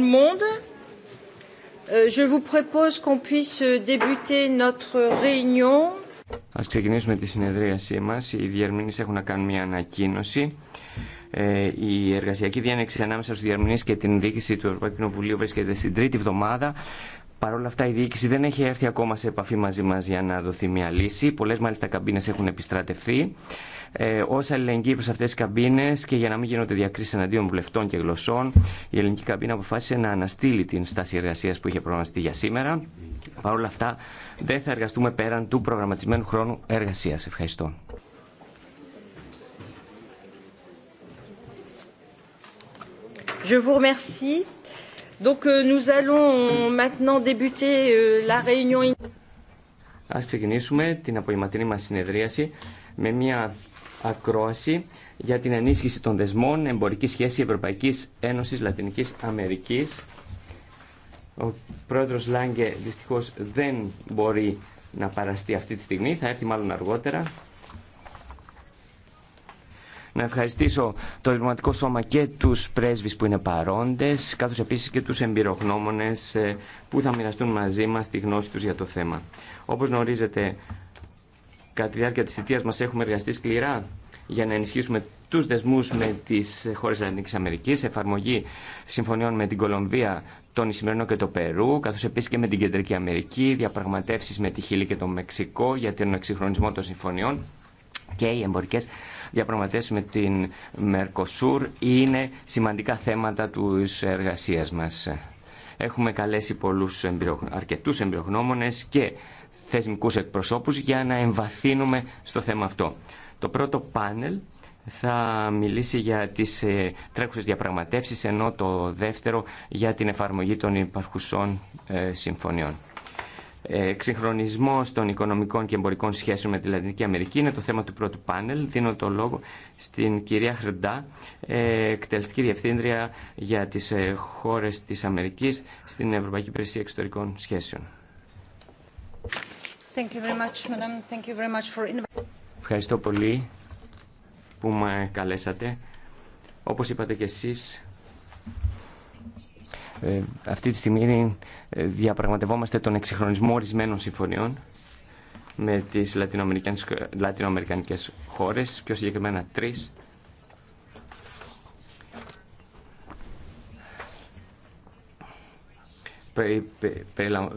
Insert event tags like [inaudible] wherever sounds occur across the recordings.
le monde. Euh, je vous propose qu'on puisse euh, débuter notre réunion. Ας ξεκινήσουμε τη συνεδρίασή μας. Οι διερμηνείς έχουν να κάνουν μια ανακοίνωση. Ε, η εργασιακή διάνεξη ανάμεσα στους διερμηνείς και την διοίκηση του Ευρωπαϊκού Κοινοβουλίου βρίσκεται στην τρίτη εβδομάδα. Παρ' όλα αυτά η διοίκηση δεν έχει έρθει ακόμα σε επαφή μαζί μα για να δοθεί μια λύση. Πολλέ μάλιστα καμπίνες έχουν επιστρατευθεί. Ε, Ω αλληλεγγύη προ αυτέ τι καμπίνε και για να μην γίνονται διακρίσει εναντίον βουλευτών και γλωσσών, η ελληνική καμπίνα αποφάσισε να αναστείλει την στάση εργασία που είχε προγραμματιστεί για σήμερα. Παρ' όλα αυτά, δεν θα εργαστούμε πέραν του προγραμματισμένου χρόνου εργασία. Ευχαριστώ. Je vous remercie. Ας ξεκινήσουμε την απογευματινή μας συνεδρίαση με μια ακρόαση για την ενίσχυση των δεσμών εμπορική σχέση Ευρωπαϊκής Ένωσης Λατινικής Αμερικής. Ο πρόεδρος Λάγκε δυστυχώς δεν μπορεί να παραστεί αυτή τη στιγμή, θα έρθει μάλλον αργότερα να ευχαριστήσω το Διπλωματικό Σώμα και του πρέσβει που είναι παρόντες, καθώ επίση και του εμπειρογνώμονε ε, που θα μοιραστούν μαζί μα τη γνώση του για το θέμα. Όπω γνωρίζετε, κατά τη διάρκεια τη θητεία μα έχουμε εργαστεί σκληρά για να ενισχύσουμε του δεσμού με τις χώρες τη Αμερική, εφαρμογή συμφωνιών με την Κολομβία, τον Ισημερινό και το Περού, καθώς επίσης και με την Κεντρική Αμερική, διαπραγματεύσει με τη Χίλη και το Μεξικό για τον εξυγχρονισμό των συμφωνιών και οι εμπορικέ διαπραγματεύσουμε την Μερκοσούρ είναι σημαντικά θέματα της εργασίας μας. Έχουμε καλέσει πολλούς αρκετούς εμπειρογνώμονες και θεσμικούς εκπροσώπους για να εμβαθύνουμε στο θέμα αυτό. Το πρώτο πάνελ θα μιλήσει για τις ε, τρέχουσες διαπραγματεύσεις, ενώ το δεύτερο για την εφαρμογή των υπαρχουσών ε, συμφωνιών. Ε, εξυγχρονισμό των οικονομικών και εμπορικών σχέσεων με τη Λατινική Αμερική είναι το θέμα του πρώτου πάνελ. Δίνω το λόγο στην κυρία Χρεντά, ε, εκτελεστική διευθύντρια για τις ε, χώρες της Αμερικής στην Ευρωπαϊκή Υπηρεσία Εξωτερικών Σχέσεων. Thank you very much, madam. Thank you very much for... Ευχαριστώ πολύ που με καλέσατε. Όπως είπατε και εσείς, ε, αυτή τη στιγμή ε, διαπραγματευόμαστε τον εξυγχρονισμό ορισμένων συμφωνιών με τις λατινοαμερικανικές χώρες, πιο συγκεκριμένα τρεις.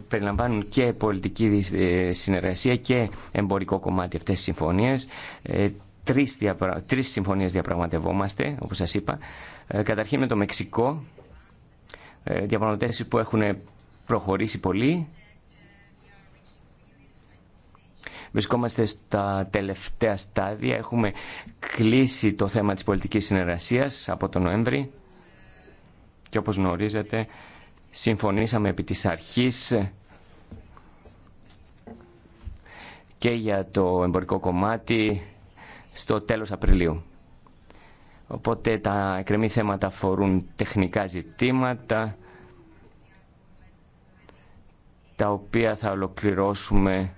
Περιλαμβάνουν και πολιτική ε, συνεργασία και εμπορικό κομμάτι αυτές τις συμφωνίες. Τρεις, διαπρα... τρεις συμφωνίες διαπραγματευόμαστε, όπως σας είπα. Καταρχήν με το Μεξικό, ε, διαπραγματεύσεις που έχουν προχωρήσει πολύ. Βρισκόμαστε στα τελευταία στάδια. Έχουμε κλείσει το θέμα της πολιτικής συνεργασίας από τον Νοέμβρη και όπως γνωρίζετε συμφωνήσαμε επί της αρχής και για το εμπορικό κομμάτι στο τέλος Απριλίου. Οπότε τα εκκρεμή θέματα αφορούν τεχνικά ζητήματα τα οποία θα ολοκληρώσουμε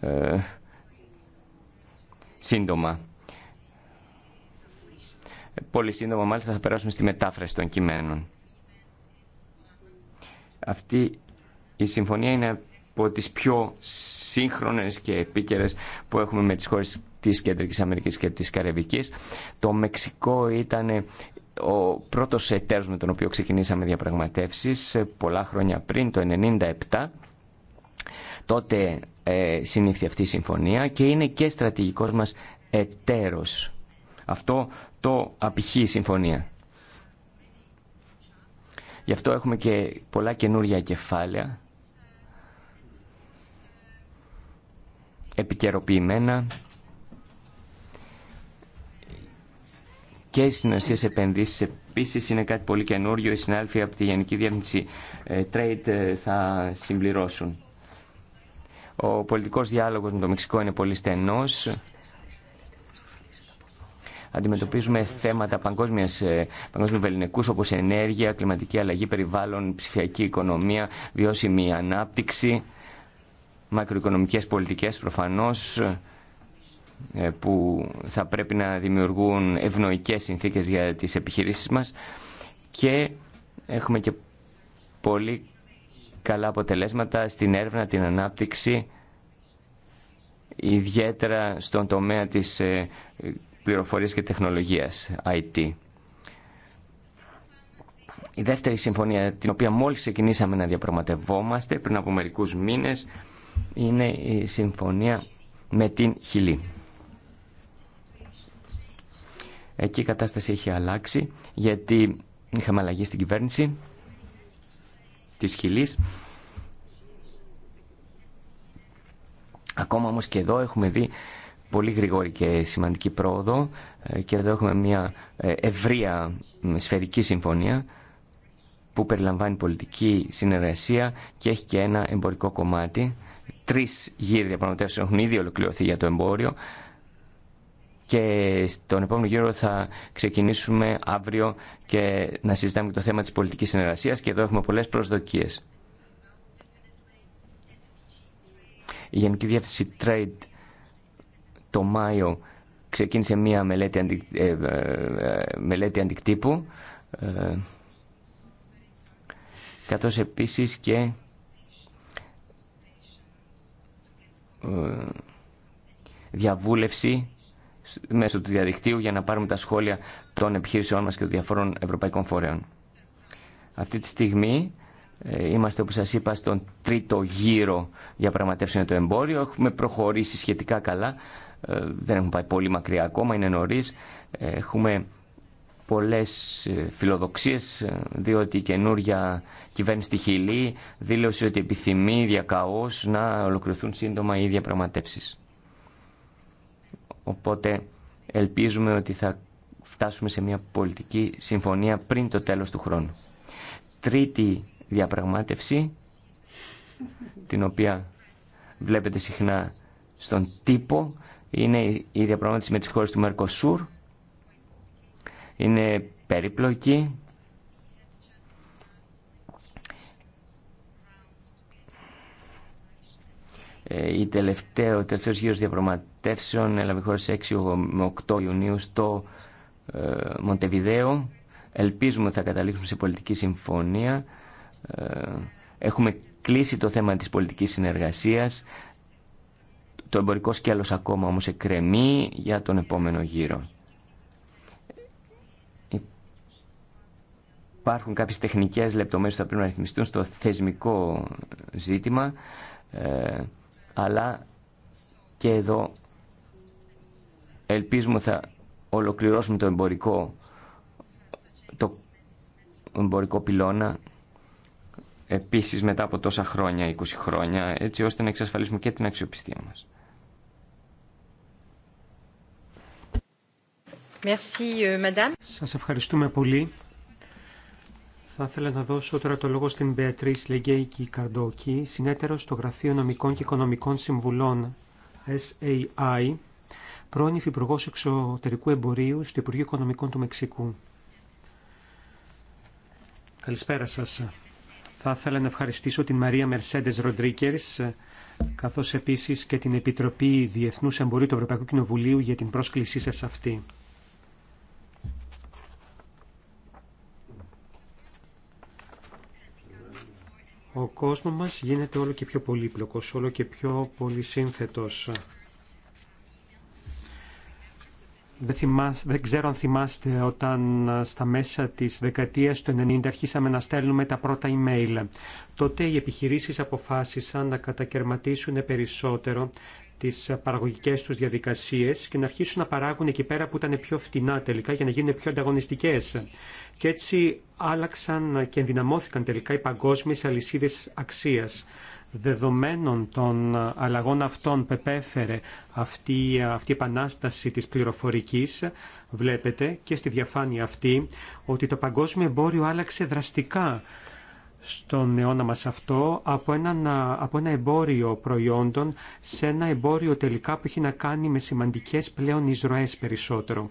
ε, σύντομα. Πολύ σύντομα μάλιστα θα περάσουμε στη μετάφραση των κειμένων. Αυτή η συμφωνία είναι από τις πιο σύγχρονες και επίκαιρες που έχουμε με τις χώρες της Κεντρικής Αμερικής και της Καρεβικής. Το Μεξικό ήταν ο πρώτος εταίρος με τον οποίο ξεκινήσαμε διαπραγματεύσεις ε, πολλά χρόνια πριν, το 1997. Τότε ε, αυτή η συμφωνία και είναι και στρατηγικός μας εταίρος. Αυτό το απηχεί η συμφωνία. Γι' αυτό έχουμε και πολλά καινούργια κεφάλαια, επικαιροποιημένα, και οι συνεργασίε επενδύσει επίση είναι κάτι πολύ καινούριο. Οι συνάδελφοι από τη Γενική Διεύθυνση ε, Trade ε, θα συμπληρώσουν. Ο πολιτικός διάλογος με το Μεξικό είναι πολύ στενός. Αντιμετωπίζουμε θέματα παγκόσμιας, ε, παγκόσμιου ελληνικού όπως ενέργεια, κλιματική αλλαγή, περιβάλλον, ψηφιακή οικονομία, βιώσιμη ανάπτυξη, μακροοικονομικές πολιτικές προφανώς, ε, που θα πρέπει να δημιουργούν ευνοϊκές συνθήκες για τις επιχειρήσεις μας και έχουμε και πολύ καλά αποτελέσματα στην έρευνα, την ανάπτυξη, ιδιαίτερα στον τομέα της ε, πληροφορίας και τεχνολογίας, IT. Η δεύτερη συμφωνία, την οποία μόλις ξεκινήσαμε να διαπραγματευόμαστε πριν από μερικούς μήνες, είναι η συμφωνία με την Χιλή. Εκεί η κατάσταση έχει αλλάξει γιατί είχαμε αλλαγή στην κυβέρνηση της Χιλής. Ακόμα όμως και εδώ έχουμε δει πολύ γρήγορη και σημαντική πρόοδο ε, και εδώ έχουμε μια ε, ευρεία σφαιρική συμφωνία που περιλαμβάνει πολιτική συνεργασία και έχει και ένα εμπορικό κομμάτι. Τρεις γύρια διαπραγματεύσεων έχουν ήδη ολοκληρωθεί για το εμπόριο και στον επόμενο γύρο θα ξεκινήσουμε αύριο και να συζητάμε το θέμα της πολιτικής συνεργασίας και εδώ έχουμε πολλές προσδοκίες. Η Γενική Διεύθυνση Trade το Μάιο ξεκίνησε μία μελέτη, ε, ε, ε, μελέτη αντικτύπου ε, καθώς επίσης και διαβούλευση μέσω του διαδικτύου για να πάρουμε τα σχόλια των επιχείρησεών μας και των διαφόρων ευρωπαϊκών φορέων. Αυτή τη στιγμή ε, είμαστε, όπως σας είπα, στον τρίτο γύρο για για το εμπόριο. Έχουμε προχωρήσει σχετικά καλά. Ε, δεν έχουμε πάει πολύ μακριά ακόμα, είναι νωρί. Ε, έχουμε πολλές φιλοδοξίες, διότι η καινούργια κυβέρνηση στη Χιλή δήλωσε ότι επιθυμεί διακαώς να ολοκληρωθούν σύντομα οι διαπραγματεύσεις. Οπότε ελπίζουμε ότι θα φτάσουμε σε μια πολιτική συμφωνία πριν το τέλος του χρόνου. Τρίτη διαπραγμάτευση, την οποία βλέπετε συχνά στον τύπο, είναι η διαπραγμάτευση με τις χώρες του Μερκοσούρ. Είναι περίπλοκη, Ε, η ο τελευταίος γύρος διαπραγματεύσεων έλαβε χώρα 6 με 8 Ιουνίου στο ε, Μοντεβιδέο. Ελπίζουμε ότι θα καταλήξουμε σε πολιτική συμφωνία. Ε, έχουμε κλείσει το θέμα της πολιτικής συνεργασίας. Το εμπορικό σκέλος ακόμα όμως εκκρεμεί για τον επόμενο γύρο. Υπάρχουν κάποιες τεχνικές λεπτομέρειες που θα πρέπει να ρυθμιστούν στο θεσμικό ζήτημα αλλά και εδώ ελπίζουμε θα ολοκληρώσουμε το εμπορικό, το εμπορικό πυλώνα επίσης μετά από τόσα χρόνια, 20 χρόνια, έτσι ώστε να εξασφαλίσουμε και την αξιοπιστία μας. Merci, euh, Σας ευχαριστούμε πολύ. Θα ήθελα να δώσω τώρα το λόγο στην Μπεατρή Λεγκέικη Καρντόκη, συνέτερο στο Γραφείο Νομικών και Οικονομικών Συμβουλών SAI, πρώην Υφυπουργό Εξωτερικού Εμπορίου στο Υπουργείο Οικονομικών του Μεξικού. Καλησπέρα σα. Θα ήθελα να ευχαριστήσω την Μαρία Μερσέντε Ροντρίκερ, καθώ επίση και την Επιτροπή Διεθνού Εμπορίου του Ευρωπαϊκού Κοινοβουλίου για την πρόσκλησή σα αυτή. Ο κόσμος μας γίνεται όλο και πιο πολύπλοκος, όλο και πιο πολυσύνθετος. Δεν, δεν ξέρω αν θυμάστε όταν στα μέσα της δεκαετίας του 90 αρχίσαμε να στέλνουμε τα πρώτα email. Τότε οι επιχειρήσεις αποφάσισαν να κατακαιρματίσουν περισσότερο τις παραγωγικές τους διαδικασίες και να αρχίσουν να παράγουν εκεί πέρα που ήταν πιο φτηνά τελικά για να γίνουν πιο ανταγωνιστικές και έτσι άλλαξαν και ενδυναμώθηκαν τελικά οι παγκόσμιες αλυσίδες αξίας. Δεδομένων των αλλαγών αυτών που επέφερε αυτή, αυτή η επανάσταση της πληροφορικής, βλέπετε και στη διαφάνεια αυτή ότι το παγκόσμιο εμπόριο άλλαξε δραστικά στον αιώνα μας αυτό από ένα, από ένα εμπόριο προϊόντων σε ένα εμπόριο τελικά που έχει να κάνει με σημαντικές πλέον εισρωές περισσότερο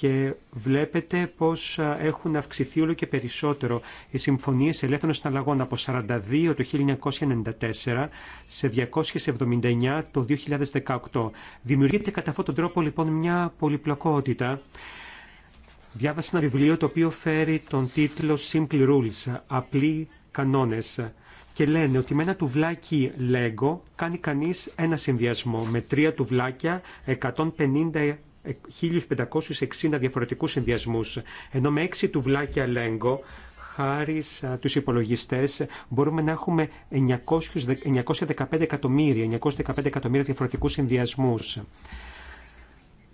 και βλέπετε πως έχουν αυξηθεί όλο και περισσότερο οι συμφωνίες ελεύθερων συναλλαγών από 42 το 1994 σε 279 το 2018. Δημιουργείται κατά αυτόν τον τρόπο λοιπόν μια πολυπλοκότητα. Διάβασα ένα βιβλίο το οποίο φέρει τον τίτλο Simple Rules, απλοί κανόνες και λένε ότι με ένα τουβλάκι Lego κάνει κανείς ένα συνδυασμό με τρία τουβλάκια 150 1.560 διαφορετικούς συνδυασμούς, ενώ με 6 τουβλάκια λέγκο χάρη στους υπολογιστέ, μπορούμε να έχουμε 900, 915 εκατομμύρια, 915 εκατομμύρια διαφορετικούς συνδυασμούς.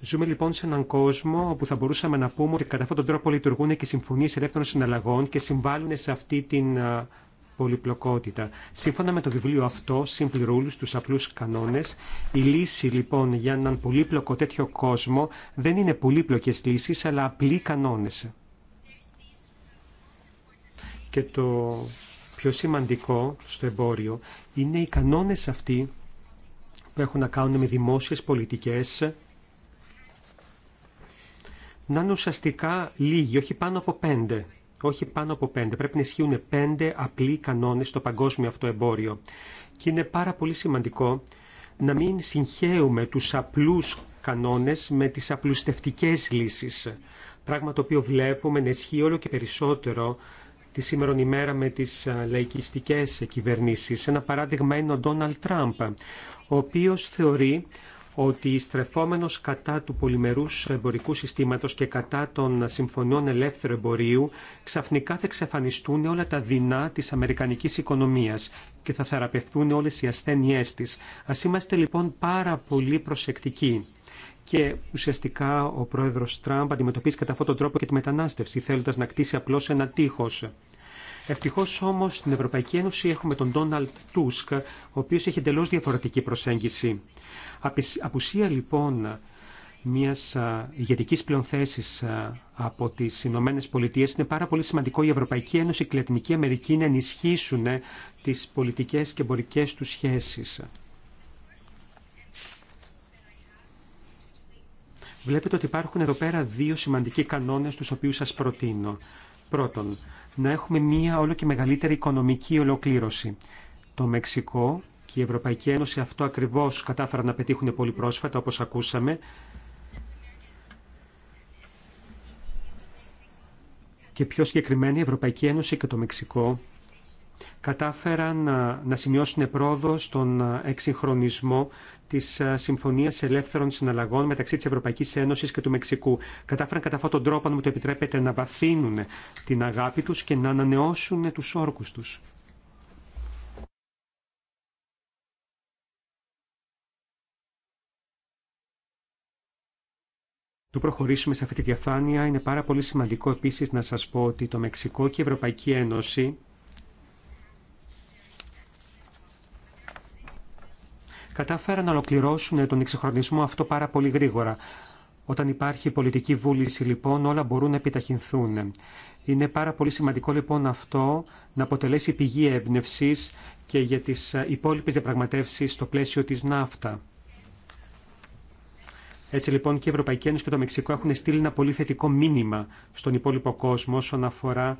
Ζούμε λοιπόν σε έναν κόσμο όπου θα μπορούσαμε να πούμε ότι κατά αυτόν τον τρόπο λειτουργούν και συμφωνίε ελεύθερων συναλλαγών και συμβάλλουν σε αυτή την πολυπλοκότητα. Σύμφωνα με το βιβλίο αυτό, Simple Rules, τους απλούς κανόνες, η λύση λοιπόν για έναν πολύπλοκο τέτοιο κόσμο δεν είναι πολύπλοκες λύσεις, αλλά απλοί κανόνες. Και το πιο σημαντικό στο εμπόριο είναι οι κανόνες αυτοί που έχουν να κάνουν με δημόσιες πολιτικές να είναι ουσιαστικά λίγοι, όχι πάνω από πέντε όχι πάνω από πέντε. Πρέπει να ισχύουν πέντε απλοί κανόνες στο παγκόσμιο αυτό εμπόριο. Και είναι πάρα πολύ σημαντικό να μην συγχαίουμε τους απλούς κανόνες με τις απλουστευτικές λύσεις. Πράγμα το οποίο βλέπουμε να ισχύει όλο και περισσότερο τη σήμερον ημέρα με τις λαϊκιστικές κυβερνήσεις. Ένα παράδειγμα είναι ο Ντόναλτ Τραμπ, ο οποίος θεωρεί ότι στρεφόμενος κατά του πολυμερούς εμπορικού συστήματος και κατά των συμφωνιών ελεύθερου εμπορίου, ξαφνικά θα εξαφανιστούν όλα τα δεινά της αμερικανικής οικονομίας και θα θεραπευτούν όλες οι ασθένειές της. Ας είμαστε λοιπόν πάρα πολύ προσεκτικοί. Και ουσιαστικά ο πρόεδρος Τραμπ αντιμετωπίζει κατά αυτόν τον τρόπο και τη μετανάστευση, θέλοντας να κτίσει απλώς ένα τείχος. Ευτυχώ όμω στην Ευρωπαϊκή Ένωση έχουμε τον Ντόναλτ Τούσκ, ο οποίο έχει εντελώ διαφορετική προσέγγιση. Απουσία λοιπόν μια ηγετική πλέον από τι Ηνωμένε Πολιτείε είναι πάρα πολύ σημαντικό η Ευρωπαϊκή Ένωση και η Λατινική Αμερική να ενισχύσουν ε, τι πολιτικέ και εμπορικέ του σχέσει. Βλέπετε ότι υπάρχουν εδώ πέρα δύο σημαντικοί κανόνες τους οποίους σας προτείνω. Πρώτον, να έχουμε μία όλο και μεγαλύτερη οικονομική ολοκλήρωση. Το Μεξικό και η Ευρωπαϊκή Ένωση αυτό ακριβώς κατάφεραν να πετύχουν πολύ πρόσφατα, όπως ακούσαμε. Και πιο συγκεκριμένα η Ευρωπαϊκή Ένωση και το Μεξικό κατάφεραν να, να σημειώσουν πρόοδο στον εξυγχρονισμό τη Συμφωνία Ελεύθερων Συναλλαγών μεταξύ τη Ευρωπαϊκή Ένωση και του Μεξικού. Κατάφεραν κατά αυτόν τον τρόπο, αν μου το επιτρέπετε, να βαθύνουν την αγάπη του και να ανανεώσουν του όρκου του. Το προχωρήσουμε σε αυτή τη διαφάνεια. Είναι πάρα πολύ σημαντικό επίση να σας πω ότι το Μεξικό και η Ευρωπαϊκή Ένωση κατάφεραν να ολοκληρώσουν τον εξυγχρονισμό αυτό πάρα πολύ γρήγορα. Όταν υπάρχει πολιτική βούληση λοιπόν όλα μπορούν να επιταχυνθούν. Είναι πάρα πολύ σημαντικό λοιπόν αυτό να αποτελέσει πηγή έμπνευση και για τις υπόλοιπες διαπραγματεύσει στο πλαίσιο της ΝΑΦΤΑ. Έτσι λοιπόν και η Ευρωπαϊκή Ένωση και το Μεξικό έχουν στείλει ένα πολύ θετικό μήνυμα στον υπόλοιπο κόσμο όσον αφορά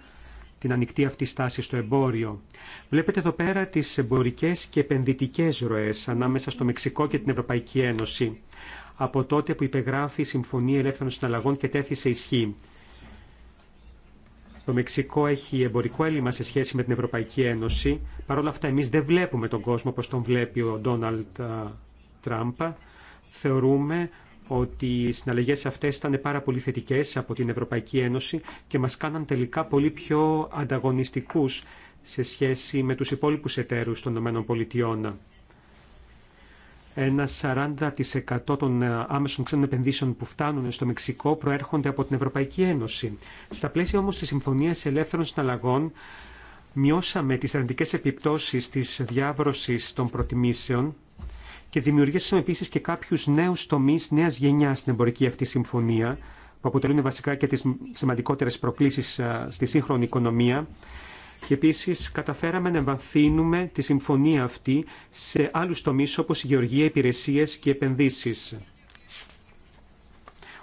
την ανοιχτή αυτή στάση στο εμπόριο. Βλέπετε εδώ πέρα τι εμπορικές και επενδυτικέ ροές ανάμεσα στο Μεξικό και την Ευρωπαϊκή Ένωση από τότε που υπεγράφει η Συμφωνία Ελεύθερων Συναλλαγών και τέθησε ισχύ. Το Μεξικό έχει εμπορικό έλλειμμα σε σχέση με την Ευρωπαϊκή Ένωση. Παρ' όλα αυτά εμείς δεν βλέπουμε τον κόσμο όπω τον βλέπει ο Ντόναλτ Τραμπ. Θεωρούμε ότι οι συναλλαγέ αυτές ήταν πάρα πολύ θετικές από την Ευρωπαϊκή Ένωση και μας κάναν τελικά πολύ πιο ανταγωνιστικούς σε σχέση με τους υπόλοιπου εταίρου των ΗΠΑ. Ένα 40% των ε, άμεσων ξένων επενδύσεων που φτάνουν στο Μεξικό προέρχονται από την Ευρωπαϊκή Ένωση. Στα πλαίσια όμως τη Συμφωνία Ελεύθερων Συναλλαγών μειώσαμε τι αρνητικές επιπτώσει τη διάβρωση των προτιμήσεων και δημιουργήσαμε επίση και κάποιου νέου τομεί νέα γενιά στην εμπορική αυτή συμφωνία που αποτελούν βασικά και τι σημαντικότερε προκλήσει στη σύγχρονη οικονομία και επίση καταφέραμε να εμβαθύνουμε τη συμφωνία αυτή σε άλλου τομεί όπω η γεωργία, υπηρεσίε και επενδύσει.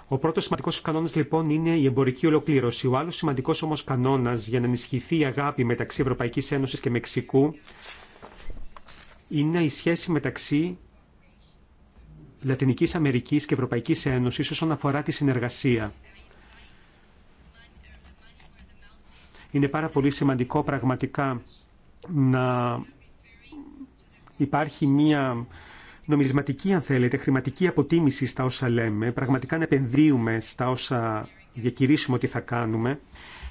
Ο πρώτο σημαντικό κανόνα λοιπόν είναι η εμπορική ολοκλήρωση. Ο άλλο σημαντικό όμω κανόνα για να ενισχυθεί η αγάπη μεταξύ Ευρωπαϊκή Ένωση και Μεξικού είναι η σχέση μεταξύ Λατινικής Αμερικής και Ευρωπαϊκής Ένωσης όσον αφορά τη συνεργασία. Είναι πάρα πολύ σημαντικό πραγματικά να υπάρχει μία νομισματική, αν θέλετε, χρηματική αποτίμηση στα όσα λέμε, πραγματικά να επενδύουμε στα όσα διακηρύσουμε ότι θα κάνουμε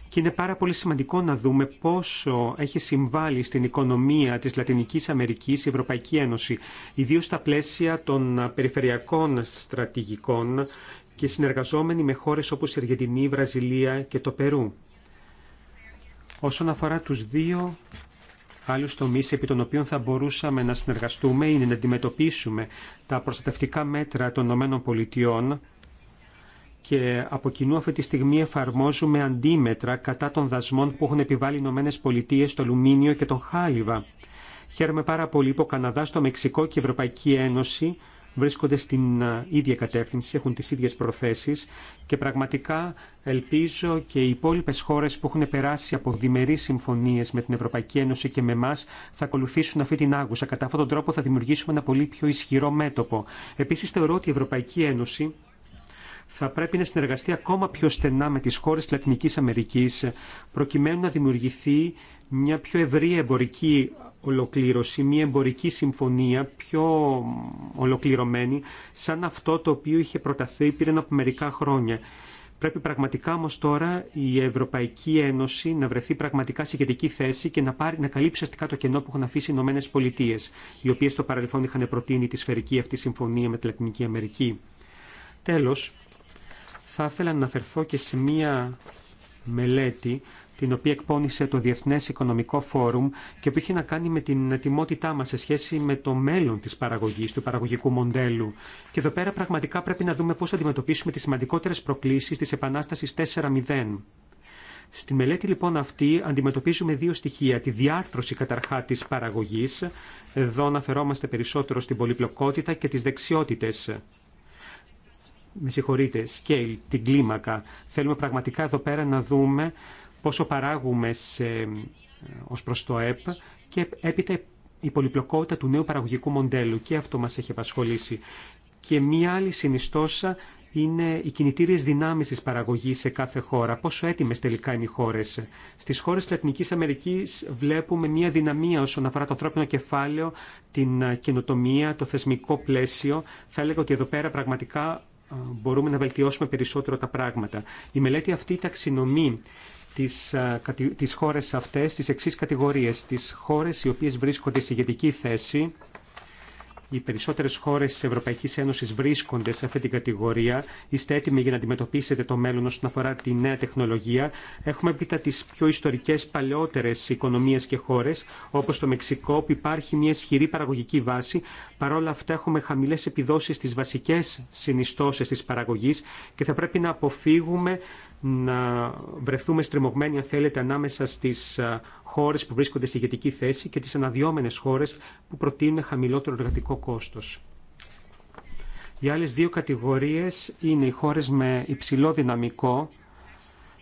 και είναι πάρα πολύ σημαντικό να δούμε πόσο έχει συμβάλει στην οικονομία της Λατινικής Αμερικής η Ευρωπαϊκή Ένωση, ιδίως στα πλαίσια των περιφερειακών στρατηγικών και συνεργαζόμενοι με χώρες όπως η Αργεντινή, η Βραζιλία και το Περού. Όσον αφορά τους δύο άλλους τομείς επί των οποίων θα μπορούσαμε να συνεργαστούμε είναι να αντιμετωπίσουμε τα προστατευτικά μέτρα των ΗΠΑ και από κοινού αυτή τη στιγμή εφαρμόζουμε αντίμετρα κατά των δασμών που έχουν επιβάλει οι Ηνωμένε Πολιτείε στο αλουμίνιο και τον χάλιβα. Χαίρομαι πάρα πολύ που ο Καναδά, το Μεξικό και η Ευρωπαϊκή Ένωση βρίσκονται στην ίδια κατεύθυνση, έχουν τις ίδιες προθέσεις και πραγματικά ελπίζω και οι υπόλοιπε χώρες που έχουν περάσει από διμερείς συμφωνίες με την Ευρωπαϊκή Ένωση και με εμά θα ακολουθήσουν αυτή την άγουσα. Κατά αυτόν τον τρόπο θα δημιουργήσουμε ένα πολύ πιο ισχυρό μέτωπο. Επίση θεωρώ ότι η Ευρωπαϊκή Ένωση θα πρέπει να συνεργαστεί ακόμα πιο στενά με τις χώρες της Λατινικής Αμερικής προκειμένου να δημιουργηθεί μια πιο ευρία εμπορική ολοκλήρωση, μια εμπορική συμφωνία πιο ολοκληρωμένη σαν αυτό το οποίο είχε προταθεί πριν από μερικά χρόνια. Πρέπει πραγματικά όμω τώρα η Ευρωπαϊκή Ένωση να βρεθεί πραγματικά σε ηγετική θέση και να, πάρει, να καλύψει αστικά το κενό που έχουν αφήσει οι Ηνωμένε Πολιτείε, οι οποίε στο παρελθόν είχαν προτείνει τη σφαιρική αυτή συμφωνία με τη Λατινική Αμερική. Τέλο, θα ήθελα να αναφερθώ και σε μία μελέτη την οποία εκπώνησε το Διεθνές Οικονομικό Φόρουμ και που είχε να κάνει με την ετοιμότητά μας σε σχέση με το μέλλον της παραγωγής, του παραγωγικού μοντέλου. Και εδώ πέρα πραγματικά πρέπει να δούμε πώς θα αντιμετωπίσουμε τις σημαντικότερες προκλήσεις της Επανάστασης 4.0. Στη μελέτη λοιπόν αυτή αντιμετωπίζουμε δύο στοιχεία. Τη διάρθρωση καταρχά της παραγωγής, εδώ αναφερόμαστε περισσότερο στην πολυπλοκότητα και τις δεξιότητες με συγχωρείτε, scale, την κλίμακα. Θέλουμε πραγματικά εδώ πέρα να δούμε πόσο παράγουμε σε, ε, ως προς το ΕΠ και έπειτα η πολυπλοκότητα του νέου παραγωγικού μοντέλου και αυτό μας έχει απασχολήσει. Και μία άλλη συνιστόσα είναι οι κινητήριες δυνάμεις της παραγωγής σε κάθε χώρα, πόσο έτοιμες τελικά είναι οι χώρες. Στις χώρες της Λατινικής Αμερικής βλέπουμε μία δυναμία όσον αφορά το ανθρώπινο κεφάλαιο, την ε, καινοτομία, το θεσμικό πλαίσιο. Θα έλεγα ότι εδώ πέρα πραγματικά μπορούμε να βελτιώσουμε περισσότερο τα πράγματα. Η μελέτη αυτή ταξινομεί τις, τις χώρες αυτές τις εξής κατηγορίες. Τις χώρες οι οποίες βρίσκονται σε ηγετική θέση, οι περισσότερες χώρες της Ευρωπαϊκής Ένωσης βρίσκονται σε αυτή την κατηγορία. Είστε έτοιμοι για να αντιμετωπίσετε το μέλλον όσον αφορά τη νέα τεχνολογία. Έχουμε πει τα πιο ιστορικές παλαιότερες οικονομίες και χώρες, όπως το Μεξικό, που υπάρχει μια ισχυρή παραγωγική βάση. Παρόλα αυτά έχουμε χαμηλές επιδόσεις στις βασικές συνιστώσεις της παραγωγής και θα πρέπει να αποφύγουμε να βρεθούμε στριμωγμένοι, αν θέλετε, ανάμεσα στι ε, χώρες που βρίσκονται στη ηγετική θέση και τι αναδυόμενε χώρες που προτείνουν χαμηλότερο εργατικό κόστο. Οι άλλε δύο κατηγορίε είναι οι χώρε με υψηλό δυναμικό,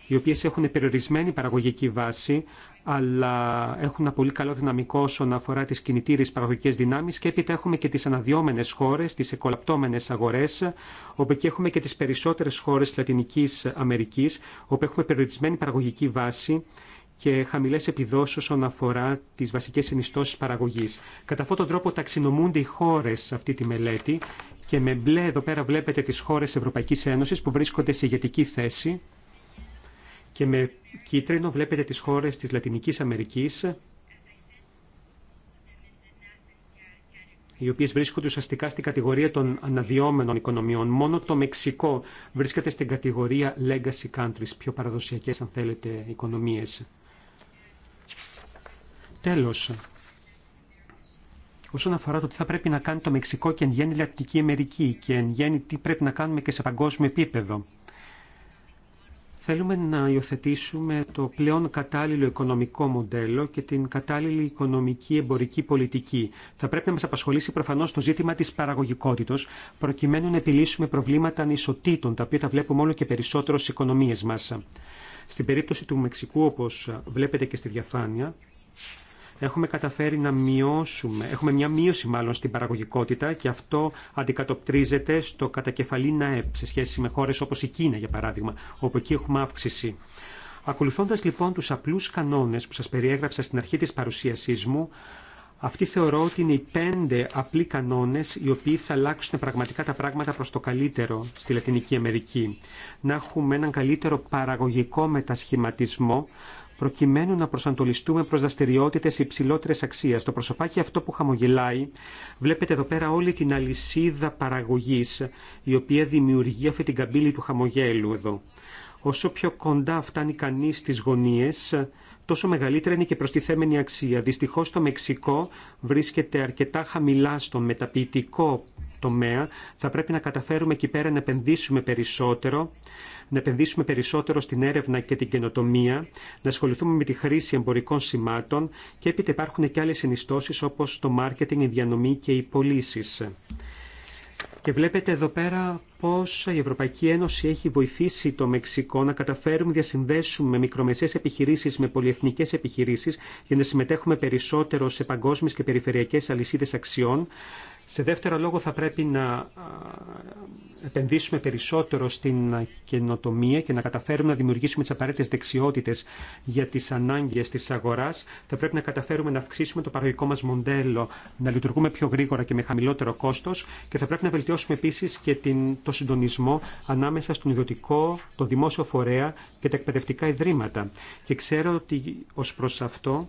οι οποίες έχουν περιορισμένη παραγωγική βάση, αλλά έχουν ένα πολύ καλό δυναμικό όσον αφορά τις κινητήρες παραγωγικές δυνάμεις και έπειτα έχουμε και τις αναδυόμενες χώρες, τις εκολαπτώμενες αγορές, όπου εκεί έχουμε και τις περισσότερες χώρες της Λατινικής Αμερικής, όπου έχουμε περιορισμένη παραγωγική βάση και χαμηλέ επιδόσει όσον αφορά τι βασικέ συνιστώσει παραγωγή. Κατά αυτόν τον τρόπο ταξινομούνται οι χώρε σε αυτή τη μελέτη και με μπλε εδώ πέρα βλέπετε τι χώρε Ευρωπαϊκή Ένωση που βρίσκονται σε ηγετική θέση και με κίτρινο βλέπετε τις χώρες της Λατινικής Αμερικής οι οποίες βρίσκονται ουσιαστικά στην κατηγορία των αναδυόμενων οικονομιών. Μόνο το Μεξικό βρίσκεται στην κατηγορία legacy countries, πιο παραδοσιακές αν θέλετε οικονομίες. Τέλος, όσον αφορά το τι θα πρέπει να κάνει το Μεξικό και εν γέννη Λατινική Αμερική και εν γέννη τι πρέπει να κάνουμε και σε παγκόσμιο επίπεδο. Θέλουμε να υιοθετήσουμε το πλέον κατάλληλο οικονομικό μοντέλο και την κατάλληλη οικονομική εμπορική πολιτική. Θα πρέπει να μα απασχολήσει προφανώ το ζήτημα τη παραγωγικότητα, προκειμένου να επιλύσουμε προβλήματα ανισοτήτων, τα οποία τα βλέπουμε όλο και περισσότερο στι οικονομίε μα. Στην περίπτωση του Μεξικού, όπω βλέπετε και στη διαφάνεια, έχουμε καταφέρει να μειώσουμε, έχουμε μια μείωση μάλλον στην παραγωγικότητα και αυτό αντικατοπτρίζεται στο κατακεφαλή ΝΑΕΠ σε σχέση με χώρες όπως η Κίνα για παράδειγμα, όπου εκεί έχουμε αύξηση. Ακολουθώντας λοιπόν τους απλούς κανόνες που σας περιέγραψα στην αρχή της παρουσίασής μου, αυτοί θεωρώ ότι είναι οι πέντε απλοί κανόνες οι οποίοι θα αλλάξουν πραγματικά τα πράγματα προς το καλύτερο στη Λατινική Αμερική. Να έχουμε έναν καλύτερο παραγωγικό μετασχηματισμό, προκειμένου να προσανατολιστούμε προ δραστηριότητε υψηλότερη αξια Το προσωπάκι αυτό που χαμογελάει, βλέπετε εδώ πέρα όλη την αλυσίδα παραγωγη η οποία δημιουργεί αυτή την καμπύλη του χαμογέλου εδώ. Όσο πιο κοντά φτάνει κανεί στι γωνίε, τόσο μεγαλύτερα είναι και προστιθέμενη αξία. Δυστυχώ το Μεξικό βρίσκεται αρκετά χαμηλά στο μεταποιητικό τομέα. Θα πρέπει να καταφέρουμε εκεί πέρα να επενδύσουμε περισσότερο να επενδύσουμε περισσότερο στην έρευνα και την καινοτομία, να ασχοληθούμε με τη χρήση εμπορικών σημάτων και έπειτα υπάρχουν και άλλε συνιστώσει όπω το μάρκετινγκ, η διανομή και οι πωλήσει. Και βλέπετε εδώ πέρα πώ η Ευρωπαϊκή Ένωση έχει βοηθήσει το Μεξικό να καταφέρουμε να διασυνδέσουμε μικρομεσαίες επιχειρήσει με πολυεθνικέ επιχειρήσει για να συμμετέχουμε περισσότερο σε παγκόσμιε και περιφερειακέ αλυσίδε αξιών, σε δεύτερο λόγο θα πρέπει να επενδύσουμε περισσότερο στην καινοτομία και να καταφέρουμε να δημιουργήσουμε τις απαραίτητες δεξιότητες για τις ανάγκες της αγοράς. Θα πρέπει να καταφέρουμε να αυξήσουμε το παραγωγικό μας μοντέλο, να λειτουργούμε πιο γρήγορα και με χαμηλότερο κόστος και θα πρέπει να βελτιώσουμε επίσης και την, το συντονισμό ανάμεσα στον ιδιωτικό, το δημόσιο φορέα και τα εκπαιδευτικά ιδρύματα. Και ξέρω ότι ως προς αυτό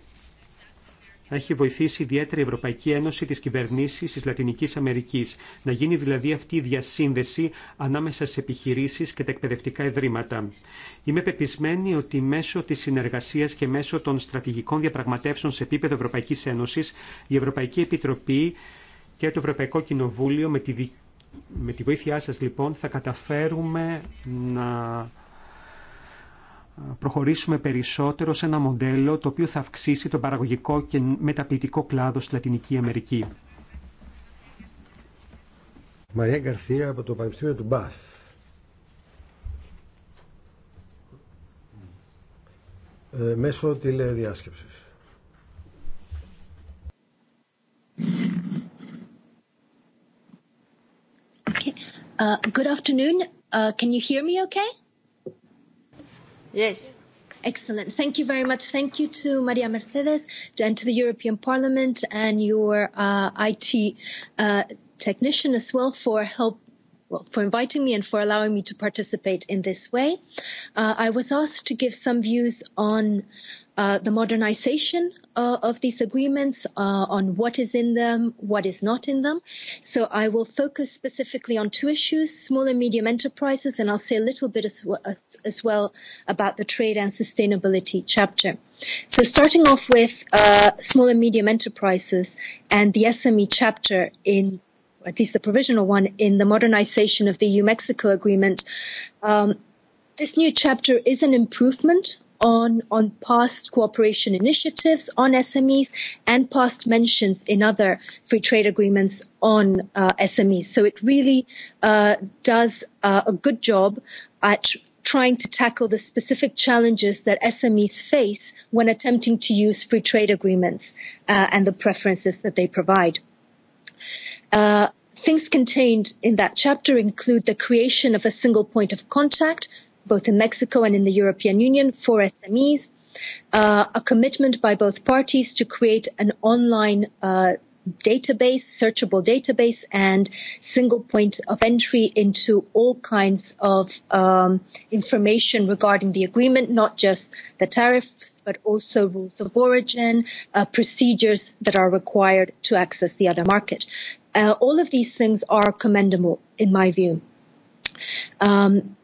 έχει βοηθήσει ιδιαίτερα η Ευρωπαϊκή Ένωση της κυβερνήσεις της Λατινικής Αμερικής, να γίνει δηλαδή αυτή η διασύνδεση ανάμεσα σε επιχειρήσεις και τα εκπαιδευτικά ιδρύματα. Είμαι πεπισμένη ότι μέσω της συνεργασίας και μέσω των στρατηγικών διαπραγματεύσεων σε επίπεδο Ευρωπαϊκής Ένωσης, η Ευρωπαϊκή Επιτροπή και το Ευρωπαϊκό Κοινοβούλιο με τη, με τη βοήθειά σας λοιπόν θα καταφέρουμε να προχωρήσουμε περισσότερο σε ένα μοντέλο το οποίο θα αυξήσει τον παραγωγικό και μεταποιητικό κλάδο στη Λατινική Αμερική. Μαρία Γκαρθία από το Πανεπιστήμιο του Μπαθ. Ε, μέσω τηλεδιάσκεψης. Okay. Uh, good afternoon. Uh, can you hear me okay? Yes. Excellent. Thank you very much. Thank you to Maria Mercedes and to the European Parliament and your uh, IT uh, technician as well for help well, for inviting me and for allowing me to participate in this way. Uh, I was asked to give some views on uh, the modernization of these agreements on what is in them, what is not in them. So I will focus specifically on two issues, small and medium enterprises, and I'll say a little bit as well about the trade and sustainability chapter. So starting off with small and medium enterprises and the SME chapter in at least the provisional one in the modernization of the EU Mexico agreement. Um, this new chapter is an improvement on, on past cooperation initiatives on SMEs and past mentions in other free trade agreements on uh, SMEs. So it really uh, does uh, a good job at trying to tackle the specific challenges that SMEs face when attempting to use free trade agreements uh, and the preferences that they provide. Uh, things contained in that chapter include the creation of a single point of contact both in Mexico and in the European Union for SMEs, a commitment by both parties to create an online database, searchable database, and single point of entry into all kinds of information regarding the agreement, not just the tariffs, but also rules of origin, procedures that are required to access the other market. All of these things are commendable, in my view.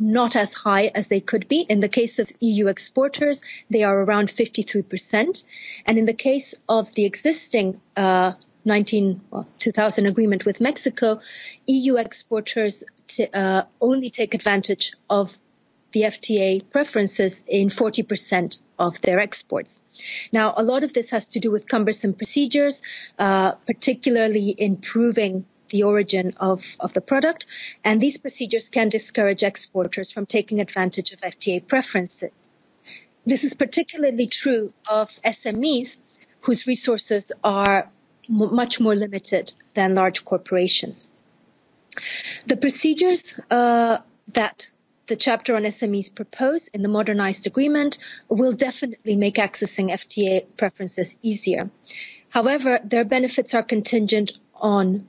not as high as they could be. In the case of EU exporters, they are around 53%. And in the case of the existing 19 2000 agreement with Mexico, EU exporters only take advantage of the FTA preferences in 40% of their exports. Now, a lot of this has to do with cumbersome procedures, particularly in proving the origin of, of the product. And these procedures can discourage exporters from taking advantage of FTA preferences. This is particularly true of SMEs whose resources are much more limited than large corporations. The procedures that the chapter on SMEs propose in the modernized agreement will definitely make accessing FTA preferences easier. However, their benefits are contingent on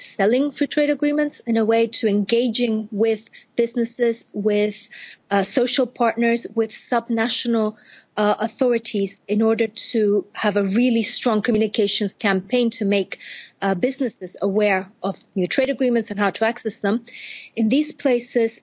selling free trade agreements in a way to engaging with businesses, with uh, social partners, with subnational uh, authorities in order to have a really strong communications campaign to make uh, businesses aware of new trade agreements and how to access them. In these places,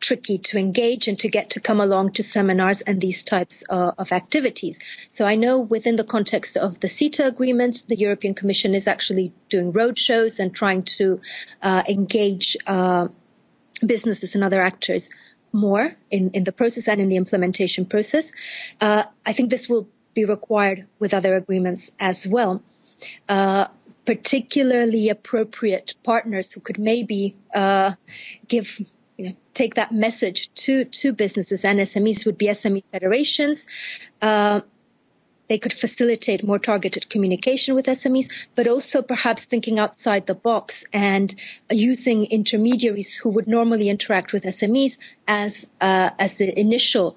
tricky to engage and to get to come along to seminars and these types of activities. So I know within the context of the CETA agreement, the European Commission is actually doing roadshows and trying to engage businesses and other actors more in, in the process and in the implementation process. I think this will be required with other agreements as well. particularly appropriate partners who could maybe uh, give take that message to to businesses and SMEs would be SME federations. they could facilitate more targeted communication with SMEs, but also perhaps thinking outside the box and using intermediaries who would normally interact with SMEs as as the initial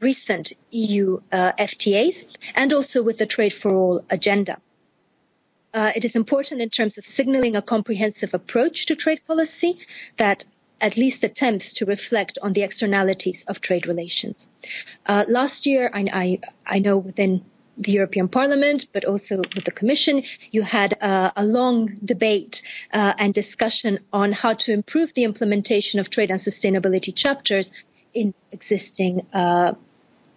recent EU FTAs and also with the Trade for All agenda. It is important in terms of signaling a comprehensive approach to trade policy that at least attempts to reflect on the externalities of trade relations. Last year, I know within the European Parliament, but also with the Commission, you had a long debate and discussion on how to improve the implementation of trade and sustainability chapters in existing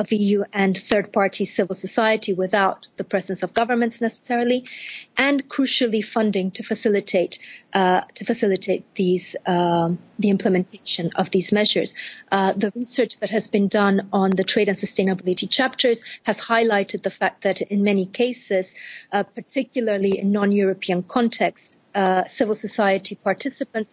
of EU and third-party civil society without the presence of governments necessarily, and crucially funding to facilitate to facilitate these the implementation of these measures. The research that has been done on the trade and sustainability chapters has highlighted the fact that in many cases, particularly in non-European contexts, civil society participants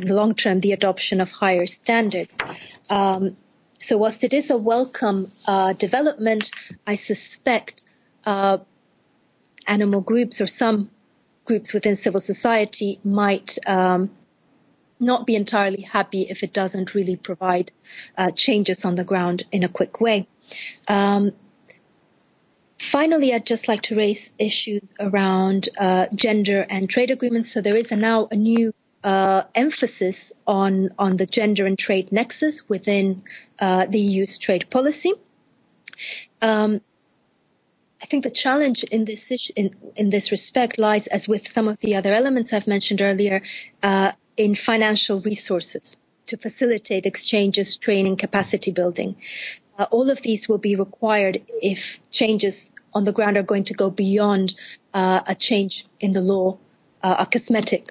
and long term the adoption of higher standards. so, whilst it is a welcome development, I suspect uh, animal groups or some groups within civil society might um, not be entirely happy if it doesn't really provide changes on the ground in a quick way. Um, Finally, I'd just like to raise issues around uh, gender and trade agreements. So there is now a new emphasis on on the gender and trade nexus within the EU's trade policy. I think the challenge in this issue, in, in this respect lies, as with some of the other elements I've mentioned earlier, uh, in financial resources to facilitate exchanges, training, capacity building. all of these will be required if changes on the ground are going to go beyond a change in the law, a cosmetic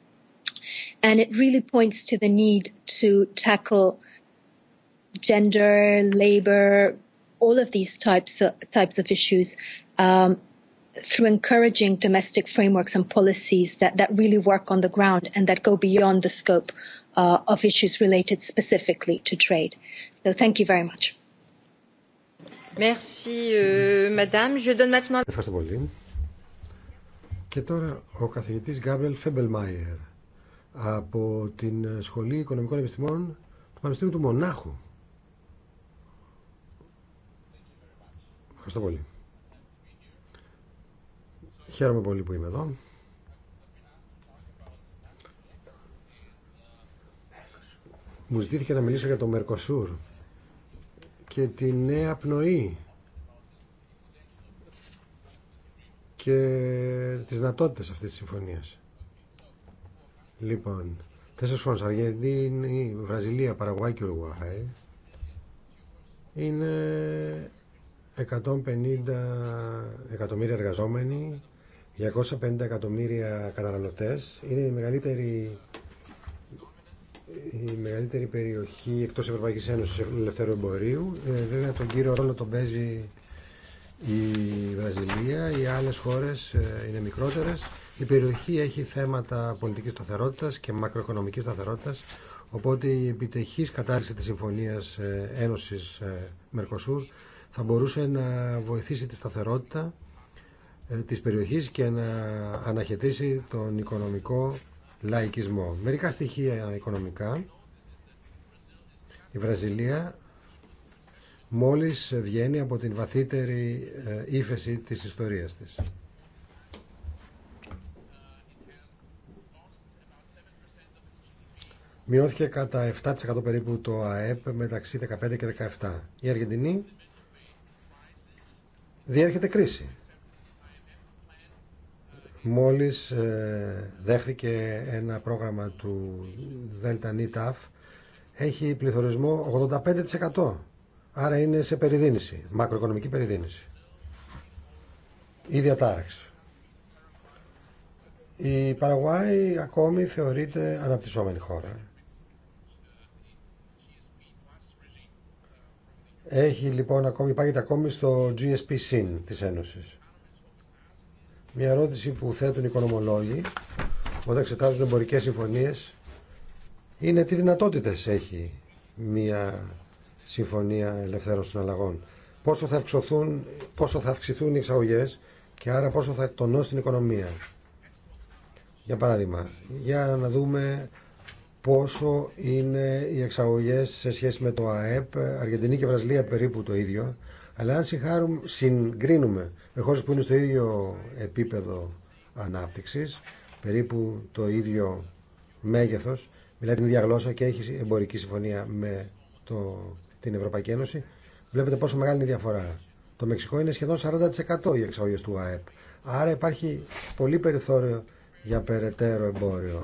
And it really points to the need to tackle gender, labor, all of these types of, types of issues um, through encouraging domestic frameworks and policies that, that really work on the ground and that go beyond the scope uh, of issues related specifically to trade. So thank you very much. Merci, madame. Je donne maintenant... Ευχαριστώ πολύ. Και τώρα ο καθηγητής Γκάμπελ Φέμπελμάιερ από την Σχολή Οικονομικών Επιστημών του Πανεπιστήμιου του Μονάχου. Ευχαριστώ πολύ. Χαίρομαι πολύ που είμαι εδώ. Μου ζητήθηκε να μιλήσω για το Μερκοσούρ και τη νέα πνοή και τις δυνατότητες αυτής της συμφωνίας. Λοιπόν, τέσσερις χώρες, Αργεντίνη, Βραζιλία, Παραγουάη και Ουρουάη είναι 150 εκατομμύρια εργαζόμενοι, 250 εκατομμύρια καταναλωτές. Είναι η μεγαλύτερη, η μεγαλύτερη περιοχή εκτός Ευρωπαϊκής Ένωσης ελευθερού εμπορίου. Ε, βέβαια τον κύριο ρόλο τον παίζει η Βραζιλία, οι άλλες χώρες ε, είναι μικρότερες η περιοχή έχει θέματα πολιτικής σταθερότητα και μακροοικονομικής σταθερότητα, οπότε η επιτυχή κατάρριξη της Συμφωνίας ε, Ένωση ε, Μερκοσούρ θα μπορούσε να βοηθήσει τη σταθερότητα ε, της περιοχής και να αναχαιτήσει τον οικονομικό λαϊκισμό. Μερικά στοιχεία οικονομικά. Η Βραζιλία μόλις βγαίνει από την βαθύτερη ύφεση της ιστορίας της. μειώθηκε κατά 7% περίπου το ΑΕΠ μεταξύ 15 και 17. Η Αργεντινή διέρχεται κρίση. Μόλις ε, δέχθηκε ένα πρόγραμμα του ΔΝΤΑΦ έχει πληθωρισμό 85%. Άρα είναι σε περιδίνηση, μακροοικονομική περιδίνηση. Η διατάραξη. Η Παραγουάη ακόμη θεωρείται αναπτυσσόμενη χώρα. Έχει λοιπόν ακόμη, υπάρχει ακόμη στο GSP sin της Ένωσης. Μια ερώτηση που θέτουν οι οικονομολόγοι όταν εξετάζουν εμπορικέ συμφωνίες είναι τι δυνατότητες έχει μια συμφωνία ελευθέρων των Πόσο θα, πόσο θα αυξηθούν οι εξαγωγές και άρα πόσο θα εκτονώσει την οικονομία. Για παράδειγμα, για να δούμε πόσο είναι οι εξαγωγές σε σχέση με το ΑΕΠ. Αργεντινή και Βραζιλία περίπου το ίδιο. Αλλά αν συγκρίνουμε με χώρες που είναι στο ίδιο επίπεδο ανάπτυξης, περίπου το ίδιο μέγεθος, μιλάει την ίδια γλώσσα και έχει εμπορική συμφωνία με το, την Ευρωπαϊκή Ένωση, βλέπετε πόσο μεγάλη είναι η διαφορά. Το Μεξικό είναι σχεδόν 40% οι εξαγωγέ του ΑΕΠ. Άρα υπάρχει πολύ περιθώριο για περαιτέρω εμπόριο.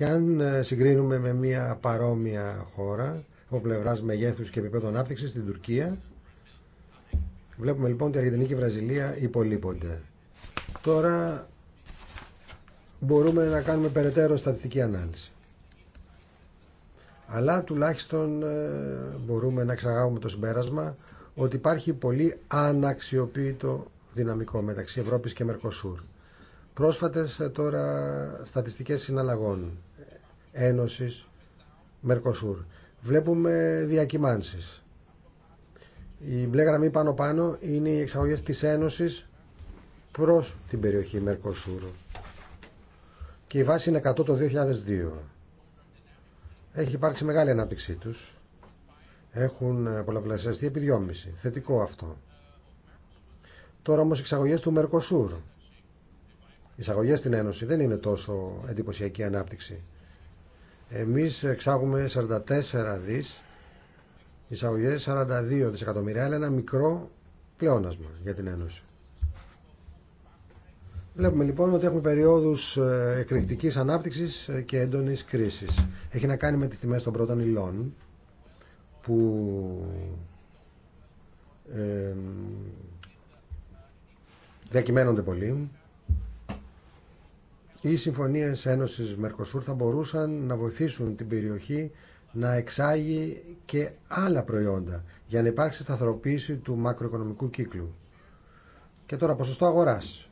Και αν ε, συγκρίνουμε με μια παρόμοια χώρα, από πλευρά μεγέθου και επίπεδο ανάπτυξη, την Τουρκία, βλέπουμε λοιπόν ότι η Αργεντινή και η Βραζιλία υπολείπονται. Τώρα μπορούμε να κάνουμε περαιτέρω στατιστική ανάλυση. Αλλά τουλάχιστον ε, μπορούμε να εξαγάγουμε το συμπέρασμα ότι υπάρχει πολύ αναξιοποίητο δυναμικό μεταξύ Ευρώπης και Μερκοσούρ. Πρόσφατες ε, τώρα στατιστικές συναλλαγών. Ένωσης Μερκοσούρ. Βλέπουμε διακυμάνσεις. Η μπλε γραμμή πάνω-πάνω είναι οι εξαγωγές της Ένωσης προς την περιοχή Μερκοσούρ. Και η βάση είναι 100 το 2002. Έχει υπάρξει μεγάλη ανάπτυξή τους. Έχουν ε, πολλαπλασιαστεί επί 2,5. Θετικό αυτό. Τώρα όμως οι εξαγωγές του Μερκοσούρ. Οι εισαγωγές στην Ένωση δεν είναι τόσο εντυπωσιακή ανάπτυξη. Εμείς εξάγουμε 44 δις, εισαγωγές 42 δισεκατομμύρια, αλλά ένα μικρό πλεόνασμα για την Ένωση. Βλέπουμε λοιπόν ότι έχουμε περιόδους ε, εκρηκτικής ανάπτυξης ε, και έντονης κρίσης. Έχει να κάνει με τις τιμές των πρώτων υλών που ε, διακυμαίνονται πολύ οι συμφωνίε Ένωση Μερκοσούρ θα μπορούσαν να βοηθήσουν την περιοχή να εξάγει και άλλα προϊόντα για να υπάρξει σταθεροποίηση του μακροοικονομικού κύκλου. Και τώρα ποσοστό αγοράς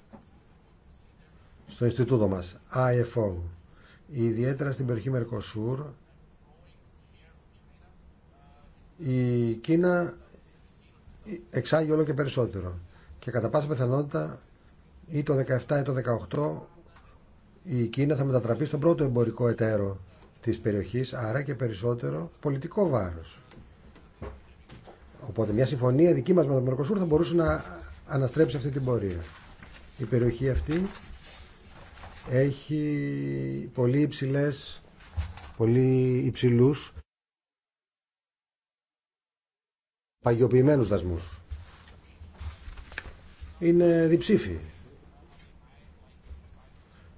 στο Ινστιτούτο μας, IFO, ιδιαίτερα στην περιοχή Μερκοσούρ, η Κίνα εξάγει όλο και περισσότερο και κατά πάσα πιθανότητα ή το 17 ή το η Κίνα θα μετατραπεί στον πρώτο εμπορικό εταίρο της περιοχής, άρα και περισσότερο πολιτικό βάρος. Οπότε μια συμφωνία δική μας με τον Μερκοσούρ θα μπορούσε να αναστρέψει αυτή την πορεία. Η περιοχή αυτή έχει πολύ υψηλές, πολύ υψηλούς παγιοποιημένους δασμούς. Είναι διψήφιοι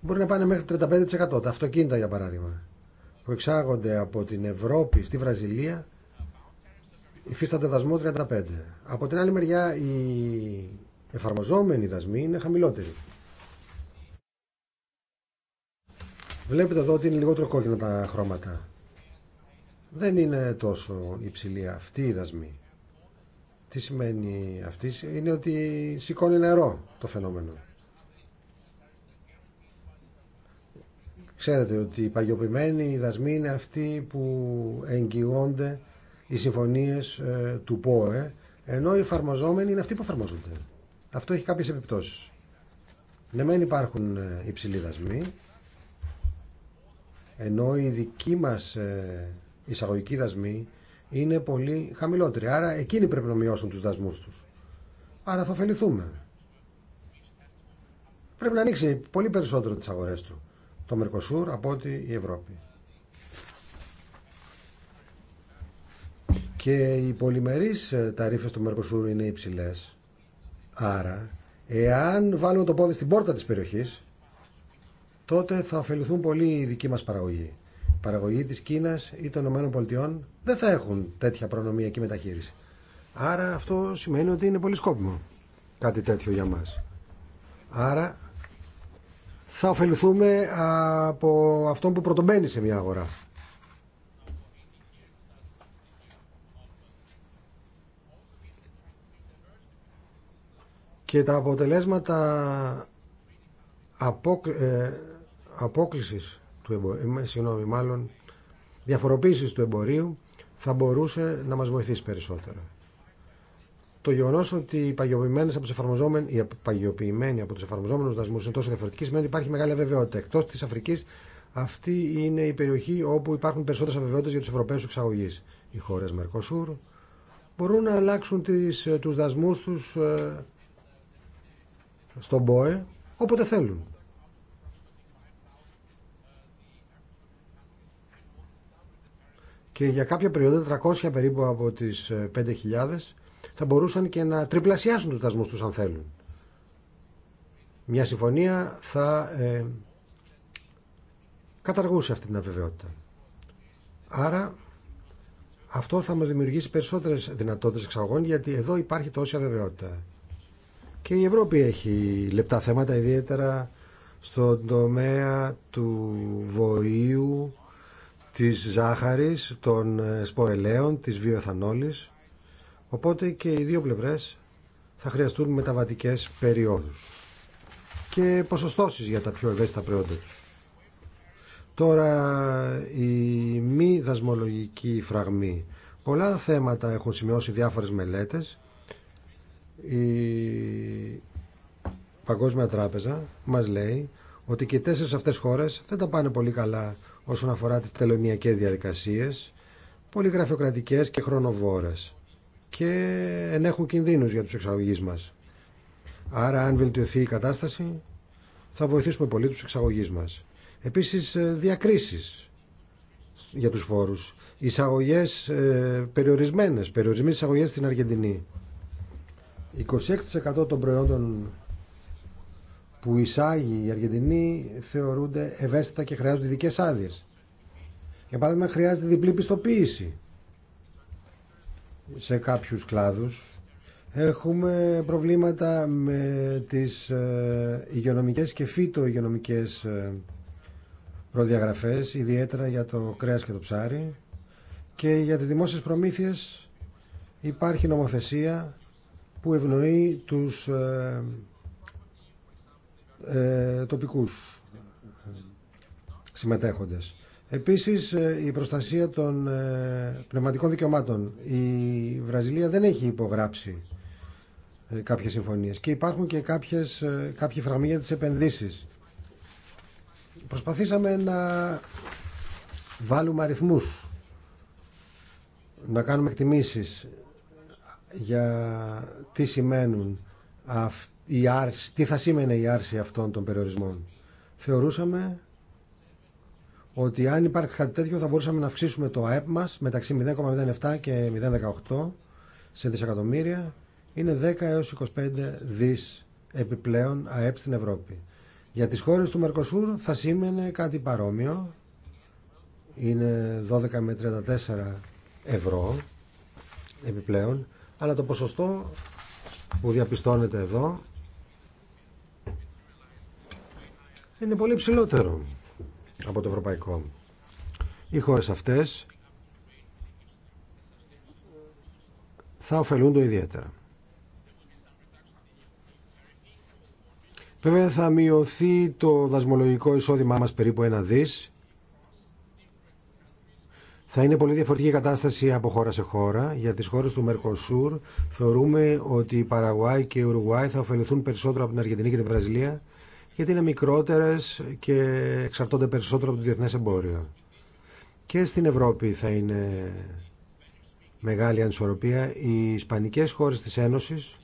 μπορεί να πάνε μέχρι 35%. Τα αυτοκίνητα για παράδειγμα που εξάγονται από την Ευρώπη στη Βραζιλία υφίστανται δασμό 35. Από την άλλη μεριά οι εφαρμοζόμενοι δασμοί είναι χαμηλότεροι. Βλέπετε εδώ ότι είναι λιγότερο κόκκινα τα χρώματα. Δεν είναι τόσο υψηλή αυτή η δασμή. Τι σημαίνει αυτή, είναι ότι σηκώνει νερό το φαινόμενο. Ξέρετε ότι οι παγιοποιημένοι δασμοί είναι αυτοί που εγγυώνται οι συμφωνίες ε, του ΠΟΕ, ενώ οι εφαρμοζόμενοι είναι αυτοί που εφαρμόζονται. Αυτό έχει κάποιες επιπτώσεις. Ναι, μεν υπάρχουν ε, υψηλοί δασμοί, ενώ οι δικοί μας ε, εισαγωγικοί δασμοί είναι πολύ χαμηλότεροι. Άρα εκείνοι πρέπει να μειώσουν τους δασμούς τους. Άρα θα ωφεληθούμε. Πρέπει να ανοίξει πολύ περισσότερο τις αγορές του το Μερκοσούρ από ότι η Ευρώπη. Και οι πολυμερείς ε, ταρίφες του Μερκοσούρ είναι υψηλές. Άρα, εάν βάλουμε το πόδι στην πόρτα της περιοχής, τότε θα ωφεληθούν πολύ οι δικοί μας παραγωγοί. Η παραγωγή της Κίνας ή των ΗΠΑ δεν θα έχουν τέτοια προνομιακή μεταχείριση. Άρα αυτό σημαίνει ότι είναι πολύ σκόπιμο κάτι τέτοιο για μας. Άρα θα ωφεληθούμε από αυτόν που πρωτομπαίνει σε μια αγορά. Και τα αποτελέσματα απόκ... Ε, απόκλησης του εμπορίου, ε, μάλλον διαφοροποίησης του εμπορίου θα μπορούσε να μας βοηθήσει περισσότερο το γεγονό ότι οι παγιοποιημένοι από του εφαρμοζόμενου, από δασμού είναι τόσο διαφορετικοί σημαίνει ότι υπάρχει μεγάλη αβεβαιότητα. Εκτό τη Αφρική, αυτή είναι η περιοχή όπου υπάρχουν περισσότερε αβεβαιότητε για του Ευρωπαίου εξαγωγεί. Οι χώρε Μερκοσούρ μπορούν να αλλάξουν ε, του δασμού του ε, στον ΠΟΕ όποτε θέλουν. Και για κάποια περίοδο, 400 περίπου από τις 5.000, ε, θα μπορούσαν και να τριπλασιάσουν τους δασμούς τους αν θέλουν. Μια συμφωνία θα ε, καταργούσε αυτή την αβεβαιότητα. Άρα αυτό θα μας δημιουργήσει περισσότερες δυνατότητες εξαγωγών γιατί εδώ υπάρχει τόση αβεβαιότητα. Και η Ευρώπη έχει λεπτά θέματα ιδιαίτερα στον τομέα του βοήου, της ζάχαρης, των ε, σπορελαίων, της βιοεθανόλης. Οπότε και οι δύο πλευρές θα χρειαστούν μεταβατικές περιόδους και ποσοστώσεις για τα πιο ευαίσθητα προϊόντα τους. Τώρα η μη δασμολογική φραγμή. Πολλά θέματα έχουν σημειώσει διάφορες μελέτες. Η Παγκόσμια Τράπεζα μας λέει ότι και οι τέσσερις αυτές χώρες δεν τα πάνε πολύ καλά όσον αφορά τις τελωνιακές διαδικασίες, πολύ γραφειοκρατικές και χρονοβόρες και ενέχουν κινδύνους για τους εξαγωγείς μας. Άρα αν βελτιωθεί η κατάσταση θα βοηθήσουμε πολύ τους εξαγωγείς μας. Επίσης ε, διακρίσεις για τους φόρους. Εισαγωγές ε, περιορισμένες, περιορισμένες εισαγωγές στην Αργεντινή. 26% των προϊόντων που εισάγει η Αργεντινή θεωρούνται ευαίσθητα και χρειάζονται ειδικέ άδειε. Για παράδειγμα, χρειάζεται διπλή πιστοποίηση σε κάποιους κλάδους. Έχουμε προβλήματα με τις ε, υγειονομικές και φυτο ε, προδιαγραφές, ιδιαίτερα για το κρέας και το ψάρι. Και για τις δημόσιες προμήθειες υπάρχει νομοθεσία που ευνοεί τους ε, τοπικούς συμμετέχοντες. Επίσης ε, η προστασία των ε, πνευματικών δικαιωμάτων. Η Βραζιλία δεν έχει υπογράψει ε, κάποιες συμφωνίες και υπάρχουν και κάποιες, κάποιοι φραγμοί για τις επενδύσεις. Προσπαθήσαμε να βάλουμε αριθμούς, να κάνουμε εκτιμήσεις για τι σημαίνουν η άρση, τι θα σήμαινε η άρση αυτών των περιορισμών. Θεωρούσαμε ότι αν υπάρχει κάτι τέτοιο θα μπορούσαμε να αυξήσουμε το ΑΕΠ μας μεταξύ 0,07 και 0,18 σε δισεκατομμύρια είναι 10 έως 25 δις επιπλέον ΑΕΠ στην Ευρώπη. Για τις χώρες του Μερκοσούρ θα σήμαινε κάτι παρόμοιο είναι 12 με 34 ευρώ επιπλέον αλλά το ποσοστό που διαπιστώνεται εδώ είναι πολύ ψηλότερο από το ευρωπαϊκό. Οι χώρες αυτές θα το ιδιαίτερα. Βέβαια θα μειωθεί το δασμολογικό εισόδημά μας περίπου ένα δις. Θα είναι πολύ διαφορετική κατάσταση από χώρα σε χώρα. Για τις χώρες του Μερκοσούρ θεωρούμε ότι η Παραγουάη και η Ουρουγουάη... θα ωφεληθούν περισσότερο από την Αργεντινή και την Βραζιλία γιατί είναι μικρότερες και εξαρτώνται περισσότερο από το διεθνές εμπόριο. Και στην Ευρώπη θα είναι μεγάλη ανισορροπία. Οι ισπανικές χώρες της Ένωσης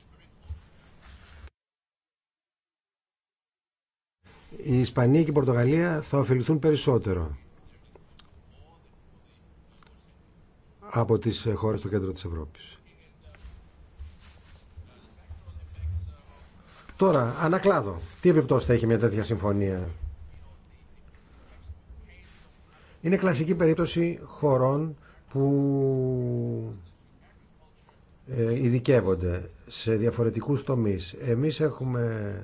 η Ισπανία και η Πορτογαλία θα ωφεληθούν περισσότερο από τις χώρες του κέντρου της Ευρώπης. Τώρα, ανακλάδο. Τι επιπτώσει θα έχει μια τέτοια συμφωνία. Είναι κλασική περίπτωση χωρών που ε, ειδικεύονται σε διαφορετικούς τομείς. Εμείς έχουμε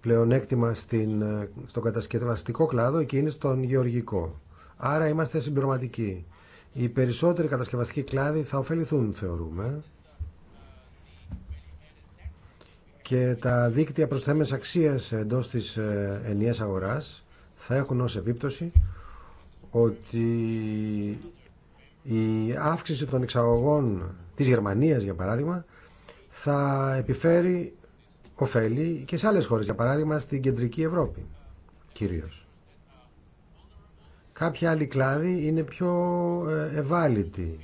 πλεονέκτημα στην, ε, στον κατασκευαστικό κλάδο, και είναι στον γεωργικό. Άρα είμαστε συμπληρωματικοί. Οι περισσότεροι κατασκευαστικοί κλάδοι θα ωφεληθούν, θεωρούμε, και τα δίκτυα θέμες αξίας εντός της ε, ενιαίας αγοράς θα έχουν ως επίπτωση ότι η αύξηση των εξαγωγών της Γερμανίας για παράδειγμα θα επιφέρει ωφέλη και σε άλλες χώρες για παράδειγμα στην κεντρική Ευρώπη κυρίως. Κάποια άλλη κλάδη είναι πιο ε, ευάλυτη.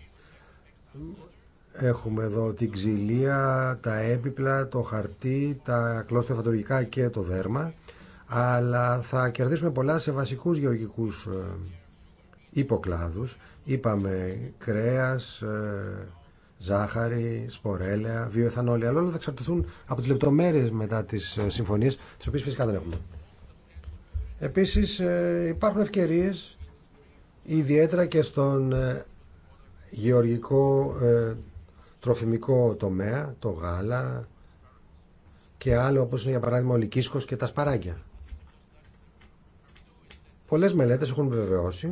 Έχουμε εδώ την ξυλία, τα έπιπλα, το χαρτί, τα κλωστοφαντουργικά και το δέρμα. Αλλά θα κερδίσουμε πολλά σε βασικούς γεωργικούς ε, υποκλάδους. Είπαμε κρέας, ε, ζάχαρη, σπορέλαια, βιοεθανόλια. Αλλά όλα θα εξαρτηθούν από τις λεπτομέρειες μετά τις ε, συμφωνίες, τις οποίες φυσικά δεν έχουμε. Επίσης υπάρχουν ευκαιρίες ιδιαίτερα και στον γεωργικό τροφιμικό τομέα, το γάλα και άλλο όπως είναι για παράδειγμα ο λυκίσκος και τα σπαράγγια. Πολλές μελέτες έχουν βεβαιώσει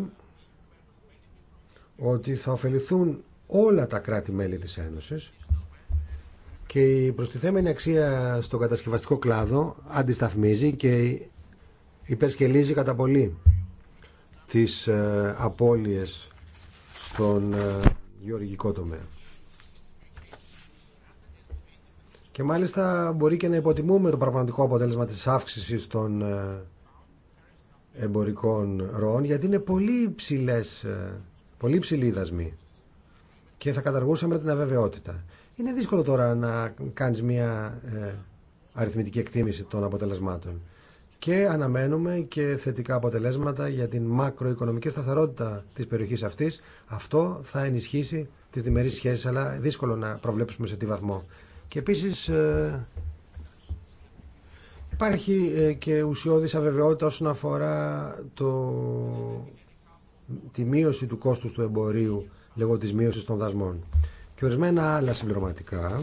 ότι θα ωφεληθούν όλα τα κράτη-μέλη της Ένωσης και η προστιθέμενη αξία στο κατασκευαστικό κλάδο αντισταθμίζει και υπερσκελίζει κατά πολύ τις ε, απώλειες στον ε, γεωργικό τομέα. Και μάλιστα μπορεί και να υποτιμούμε το πραγματικό αποτέλεσμα της αύξησης των ε, εμπορικών ροών γιατί είναι πολύ ψηλές, ε, πολύ υψηλοί δασμοί και θα καταργούσαμε την αβεβαιότητα. Είναι δύσκολο τώρα να κάνεις μια ε, αριθμητική εκτίμηση των αποτελεσμάτων και αναμένουμε και θετικά αποτελέσματα για την μακροοικονομική σταθερότητα της περιοχής αυτής. Αυτό θα ενισχύσει τις διμερείς σχέσεις, αλλά δύσκολο να προβλέψουμε σε τι βαθμό. Και επίσης ε, υπάρχει ε, και ουσιώδης αβεβαιότητα όσον αφορά το, τη μείωση του κόστους του εμπορίου λόγω της μείωσης των δασμών. Και ορισμένα άλλα συμπληρωματικά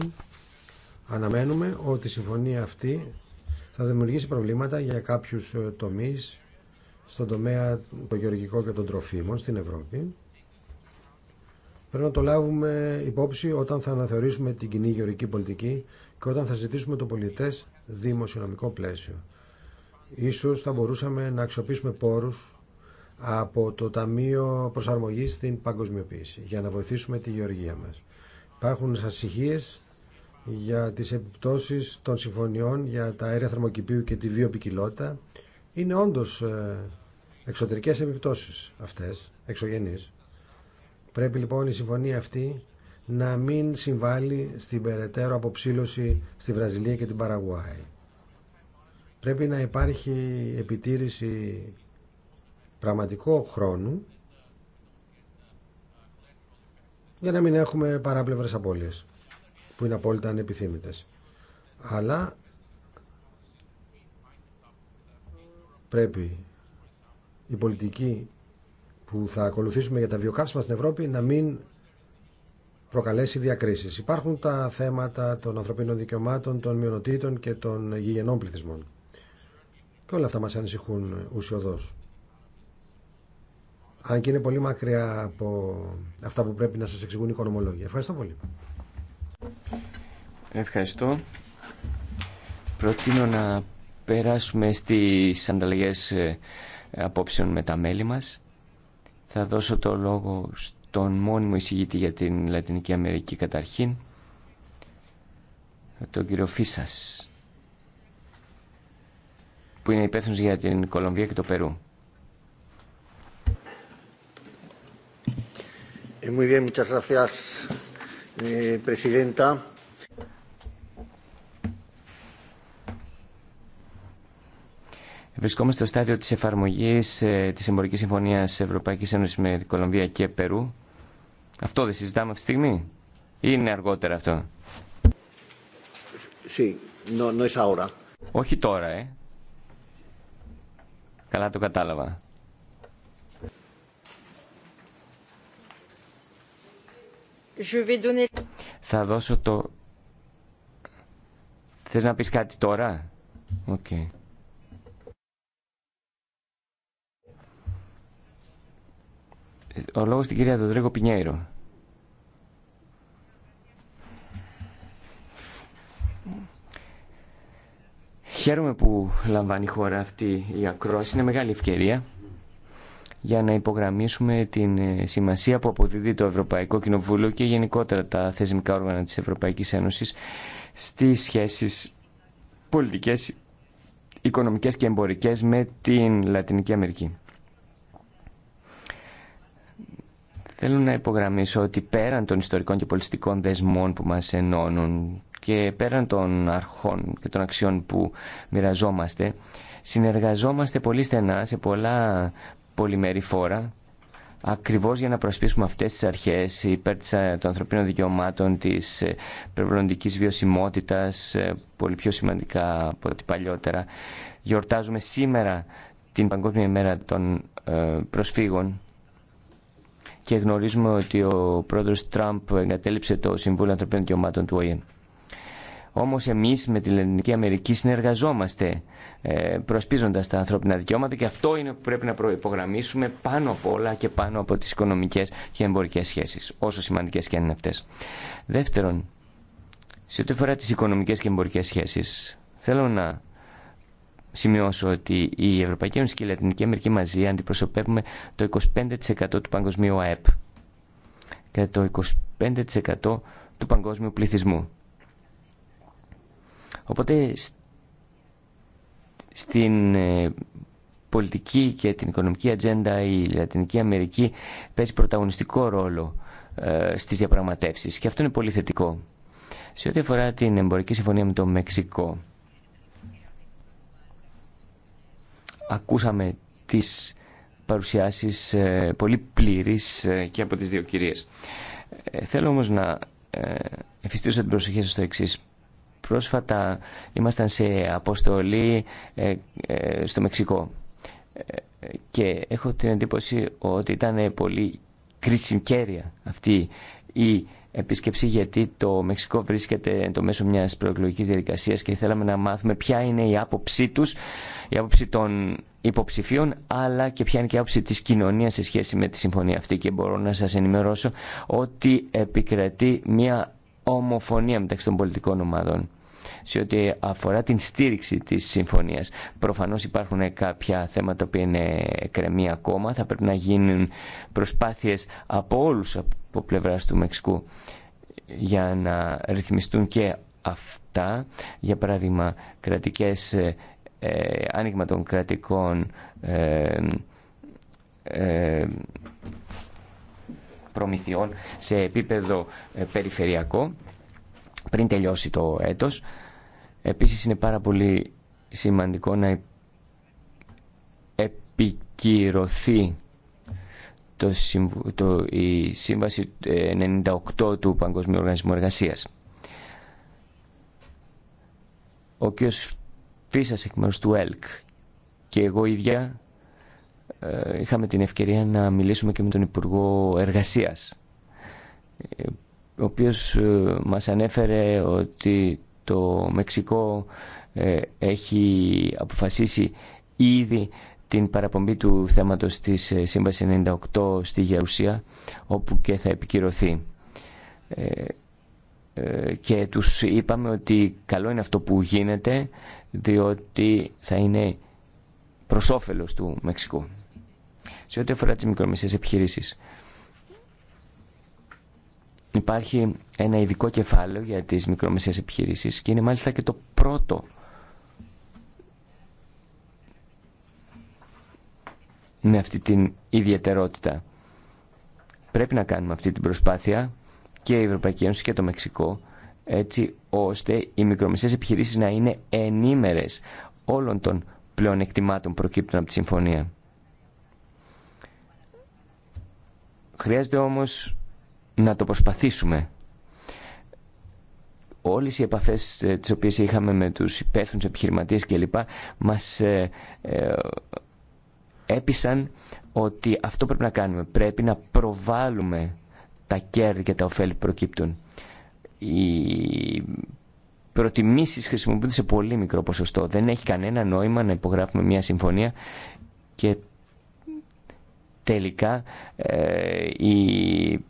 αναμένουμε ότι η συμφωνία αυτή θα δημιουργήσει προβλήματα για κάποιους ε, τομείς στον τομέα το γεωργικό και των τροφίμων στην Ευρώπη Πρέπει να το λάβουμε υπόψη όταν θα αναθεωρήσουμε την κοινή γεωρική πολιτική και όταν θα ζητήσουμε το πολιτέ δημοσιονομικό πλαίσιο. Ίσως θα μπορούσαμε να αξιοποιήσουμε πόρους από το Ταμείο Προσαρμογής στην Παγκοσμιοποίηση για να βοηθήσουμε τη γεωργία μας. Υπάρχουν ανησυχίε για τις επιπτώσεις των συμφωνιών για τα αέρια θερμοκηπίου και τη βιοπικιλότητα. Είναι όντως ε, εξωτερικές επιπτώσεις αυτές, εξωγενείς. Πρέπει λοιπόν η συμφωνία αυτή να μην συμβάλλει στην περαιτέρω αποψήλωση στη Βραζιλία και την Παραγουάη. Πρέπει να υπάρχει επιτήρηση πραγματικό χρόνου για να μην έχουμε παράπλευρες απώλειες που είναι απόλυτα ανεπιθύμητες. Αλλά πρέπει η πολιτική που θα ακολουθήσουμε για τα βιοκάψιμα στην Ευρώπη να μην προκαλέσει διακρίσεις. Υπάρχουν τα θέματα των ανθρωπίνων δικαιωμάτων, των μειονοτήτων και των γηγενών πληθυσμών. Και όλα αυτά μας ανησυχούν ουσιοδό. Αν και είναι πολύ μακριά από αυτά που πρέπει να σας εξηγούν οι οικονομολόγοι. Ευχαριστώ πολύ. Ευχαριστώ. Προτείνω να περάσουμε στις ανταλλαγές ε, απόψεων με τα μέλη μας. Θα δώσω το λόγο στον μόνιμο εισηγητή για την Λατινική Αμερική καταρχήν, τον κύριο Φίσας, που είναι υπεύθυνος για την Κολομβία και το Περού. Ε, muy bien, eh, Βρισκόμαστε στο στάδιο της εφαρμογής ε, της Εμπορικής Συμφωνίας Ευρωπαϊκής Ένωσης με την Κολομβία και Περού. Αυτό δεν συζητάμε αυτή τη στιγμή ή είναι αργότερα αυτό. Sí, no, no es ahora. Όχι τώρα, ε. Καλά το κατάλαβα. Je vais donner... Θα δώσω το... Θες να πεις κάτι τώρα? Οκ. Okay. Ο λόγος στην κυρία Δοντρέγκο Πινιέρο. Χαίρομαι που λαμβάνει η χώρα αυτή η ακρόαση. Είναι μεγάλη ευκαιρία για να υπογραμμίσουμε την ε, σημασία που αποδίδει το Ευρωπαϊκό Κοινοβούλιο και γενικότερα τα θεσμικά όργανα της Ευρωπαϊκής Ένωσης στις σχέσεις πολιτικές, οικονομικές και εμπορικές με την Λατινική Αμερική. Θέλω να υπογραμμίσω ότι πέραν των ιστορικών και πολιτιστικών δεσμών που μας ενώνουν και πέραν των αρχών και των αξιών που μοιραζόμαστε, συνεργαζόμαστε πολύ στενά σε πολλά πολυμερή φόρα, ακριβώς για να προσπίσουμε αυτές τις αρχές υπέρ ε, των ανθρωπίνων δικαιωμάτων, της ε, περιβαλλοντικής βιωσιμότητας, ε, πολύ πιο σημαντικά από ό,τι παλιότερα. Γιορτάζουμε σήμερα την Παγκόσμια ημέρα των προσφύγων και γνωρίζουμε ότι ο πρόεδρος Τραμπ εγκατέλειψε το Συμβούλιο Ανθρωπίνων Δικαιωμάτων του ΟΗΕ. Όμως εμείς με τη Λατινική Αμερική συνεργαζόμαστε ε, προσπίζοντας τα ανθρώπινα δικαιώματα και αυτό είναι που πρέπει να προϋπογραμμίσουμε πάνω από όλα και πάνω από τις οικονομικές και εμπορικές σχέσεις, όσο σημαντικές και αν είναι αυτές. Δεύτερον, σε ό,τι αφορά τις οικονομικές και εμπορικές σχέσεις, θέλω να σημειώσω ότι η Ευρωπαϊκή Ένωση και η Λατινική Αμερική μαζί αντιπροσωπεύουμε το 25% του παγκοσμίου ΑΕΠ και το 25% του παγκόσμιου πληθυσμού. Οπότε στην ε, πολιτική και την οικονομική ατζέντα η Λατινική Αμερική παίζει πρωταγωνιστικό ρόλο ε, στις διαπραγματεύσεις και αυτό είναι πολύ θετικό. Σε ό,τι αφορά την εμπορική συμφωνία με το Μεξικό, ακούσαμε τις παρουσιάσεις ε, πολύ πλήρεις ε, και από τις δύο κυρίες. Ε, θέλω όμως να εφιστήσω την προσοχή σας στο εξής. Πρόσφατα ήμασταν σε αποστολή στο Μεξικό και έχω την εντύπωση ότι ήταν πολύ κρίσιμη κέρια αυτή η επίσκεψη γιατί το Μεξικό βρίσκεται το μέσο μιας προεκλογικής διαδικασίας και θέλαμε να μάθουμε ποια είναι η άποψή τους, η άποψη των υποψηφίων αλλά και ποια είναι και η άποψη της κοινωνίας σε σχέση με τη συμφωνία αυτή και μπορώ να σας ενημερώσω ότι επικρατεί μια ομοφωνία μεταξύ των πολιτικών ομάδων σε ό,τι αφορά την στήριξη τη συμφωνίας. Προφανώς υπάρχουν κάποια θέματα που είναι κρεμή ακόμα. Θα πρέπει να γίνουν προσπάθειες από όλους από πλευρά του Μεξικού για να ρυθμιστούν και αυτά. Για παράδειγμα, κρατικές, ε, άνοιγμα των κρατικών ε, ε προμηθειών σε επίπεδο ε, περιφερειακό πριν τελειώσει το έτος Επίσης είναι πάρα πολύ σημαντικό να επικυρωθεί το, η Σύμβαση 98 ε, του Παγκοσμίου Οργανισμού Εργασίας. Ο κ. Φίσας εκ μέρους του ΕΛΚ και εγώ ίδια ε, είχαμε την ευκαιρία να μιλήσουμε και με τον Υπουργό Εργασίας ε, ο οποίος μας ανέφερε ότι το Μεξικό ε, έχει αποφασίσει ήδη την παραπομπή του θέματος της ε, Σύμβασης 98 στη Γεωσία, όπου και θα επικυρωθεί. Ε, και τους είπαμε ότι καλό είναι αυτό που γίνεται, διότι θα είναι προς του Μεξικού. Σε ό,τι αφορά τις μικρομεσαίες επιχειρήσεις, υπάρχει ένα ειδικό κεφάλαιο για τις μικρομεσαίες επιχειρήσεις και είναι μάλιστα και το πρώτο με αυτή την ιδιαιτερότητα. Πρέπει να κάνουμε αυτή την προσπάθεια και η Ευρωπαϊκή Ένωση και το Μεξικό έτσι ώστε οι μικρομεσαίες επιχειρήσεις να είναι ενήμερες όλων των πλέον προκύπτουν από τη συμφωνία. Χρειάζεται όμως να το προσπαθήσουμε. Όλες οι επαφές ε, τις οποίες είχαμε με τους υπεύθυνους επιχειρηματίες κλπ. μας ε, ε, έπεισαν ότι αυτό πρέπει να κάνουμε. Πρέπει να προβάλλουμε τα κέρδη και τα ωφέλη που προκύπτουν. Οι προτιμήσεις χρησιμοποιούνται σε πολύ μικρό ποσοστό. Δεν έχει κανένα νόημα να υπογράφουμε μια συμφωνία και τελικά ε, οι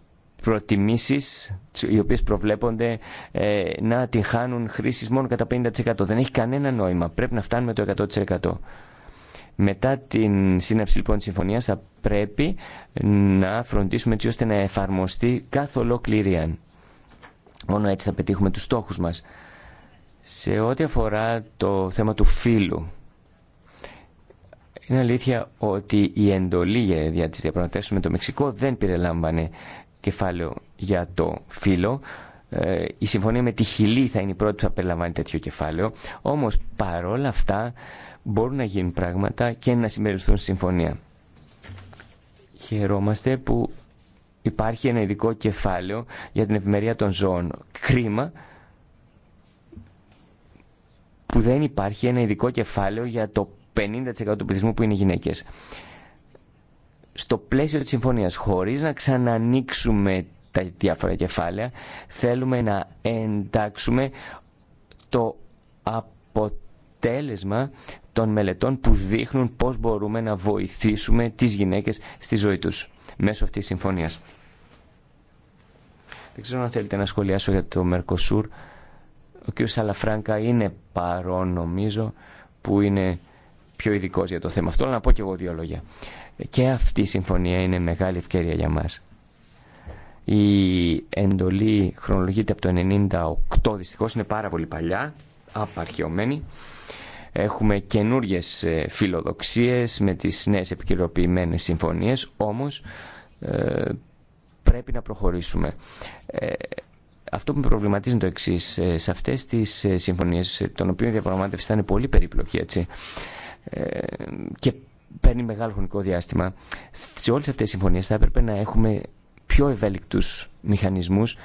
προτιμήσεις οι οποίες προβλέπονται ε, να τη χάνουν χρήσεις μόνο κατά 50%. Δεν έχει κανένα νόημα. Πρέπει να φτάνουμε το 100%. Μετά την σύναψη λοιπόν της συμφωνίας θα πρέπει να φροντίσουμε έτσι ώστε να εφαρμοστεί κάθε ολοκληρία. Μόνο έτσι θα πετύχουμε τους στόχους μας. Σε ό,τι αφορά το θέμα του φύλου, είναι αλήθεια ότι η εντολή για τις διαπραγματεύσεις με το Μεξικό δεν περιλάμβανε κεφάλαιο για το φύλλο. Ε, η συμφωνία με τη Χιλή θα είναι η πρώτη που θα περιλαμβάνει τέτοιο κεφάλαιο. Όμως παρόλα αυτά μπορούν να γίνουν πράγματα και να συμπεριληφθούν στη συμφωνία. Χαιρόμαστε που υπάρχει ένα ειδικό κεφάλαιο για την ευημερία των ζώων. Κρίμα που δεν υπάρχει ένα ειδικό κεφάλαιο για το 50% του πληθυσμού που είναι γυναίκες στο πλαίσιο της συμφωνίας, χωρίς να ξανανοίξουμε τα διάφορα κεφάλαια, θέλουμε να εντάξουμε το αποτέλεσμα των μελετών που δείχνουν πώς μπορούμε να βοηθήσουμε τις γυναίκες στη ζωή τους μέσω αυτής της συμφωνίας. Δεν ξέρω αν θέλετε να σχολιάσω για το Μερκοσούρ. Ο κ. Σαλαφράγκα είναι παρόν νομίζω που είναι πιο ειδικό για το θέμα αυτό. Αλλά να πω και εγώ δύο λόγια. Και αυτή η συμφωνία είναι μεγάλη ευκαιρία για μας. Η εντολή χρονολογείται από το 1998 δυστυχώς είναι πάρα πολύ παλιά, απαρχαιωμένη. Έχουμε καινούργιες ε, φιλοδοξίες με τις νέες επικαιροποιημένες συμφωνίες, όμως ε, πρέπει να προχωρήσουμε. Ε, αυτό που με προβληματίζει είναι το εξή. Σε αυτές τις συμφωνίες των οποίων η διαπραγμάτευση θα είναι πολύ περίπλοκη, έτσι παίρνει μεγάλο χρονικό διάστημα. Σε όλες αυτές τις συμφωνίες θα έπρεπε να έχουμε πιο ευέλικτους μηχανισμούς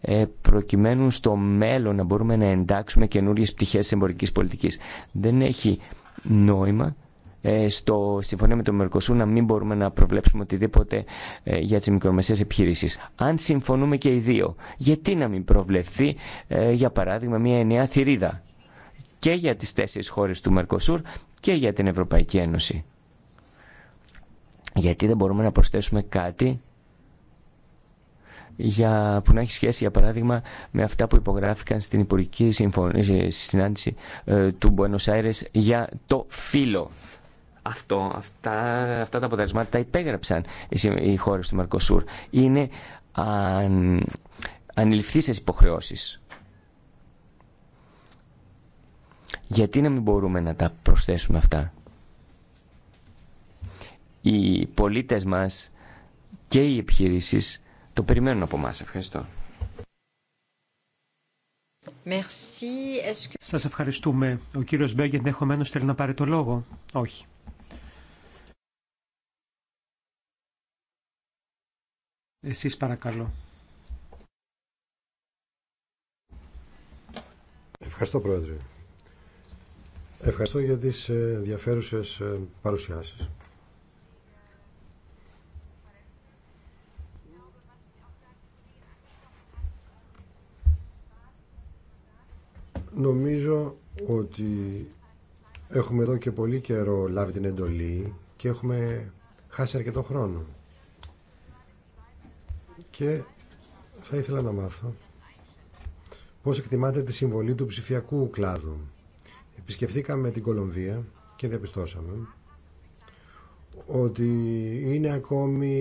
ε, προκειμένου στο μέλλον να μπορούμε να εντάξουμε καινούριε πτυχές της εμπορικής πολιτικής. Δεν έχει νόημα ε, στο συμφωνία με το Μερκοσού να μην μπορούμε να προβλέψουμε οτιδήποτε ε, για τις μικρομεσαίες επιχειρήσεις. Αν συμφωνούμε και οι δύο, γιατί να μην προβλεφθεί για παράδειγμα μια ενιαία θηρίδα και για τις τέσσερις χώρες του Μερκοσούρ και για την Ευρωπαϊκή Ένωση γιατί δεν μπορούμε να προσθέσουμε κάτι για, που να έχει σχέση για παράδειγμα με αυτά που υπογράφηκαν στην Υπουργική ε, Συνάντηση ε, του Buenos Aires για το φύλλο. Αυτό, αυτά, αυτά τα αποτελεσμάτα τα υπέγραψαν οι, χώρε χώρες του Μαρκοσούρ. Είναι αν, ανηληφθήσεις υποχρεώσεις. Γιατί να μην μπορούμε να τα προσθέσουμε αυτά οι πολίτες μας και οι επιχειρήσεις το περιμένουν από μας Ευχαριστώ. Σας ευχαριστούμε. Ο κύριος Μπέγκεν ενδεχομένω θέλει να πάρει το λόγο. Όχι. Εσείς παρακαλώ. Ευχαριστώ Πρόεδρε. Ευχαριστώ για τις ε, ενδιαφέρουσες ε, παρουσιάσεις. Νομίζω ότι έχουμε εδώ και πολύ καιρό λάβει την εντολή και έχουμε χάσει αρκετό χρόνο. Και θα ήθελα να μάθω πώς εκτιμάτε τη συμβολή του ψηφιακού κλάδου. Επισκεφθήκαμε την Κολομβία και διαπιστώσαμε ότι είναι ακόμη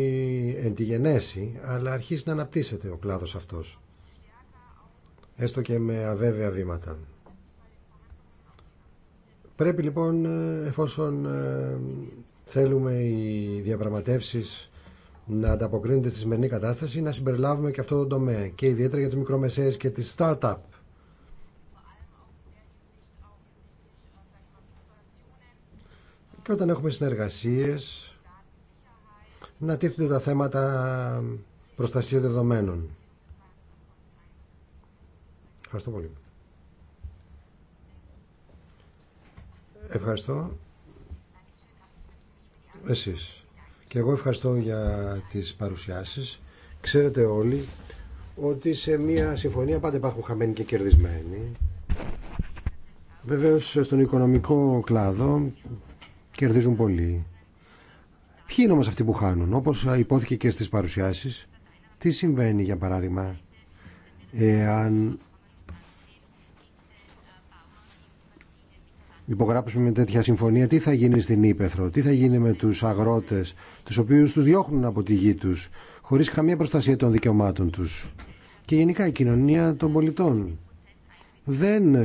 εν τη γενέση, αλλά αρχίζει να αναπτύσσεται ο κλάδος αυτός έστω και με αβέβαια βήματα. Πρέπει λοιπόν, ε, εφόσον ε, θέλουμε οι διαπραγματεύσεις να ανταποκρίνονται στη σημερινή κατάσταση, να συμπεριλάβουμε και αυτό το τομέα και ιδιαίτερα για τις μικρομεσαίες και τις startup. Και όταν έχουμε συνεργασίες, να τίθενται τα θέματα προστασίας δεδομένων. Ευχαριστώ πολύ. Ευχαριστώ εσείς. Και εγώ ευχαριστώ για τις παρουσιάσεις. Ξέρετε όλοι ότι σε μια συμφωνία πάντα υπάρχουν χαμένοι και κερδισμένοι. Βεβαίως στον οικονομικό κλάδο κερδίζουν πολλοί. Ποιοι είναι όμως αυτοί που χάνουν, όπως υπόθηκε και στις παρουσιάσεις. Τι συμβαίνει για παράδειγμα εάν υπογράψουμε τέτοια συμφωνία, τι θα γίνει στην Ήπεθρο, τι θα γίνει με τους αγρότες, τους οποίους τους διώχνουν από τη γη τους, χωρίς καμία προστασία των δικαιωμάτων τους. Και γενικά η κοινωνία των πολιτών δεν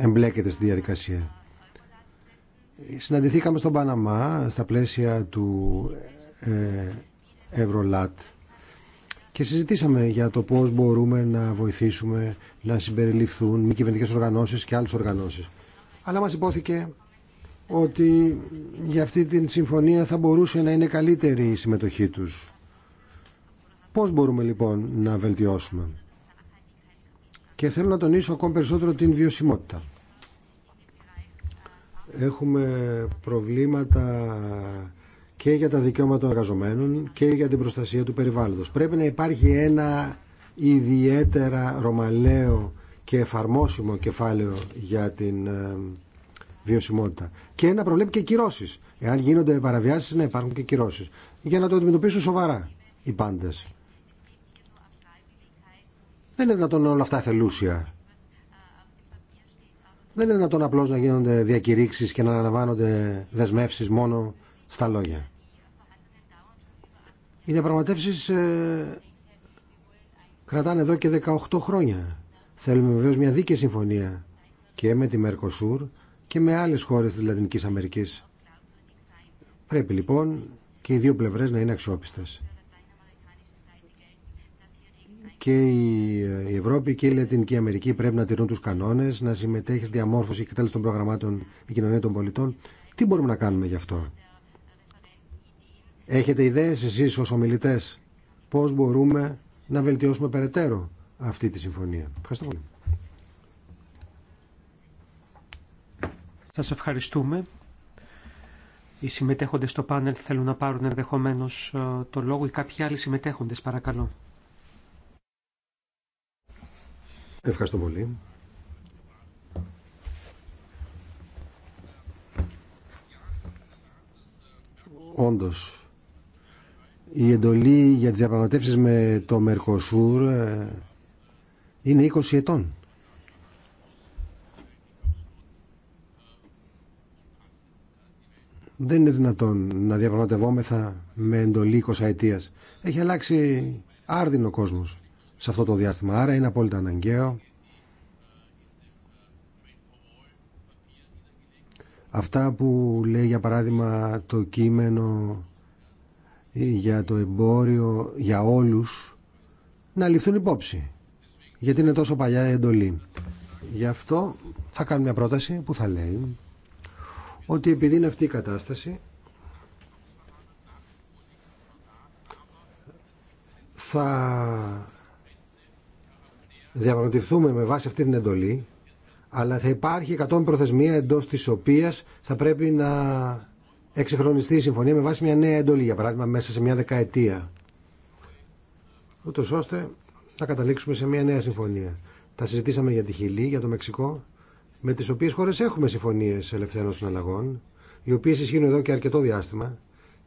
εμπλέκεται στη διαδικασία. Συναντηθήκαμε στον Παναμά στα πλαίσια του ε, Ευρωλάτ και συζητήσαμε για το πώς μπορούμε να βοηθήσουμε να συμπεριληφθούν μη κυβερνητικές οργανώσεις και άλλες οργανώσεις αλλά μας υπόθηκε ότι για αυτή την συμφωνία θα μπορούσε να είναι καλύτερη η συμμετοχή τους. Πώς μπορούμε λοιπόν να βελτιώσουμε. Και θέλω να τονίσω ακόμη περισσότερο την βιωσιμότητα. Έχουμε προβλήματα και για τα δικαιώματα των εργαζομένων και για την προστασία του περιβάλλοντος. Πρέπει να υπάρχει ένα ιδιαίτερα ρωμαλαίο και εφαρμόσιμο κεφάλαιο για την ε, βιωσιμότητα. Και να προβλέπει και κυρώσει. Εάν γίνονται παραβιάσει, να υπάρχουν και κυρώσει. Για να το αντιμετωπίσουν σοβαρά οι πάντε. Δεν είναι δυνατόν όλα αυτά θελούσια. Δεν είναι δυνατόν απλώ να γίνονται διακηρύξει και να αναλαμβάνονται δεσμεύσει μόνο στα λόγια. Οι διαπραγματεύσει ε, κρατάνε εδώ και 18 χρόνια. Θέλουμε βεβαίω μια δίκαιη συμφωνία και με τη Μερκοσούρ και με άλλες χώρες της Λατινικής Αμερικής. Πρέπει λοιπόν και οι δύο πλευρές να είναι αξιόπιστες. Και η Ευρώπη και η Λατινική Αμερική πρέπει να τηρούν τους κανόνες, να συμμετέχει στη διαμόρφωση και τέλος των προγραμμάτων η κοινωνία των πολιτών. Τι μπορούμε να κάνουμε γι' αυτό. Έχετε ιδέες εσείς ως ομιλητές πώς μπορούμε να βελτιώσουμε περαιτέρω αυτή τη συμφωνία. Ευχαριστώ πολύ. Σας ευχαριστούμε. Οι συμμετέχοντες στο πάνελ θέλουν να πάρουν ενδεχομένως ε, το λόγο ή κάποιοι άλλοι συμμετέχοντες, παρακαλώ. Ευχαριστώ πολύ. Όντως, η εντολή για τις διαπραγματεύσεις με το Μερκοσούρ ε, είναι 20 ετών. Δεν είναι δυνατόν να διαπραγματευόμεθα με εντολή 20 ετία. Έχει αλλάξει άρδινο κόσμος σε αυτό το διάστημα, άρα είναι απόλυτα αναγκαίο. Αυτά που λέει για παράδειγμα το κείμενο για το εμπόριο για όλους να ληφθούν υπόψη γιατί είναι τόσο παλιά η εντολή. Γι' αυτό θα κάνω μια πρόταση που θα λέει ότι επειδή είναι αυτή η κατάσταση θα διαπραγματευτούμε με βάση αυτή την εντολή αλλά θα υπάρχει 100 προθεσμία εντός της οποίας θα πρέπει να εξεχρονιστεί η συμφωνία με βάση μια νέα εντολή για παράδειγμα μέσα σε μια δεκαετία ούτως ώστε θα καταλήξουμε σε μια νέα συμφωνία. Τα συζητήσαμε για τη Χιλή, για το Μεξικό, με τι οποίε χώρε έχουμε συμφωνίε ελευθέρων συναλλαγών, οι οποίε ισχύουν εδώ και αρκετό διάστημα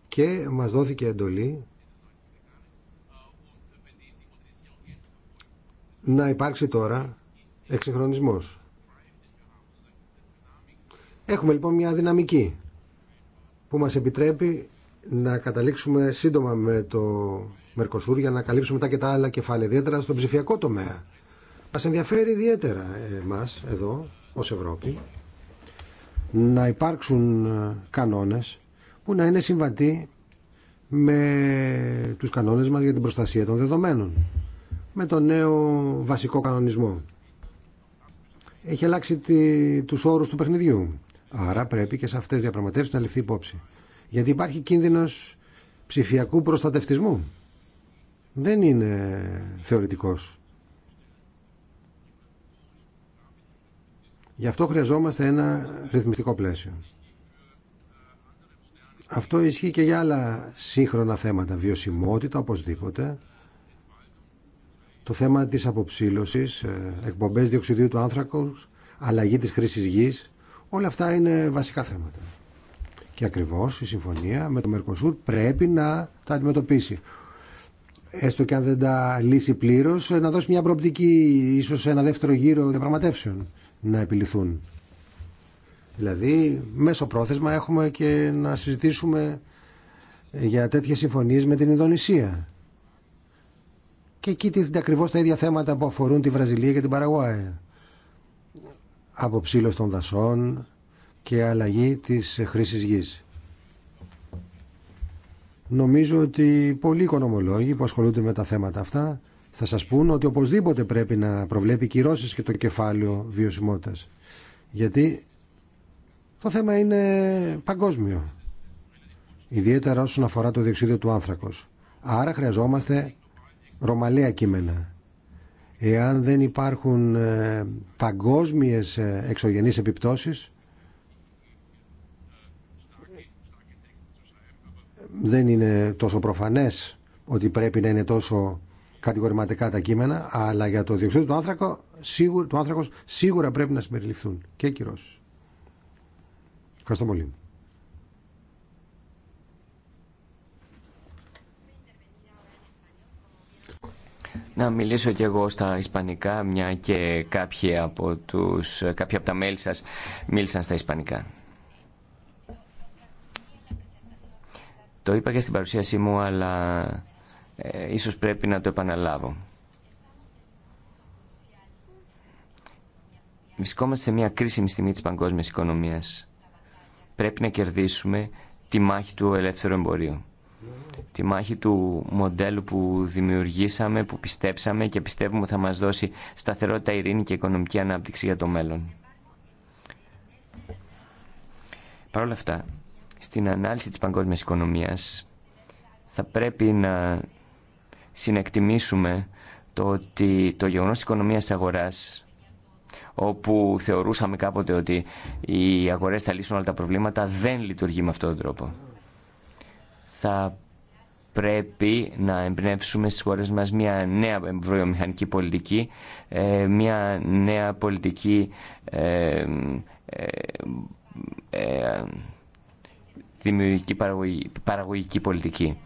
και μα δόθηκε εντολή να υπάρξει τώρα εξυγχρονισμό. Έχουμε λοιπόν μια δυναμική που μας επιτρέπει να καταλήξουμε σύντομα με το Μερκοσούρ για να καλύψουμε μετά και τα άλλα κεφάλαια, ιδιαίτερα στον ψηφιακό τομέα. Μα ενδιαφέρει ιδιαίτερα εμάς εδώ ω Ευρώπη να υπάρξουν ε, κανόνε που να είναι συμβατοί με τους κανόνες μας για την προστασία των δεδομένων με τον νέο βασικό κανονισμό. Έχει αλλάξει τη, τους όρους του παιχνιδιού. Άρα πρέπει και σε αυτές τι διαπραγματεύσεις να ληφθεί υπόψη. Γιατί υπάρχει κίνδυνος ψηφιακού προστατευτισμού δεν είναι θεωρητικός. Γι' αυτό χρειαζόμαστε ένα ρυθμιστικό πλαίσιο. Αυτό ισχύει και για άλλα σύγχρονα θέματα. Βιωσιμότητα, οπωσδήποτε. Το θέμα της αποψήλωσης, ε, εκπομπές διοξιδίου του άνθρακου, αλλαγή της χρήσης γης. Όλα αυτά είναι βασικά θέματα. Και ακριβώς η συμφωνία με το Μερκοσούρ πρέπει να τα αντιμετωπίσει έστω και αν δεν τα λύσει πλήρω, να δώσει μια προοπτική, ίσω σε ένα δεύτερο γύρο διαπραγματεύσεων να επιληθούν. Δηλαδή, μέσω πρόθεσμα έχουμε και να συζητήσουμε για τέτοιε συμφωνίε με την Ινδονησία. Και εκεί τίθενται ακριβώ τα ίδια θέματα που αφορούν τη Βραζιλία και την Παραγουάη. ψηλό των δασών και αλλαγή τη χρήση γης. Νομίζω ότι πολλοί οικονομολόγοι που ασχολούνται με τα θέματα αυτά θα σας πούν ότι οπωσδήποτε πρέπει να προβλέπει κυρώσεις και το κεφάλαιο βιωσιμότητας. Γιατί το θέμα είναι παγκόσμιο. Ιδιαίτερα όσον αφορά το διοξίδιο του άνθρακος. Άρα χρειαζόμαστε ρωμαλαία κείμενα. Εάν δεν υπάρχουν ε, παγκόσμιες ε, εξωγενείς επιπτώσεις, δεν είναι τόσο προφανές ότι πρέπει να είναι τόσο κατηγορηματικά τα κείμενα, αλλά για το διοξείδιο του, άνθρακο, σίγουρα, άνθρακος σίγουρα πρέπει να συμπεριληφθούν και κυρώσεις. Ευχαριστώ πολύ. Να μιλήσω κι εγώ στα Ισπανικά, μια και κάποια από, τους, από τα μέλη σας μίλησαν στα Ισπανικά. Το είπα και στην παρουσίασή μου, αλλά ε, ίσως πρέπει να το επαναλάβω. Βρισκόμαστε σε μια κρίσιμη στιγμή της παγκόσμιας οικονομίας. Πρέπει να κερδίσουμε τη μάχη του ελεύθερου εμπορίου. Τη μάχη του μοντέλου που δημιουργήσαμε, που πιστέψαμε και πιστεύουμε θα μας δώσει σταθερότητα, ειρήνη και οικονομική ανάπτυξη για το μέλλον. Παρ' όλα αυτά, στην ανάλυση της παγκόσμιας οικονομίας θα πρέπει να συνεκτιμήσουμε το ότι το γεγονός της οικονομίας αγοράς όπου θεωρούσαμε κάποτε ότι οι αγορές θα λύσουν όλα τα προβλήματα δεν λειτουργεί με αυτόν τον τρόπο. Θα πρέπει να εμπνεύσουμε στις χώρες μας μια νέα βιομηχανική πολιτική, ε, μια νέα πολιτική ε, ε, δημιουργική παραγωγική πολιτική.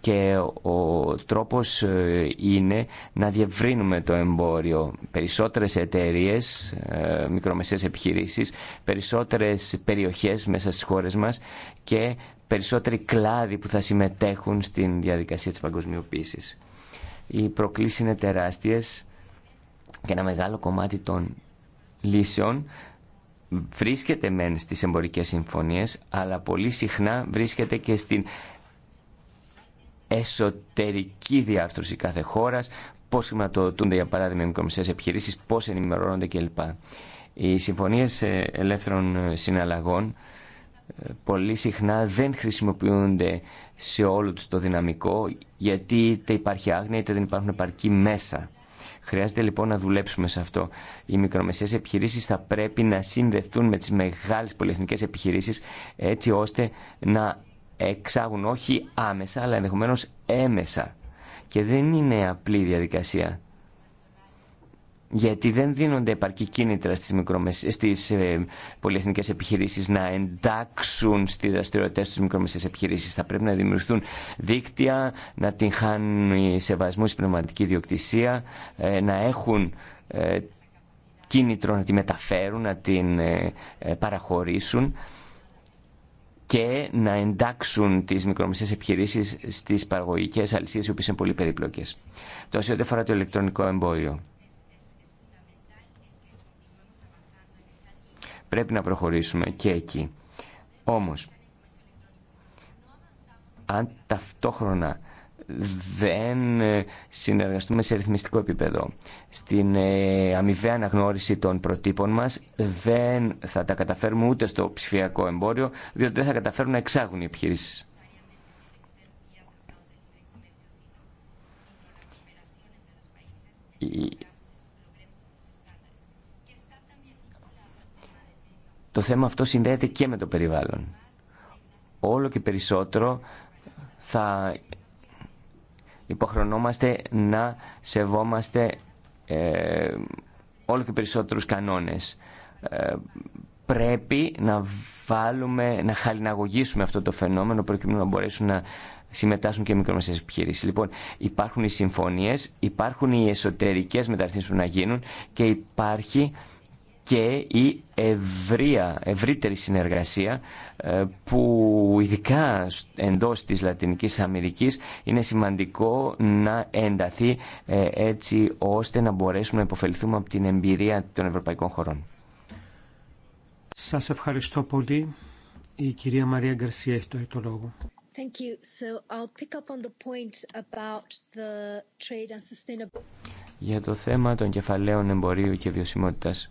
Και ο τρόπος ε, είναι να διευρύνουμε το εμπόριο. Περισσότερες εταιρείες, ε, μικρομεσαίες επιχειρήσεις, περισσότερες περιοχές μέσα στις χώρες μας και περισσότεροι κλάδοι που θα συμμετέχουν στην διαδικασία της παγκοσμιοποίησης. Οι προκλήσεις είναι τεράστιες και ένα μεγάλο κομμάτι των λύσεων βρίσκεται μεν στις εμπορικές συμφωνίες, αλλά πολύ συχνά βρίσκεται και στην εσωτερική διάρθρωση κάθε χώρας, πώς χρηματοδοτούνται για παράδειγμα οι μικρομεσαίες επιχειρήσεις, πώς ενημερώνονται κλπ. Οι συμφωνίες ε, ελεύθερων ε, συναλλαγών ε, πολύ συχνά δεν χρησιμοποιούνται σε όλο τους το δυναμικό γιατί είτε υπάρχει άγνοια είτε δεν υπάρχουν επαρκή μέσα. Χρειάζεται λοιπόν να δουλέψουμε σε αυτό. Οι μικρομεσαίες επιχειρήσεις θα πρέπει να συνδεθούν με τις μεγάλες πολυεθνικές επιχειρήσεις έτσι ώστε να εξάγουν όχι άμεσα αλλά ενδεχομένως έμεσα. Και δεν είναι απλή διαδικασία γιατί δεν δίνονται επαρκή κίνητρα στις, μικρομεσ... στις ε, πολυεθνικές επιχειρήσεις να εντάξουν στις δραστηριότητες τους μικρομεσαίες επιχειρήσεις. Θα πρέπει να δημιουργηθούν δίκτυα, να την χάνουν σεβασμούς πνευματική διοκτησία, ε, να έχουν ε, κίνητρο να τη μεταφέρουν, να την παραχωρήσουν και να εντάξουν τις μικρομεσαίες επιχειρήσεις στις παραγωγικές αλυσίες, οι οποίες είναι πολύ περίπλοκες. Τόσο ό,τι αφορά το ηλεκτρονικό εμπόριο. Πρέπει να προχωρήσουμε και εκεί. Όμως, αν ταυτόχρονα δεν ε, συνεργαστούμε σε ρυθμιστικό επίπεδο. Στην ε, αμοιβαία αναγνώριση των προτύπων μας δεν θα τα καταφέρουμε ούτε στο ψηφιακό εμπόριο, διότι δεν θα καταφέρουν να εξάγουν οι επιχειρήσεις. το θέμα αυτό συνδέεται και με το περιβάλλον. Όλο και περισσότερο θα υποχρονόμαστε να σεβόμαστε ε, όλο και περισσότερους κανόνες. Ε, πρέπει να βάλουμε, να χαλιναγωγήσουμε αυτό το φαινόμενο προκειμένου να μπορέσουν να συμμετάσχουν και μικρομεσαίες επιχειρήσεις. Λοιπόν, υπάρχουν οι συμφωνίες, υπάρχουν οι εσωτερικές μεταρρυθμίσεις που να γίνουν και υπάρχει και η ευρύτερη συνεργασία ε, που ειδικά εντός της Λατινικής Αμερικής είναι σημαντικό να ενταθεί ε, έτσι ώστε να μπορέσουμε να υποφεληθούμε από την εμπειρία των ευρωπαϊκών χωρών. Σας ευχαριστώ πολύ. Η κυρία Μαρία Γκαρσία έχει το, λόγο. Thank Για το θέμα των κεφαλαίων εμπορίου και βιωσιμότητας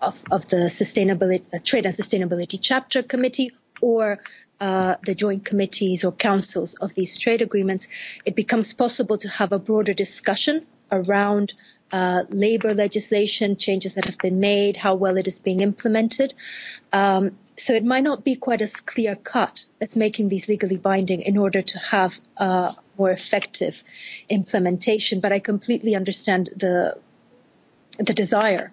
of, of the sustainability, Trade and Sustainability Chapter Committee or the joint committees or councils of these trade agreements, it becomes possible to have a broader discussion around labor legislation, changes that have been made, how well it is being implemented. So it might not be quite as clear cut as making these legally binding in order to have a more effective implementation. But I completely understand the the desire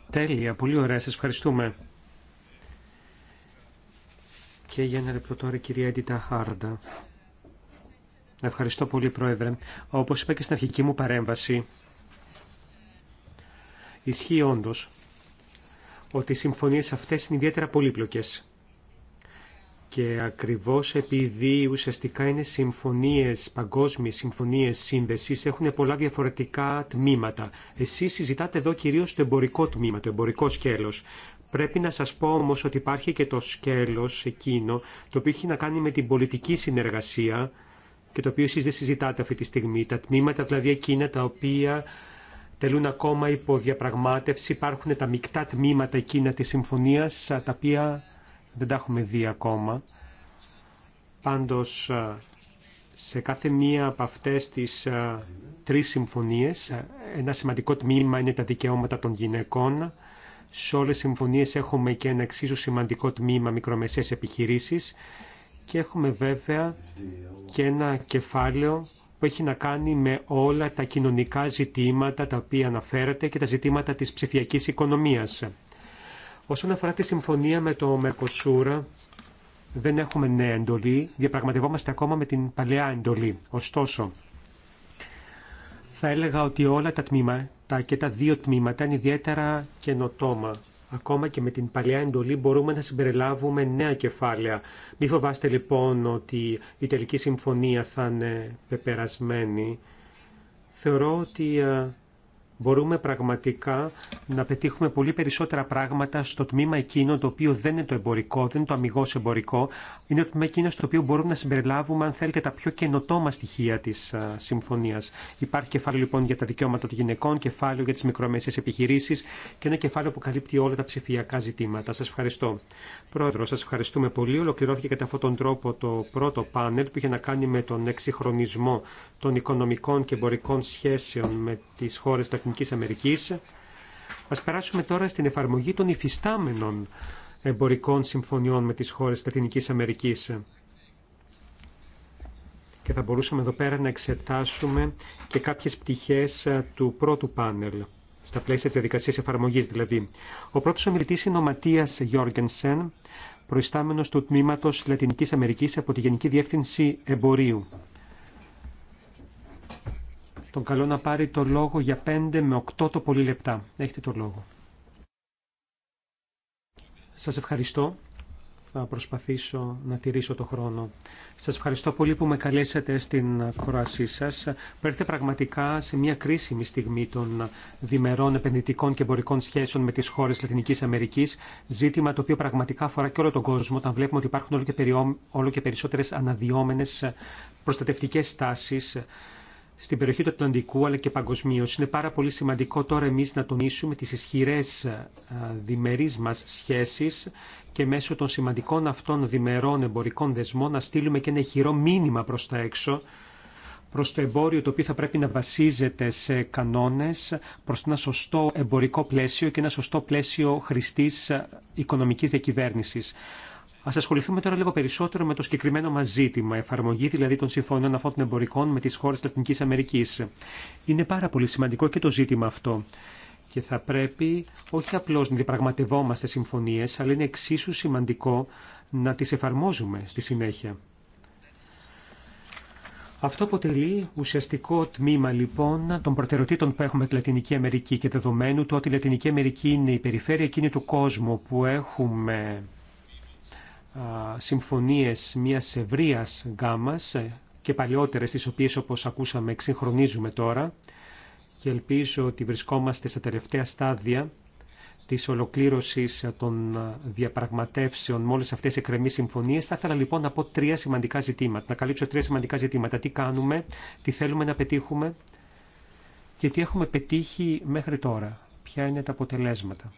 Τέλεια, πολύ ωραία, σας ευχαριστούμε. Και για ένα λεπτό τώρα η κυρία Έντιτα Χάρντα. Ευχαριστώ πολύ Πρόεδρε. Όπως είπα και στην αρχική μου παρέμβαση, ισχύει όντως ότι οι συμφωνίες αυτές είναι ιδιαίτερα πολύπλοκες. Και ακριβώς επειδή ουσιαστικά είναι συμφωνίες, παγκόσμιες συμφωνίες σύνδεσης, έχουν πολλά διαφορετικά τμήματα. Εσείς συζητάτε εδώ κυρίως το εμπορικό τμήμα, το εμπορικό σκέλος. Πρέπει να σας πω όμως ότι υπάρχει και το σκέλος εκείνο, το οποίο έχει να κάνει με την πολιτική συνεργασία και το οποίο εσείς δεν συζητάτε αυτή τη στιγμή. Τα τμήματα δηλαδή εκείνα τα οποία τελούν ακόμα υπό διαπραγμάτευση, υπάρχουν τα μεικτά τμήματα εκείνα της συμφωνίας, τα οποία δεν τα έχουμε δει ακόμα. Πάντως, ε, σε κάθε μία από αυτές τις ε, τρεις συμφωνίες, ε, ένα σημαντικό τμήμα είναι τα δικαιώματα των γυναικών. Σε όλες τις συμφωνίες έχουμε και ένα εξίσου σημαντικό τμήμα μικρομεσαίες επιχειρήσεις και έχουμε βέβαια και ένα κεφάλαιο που έχει να κάνει με όλα τα κοινωνικά ζητήματα τα οποία αναφέρατε και τα ζητήματα της ψηφιακής οικονομίας. Όσον αφορά τη συμφωνία με το Μερκοσούρα, δεν έχουμε νέα εντολή, διαπραγματευόμαστε ακόμα με την παλαιά εντολή. Ωστόσο, θα έλεγα ότι όλα τα τμήματα και τα δύο τμήματα είναι ιδιαίτερα καινοτόμα. Ακόμα και με την παλιά εντολή μπορούμε να συμπεριλάβουμε νέα κεφάλαια. μη φοβάστε λοιπόν ότι η τελική συμφωνία θα είναι πεπερασμένη. Θεωρώ ότι ε, μπορούμε πραγματικά να πετύχουμε πολύ περισσότερα πράγματα στο τμήμα εκείνο το οποίο δεν είναι το εμπορικό, δεν είναι το αμυγό εμπορικό. Είναι το τμήμα εκείνο στο οποίο μπορούμε να συμπεριλάβουμε, αν θέλετε, τα πιο καινοτόμα στοιχεία τη συμφωνία. Υπάρχει κεφάλαιο λοιπόν για τα δικαιώματα των γυναικών, κεφάλαιο για τι μικρομεσαίε επιχειρήσει και ένα κεφάλαιο που καλύπτει όλα τα ψηφιακά ζητήματα. Σα ευχαριστώ. Πρόεδρο, σα ευχαριστούμε πολύ. Ολοκληρώθηκε κατά αυτόν τον τρόπο το πρώτο πάνελ που είχε να κάνει με τον εξυγχρονισμό των οικονομικών και εμπορικών σχέσεων με τι χώρε Λατινικής Αμερικής. Ας περάσουμε τώρα στην εφαρμογή των υφιστάμενων εμπορικών συμφωνιών με τις χώρες της Λατινικής Αμερικής. Και θα μπορούσαμε εδώ πέρα να εξετάσουμε και κάποιες πτυχές ε, του πρώτου πάνελ, στα πλαίσια της διαδικασίας εφαρμογής δηλαδή. Ο πρώτος ομιλητής είναι ο Ματίας Γιόργενσεν, προϊστάμενος του Τμήματος Λατινικής Αμερικής από τη Γενική Διεύθυνση Εμπορίου τον καλό να πάρει το λόγο για 5 με 8 το πολύ λεπτά. Έχετε το λόγο. Σας ευχαριστώ. Θα προσπαθήσω να τηρήσω το χρόνο. Σας ευχαριστώ πολύ που με καλέσατε στην κορασή σας. Παίρνετε πραγματικά σε μια κρίσιμη στιγμή των διμερών επενδυτικών και εμπορικών σχέσεων με τις χώρες Λατινικής Αμερικής. Ζήτημα το οποίο πραγματικά αφορά και όλο τον κόσμο όταν βλέπουμε ότι υπάρχουν όλο και, περιό... όλο και περισσότερες αναδυόμενες προστατευτικές στάσεις στην περιοχή του Ατλαντικού αλλά και παγκοσμίω. Είναι πάρα πολύ σημαντικό τώρα εμεί να τονίσουμε τι ισχυρέ ε, διμερεί μα σχέσει και μέσω των σημαντικών αυτών διμερών εμπορικών δεσμών να στείλουμε και ένα χειρό μήνυμα προ τα έξω προς το εμπόριο το οποίο θα πρέπει να βασίζεται σε κανόνες, προς ένα σωστό εμπορικό πλαίσιο και ένα σωστό πλαίσιο χρηστής ε, οικονομικής διακυβέρνησης. Α ασχοληθούμε τώρα λίγο περισσότερο με το συγκεκριμένο μα ζήτημα, εφαρμογή δηλαδή των συμφωνιών αυτών των εμπορικών με τι χώρε της Λατινικής Αμερικής. Είναι πάρα πολύ σημαντικό και το ζήτημα αυτό. Και θα πρέπει όχι απλώ να διαπραγματευόμαστε συμφωνίε, αλλά είναι εξίσου σημαντικό να τι εφαρμόζουμε στη συνέχεια. Αυτό αποτελεί ουσιαστικό τμήμα λοιπόν των προτεραιοτήτων που έχουμε τη Λατινική Αμερική και δεδομένου το ότι η Λατινική Αμερική είναι η περιφέρεια εκείνη του κόσμου που έχουμε συμφωνίες μιας ευρείας γάμας ε, και παλιότερες τις οποίες όπως ακούσαμε εξυγχρονίζουμε τώρα και ελπίζω ότι βρισκόμαστε στα τελευταία στάδια της ολοκλήρωσης των διαπραγματεύσεων με όλες αυτές τις εκκρεμείς συμφωνίες. Θα ήθελα λοιπόν να πω τρία σημαντικά ζητήματα, να καλύψω τρία σημαντικά ζητήματα. Τι κάνουμε, τι θέλουμε να πετύχουμε και τι έχουμε πετύχει μέχρι τώρα. Ποια είναι τα αποτελέσματα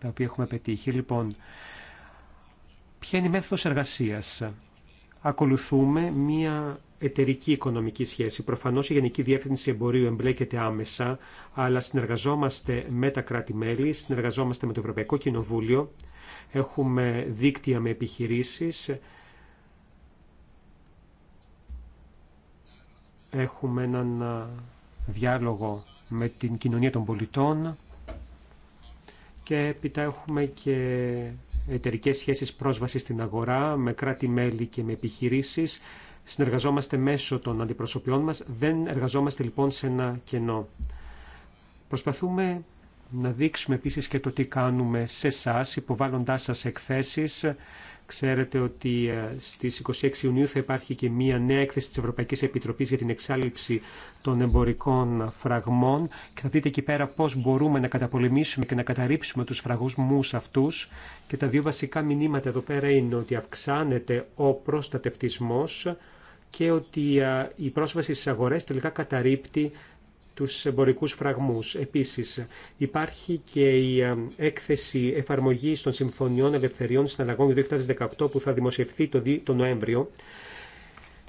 τα οποία έχουμε πετύχει. Λοιπόν, Ποια είναι η μέθοδος εργασίας. Ακολουθούμε μία εταιρική οικονομική σχέση. Προφανώς η Γενική Διεύθυνση Εμπορίου εμπλέκεται άμεσα, αλλά συνεργαζόμαστε με τα κράτη-μέλη, συνεργαζόμαστε με το Ευρωπαϊκό Κοινοβούλιο, έχουμε δίκτυα με επιχειρήσεις, έχουμε έναν διάλογο με την κοινωνία των πολιτών και έπειτα έχουμε και εταιρικέ σχέσεις πρόσβασης στην αγορά με κράτη-μέλη και με επιχειρήσεις. Συνεργαζόμαστε μέσω των αντιπροσωπιών μας, δεν εργαζόμαστε λοιπόν σε ένα κενό. Προσπαθούμε να δείξουμε επίση και το τι κάνουμε σε εσά, υποβάλλοντάς σας εκθέσεις Ξέρετε ότι ε, στις 26 Ιουνίου θα υπάρχει και μία νέα έκθεση της Ευρωπαϊκής Επιτροπής για την εξάλληψη των εμπορικών φραγμών και θα δείτε εκεί πέρα πώς μπορούμε να καταπολεμήσουμε και να καταρρύψουμε τους φραγμού αυτούς και τα δύο βασικά μηνύματα εδώ πέρα είναι ότι αυξάνεται ο προστατευτισμό και ότι ε, η πρόσβαση στι αγορέ τελικά καταρρύπτει τους εμπορικούς φραγμούς. Επίσης, υπάρχει και η ε, έκθεση εφαρμογής των Συμφωνιών Ελευθεριών Συναλλαγών 2018 που θα δημοσιευθεί το Νοέμβριο.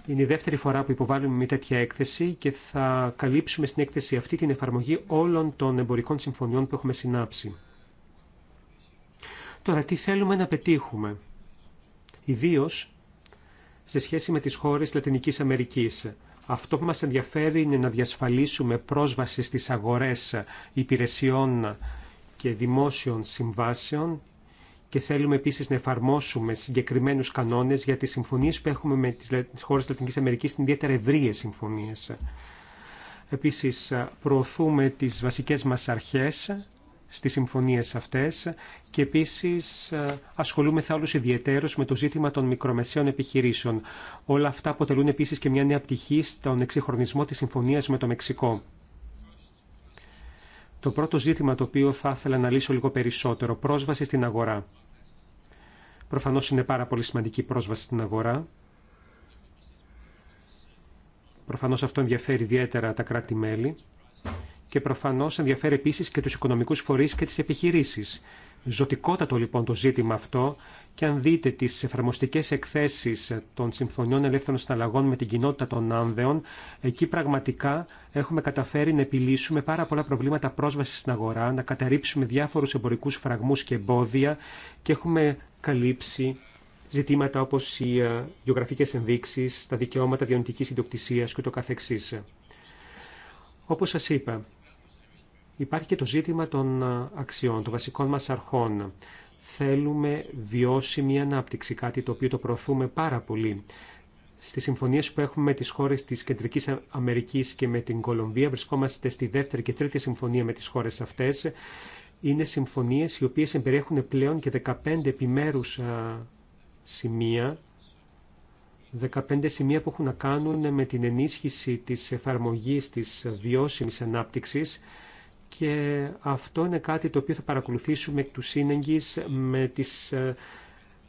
Είναι η δεύτερη φορά που υποβάλλουμε μια τέτοια έκθεση και θα καλύψουμε στην έκθεση αυτή την εφαρμογή όλων των εμπορικών συμφωνιών που έχουμε συνάψει. Τώρα, τι θέλουμε να πετύχουμε, ιδίω σε σχέση με τις χώρες Λατινικής Αμερικής. Αυτό που μας ενδιαφέρει είναι να διασφαλίσουμε πρόσβαση στις αγορές υπηρεσιών και δημόσιων συμβάσεων και θέλουμε επίσης να εφαρμόσουμε συγκεκριμένους κανόνες για τις συμφωνίες που έχουμε με τις χώρες της Λατινικής Αμερικής, ιδιαίτερα ευρύες συμφωνίες. Επίσης προωθούμε τις βασικές μας αρχές στις συμφωνίες αυτές και επίσης ε, ασχολούμεθα όλους ιδιαιτέρως με το ζήτημα των μικρομεσαίων επιχειρήσεων. Όλα αυτά αποτελούν επίσης και μια νέα πτυχή στον εξυγχρονισμό της συμφωνίας με το Μεξικό. Το πρώτο ζήτημα το οποίο θα ήθελα να λύσω λίγο περισσότερο, πρόσβαση στην αγορά. Προφανώς είναι πάρα πολύ σημαντική πρόσβαση στην αγορά. Προφανώς αυτό ενδιαφέρει ιδιαίτερα τα κράτη-μέλη και προφανώ ενδιαφέρει επίση και του οικονομικού φορεί και τι επιχειρήσει. Ζωτικότατο λοιπόν το ζήτημα αυτό και αν δείτε τι εφαρμοστικέ εκθέσει των Συμφωνιών Ελεύθερων Συναλλαγών με την κοινότητα των Άνδεων, εκεί πραγματικά έχουμε καταφέρει να επιλύσουμε πάρα πολλά προβλήματα πρόσβαση στην αγορά, να καταρρύψουμε διάφορου εμπορικού φραγμού και εμπόδια και έχουμε καλύψει ζητήματα όπω οι ε, γεωγραφικέ ενδείξει, τα δικαιώματα διονυτική ιδιοκτησία και το σα είπα, υπάρχει και το ζήτημα των ε, αξιών, των βασικών μας αρχών. Θέλουμε βιώσιμη ανάπτυξη, κάτι το οποίο το προωθούμε πάρα πολύ. Στις συμφωνίες που έχουμε με τις χώρες της Κεντρικής Αμερικής και με την Κολομβία, βρισκόμαστε στη δεύτερη και τρίτη συμφωνία με τις χώρες αυτές. Είναι συμφωνίες οι οποίες εμπεριέχουν πλέον και 15 επιμέρους ε, σημεία 15 σημεία που έχουν να κάνουν με την ενίσχυση της εφαρμογής της βιώσιμης ανάπτυξης και αυτό είναι κάτι το οποίο θα παρακολουθήσουμε εκ του σύνεγγυς με τις ε,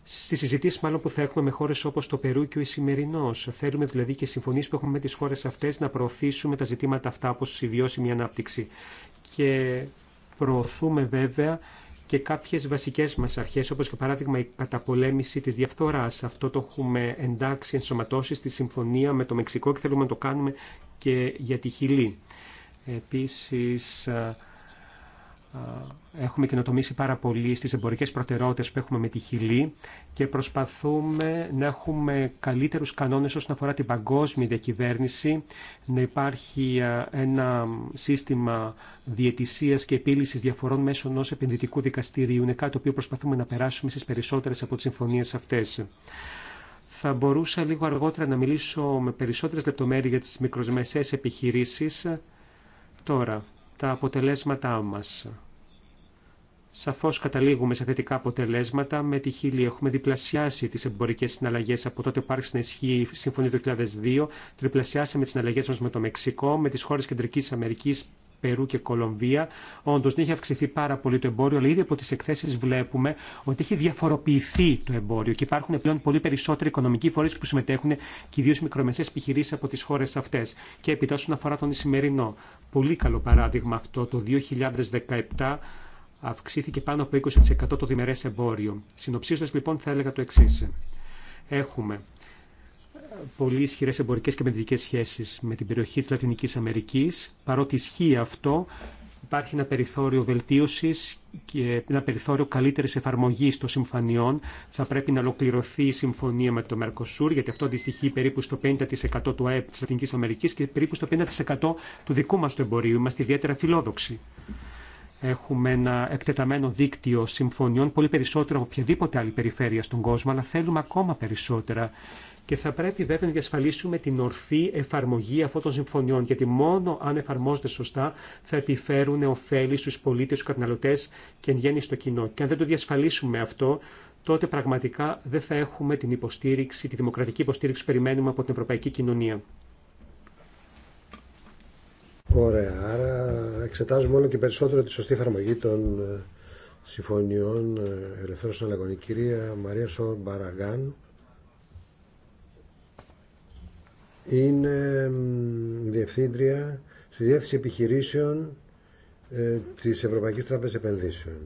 Στι συζητήσει, μάλλον που θα έχουμε με χώρε όπω το Περού και ο Ισημερινό. Θέλουμε δηλαδή και συμφωνίε που έχουμε με τι χώρε αυτέ να προωθήσουμε τα ζητήματα αυτά, όπω η βιώσιμη ανάπτυξη. Και προωθούμε βέβαια και κάποιες βασικές μας αρχές, όπως για παράδειγμα η καταπολέμηση της διαφθοράς. Αυτό το έχουμε εντάξει, ενσωματώσει στη συμφωνία με το Μεξικό και θέλουμε να το κάνουμε και για τη Χιλή. Επίσης, ε, ε, έχουμε καινοτομήσει πάρα πολύ στις εμπορικές προτεραιότητες που έχουμε με τη Χιλή και προσπαθούμε να έχουμε καλύτερους κανόνες όσον αφορά την παγκόσμια διακυβέρνηση, να υπάρχει ε, ένα σύστημα διαιτησίας και επίλυσης διαφορών μέσω ενός επενδυτικού δικαστηρίου. Είναι κάτι το οποίο προσπαθούμε να περάσουμε στις περισσότερες από τις συμφωνίες αυτές. Θα μπορούσα λίγο αργότερα να μιλήσω με περισσότερες λεπτομέρειες για τις μικροσμεσαίες επιχειρήσεις. Τώρα, τα αποτελέσματά μας. Σαφώς καταλήγουμε σε θετικά αποτελέσματα. Με τη Χίλη έχουμε διπλασιάσει τις εμπορικές συναλλαγές από τότε υπάρχει να ισχύει η Συμφωνία του 2002. Τριπλασιάσαμε τις συναλλαγές μας με το Μεξικό, με τις χώρες Κεντρικής Αμερικής Περού και Κολομβία. Όντω δεν έχει αυξηθεί πάρα πολύ το εμπόριο, αλλά ήδη από τι εκθέσει βλέπουμε ότι έχει διαφοροποιηθεί το εμπόριο και υπάρχουν πλέον πολύ περισσότεροι οικονομικοί φορεί που συμμετέχουν και ιδίω μικρομεσαίε επιχειρήσει από τι χώρε αυτέ. Και επί όσον αφορά τον Ισημερινό, πολύ καλό παράδειγμα αυτό το 2017 αυξήθηκε πάνω από 20% το διμερές εμπόριο. Συνοψίζοντας λοιπόν θα έλεγα το εξής. Έχουμε πολύ ισχυρέ εμπορικέ και επενδυτικέ σχέσει με την περιοχή τη Λατινική Αμερική. Παρότι ισχύει αυτό, υπάρχει ένα περιθώριο βελτίωση και ένα περιθώριο καλύτερη εφαρμογή των συμφωνιών. Θα πρέπει να ολοκληρωθεί η συμφωνία με το Μερκοσούρ, γιατί αυτό αντιστοιχεί περίπου στο 50% του ΑΕΠ τη Λατινική Αμερική και περίπου στο 50% του δικού μα του εμπορίου. Είμαστε ιδιαίτερα φιλόδοξοι. Έχουμε ένα εκτεταμένο δίκτυο συμφωνιών, πολύ περισσότερο από οποιαδήποτε άλλη περιφέρεια στον κόσμο, αλλά θέλουμε ακόμα περισσότερα και θα πρέπει βέβαια να διασφαλίσουμε την ορθή εφαρμογή αυτών των συμφωνιών, γιατί μόνο αν εφαρμόζονται σωστά θα επιφέρουν ωφέλη στου πολίτε, στου καταναλωτέ και εν γέννη στο κοινό. Και αν δεν το διασφαλίσουμε αυτό, τότε πραγματικά δεν θα έχουμε την υποστήριξη, τη δημοκρατική υποστήριξη που περιμένουμε από την ευρωπαϊκή κοινωνία. Ωραία, άρα εξετάζουμε όλο και περισσότερο τη σωστή εφαρμογή των ε, συμφωνιών ε, Ελευθέρωση αλλαγών. Η κυρία Μαρία Σόρ είναι διευθύντρια στη διεύθυνση επιχειρήσεων ε, της Ευρωπαϊκής Τράπεζας Επενδύσεων.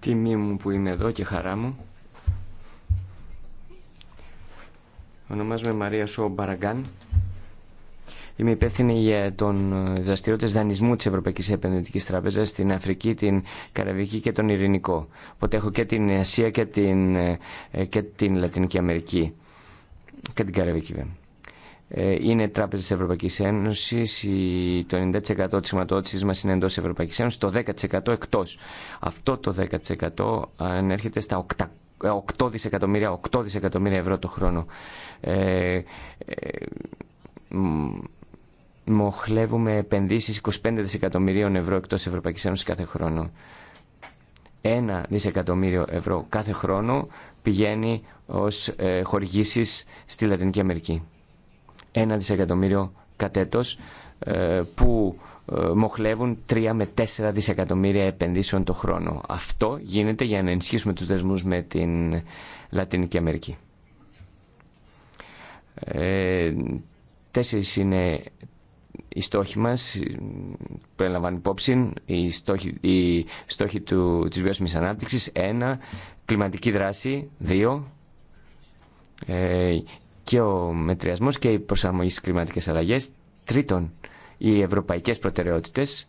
Τιμή μου που είμαι εδώ και χαρά μου. Ονομάζομαι Μαρία Σόμπαραγκάν. Είμαι υπεύθυνη για τον ε, δραστηριότητα δανεισμού τη Ευρωπαϊκή Επενδυτική Τράπεζα στην Αφρική, την Καραβική και τον Ειρηνικό. Οπότε έχω και την Ασία και την, ε, ε, και την Λατινική Αμερική. Και την Καραβική, βέβαια. Είναι τράπεζε τη Ευρωπαϊκή Ένωση. Το 90% τη χρηματοδότηση μα είναι εντό Ευρωπαϊκή Ένωση, το 10% εκτό. Αυτό το 10% ανέρχεται στα 8 δισεκατομμύρια, 8 δισεκατομμύρια ευρώ το χρόνο. Ε, ε, μοχλεύουμε επενδύσεις 25 δισεκατομμυρίων ευρώ εκτός Ευρωπαϊκής Ένωσης κάθε χρόνο. Ένα δισεκατομμύριο ευρώ κάθε χρόνο πηγαίνει ως ε, χορηγήσεις στη Λατινική Αμερική. Ένα δισεκατομμύριο κατέτος ε, που ε, μοχλεύουν 3 με 4 δισεκατομμύρια επενδύσεων το χρόνο. Αυτό γίνεται για να ενισχύσουμε τους δεσμούς με την Λατινική Αμερική. Ε, τέσσερις είναι οι στόχοι μα που έλαβαν υπόψη, οι στόχοι, οι στόχοι του, της βιώσιμης ανάπτυξης, ένα, κλιματική δράση, δύο, ε, και ο μετριασμός και η προσαρμογή στις κλιματικές αλλαγές, τρίτον, οι ευρωπαϊκές προτεραιότητες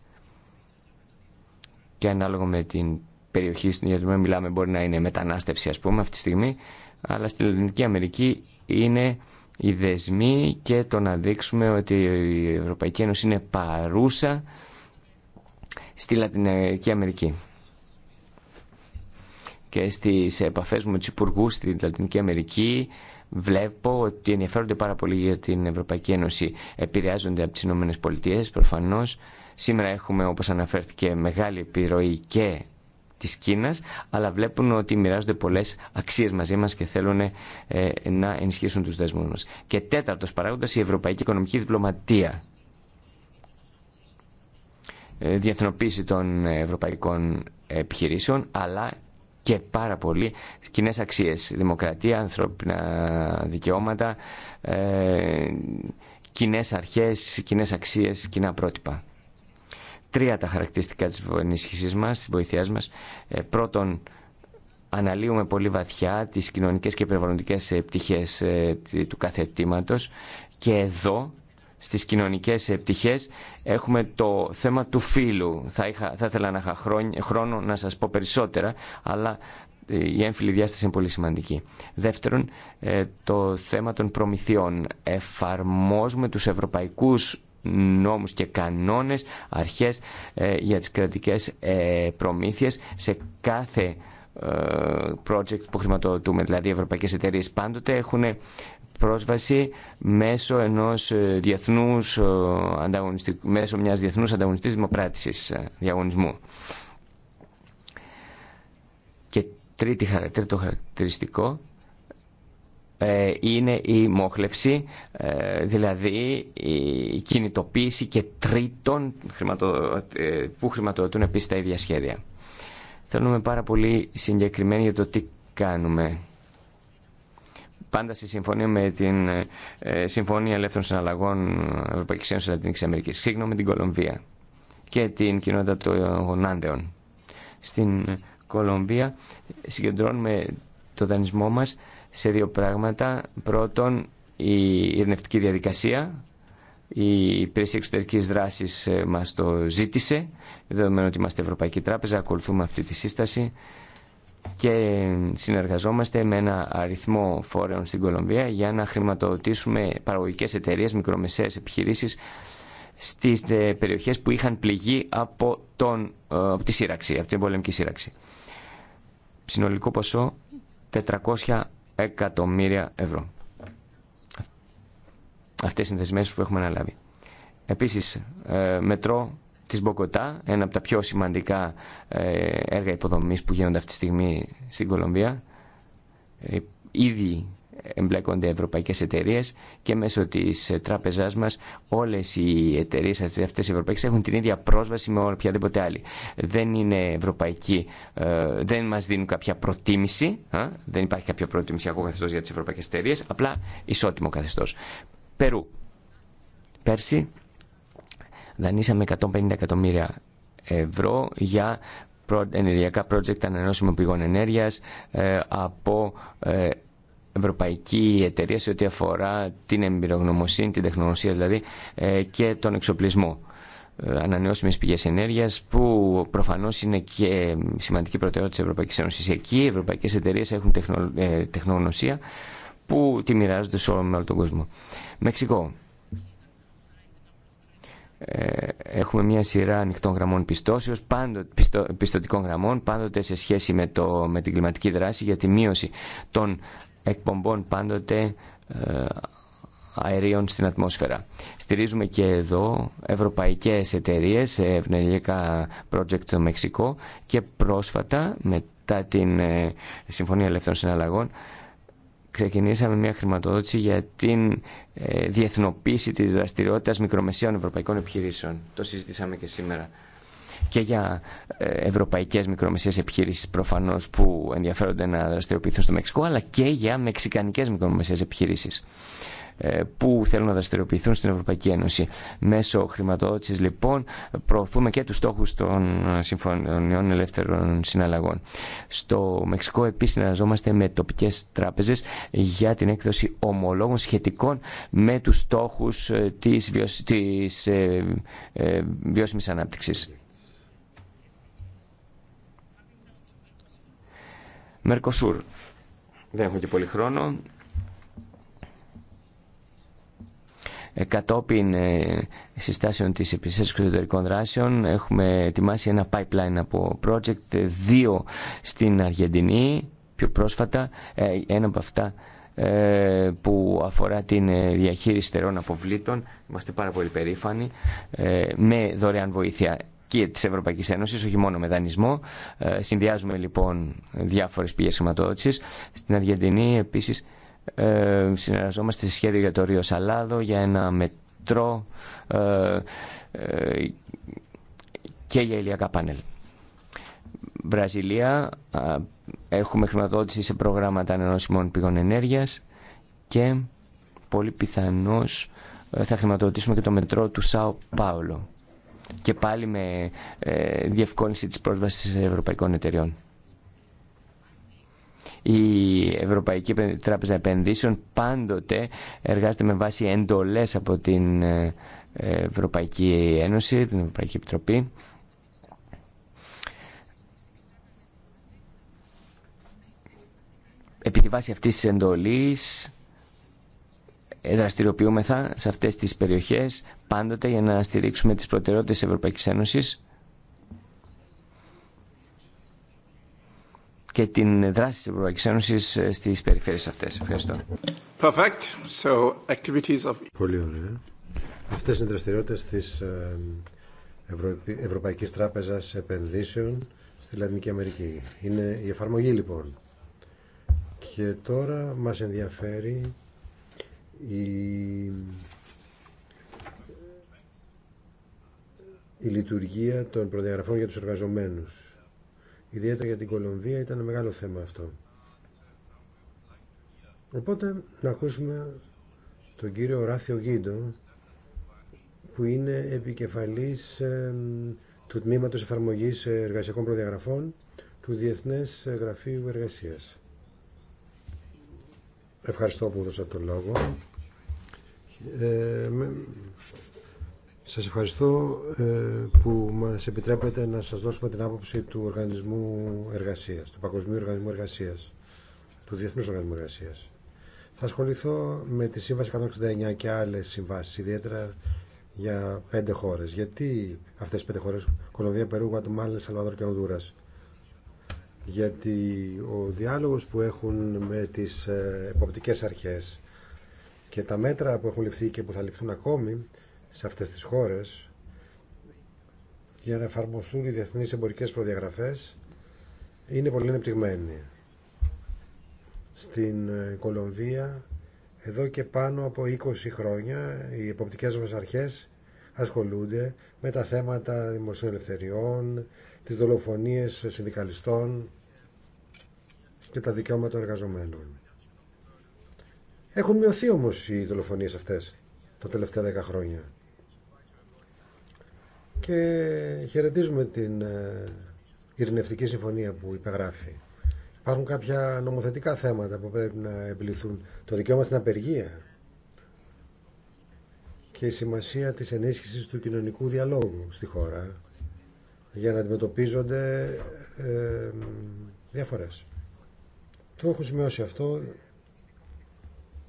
και ανάλογα με την περιοχή στην οποία μιλάμε μπορεί να είναι μετανάστευση ας πούμε αυτή τη στιγμή, αλλά στην Λατινική Αμερική είναι οι δεσμοί και το να δείξουμε ότι η Ευρωπαϊκή Ένωση είναι παρούσα στη Λατινική Αμερική. Και στις επαφές μου με τους υπουργού στη Λατινική Αμερική βλέπω ότι ενδιαφέρονται πάρα πολύ για την Ευρωπαϊκή Ένωση. Επηρεάζονται από τις Ηνωμένες Πολιτείες προφανώς. Σήμερα έχουμε όπως αναφέρθηκε μεγάλη επιρροή και της Κίνας, αλλά βλέπουν ότι μοιράζονται πολλές αξίες μαζί μας και θέλουν ε, να ενισχύσουν τους δεσμούς μας. Και τέταρτος παράγοντας, η Ευρωπαϊκή Οικονομική Διπλωματία. Ε, διεθνοποίηση των ευρωπαϊκών επιχειρήσεων, αλλά και πάρα πολύ κοινέ αξίες. Δημοκρατία, ανθρώπινα δικαιώματα, ε, κοινέ αρχές, κοινέ αξίες, κοινά πρότυπα τρία τα χαρακτηριστικά της ενίσχυσής μας, της βοηθειάς μας. Ε, πρώτον, αναλύουμε πολύ βαθιά τις κοινωνικές και περιβαλλοντικές ε, πτυχές ε, του κάθε και εδώ στις κοινωνικές πτυχές έχουμε το θέμα του φύλου. Θα, είχα, θα ήθελα να είχα χρόνο να σας πω περισσότερα, αλλά η έμφυλη διάσταση είναι πολύ σημαντική. Δεύτερον, το θέμα των προμηθειών. Εφαρμόζουμε τους ευρωπαϊκούς νόμους και κανόνες, αρχές ε, για τις κρατικές ε, προμήθειες σε κάθε ε, project που χρηματοδοτούμε, δηλαδή οι ευρωπαϊκές εταιρείες πάντοτε έχουν πρόσβαση μέσω ενός διεθνούς ανταγωνιστικού, μέσω μιας διεθνούς ανταγωνιστής δημοπράτησης διαγωνισμού. Και τρίτη, τρίτο χαρακτηριστικό ε, είναι η μόχλευση, ε, δηλαδή η κινητοποίηση και τρίτων ε, που χρηματοδοτούν επίσης τα ίδια σχέδια. Θέλουμε πάρα πολύ συγκεκριμένοι για το τι κάνουμε. Πάντα στη συμφωνία με την Συμφωνία Ελεύθερων Συναλλαγών Ευρωπαϊκής Ένωσης Λατινικής Αμερικής. με την Κολομβία και την κοινότητα των Γονάντεων. Στην Κολομβία συγκεντρώνουμε το δανεισμό μας σε δύο πράγματα. Πρώτον, η ειρνευτική διαδικασία. Η υπηρεσία εξωτερική δράση ε, μα το ζήτησε, δεδομένου ότι είμαστε Ευρωπαϊκή Τράπεζα, ακολουθούμε αυτή τη σύσταση και συνεργαζόμαστε με ένα αριθμό φόρεων στην Κολομβία για να χρηματοδοτήσουμε παραγωγικές εταιρείε, μικρομεσαίες επιχειρήσεις στις ε, περιοχέ που είχαν πληγεί από, τον, ε, από τη από την πολεμική σύραξη. Συνολικό ποσό 400 εκατομμύρια ευρώ. Αυτές είναι οι που έχουμε αναλάβει. Επίσης, ε, μετρό της Μποκοτά, ένα από τα πιο σημαντικά ε, έργα υποδομής που γίνονται αυτή τη στιγμή στην Κολομβία. Ε, ήδη εμπλέκονται ευρωπαϊκές εταιρείες και μέσω της τράπεζάς μας όλες οι εταιρείες αυτές οι ευρωπαϊκές έχουν την ίδια πρόσβαση με οποιαδήποτε άλλη. Δεν είναι ευρωπαϊκή, ε, δεν μας δίνουν κάποια προτίμηση, δεν υπάρχει κάποιο προτιμησιακό καθεστώς για τις ευρωπαϊκές εταιρείες, απλά ισότιμο καθεστώς. Περού. Πέρσι δανείσαμε 150 εκατομμύρια ευρώ για ενεργειακά project ανανεώσιμων πηγών ενέργειας ε, από ε, ευρωπαϊκή εταιρεία σε ό,τι αφορά την εμπειρογνωμοσύνη, την τεχνογνωσία δηλαδή ε, και τον εξοπλισμό ε, ανανεώσιμες πηγές ενέργειας που προφανώς είναι και σημαντική προτεραιότητα της Ευρωπαϊκής Ένωσης. Εκεί οι ευρωπαϊκές εταιρείες έχουν τεχνο, ε, τεχνογνωσία που τη μοιράζονται σε όλο, με όλο τον κόσμο. Μεξικό. έχουμε μια σειρά ανοιχτών γραμμών πιστώσεως, πάντο, πιστοτικών γραμμών, πάντοτε σε σχέση με, το, με την κλιματική δράση για τη μείωση των εκπομπών πάντοτε ε, αερίων στην ατμόσφαιρα. Στηρίζουμε και εδώ ευρωπαϊκές εταιρείες, ευνελιακά project στο Μεξικό και πρόσφατα μετά την ε, Συμφωνία Ελεύθερων Συναλλαγών ξεκινήσαμε μια χρηματοδότηση για την ε, διεθνοποίηση της δραστηριότητας μικρομεσαίων ευρωπαϊκών επιχειρήσεων. Το συζητήσαμε και σήμερα και για ε, ευρωπαϊκές μικρομεσαίε επιχειρήσεις προφανώς που ενδιαφέρονται να δραστηριοποιηθούν στο Μεξικό αλλά και για μεξικανικές μικρομεσαίε επιχειρήσεις ε, που θέλουν να δραστηριοποιηθούν στην Ευρωπαϊκή Ένωση. Μέσω χρηματοδότηση λοιπόν προωθούμε και τους στόχου των συμφωνιών ελεύθερων συναλλαγών. Στο Μεξικό επίση συνεργαζόμαστε με τοπικέ τράπεζε για την έκδοση ομολόγων σχετικών με του στόχου ε, τη βιώσιμη ανάπτυξη. Μερκοσούρ. Δεν έχω και πολύ χρόνο. κατόπιν ε, συστάσεων της Υπηρεσίας Εξωτερικών Δράσεων έχουμε ετοιμάσει ένα pipeline από project, δύο στην Αργεντινή πιο πρόσφατα, ε, ένα από αυτά ε, που αφορά την διαχείριση στερών αποβλήτων, είμαστε πάρα πολύ περήφανοι, με δωρεάν βοήθεια και της Ευρωπαϊκής όχι μόνο με δανεισμό. Ε, συνδυάζουμε λοιπόν διάφορες πηγές χρηματοδότησης. Στην Αργεντινή επίσης ε, συνεργαζόμαστε σε σχέδιο για το Ρίο Σαλάδο, για ένα μετρό ε, και για ηλιακά πάνελ. Βραζιλία, έχουμε χρηματοδότηση σε προγράμματα ανενώσιμων πηγών ενέργειας και πολύ πιθανώς θα χρηματοδοτήσουμε και το μετρό του Σάο Πάολο και πάλι με ε, διευκόλυνση της πρόσβασης ευρωπαϊκών εταιριών. Η Ευρωπαϊκή Τράπεζα Επενδύσεων πάντοτε εργάζεται με βάση εντολές από την ε, Ευρωπαϊκή Ένωση, την Ευρωπαϊκή Επιτροπή. Επί τη βάση αυτής της εντολής δραστηριοποιούμεθα σε αυτές τις περιοχές πάντοτε για να στηρίξουμε τις προτεραιότητες της Ευρωπαϊκής Ένωσης και την δράση της Ευρωπαϊκής Ένωσης ε, στις περιφέρειες αυτές. Ευχαριστώ. So, of... Πολύ ωραία. Αυτές είναι οι δραστηριότητες της ε, Ευρωπαϊκή Ευρωπαϊκής Επενδύσεων στη Λατινική Αμερική. Είναι η εφαρμογή λοιπόν. Και τώρα μας ενδιαφέρει η, λειτουργία των προδιαγραφών για τους εργαζομένους. Ιδιαίτερα για την Κολομβία ήταν ένα μεγάλο θέμα αυτό. Οπότε να ακούσουμε τον κύριο Ράθιο Γκίντο που είναι επικεφαλής του Τμήματος Εφαρμογής Εργασιακών Προδιαγραφών του Διεθνές Γραφείου Εργασίας. Ευχαριστώ που δώσατε τον λόγο. Ε, σας ευχαριστώ ε, που μας επιτρέπετε να σας δώσουμε την άποψη του Οργανισμού Εργασίας, του Παγκοσμίου Οργανισμού Εργασίας, του Διεθνούς Οργανισμού Εργασίας. Θα ασχοληθώ με τη Σύμβαση 169 και άλλες συμβάσεις, ιδιαίτερα για πέντε χώρες. Γιατί αυτές οι πέντε χώρες, Κολομβία, Περού, Γουατουμάλα, Σαλβαδόρ και Ονδούρας. Γιατί ο διάλογος που έχουν με τις ε, εποπτικές αρχές και τα μέτρα που έχουν ληφθεί και που θα ληφθούν ακόμη σε αυτές τις χώρες για να εφαρμοστούν οι διεθνείς εμπορικές προδιαγραφές είναι πολύ ανεπτυγμένοι. Στην ε, Κολομβία εδώ και πάνω από 20 χρόνια οι εποπτικές μας αρχές ασχολούνται με τα θέματα δημοσίων ελευθεριών, τις δολοφονίες συνδικαλιστών και τα δικαιώματα των εργαζομένων. Έχουν μειωθεί όμω οι δολοφονίε αυτές τα τελευταία δέκα χρόνια. Και χαιρετίζουμε την ε, ειρηνευτική συμφωνία που υπεγράφει. Υπάρχουν κάποια νομοθετικά θέματα που πρέπει να επιληθούν. Το δικαίωμα στην απεργία και η σημασία της ενίσχυσης του κοινωνικού διαλόγου στη χώρα για να αντιμετωπίζονται ε, διαφορές. Το έχω σημειώσει αυτό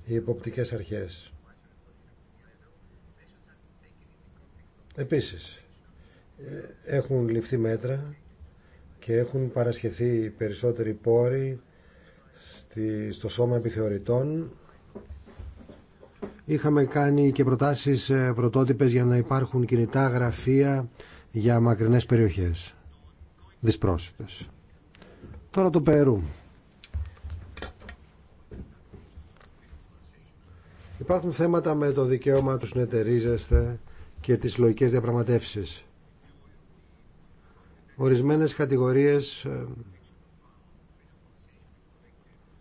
οι υποπτικές αρχές. Επίσης, ε, έχουν ληφθεί μέτρα και έχουν παρασχεθεί περισσότεροι πόροι στη, στο σώμα επιθεωρητών. Είχαμε κάνει και προτάσεις ε, πρωτότυπες για να υπάρχουν κινητά γραφεία για μακρινές περιοχές, δυσπρόσιτες. Τώρα το Περού. Υπάρχουν θέματα με το δικαίωμα του συνεταιρίζεστε και τις λογικές διαπραγματεύσεις. Ορισμένες κατηγορίες ε,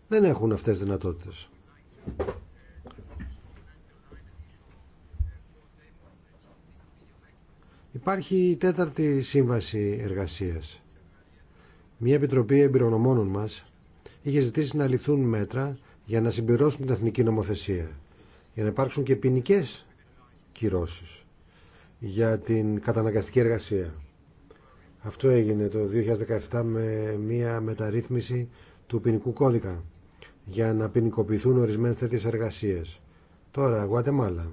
δεν έχουν αυτές τις δυνατότητες. Υπάρχει η τέταρτη σύμβαση εργασίας. Μια επιτροπή εμπειρογνωμόνων μας είχε ζητήσει να ληφθούν μέτρα για να συμπληρώσουν την εθνική νομοθεσία για να υπάρξουν και ποινικέ κυρώσει για την καταναγκαστική εργασία. Αυτό έγινε το 2017 με μια μεταρρύθμιση του ποινικού κώδικα για να ποινικοποιηθούν ορισμένες τέτοιες εργασίες. Τώρα, Γουατεμάλα.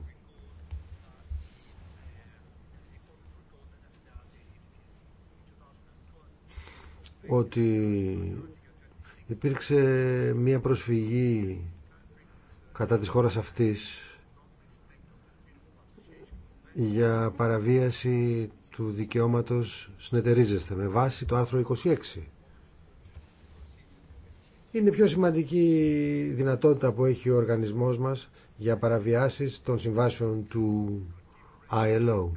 Ότι υπήρξε μια προσφυγή κατά της χώρας αυτής για παραβίαση του δικαιώματος συνεταιρίζεστε με βάση το άρθρο 26. Είναι η πιο σημαντική δυνατότητα που έχει ο οργανισμός μας για παραβιάσεις των συμβάσεων του ILO.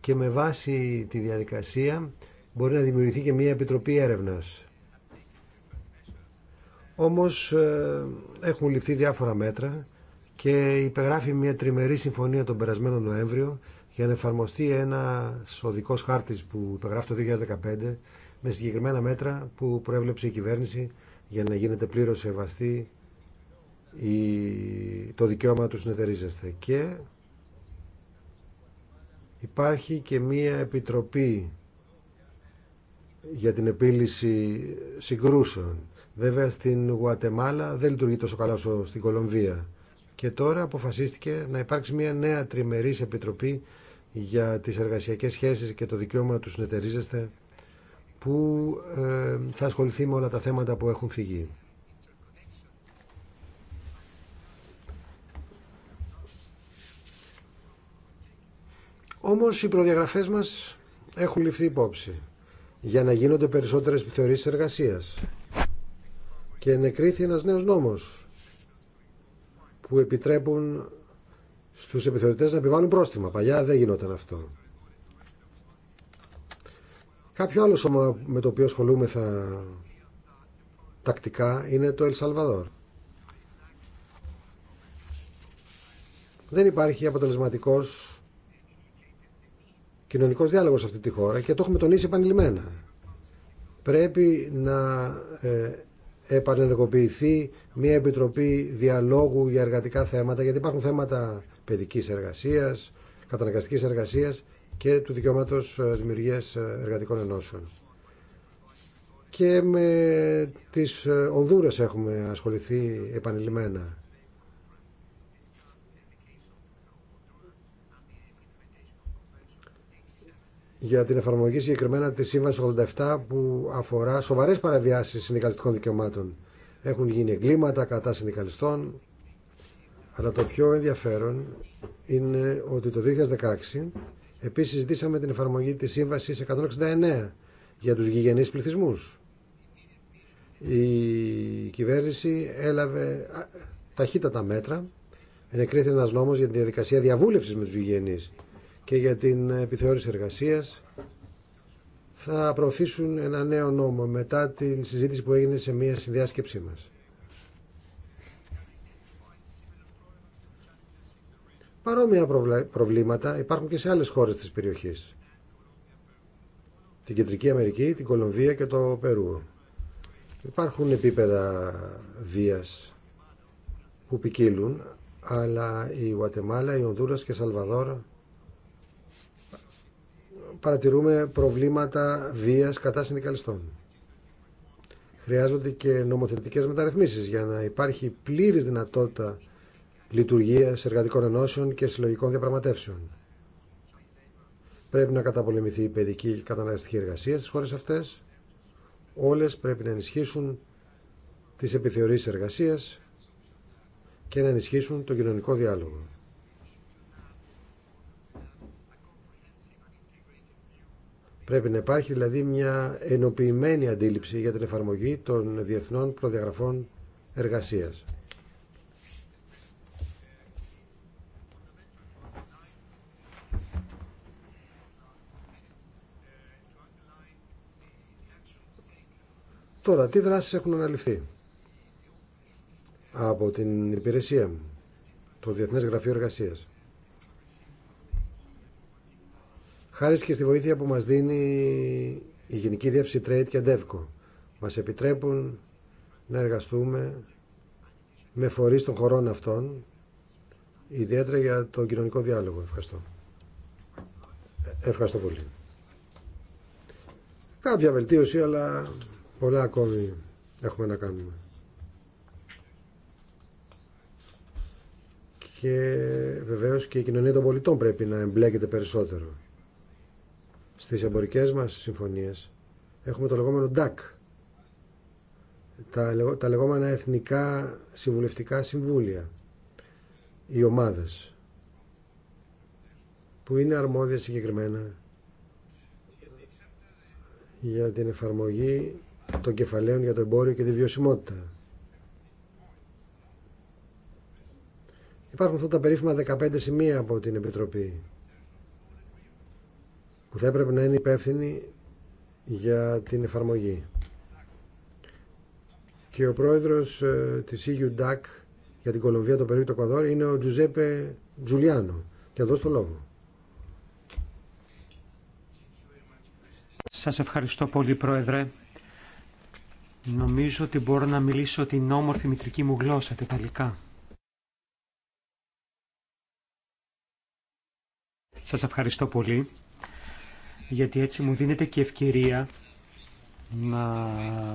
Και με βάση τη διαδικασία μπορεί να δημιουργηθεί και μια επιτροπή έρευνας όμως ε, έχουν ληφθεί διάφορα μέτρα και υπεγράφει μια τριμερή συμφωνία τον περασμένο Νοέμβριο για να εφαρμοστεί ένα οδικό χάρτη που υπεγράφει το 2015 με συγκεκριμένα μέτρα που προέβλεψε η κυβέρνηση για να γίνεται πλήρω σεβαστή το δικαίωμα του συνεταιρίζεστε. Και υπάρχει και μία επιτροπή για την επίλυση συγκρούσεων Βέβαια στην Γουατεμάλα δεν λειτουργεί τόσο καλά όσο στην Κολομβία. Και τώρα αποφασίστηκε να υπάρξει μια νέα τριμερής επιτροπή για τις εργασιακές σχέσεις και το δικαίωμα του συνεταιρίζεστε που ε, θα ασχοληθεί με όλα τα θέματα που έχουν φυγεί. Όμως οι προδιαγραφές μας έχουν ληφθεί υπόψη για να γίνονται περισσότερες επιθεωρήσεις εργασίας και ενεκρίθη ένας νέος νόμος που επιτρέπουν στους επιθεωρητές να επιβάλλουν πρόστιμα. Παλιά δεν γινόταν αυτό. Κάποιο άλλο σώμα με το οποίο ασχολούμεθα τακτικά είναι το Ελσαλβαδόρ. Δεν υπάρχει αποτελεσματικός κοινωνικός διάλογος σε αυτή τη χώρα και το έχουμε τονίσει επανειλημμένα. Πρέπει να ε, επανενεργοποιηθεί μια επιτροπή διαλόγου για εργατικά θέματα, γιατί υπάρχουν θέματα παιδικής εργασίας, καταναγκαστικής εργασίας και του δικαιώματος ε, δημιουργίας ε, εργατικών ενώσεων. Και με τις ε, Ονδούρες έχουμε ασχοληθεί επανειλημμένα. για την εφαρμογή συγκεκριμένα τη σύμβαση 87 που αφορά σοβαρές παραβιάσει συνδικαλιστικών δικαιωμάτων. Έχουν γίνει εγκλήματα κατά συνδικαλιστών, αλλά το πιο ενδιαφέρον είναι ότι το 2016 επίσης ζήτησαμε την εφαρμογή της Σύμβασης 169 για τους γηγενεί πληθυσμούς. Η κυβέρνηση έλαβε ταχύτατα μέτρα, ενεκρίθηκε ένα νόμο για τη διαδικασία διαβούλευση με του γηγενεί και για την επιθεώρηση εργασίας θα προωθήσουν ένα νέο νόμο μετά την συζήτηση που έγινε σε μια συνδιάσκεψή μας. Παρόμοια προβλήματα υπάρχουν και σε άλλες χώρες της περιοχής. Την Κεντρική Αμερική, την Κολομβία και το Περού. Υπάρχουν επίπεδα βίας που ποικίλουν, αλλά η Γουατεμάλα, η Ονδούρας και η Σαλβαδόρα παρατηρούμε προβλήματα βίας κατά συνδικαλιστών. Χρειάζονται και νομοθετικές μεταρρυθμίσεις για να υπάρχει πλήρης δυνατότητα λειτουργίας εργατικών ενώσεων και συλλογικών διαπραγματεύσεων. Πρέπει να καταπολεμηθεί η παιδική και εργασία στις χώρες αυτές. Όλες πρέπει να ενισχύσουν τις επιθεωρήσεις εργασίας και να ενισχύσουν τον κοινωνικό διάλογο. Πρέπει να υπάρχει δηλαδή μια ενοποιημένη αντίληψη για την εφαρμογή των διεθνών προδιαγραφών εργασίας. Τώρα, τι δράσεις έχουν αναλυφθεί από την υπηρεσία, το Διεθνές Γραφείο Εργασίας. Χάρη και στη βοήθεια που μας δίνει η Γενική Διεύθυνση Trade και Αντεύκο. Μας επιτρέπουν να εργαστούμε με φορείς των χωρών αυτών, ιδιαίτερα για τον κοινωνικό διάλογο. Ευχαριστώ. Ευχαριστώ πολύ. Κάποια βελτίωση, αλλά πολλά ακόμη έχουμε να κάνουμε. Και βεβαίως και η κοινωνία των πολιτών πρέπει να εμπλέκεται περισσότερο στις εμπορικές μας συμφωνίες έχουμε το λεγόμενο DAC τα, τα λεγόμενα εθνικά συμβουλευτικά συμβούλια οι ομάδες που είναι αρμόδια συγκεκριμένα για την εφαρμογή των κεφαλαίων για το εμπόριο και τη βιωσιμότητα. Υπάρχουν αυτά τα περίφημα 15 σημεία από την Επιτροπή που θα έπρεπε να είναι υπεύθυνη για την εφαρμογή. Και ο πρόεδρος ε, της EU-DAC για την Κολομβία, το Περί, το Εκουαδόρ είναι ο Τζουζέπε Τζουλιάνο. Και εδώ στο λόγο. Σας ευχαριστώ πολύ Πρόεδρε. Νομίζω ότι μπορώ να μιλήσω την όμορφη μητρική μου γλώσσα, τεταλικά. Σας ευχαριστώ πολύ γιατί έτσι μου δίνεται και ευκαιρία να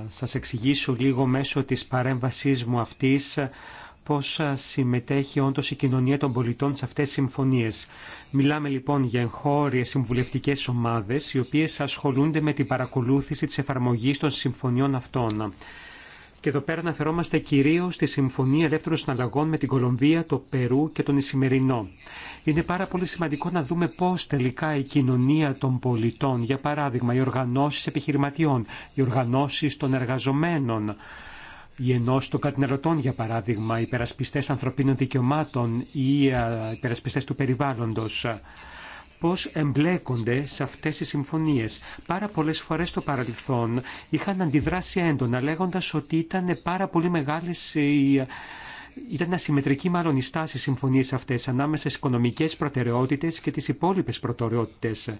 σας εξηγήσω λίγο μέσω της παρέμβασής μου αυτής πώς συμμετέχει όντως η κοινωνία των πολιτών σε αυτές τις συμφωνίες. Μιλάμε λοιπόν για εγχώριες συμβουλευτικές ομάδες οι οποίες ασχολούνται με την παρακολούθηση της εφαρμογής των συμφωνιών αυτών. Και εδώ πέρα αναφερόμαστε κυρίω στη Συμφωνία Ελεύθερων Συναλλαγών με την Κολομβία, το Περού και τον Ισημερινό. Είναι πάρα πολύ σημαντικό να δούμε πώ τελικά η κοινωνία των πολιτών, για παράδειγμα οι οργανώσει επιχειρηματιών, οι οργανώσει των εργαζομένων, η ενός των καταναλωτών, για παράδειγμα, οι περασπιστέ ανθρωπίνων δικαιωμάτων ή οι ε, του περιβάλλοντο, πώς εμπλέκονται σε αυτές τις συμφωνίες. Πάρα πολλές φορές στο παρελθόν είχαν αντιδράσει έντονα λέγοντας ότι ήταν πάρα πολύ μεγάλες οι ήταν ασυμμετρική μάλλον η στάση συμφωνίες αυτές ανάμεσα στις οικονομικές προτεραιότητες και τις υπόλοιπες προτεραιότητες.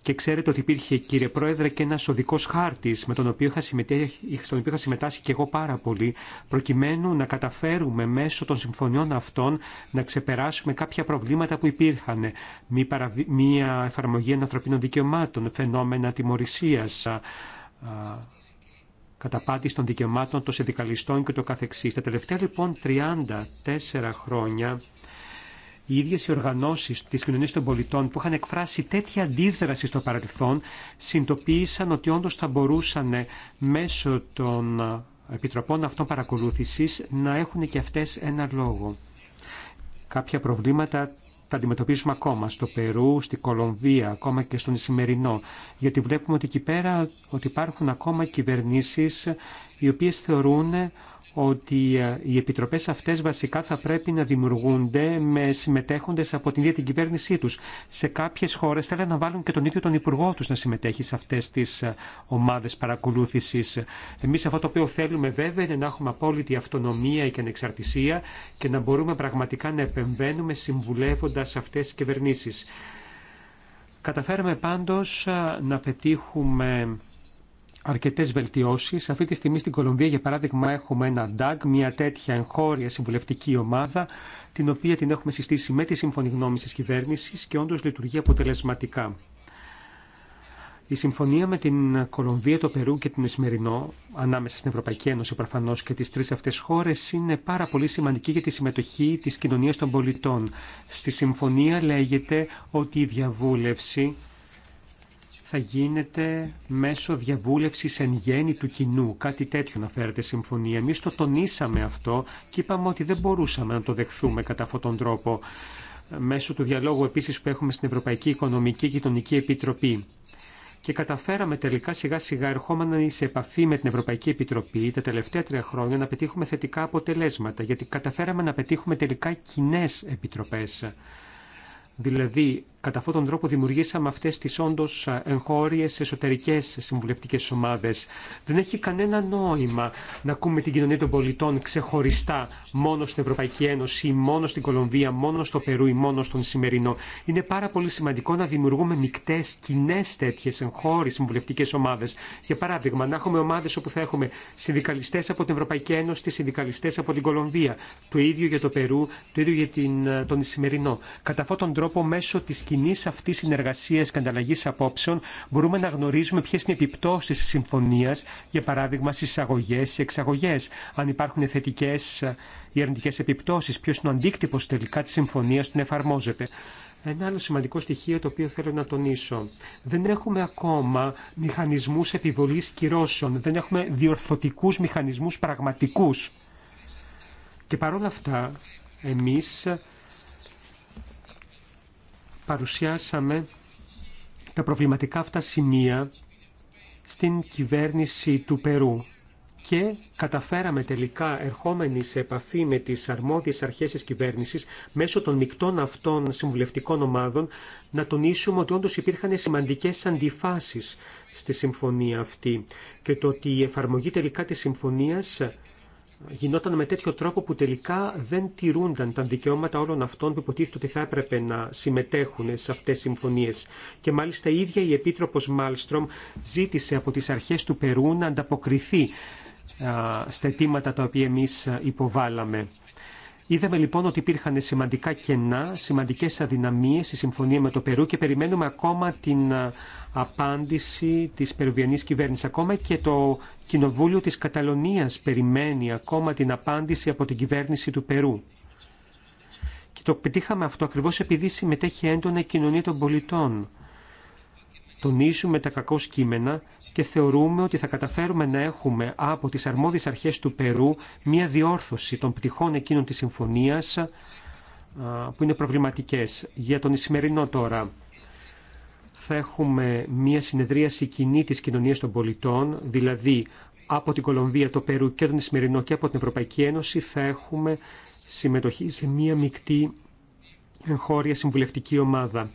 Και ξέρετε ότι υπήρχε, κύριε Πρόεδρε, και ένα οδικό χάρτη, στον οποίο είχα συμμετάσχει και εγώ πάρα πολύ, προκειμένου να καταφέρουμε μέσω των συμφωνιών αυτών να ξεπεράσουμε κάποια προβλήματα που υπήρχαν. Μία εφαρμογή ανθρωπίνων δικαιωμάτων, φαινόμενα τιμωρησία, καταπάτηση των δικαιωμάτων των συνδικαλιστών και το καθεξής. Τα τελευταία λοιπόν 34 χρόνια οι ίδιες οι οργανώσεις της κοινωνίας των πολιτών που είχαν εκφράσει τέτοια αντίδραση στο παρελθόν συνειδητοποίησαν ότι όντως θα μπορούσαν μέσω των επιτροπών αυτών παρακολούθησης να έχουν και αυτές ένα λόγο. Κάποια προβλήματα τα αντιμετωπίζουμε ακόμα στο Περού, στη Κολομβία, ακόμα και στον Ισημερινό, γιατί βλέπουμε ότι εκεί πέρα ότι υπάρχουν ακόμα κυβερνήσεις οι οποίες θεωρούν ότι ε, οι επιτροπές αυτές βασικά θα πρέπει να δημιουργούνται με συμμετέχοντες από την ίδια την κυβέρνησή τους. Σε κάποιες χώρες θέλουν να βάλουν και τον ίδιο τον Υπουργό τους να συμμετέχει σε αυτές τις ε, ομάδες παρακολούθησης. Εμείς αυτό το οποίο θέλουμε βέβαια είναι να έχουμε απόλυτη αυτονομία και ανεξαρτησία και να μπορούμε πραγματικά να επεμβαίνουμε συμβουλεύοντας αυτές τις κυβερνήσεις. Καταφέραμε πάντως ε, να πετύχουμε αρκετέ βελτιώσει. Αυτή τη στιγμή στην Κολομβία, για παράδειγμα, έχουμε ένα DAG, μια τέτοια εγχώρια συμβουλευτική ομάδα, την οποία την έχουμε συστήσει με τη σύμφωνη γνώμη τη κυβέρνηση και όντω λειτουργεί αποτελεσματικά. Η συμφωνία με την Κολομβία, το Περού και την Ισημερινό, ανάμεσα στην Ευρωπαϊκή Ένωση προφανώ και τι τρει αυτέ χώρε, είναι πάρα πολύ σημαντική για τη συμμετοχή τη κοινωνία των πολιτών. Στη συμφωνία λέγεται ότι η διαβούλευση θα γίνεται μέσω διαβούλευση εν γέννη του κοινού. Κάτι τέτοιο να φέρετε συμφωνία. Εμεί το τονίσαμε αυτό και είπαμε ότι δεν μπορούσαμε να το δεχθούμε κατά αυτόν τον τρόπο. Μέσω του διαλόγου επίση που έχουμε στην Ευρωπαϊκή Οικονομική και Επιτροπή. Και καταφέραμε τελικά σιγά σιγά ερχόμενα σε επαφή με την Ευρωπαϊκή Επιτροπή τα τελευταία τρία χρόνια να πετύχουμε θετικά αποτελέσματα. Γιατί καταφέραμε να πετύχουμε τελικά κοινέ επιτροπέ. Δηλαδή Κατά αυτόν τον τρόπο δημιουργήσαμε αυτέ τι όντω εγχώριε εσωτερικέ συμβουλευτικέ ομάδε. Δεν έχει κανένα νόημα να ακούμε την κοινωνία των πολιτών ξεχωριστά μόνο στην Ευρωπαϊκή Ένωση, μόνο στην Κολομβία, μόνο στο Περού ή μόνο στον Σημερινό. Είναι πάρα πολύ σημαντικό να δημιουργούμε μεικτέ, κοινέ τέτοιε εγχώριε συμβουλευτικέ ομάδε. Για παράδειγμα, να έχουμε ομάδε όπου θα έχουμε συνδικαλιστέ από την Ευρωπαϊκή Ένωση συνδικαλιστέ από την Κολομβία. Το ίδιο για το Περού, το ίδιο για την, τον Ισημερινό. Κατά αυτόν τον τρόπο, μέσω τη κοινή αυτή συνεργασία και ανταλλαγή απόψεων μπορούμε να γνωρίζουμε ποιε είναι οι επιπτώσει τη συμφωνία, για παράδειγμα στι εισαγωγέ ή εξαγωγέ, αν υπάρχουν θετικέ ε, ή αρνητικέ επιπτώσει, ποιο είναι ο αντίκτυπο τελικά τη συμφωνία που εφαρμόζεται. Ένα άλλο σημαντικό στοιχείο το οποίο θέλω να τονίσω. Δεν έχουμε ακόμα μηχανισμούς επιβολής κυρώσεων. Δεν έχουμε διορθωτικούς μηχανισμούς πραγματικούς. Και παρόλα αυτά, εμείς παρουσιάσαμε τα προβληματικά αυτά σημεία στην κυβέρνηση του Περού και καταφέραμε τελικά ερχόμενοι σε επαφή με τις αρμόδιες αρχές της κυβέρνησης μέσω των μεικτών αυτών συμβουλευτικών ομάδων να τονίσουμε ότι όντως υπήρχαν σημαντικές αντιφάσεις στη συμφωνία αυτή και το ότι η εφαρμογή τελικά της συμφωνίας γινόταν με τέτοιο τρόπο που τελικά δεν τηρούνταν τα δικαιώματα όλων αυτών που υποτίθεται ότι θα έπρεπε να συμμετέχουν σε αυτές τις συμφωνίες. Και μάλιστα η ίδια η Επίτροπος Μάλστρομ ζήτησε από τις αρχές του Περού να ανταποκριθεί στα αιτήματα τα οποία εμείς υποβάλαμε. Είδαμε λοιπόν ότι υπήρχαν σημαντικά κενά, σημαντικές αδυναμίες στη συμφωνία με το Περού και περιμένουμε ακόμα την απάντηση της περουβιανής κυβέρνησης. Ακόμα και το Κοινοβούλιο της Καταλωνίας περιμένει ακόμα την απάντηση από την κυβέρνηση του Περού. Και το πετύχαμε αυτό ακριβώς επειδή συμμετέχει έντονα η κοινωνία των πολιτών τονίζουμε τα κακό κείμενα και θεωρούμε ότι θα καταφέρουμε να έχουμε από τις αρμόδιες αρχές του Περού μια διόρθωση των πτυχών εκείνων της συμφωνίας που είναι προβληματικές. Για τον Ισημερινό τώρα θα έχουμε μια συνεδρίαση κοινή της κοινωνίας των πολιτών, δηλαδή από την Κολομβία, το Περού και τον Ισημερινό και από την Ευρωπαϊκή Ένωση θα έχουμε συμμετοχή σε μια μεικτή χώρια συμβουλευτική ομάδα.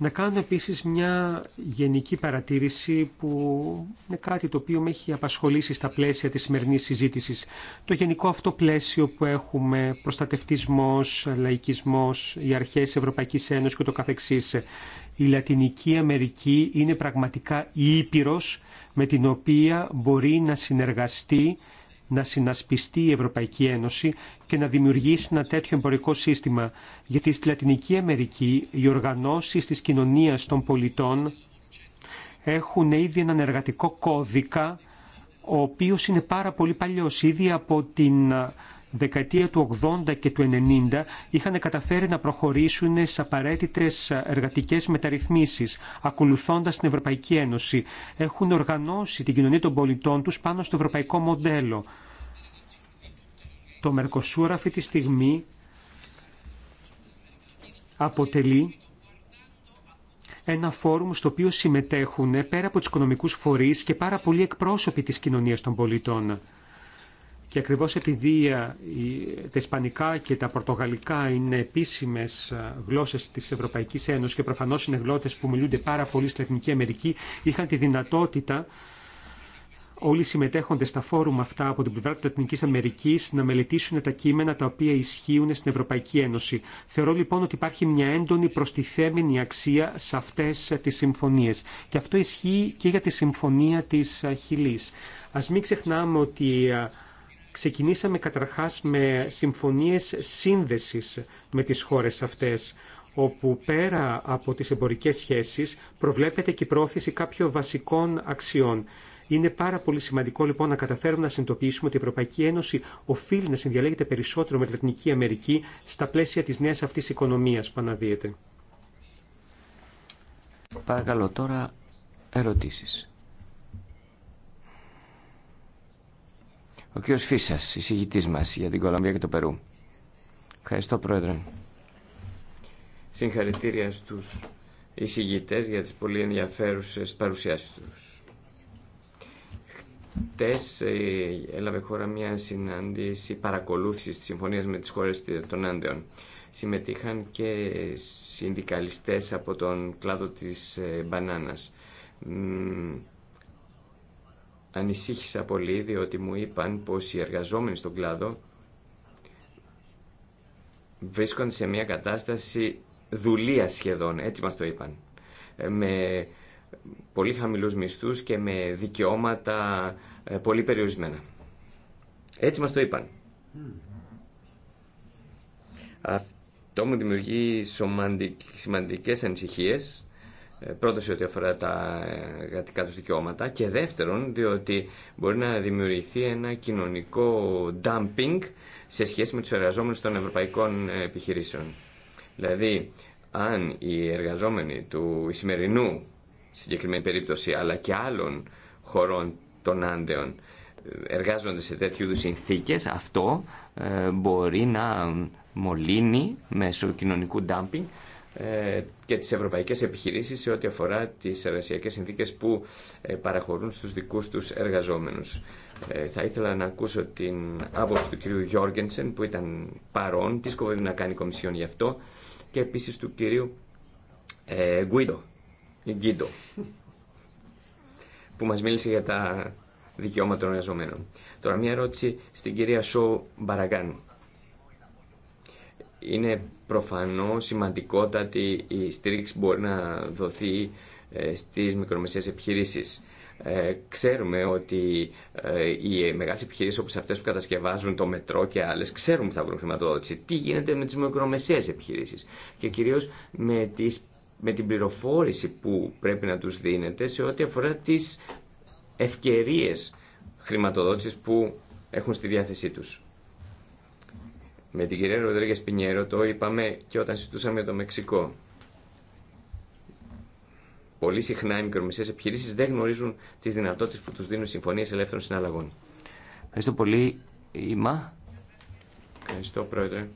Να κάνω επίσης μια γενική παρατήρηση που είναι κάτι το οποίο με έχει απασχολήσει στα πλαίσια της σημερινής συζήτησης. Το γενικό αυτό πλαίσιο που έχουμε, προστατευτισμός, λαϊκισμός, οι αρχές Ευρωπαϊκής Ένωσης και το καθεξής. Η Λατινική Αμερική είναι πραγματικά η ήπειρος με την οποία μπορεί να συνεργαστεί να συνασπιστεί η Ευρωπαϊκή Ένωση και να δημιουργήσει ένα τέτοιο εμπορικό σύστημα. Γιατί στη Λατινική Αμερική οι οργανώσεις της κοινωνίας των πολιτών έχουν ήδη έναν εργατικό κώδικα ο οποίος είναι πάρα πολύ παλιός, ήδη από την δεκαετία του 80 και του 90 είχαν καταφέρει να προχωρήσουν σε απαραίτητες εργατικές μεταρρυθμίσεις, ακολουθώντας την Ευρωπαϊκή Ένωση. Έχουν οργανώσει την κοινωνία των πολιτών τους πάνω στο ευρωπαϊκό μοντέλο. Το Μερκοσούρα αυτή τη στιγμή αποτελεί ένα φόρουμ στο οποίο συμμετέχουν πέρα από τους οικονομικούς φορείς και πάρα πολλοί εκπρόσωποι της κοινωνίας των πολιτών. Και ακριβώς επειδή ε, τα ισπανικά και τα πορτογαλικά είναι επίσημες ε, γλώσσες της Ευρωπαϊκής Ένωσης και προφανώς είναι γλώσσες που μιλούνται πάρα πολύ στην Εθνική Αμερική, είχαν τη δυνατότητα όλοι οι συμμετέχοντες στα φόρουμ αυτά από την πλευρά της Λατινικής Αμερικής να μελετήσουν τα κείμενα τα οποία ισχύουν στην Ευρωπαϊκή Ένωση. Θεωρώ λοιπόν ότι υπάρχει μια έντονη προστιθέμενη αξία σε αυτές ε, τις συμφωνίες. Και αυτό ισχύει και για τη Συμφωνία της Χιλής. Ας μην ξεχνάμε ότι Ξεκινήσαμε καταρχάς με συμφωνίες σύνδεσης με τις χώρες αυτές, όπου πέρα από τις εμπορικές σχέσεις προβλέπεται και η πρόθεση κάποιων βασικών αξιών. Είναι πάρα πολύ σημαντικό λοιπόν να καταφέρουμε να συνειδητοποιήσουμε ότι η Ευρωπαϊκή Ένωση οφείλει να συνδιαλέγεται περισσότερο με την Εθνική Αμερική στα πλαίσια της νέας αυτής οικονομίας που αναδύεται. Παρακαλώ τώρα ερωτήσεις. Ο κύριος Φίσας, εισηγητής μας για την Κολομβία και το Περού. Ευχαριστώ, Πρόεδρε. Συγχαρητήρια στους εισηγητές για τις πολύ ενδιαφέρουσες παρουσιάσεις τους. Χτες ε, έλαβε χώρα μια συνάντηση παρακολούθηση της συμφωνίας με τις χώρες των Άνδεων. Συμμετείχαν και συνδικαλιστές από τον κλάδο της ε, μπανάνας ανησύχησα πολύ διότι μου είπαν πως οι εργαζόμενοι στον κλάδο βρίσκονται σε μια κατάσταση δουλεία σχεδόν, έτσι μας το είπαν. Ε, με πολύ χαμηλούς μισθούς και με δικαιώματα ε, πολύ περιορισμένα. Έτσι μας το είπαν. Αυτό μου δημιουργεί σημαντικές ανησυχίες ε, πρώτον σε ό,τι αφορά τα ε, εργατικά τους δικαιώματα και δεύτερον διότι μπορεί να δημιουργηθεί ένα κοινωνικό dumping σε σχέση με του εργαζόμενου των ευρωπαϊκών ε, επιχειρήσεων. Δηλαδή, αν οι εργαζόμενοι του σημερινού, συγκεκριμένη περίπτωση, αλλά και άλλων χωρών των Άντεων εργάζονται σε τέτοιου είδου συνθήκες, αυτό μπορεί να μολύνει μέσω κοινωνικού dumping ε, και τις ευρωπαϊκές επιχειρήσεις σε ό,τι αφορά τις εργασιακές συνθήκες που ε, παραχωρούν στους δικούς τους εργαζόμενους. Ε, θα ήθελα να ακούσω την άποψη του κυρίου Γιόργενσεν που ήταν παρόν, τι σκοπεύει να κάνει η Κομισιόν γι' αυτό και επίσης του κυρίου ε, Γκουίντο, Γκίντο, που μας μίλησε για τα δικαιώματα των εργαζομένων. Τώρα μια ερώτηση στην κυρία Σο Μπαραγκάν είναι προφανώ σημαντικότατη η στήριξη που μπορεί να δοθεί ε, στις μικρομεσαίες επιχειρήσεις. Ε, ξέρουμε ότι ε, οι μεγάλες επιχειρήσεις όπως αυτές που κατασκευάζουν το μετρό και άλλες ξέρουν που θα βρουν χρηματοδότηση. Τι γίνεται με τις μικρομεσαίες επιχειρήσεις και κυρίως με, τις, με την πληροφόρηση που πρέπει να τους δίνεται σε ό,τι αφορά τις ευκαιρίες χρηματοδότησης που έχουν στη διάθεσή τους. Με την κυρία Ροδρίγε Πινιέρο το είπαμε και όταν συζητούσαμε το Μεξικό. Πολύ συχνά οι μικρομεσαίε επιχειρήσει δεν γνωρίζουν τι δυνατότητε που του δίνουν συμφωνίε ελεύθερων συναλλαγών. Ευχαριστώ πολύ. ΙΜΑ. Ευχαριστώ, Πρόεδρε.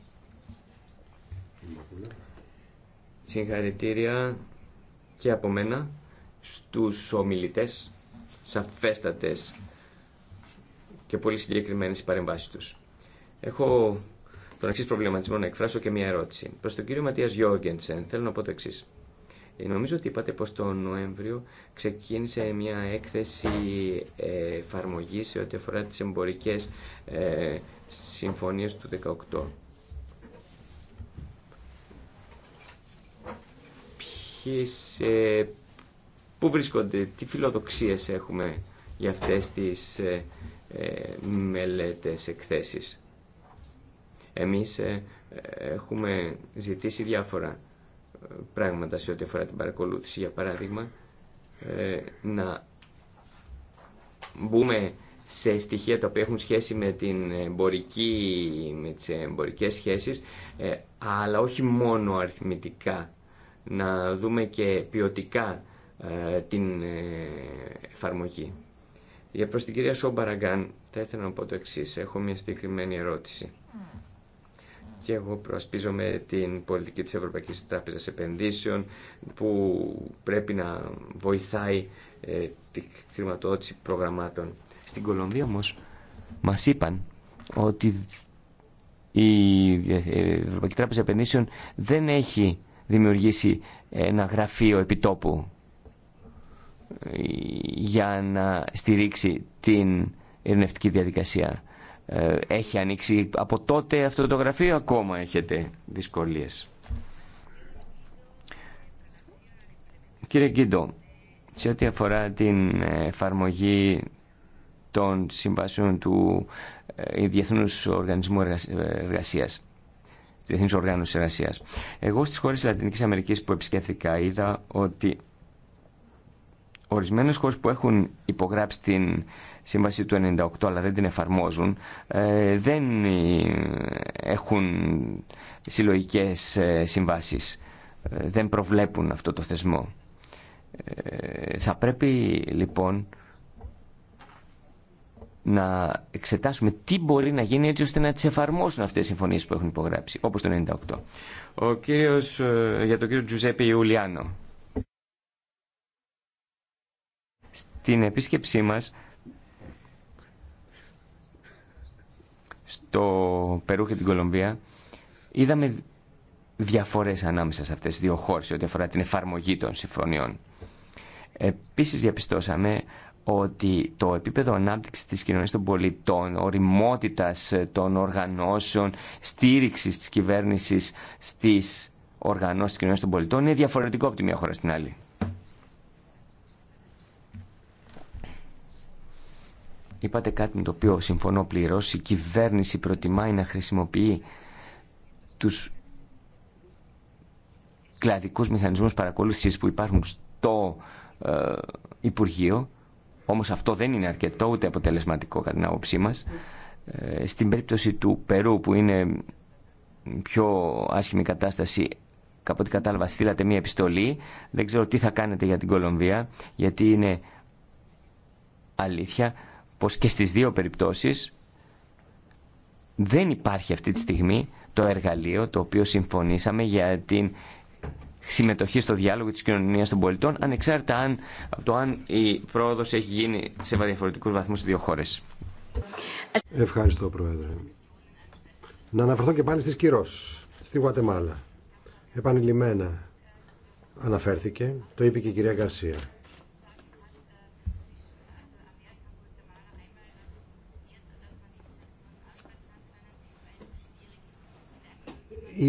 Συγχαρητήρια και από μένα στους ομιλητές σαφέστατες και πολύ συγκεκριμένες οι παρεμβάσεις τους. Έχω τον εξή προβληματισμό να εκφράσω και μια ερώτηση. Προ τον κύριο Ματία Γιώργενσεν, θέλω να πω το εξή. Ε, νομίζω ότι είπατε πω τον Νοέμβριο ξεκίνησε μια έκθεση ε, εφαρμογή σε ό,τι αφορά τι εμπορικέ ε, συμφωνίες του 18. Ε, πού βρίσκονται, τι φιλοδοξίες έχουμε για αυτές τις μελέτες εκθέσεις. Εμείς ε, έχουμε ζητήσει διάφορα ε, πράγματα σε ό,τι αφορά την παρακολούθηση. Για παράδειγμα, ε, να μπούμε σε στοιχεία τα οποία έχουν σχέση με, την εμπορική, με τις εμπορικές σχέσεις, αλλά όχι μόνο αριθμητικά. Να δούμε και ποιοτικά την εφαρμογή. Για προς την κυρία Σόμπαραγκάν θα ήθελα να πω το εξής. Έχω μια συγκεκριμένη ερώτηση και εγώ προασπίζομαι την πολιτική της Ευρωπαϊκής Τράπεζας Επενδύσεων που πρέπει να βοηθάει ε, τη χρηματοδότηση προγραμμάτων. Στην Κολομβία όμως μας είπαν ότι η ε, ε, Ευρωπαϊκή Τράπεζα Επενδύσεων δεν έχει δημιουργήσει ένα γραφείο επιτόπου ε, για να στηρίξει την ειρηνευτική διαδικασία. Ε, έχει ανοίξει από τότε αυτό το γραφείο ακόμα έχετε δυσκολίες. Κύριε Κίντο, σε ό,τι αφορά την εφαρμογή των συμβάσεων του ε, Διεθνούς Οργανισμού Εργασίας, Οργάνωσης Εργασίας. Εγώ στις χώρες της Λατινικής Αμερικής που επισκέφθηκα είδα ότι ορισμένες χώρες που έχουν υπογράψει την σύμβαση του 98 αλλά δεν την εφαρμόζουν, ε, δεν έχουν συλλογικές ε, συμβάσεις, ε, δεν προβλέπουν αυτό το θεσμό. Θα πρέπει λοιπόν να εξετάσουμε τι μπορεί να γίνει έτσι ώστε να τις εφαρμόσουν αυτές οι συμφωνίες που έχουν υπογράψει, όπως το 98. Ο κύριος, για τον κύριο Τζουζέπη Ιουλιάνο. Στην επίσκεψή μας στο Περού και την Κολομβία, είδαμε διαφορές ανάμεσα σε αυτές τις δύο χώρες ό,τι αφορά την εφαρμογή των συμφωνιών. Επίσης διαπιστώσαμε ότι το επίπεδο ανάπτυξης της Κοινωνία των πολιτών, οριμότητα των οργανώσεων, στήριξης τη κυβέρνηση στις οργανώσεις τη Κοινωνία των πολιτών είναι διαφορετικό από τη μία χώρα στην άλλη. Είπατε κάτι με το οποίο συμφωνώ πλήρως. Η κυβέρνηση προτιμάει να χρησιμοποιεί τους κλαδικού μηχανισμούς παρακολούθηση που υπάρχουν στο ε, Υπουργείο, όμως αυτό δεν είναι αρκετό ούτε αποτελεσματικό κατά την άποψή μας. Ε, στην περίπτωση του Περού που είναι πιο άσχημη κατάσταση, κάποτε κατάλαβα στείλατε μία επιστολή, δεν ξέρω τι θα κάνετε για την Κολομβία, γιατί είναι αλήθεια πως και στις δύο περιπτώσεις δεν υπάρχει αυτή τη στιγμή το εργαλείο το οποίο συμφωνήσαμε για την συμμετοχή στο διάλογο της κοινωνίας των πολιτών ανεξάρτητα αν, από το αν η πρόοδος έχει γίνει σε διαφορετικούς βαθμούς σε δύο χώρες. Ευχαριστώ Πρόεδρε. Να αναφερθώ και πάλι στις Κυρος, στη Γουατεμάλα. Επανειλημμένα αναφέρθηκε, το είπε και η κυρία Γκαρσία.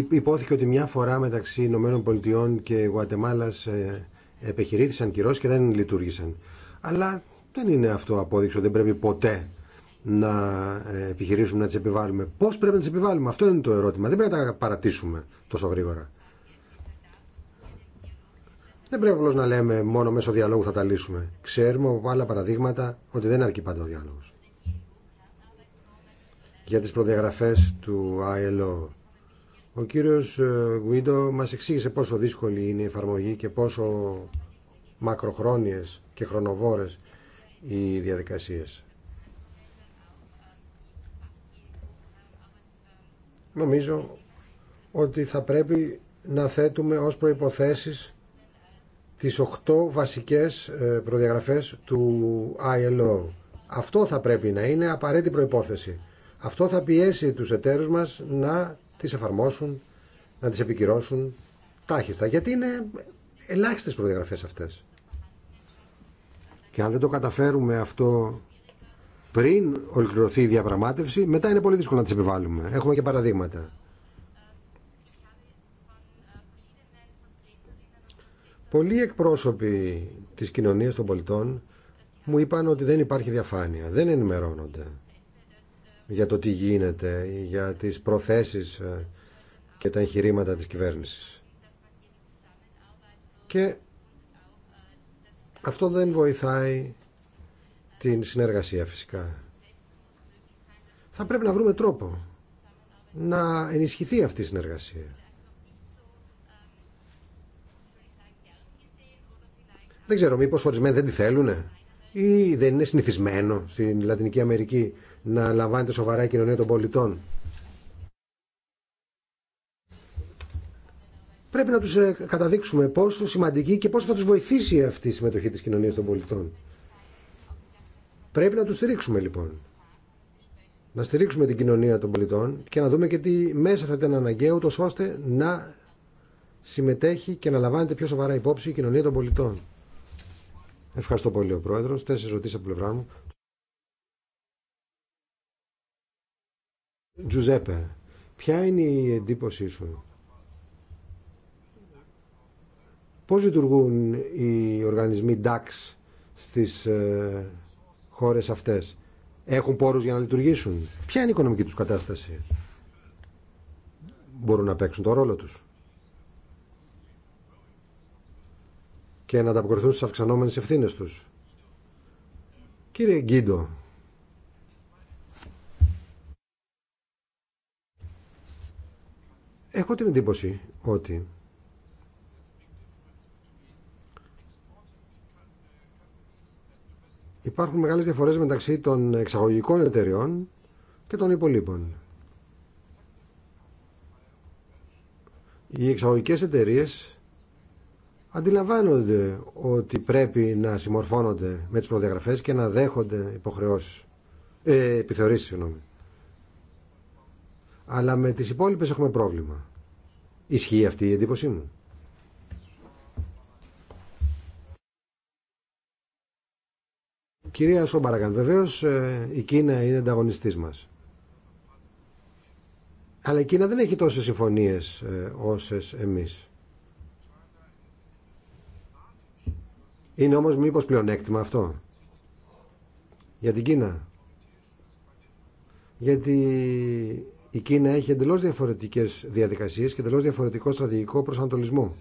υπόθηκε ότι μια φορά μεταξύ Ηνωμένων Πολιτειών και Γουατεμάλας ε, επιχειρήθησαν κυρώσεις και δεν λειτουργήσαν. Αλλά δεν είναι αυτό απόδειξο, δεν πρέπει ποτέ να ε, επιχειρήσουμε να τις επιβάλλουμε. Πώς πρέπει να τις επιβάλλουμε, αυτό είναι το ερώτημα. Δεν πρέπει να τα παρατήσουμε τόσο γρήγορα. Δεν πρέπει απλώ να λέμε μόνο μέσω διαλόγου θα τα λύσουμε. Ξέρουμε από άλλα παραδείγματα ότι δεν αρκεί πάντα ο διάλογος. Για τις προδιαγραφές του ILO ο κύριος ε, Γουίντο μας εξήγησε πόσο δύσκολη είναι η εφαρμογή και πόσο μακροχρόνιες και χρονοβόρες οι διαδικασίες. Νομίζω ότι θα πρέπει να θέτουμε ως προϋποθέσεις τις οκτώ βασικές ε, προδιαγραφές του ILO. Αυτό θα πρέπει να είναι απαραίτητη προϋπόθεση. Αυτό θα πιέσει τους εταίρους μας να τις εφαρμόσουν, να τις επικυρώσουν τάχιστα. Γιατί είναι ελάχιστες προδιαγραφές αυτές. Και αν δεν το καταφέρουμε αυτό πριν ολοκληρωθεί η διαπραγμάτευση, μετά είναι πολύ δύσκολο να τις επιβάλλουμε. Έχουμε και παραδείγματα. Πολλοί εκπρόσωποι της κοινωνίας των πολιτών μου είπαν ότι δεν υπάρχει διαφάνεια, δεν ενημερώνονται για το τι γίνεται, για τις προθέσεις ε, και τα εγχειρήματα της κυβέρνησης. Και αυτό δεν βοηθάει την συνεργασία φυσικά. Θα πρέπει να βρούμε τρόπο να ενισχυθεί αυτή η συνεργασία. Δεν ξέρω μήπως ορισμένοι δεν τη θέλουν ή δεν είναι συνηθισμένο στην Λατινική Αμερική να λαμβάνεται σοβαρά η κοινωνία των πολιτών. Πρέπει να τους ε, καταδείξουμε πόσο σημαντική και πόσο θα τους βοηθήσει αυτή η συμμετοχή της κοινωνίας των πολιτών. Πρέπει να τους στηρίξουμε λοιπόν. Να στηρίξουμε την κοινωνία των πολιτών και να δούμε και τι μέσα θα ήταν αναγκαίο τόσο ώστε να συμμετέχει και να λαμβάνεται πιο σοβαρά υπόψη η κοινωνία των πολιτών. Ευχαριστώ πολύ ο Πρόεδρος. Τέσσερις ερωτήσεις από πλευρά μου. Τζουζέπε, ποια είναι η εντύπωσή σου. Πώς λειτουργούν οι οργανισμοί DAX στις ε, χώρες αυτές. Έχουν πόρους για να λειτουργήσουν. Ποια είναι η οικονομική τους κατάσταση. Μπορούν να παίξουν το ρόλο τους. Και να ανταποκριθούν στις αυξανόμενες ευθύνες τους. Κύριε Γκίντο, Έχω την εντύπωση ότι υπάρχουν μεγάλες διαφορές μεταξύ των εξαγωγικών εταιριών και των υπολείπων. Οι εξαγωγικές εταιρείες αντιλαμβάνονται ότι πρέπει να συμμορφώνονται με τις προδιαγραφές και να δέχονται υποχρεώσεις, ε, επιθεωρήσεις, αλλά με τις υπόλοιπες έχουμε πρόβλημα. Ισχύει αυτή η εντύπωσή μου. Κυρία Σόμπαραγκαν, βεβαίως ε, η Κίνα είναι ανταγωνιστής μας. Αλλά η Κίνα δεν έχει τόσες συμφωνίες ε, όσες εμείς. Είναι όμως μήπως πλεονέκτημα αυτό. Για την Κίνα. Γιατί η Κίνα έχει εντελώ διαφορετικέ διαδικασίε και εντελώ διαφορετικό στρατηγικό προσανατολισμό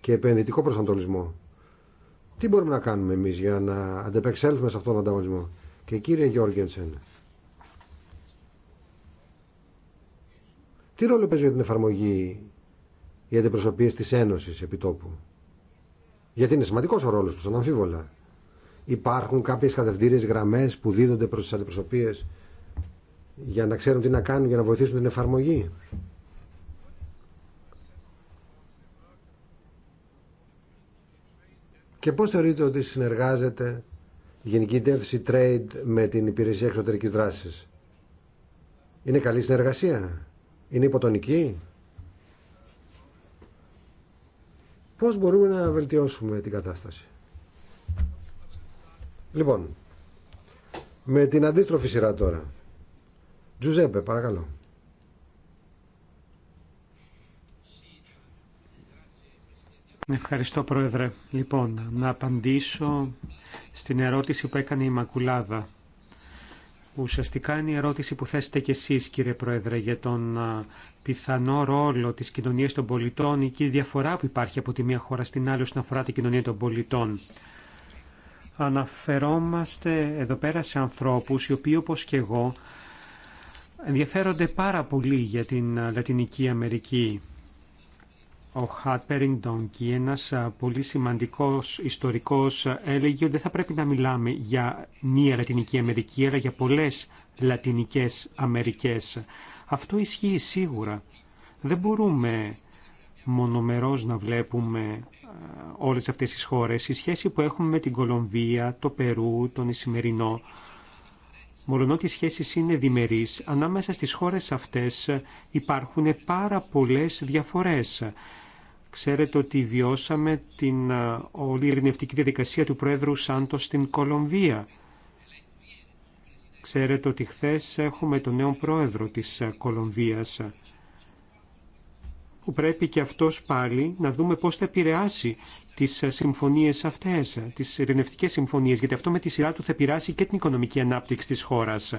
και επενδυτικό προσανατολισμό. Τι μπορούμε να κάνουμε εμεί για να αντεπεξέλθουμε σε αυτόν τον ανταγωνισμό. Και κύριε Γιώργενσεν, τι ρόλο παίζει για την εφαρμογή οι αντιπροσωπεία τη Ένωση τόπου. Γιατί είναι σημαντικό ο ρόλο του, αναμφίβολα. Υπάρχουν κάποιε κατευθύνε γραμμέ που δίδονται προ τι αντιπροσωπείε για να ξέρουν τι να κάνουν για να βοηθήσουν την εφαρμογή. Και πώς θεωρείτε ότι συνεργάζεται η Γενική Διεύθυνση Trade με την Υπηρεσία Εξωτερικής Δράσης. Είναι καλή συνεργασία. Είναι υποτονική. Πώς μπορούμε να βελτιώσουμε την κατάσταση. Λοιπόν, με την αντίστροφη σειρά τώρα. Τζουζέπε, παρακαλώ. Ευχαριστώ Πρόεδρε. Λοιπόν, να απαντήσω στην ερώτηση που έκανε η Μακουλάδα. Ουσιαστικά είναι η ερώτηση που θέσετε και εσείς κύριε Πρόεδρε για τον πιθανό ρόλο της κοινωνίας των πολιτών και η διαφορά που υπάρχει από τη μία χώρα στην άλλη όσον αφορά την κοινωνία των πολιτών. Αναφερόμαστε εδώ πέρα σε ανθρώπους οι οποίοι όπως και εγώ ενδιαφέρονται πάρα πολύ για την ε, Λατινική Αμερική. Ο Χατ Πέρινγκτον και ένας ε, πολύ σημαντικός ιστορικός ε, έλεγε ότι δεν θα πρέπει να μιλάμε για μία Λατινική Αμερική, αλλά για πολλές Λατινικές Αμερικές. Αυτό ισχύει σίγουρα. Δεν μπορούμε μονομερός να βλέπουμε όλες αυτές τις χώρες. Η σχέση που έχουμε με την Κολομβία, το Περού, τον Ισημερινό, Μολονότι οι σχέσεις είναι διμερείς, ανάμεσα στις χώρες αυτές υπάρχουν πάρα πολλές διαφορές. Ξέρετε ότι βιώσαμε την όλη ειρηνευτική διαδικασία του Πρόεδρου Σάντο στην Κολομβία. Ξέρετε ότι χθε έχουμε τον νέο Πρόεδρο της Κολομβίας που πρέπει και αυτός πάλι να δούμε πώς θα επηρεάσει τις ε, συμφωνίες αυτές, ε, τις ειρηνευτικές συμφωνίες, γιατί αυτό με τη σειρά του θα πειράσει και την οικονομική ανάπτυξη της χώρας.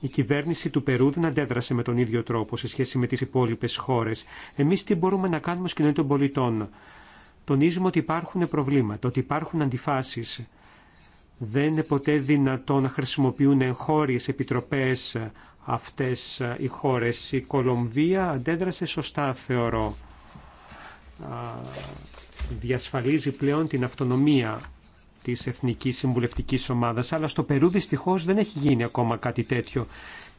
Η κυβέρνηση του Περού δεν αντέδρασε με τον ίδιο τρόπο σε σχέση με τις υπόλοιπες χώρες. Εμείς τι μπορούμε να κάνουμε ως κοινωνία των πολιτών. Τονίζουμε ότι υπάρχουν προβλήματα, ότι υπάρχουν αντιφάσεις. Δεν είναι ποτέ δυνατό να χρησιμοποιούν εγχώριες επιτροπές ε, αυτές οι χώρες. Η Κολομβία αντέδρασε σωστά, θεωρώ διασφαλίζει πλέον την αυτονομία της Εθνικής Συμβουλευτικής Ομάδας, αλλά στο Περού δυστυχώς δεν έχει γίνει ακόμα κάτι τέτοιο.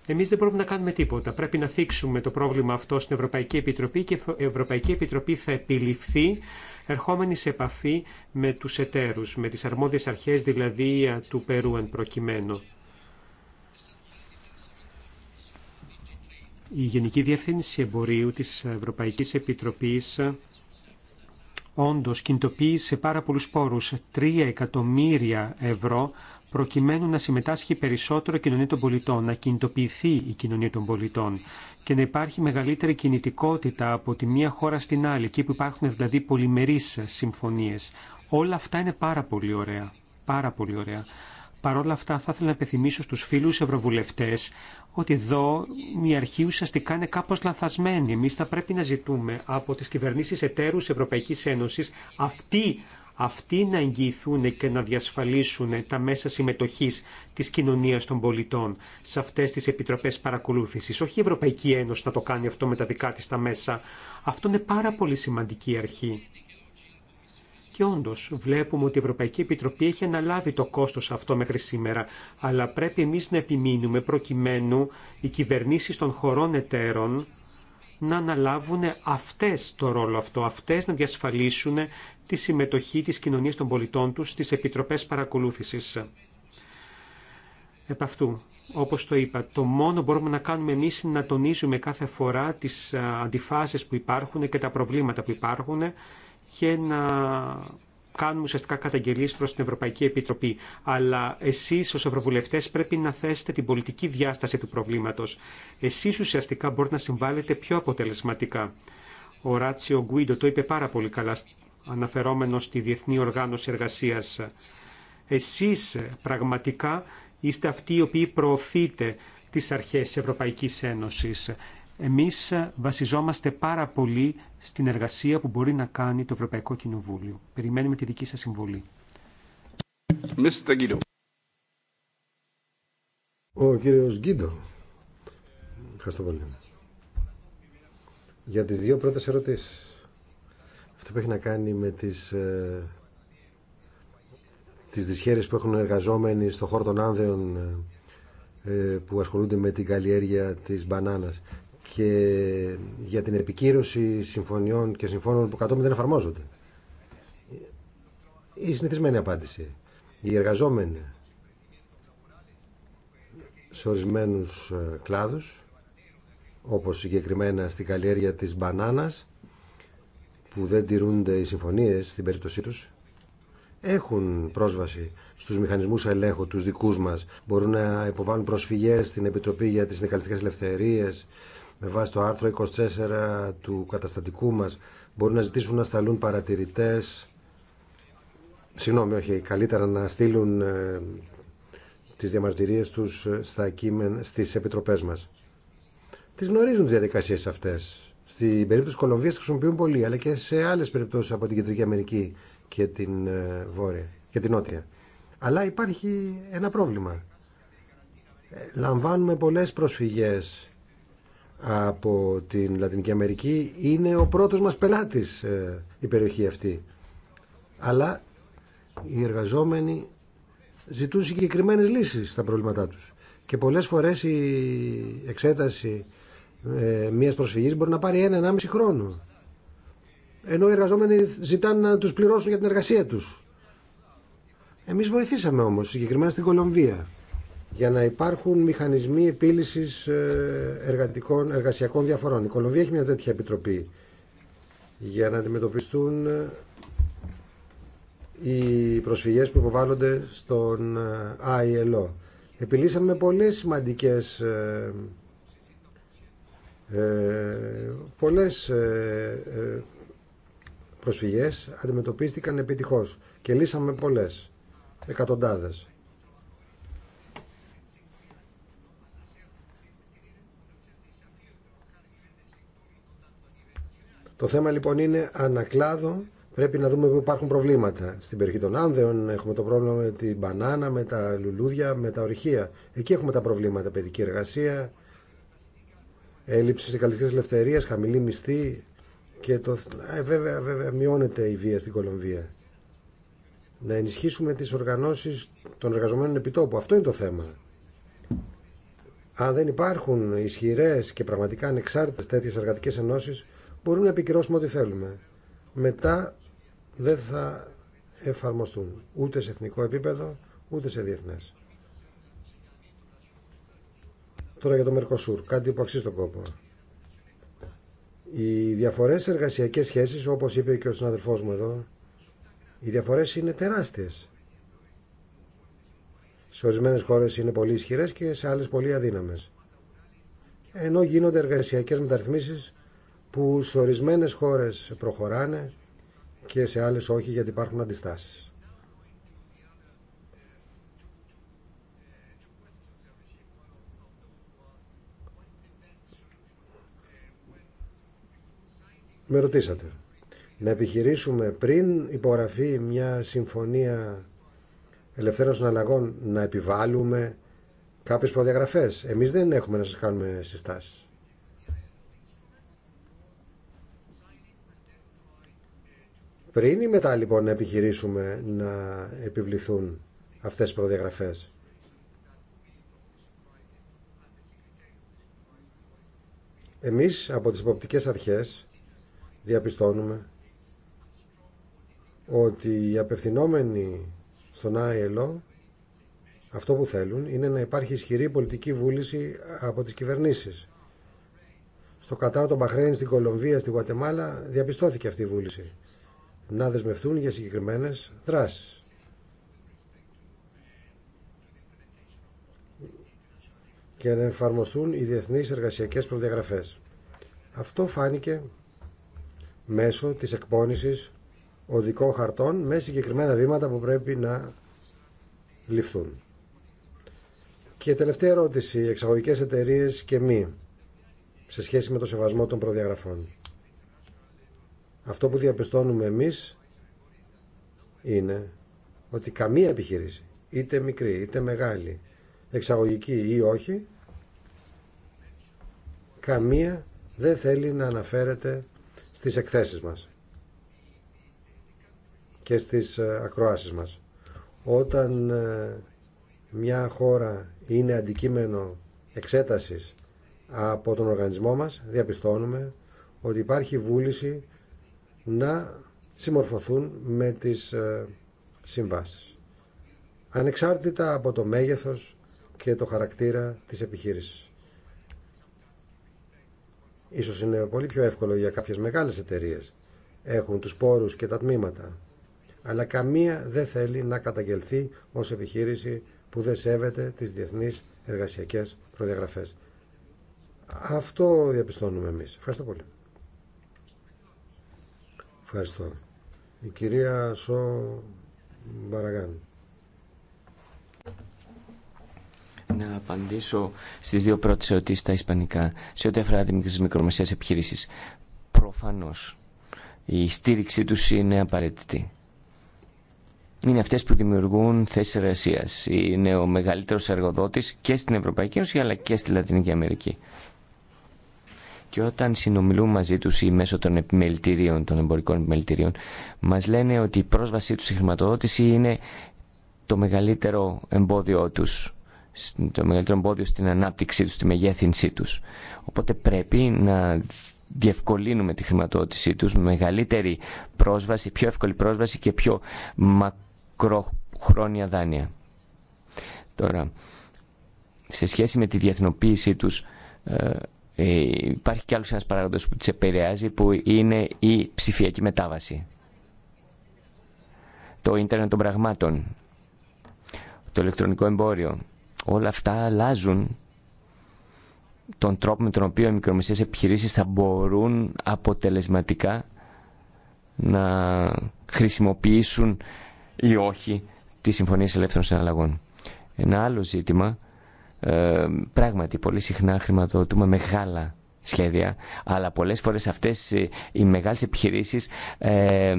Εμείς δεν μπορούμε να κάνουμε τίποτα. Πρέπει να θίξουμε το πρόβλημα αυτό στην Ευρωπαϊκή Επιτροπή και η Ευρωπαϊκή Επιτροπή θα επιληφθεί ερχόμενη σε επαφή με τους εταίρους, με τις αρμόδιες αρχές δηλαδή του Περού εν προκειμένου. Η Γενική Διεύθυνση Εμπορίου της Ευρωπαϊκής Επιτροπής όντως κινητοποίησε πάρα πολλούς πόρους, 3 εκατομμύρια ευρώ, προκειμένου να συμμετάσχει περισσότερο η κοινωνία των πολιτών, να κινητοποιηθεί η κοινωνία των πολιτών και να υπάρχει μεγαλύτερη κινητικότητα από τη μία χώρα στην άλλη, εκεί που υπάρχουν δηλαδή πολυμερείς συμφωνίες. Όλα αυτά είναι πάρα πολύ ωραία. Πάρα πολύ ωραία. Παρ' όλα αυτά θα ήθελα να επιθυμίσω στους φίλους ευρωβουλευτές ότι εδώ η αρχή ουσιαστικά είναι κάπω λανθασμένη. Εμεί θα πρέπει να ζητούμε από τις κυβερνήσεις εταίρους Ευρωπαϊκής Ένωσης αυτοί, αυτοί να εγγυηθούν και να διασφαλίσουν τα μέσα συμμετοχής της κοινωνίας των πολιτών σε αυτές τις επιτροπές παρακολούθησης. Όχι η Ευρωπαϊκή Ένωση να το κάνει αυτό με τα δικά της τα μέσα. Αυτό είναι πάρα πολύ σημαντική αρχή. Και όντω βλέπουμε ότι η Ευρωπαϊκή Επιτροπή έχει αναλάβει το κόστο αυτό μέχρι σήμερα. Αλλά πρέπει εμεί να επιμείνουμε προκειμένου οι κυβερνήσει των χωρών εταίρων να αναλάβουν αυτές το ρόλο αυτό, αυτές να διασφαλίσουν τη συμμετοχή της κοινωνία των πολιτών του, στις επιτροπέ παρακολούθηση. Επ' αυτού, όπως το είπα, το μόνο μπορούμε να κάνουμε εμεί είναι να τονίζουμε κάθε φορά τι αντιφάσει που υπάρχουν και τα προβλήματα που υπάρχουν και να κάνουμε ουσιαστικά καταγγελίες προς την Ευρωπαϊκή Επιτροπή. Αλλά εσείς ως ευρωβουλευτές πρέπει να θέσετε την πολιτική διάσταση του προβλήματος. Εσείς ουσιαστικά μπορείτε να συμβάλλετε πιο αποτελεσματικά. Ο Ράτσιο Γκουίντο το είπε πάρα πολύ καλά αναφερόμενο στη Διεθνή Οργάνωση Εργασίας. Εσείς πραγματικά είστε αυτοί οι οποίοι προωθείτε τις αρχές τη Ευρωπαϊκής Ένωσης. Εμείς βασιζόμαστε πάρα πολύ στην εργασία που μπορεί να κάνει το Ευρωπαϊκό Κοινοβούλιο. Περιμένουμε τη δική σας συμβολή. Ο κύριος Γκίντο. Ευχαριστώ πολύ. Για τις δύο πρώτες ερωτήσεις. Αυτό που έχει να κάνει με τις, ε, τις δυσχέρειες που έχουν εργαζόμενοι στο χώρο των άνδεων ε, ε, που ασχολούνται με την καλλιέργεια της μπανάνας και για την επικύρωση συμφωνιών και συμφώνων που κατόπιν δεν εφαρμόζονται. Η συνηθισμένη απάντηση. Οι εργαζόμενοι σε ορισμένου ε, κλάδους, όπως συγκεκριμένα στην καλλιέργεια της Μπανάνα, που δεν τηρούνται οι συμφωνίε στην περίπτωσή του, έχουν πρόσβαση στου μηχανισμού ελέγχου, του δικού μα, Μπορούν να υποβάλουν προσφυγέ στην Επιτροπή για τι Συνδικαλιστικέ ελευθερίε με βάση το άρθρο 24 του καταστατικού μας μπορούν να ζητήσουν να σταλούν παρατηρητές συγγνώμη όχι καλύτερα να στείλουν ε, τις διαμαρτυρίες τους ε, στα κείμεν, στις επιτροπές μας τις γνωρίζουν τις διαδικασίες αυτές στην περίπτωση της Κολομβίας χρησιμοποιούν πολύ αλλά και σε άλλες περιπτώσεις από την Κεντρική Αμερική και την ε, Βόρεια και την Νότια αλλά υπάρχει ένα πρόβλημα ε, λαμβάνουμε πολλές προσφυγές από την Λατινική Αμερική είναι ο πρώτος μας πελάτης ε, η περιοχή αυτή. Αλλά οι εργαζόμενοι ζητούν συγκεκριμένες λύσεις στα προβλήματά τους. Και πολλές φορές η εξέταση ε, μιας προσφυγής μπορεί να πάρει ένα-ενάμιση χρόνο. Ενώ οι εργαζόμενοι ζητάνε να τους πληρώσουν για την εργασία τους. Εμείς βοηθήσαμε όμως, συγκεκριμένα στην Κολομβία για να υπάρχουν μηχανισμοί επίλυσης ε, εργατικών, εργασιακών διαφορών. Η Κολομβία έχει μια τέτοια επιτροπή για να αντιμετωπιστούν ε, οι προσφυγές που υποβάλλονται στον ILO. Ε, Επιλύσαμε πολλές σημαντικές πολλές προσφυγές αντιμετωπίστηκαν επιτυχώς και λύσαμε πολλές εκατοντάδες Το θέμα λοιπόν είναι ανακλάδο. Πρέπει να δούμε που υπάρχουν προβλήματα. Στην περιοχή των Άνδεων έχουμε το πρόβλημα με την μπανάνα, με τα λουλούδια, με τα ορυχεία. Εκεί έχουμε τα προβλήματα. Παιδική εργασία, έλλειψη συγκαλιστική ελευθερία, χαμηλή μισθή. Και το... Ε, βέβαια, βέβαια μειώνεται η βία στην Κολομβία. Να ενισχύσουμε τι οργανώσει των εργαζομένων επιτόπου. Αυτό είναι το θέμα. Αν δεν υπάρχουν ισχυρέ και πραγματικά ανεξάρτητες τέτοιε εργατικέ ενώσει μπορούμε να επικυρώσουμε ό,τι θέλουμε. Μετά δεν θα εφαρμοστούν ούτε σε εθνικό επίπεδο, ούτε σε διεθνές. Τώρα για το Μερκοσούρ, κάτι που αξίζει τον κόπο. Οι διαφορές εργασιακέ εργασιακές σχέσεις, όπως είπε και ο συναδελφός μου εδώ, οι διαφορές είναι τεράστιες. Σε ορισμένες χώρες είναι πολύ ισχυρές και σε άλλες πολύ αδύναμες. Ενώ γίνονται εργασιακές μεταρρυθμίσεις που σε ορισμένες χώρες προχωράνε και σε άλλες όχι γιατί υπάρχουν αντιστάσεις. Με ρωτήσατε. Να επιχειρήσουμε πριν υπογραφεί μια συμφωνία ελευθέρων συναλλαγών να επιβάλλουμε κάποιες προδιαγραφές. Εμείς δεν έχουμε να σας κάνουμε συστάσεις. πριν ή μετά λοιπόν να επιχειρήσουμε να επιβληθούν αυτές οι προδιαγραφές. Εμείς από τις υποπτικές αρχές διαπιστώνουμε ότι οι απευθυνόμενοι στον αελο αυτό που θέλουν είναι να υπάρχει ισχυρή πολιτική βούληση από τις κυβερνήσεις. Στο Κατάρ, τον στην Κολομβία, στη Γουατεμάλα διαπιστώθηκε αυτή η βούληση να δεσμευτούν για συγκεκριμένες δράσεις. και να εφαρμοστούν οι διεθνείς εργασιακές προδιαγραφές. Αυτό φάνηκε μέσω της εκπόνησης οδικών χαρτών με συγκεκριμένα βήματα που πρέπει να ληφθούν. Και τελευταία ερώτηση, εξαγωγικές εταιρείες και μη, σε σχέση με το σεβασμό των προδιαγραφών. Αυτό που διαπιστώνουμε εμείς είναι ότι καμία επιχείρηση, είτε μικρή είτε μεγάλη, εξαγωγική ή όχι, καμία δεν θέλει να αναφέρεται στις εκθέσεις μας και στις ε, ακροάσεις μας. Όταν ε, μια χώρα είναι αντικείμενο εξέτασης από τον οργανισμό μας, διαπιστώνουμε ότι υπάρχει βούληση να συμμορφωθούν με τις ε, συμβάσεις. Ανεξάρτητα από το μέγεθος και το χαρακτήρα της επιχείρησης. Ίσως είναι πολύ πιο εύκολο για κάποιες μεγάλες εταιρείες. Έχουν τους πόρους και τα τμήματα. Αλλά καμία δεν θέλει να καταγγελθεί ως επιχείρηση που δεν σέβεται τις διεθνείς εργασιακές προδιαγραφές. Αυτό διαπιστώνουμε εμείς. Ευχαριστώ πολύ. Ευχαριστώ. Η κυρία Σο Μπαραγάν. Να απαντήσω στις δύο πρώτες ερωτήσεις στα ισπανικά. Σε ό,τι αφορά τις μικρομεσαίες επιχειρήσεις. Προφανώς η στήριξή τους είναι απαραίτητη. Είναι αυτές που δημιουργούν θέσεις εργασία. Είναι ο μεγαλύτερος εργοδότης και στην Ευρωπαϊκή Ένωση αλλά και στη Λατινική Αμερική και όταν συνομιλούν μαζί του ή μέσω των επιμελητή, των εμπορικών επιμελητήων, μα λένε ότι η πρόσβασή του στη χρηματοδότηση είναι το μεγαλύτερο εμπόδιό τους, το μεγαλύτερο εμπόδιο στην ανάπτυξή τους, στη μεγέθυνσή τους. Οπότε πρέπει να διευκολύνουμε τη χρηματοδότησή τους με μεγαλύτερη πρόσβαση, πιο εύκολη πρόσβαση και πιο μακροχρόνια δάνεια. Τώρα, σε σχέση με τη διεθνοποίησή τους, ε, ε, υπάρχει κι άλλος ένας παράγοντος που τις επηρεάζει που είναι η ψηφιακή μετάβαση. Το ίντερνετ των πραγμάτων, το ηλεκτρονικό εμπόριο, όλα αυτά αλλάζουν τον τρόπο με τον οποίο οι μικρομεσαίες επιχειρήσεις θα μπορούν αποτελεσματικά να χρησιμοποιήσουν ή όχι τις συμφωνίες ελεύθερων συναλλαγών. Ένα άλλο ζήτημα ε, πράγματι, πολύ συχνά χρηματοδοτούμε μεγάλα σχέδια, αλλά πολλές φορές αυτές ε, οι μεγάλες επιχειρήσεις ε,